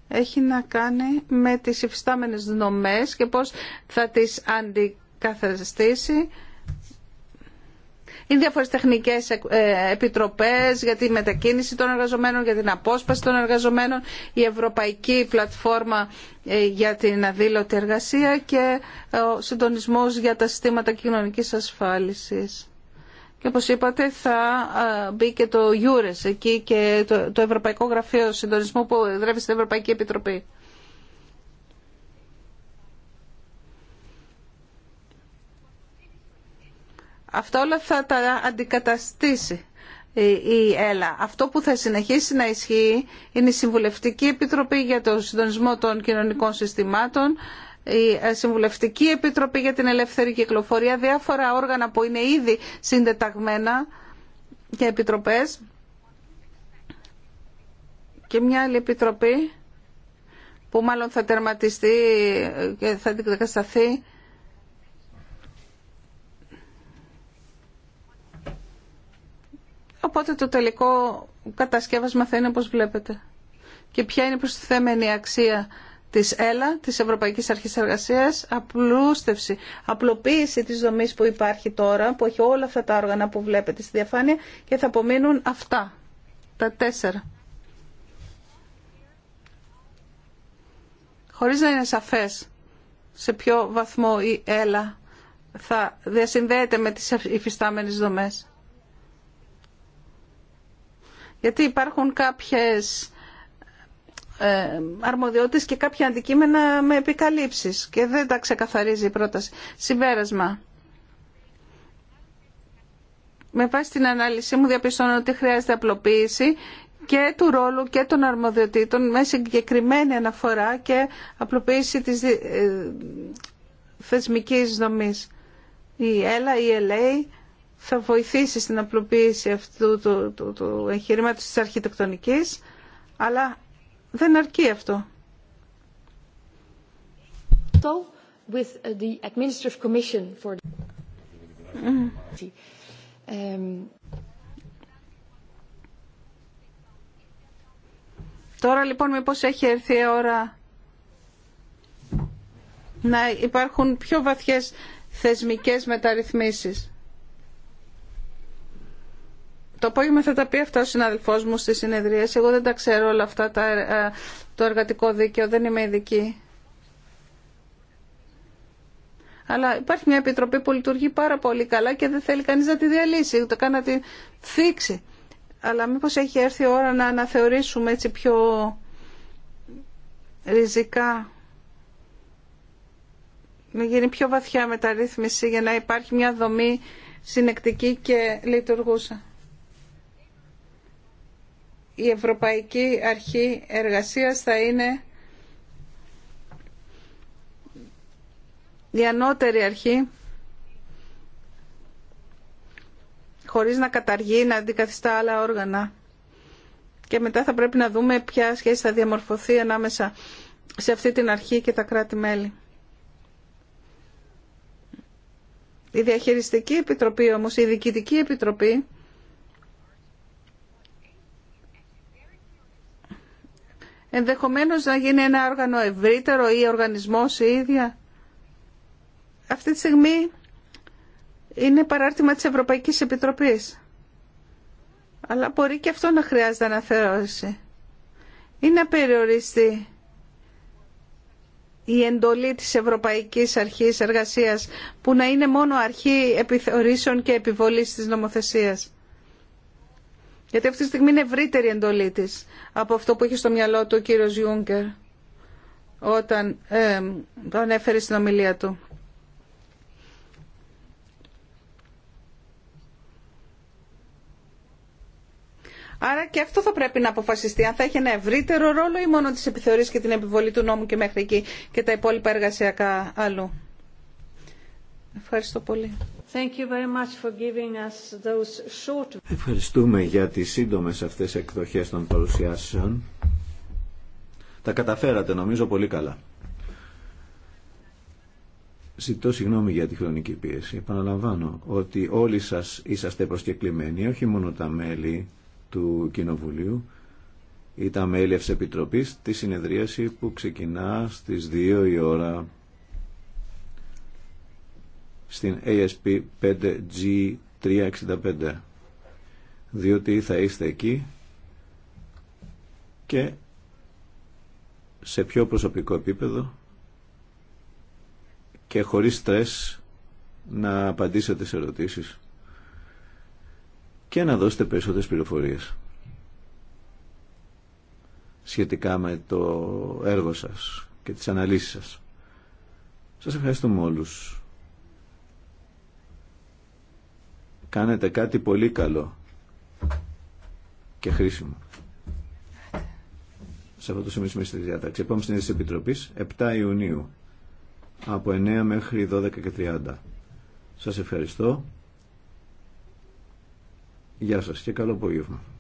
έχει να κάνει με τις υφιστάμενες νομές και πώς θα τις αντικαθαστήσει είναι διάφορες τεχνικές ε, επιτροπές για τη μετακίνηση των εργαζομένων, για την απόσπαση των εργαζομένων, η Ευρωπαϊκή Πλατφόρμα ε, για την Αδήλωτη Εργασία και ε, ο συντονισμό για τα συστήματα κοινωνικής ασφάλισης. Και όπως είπατε θα μπει και το EURES εκεί και το Ευρωπαϊκό Γραφείο Συντονισμού που εδρεύει στην Ευρωπαϊκή Επιτροπή. Αυτό όλα θα τα αντικαταστήσει η ΕΛΑ. Αυτό που θα συνεχίσει να ισχύει είναι η Συμβουλευτική Επιτροπή για το Συντονισμό των Κοινωνικών Συστημάτων, η ε, Συμβουλευτική Επιτροπή για την Ελεύθερη Κυκλοφορία, διάφορα όργανα που είναι ήδη συντεταγμένα και επιτροπές και μια άλλη επιτροπή που μάλλον θα τερματιστεί και θα αντικατασταθεί Οπότε το τελικό κατασκεύασμα θα είναι όπως βλέπετε. Και ποια είναι η προστιθέμενη αξία της ΕΛΑ, της Ευρωπαϊκής Αρχής Εργασίας, απλούστευση, απλοποίηση της δομής που υπάρχει τώρα, που έχει όλα αυτά τα όργανα που βλέπετε στη διαφάνεια και θα απομείνουν αυτά, τα τέσσερα. Χωρίς να είναι σαφές σε ποιο βαθμό η ΕΛΑ θα διασυνδέεται με τις υφιστάμενες δομές. Γιατί υπάρχουν κάποιες ε, αρμοδιότητες και κάποια αντικείμενα με επικαλύψεις και δεν τα ξεκαθαρίζει η πρόταση. Συμπέρασμα. Με βάση την ανάλυση μου διαπιστώνω ότι χρειάζεται απλοποίηση και του ρόλου και των αρμοδιοτήτων με συγκεκριμένη αναφορά και απλοποίηση της ε, θεσμικής δομής. Η ΕΛΑ, η ΕΛΕΙ θα βοηθήσει στην απλοποίηση αυτού του, του, του εγχειρήματος της αρχιτεκτονικής, αλλά δεν αρκεί αυτό. With the administrative commission mm. um, Τώρα λοιπόν μήπως έχει έρθει η ώρα να υπάρχουν πιο βαθιές θεσμικές μεταρρυθμίσεις. Το απόγευμα θα τα πει αυτά ο συναδελφός μου στις συνεδρίες. Εγώ δεν τα ξέρω όλα αυτά τα, ε, το εργατικό δίκαιο, δεν είμαι ειδική. Αλλά υπάρχει μια επιτροπή που λειτουργεί πάρα πολύ καλά και δεν θέλει κανείς να τη διαλύσει, ούτε καν να τη θίξει. Αλλά μήπως έχει έρθει η ώρα να αναθεωρήσουμε έτσι πιο ριζικά να γίνει πιο βαθιά μεταρρύθμιση για να υπάρχει μια δομή συνεκτική και λειτουργούσα η Ευρωπαϊκή Αρχή Εργασίας θα είναι η ανώτερη αρχή χωρίς να καταργεί, να αντικαθιστά άλλα όργανα. Και μετά θα πρέπει να δούμε ποια σχέση θα διαμορφωθεί ανάμεσα σε αυτή την αρχή και τα κράτη-μέλη. Η Διαχειριστική Επιτροπή όμως, η Διοικητική Επιτροπή ενδεχομένως να γίνει ένα όργανο ευρύτερο ή οργανισμός η ίδια. Αυτή τη στιγμή είναι παράρτημα της Ευρωπαϊκής Επιτροπής. Αλλά μπορεί και αυτό να χρειάζεται αναθεώρηση. Ή να περιοριστεί η εντολή της Ευρωπαϊκής να χρειαζεται αναθεωρηση ειναι ειναι περιοριστει Εργασίας που να είναι μόνο αρχή επιθεωρήσεων και επιβολής της νομοθεσίας. Γιατί αυτή τη στιγμή είναι ευρύτερη εντολή τη από αυτό που είχε στο μυαλό του ο κύριο Ιούγκερ όταν ε, τον ανέφερε στην ομιλία του. Άρα και αυτό θα πρέπει να αποφασιστεί, αν θα έχει ένα ευρύτερο ρόλο ή μόνο τις επιθεωρήσεις και την επιβολή του νόμου και μέχρι εκεί και τα υπόλοιπα εργασιακά αλλού. Ευχαριστώ πολύ. Ευχαριστούμε για τις σύντομες αυτές εκδοχές των παρουσιάσεων. Τα καταφέρατε νομίζω πολύ καλά. Ζητώ συγγνώμη για τη χρονική πίεση. Επαναλαμβάνω ότι όλοι σας είσαστε προσκεκλημένοι, όχι μόνο τα μέλη του Κοινοβουλίου ή τα μέλη της Επιτροπής, τη συνεδρίαση που ξεκινά στις 2 η ώρα στην ASP 5G365 διότι θα είστε εκεί και σε πιο προσωπικό επίπεδο και χωρίς στρες να απαντήσετε σε ερωτήσεις και να δώσετε περισσότερες πληροφορίες σχετικά με το έργο σας και τις αναλύσεις σας. Σας ευχαριστούμε όλους. Κάνετε κάτι πολύ καλό και χρήσιμο. Σε αυτό το σημείο στη διάταξη. Επόμενη συνέντευξη 7 Ιουνίου, από 9 μέχρι 12.30. Σας ευχαριστώ. Γεια σας και καλό απόγευμα.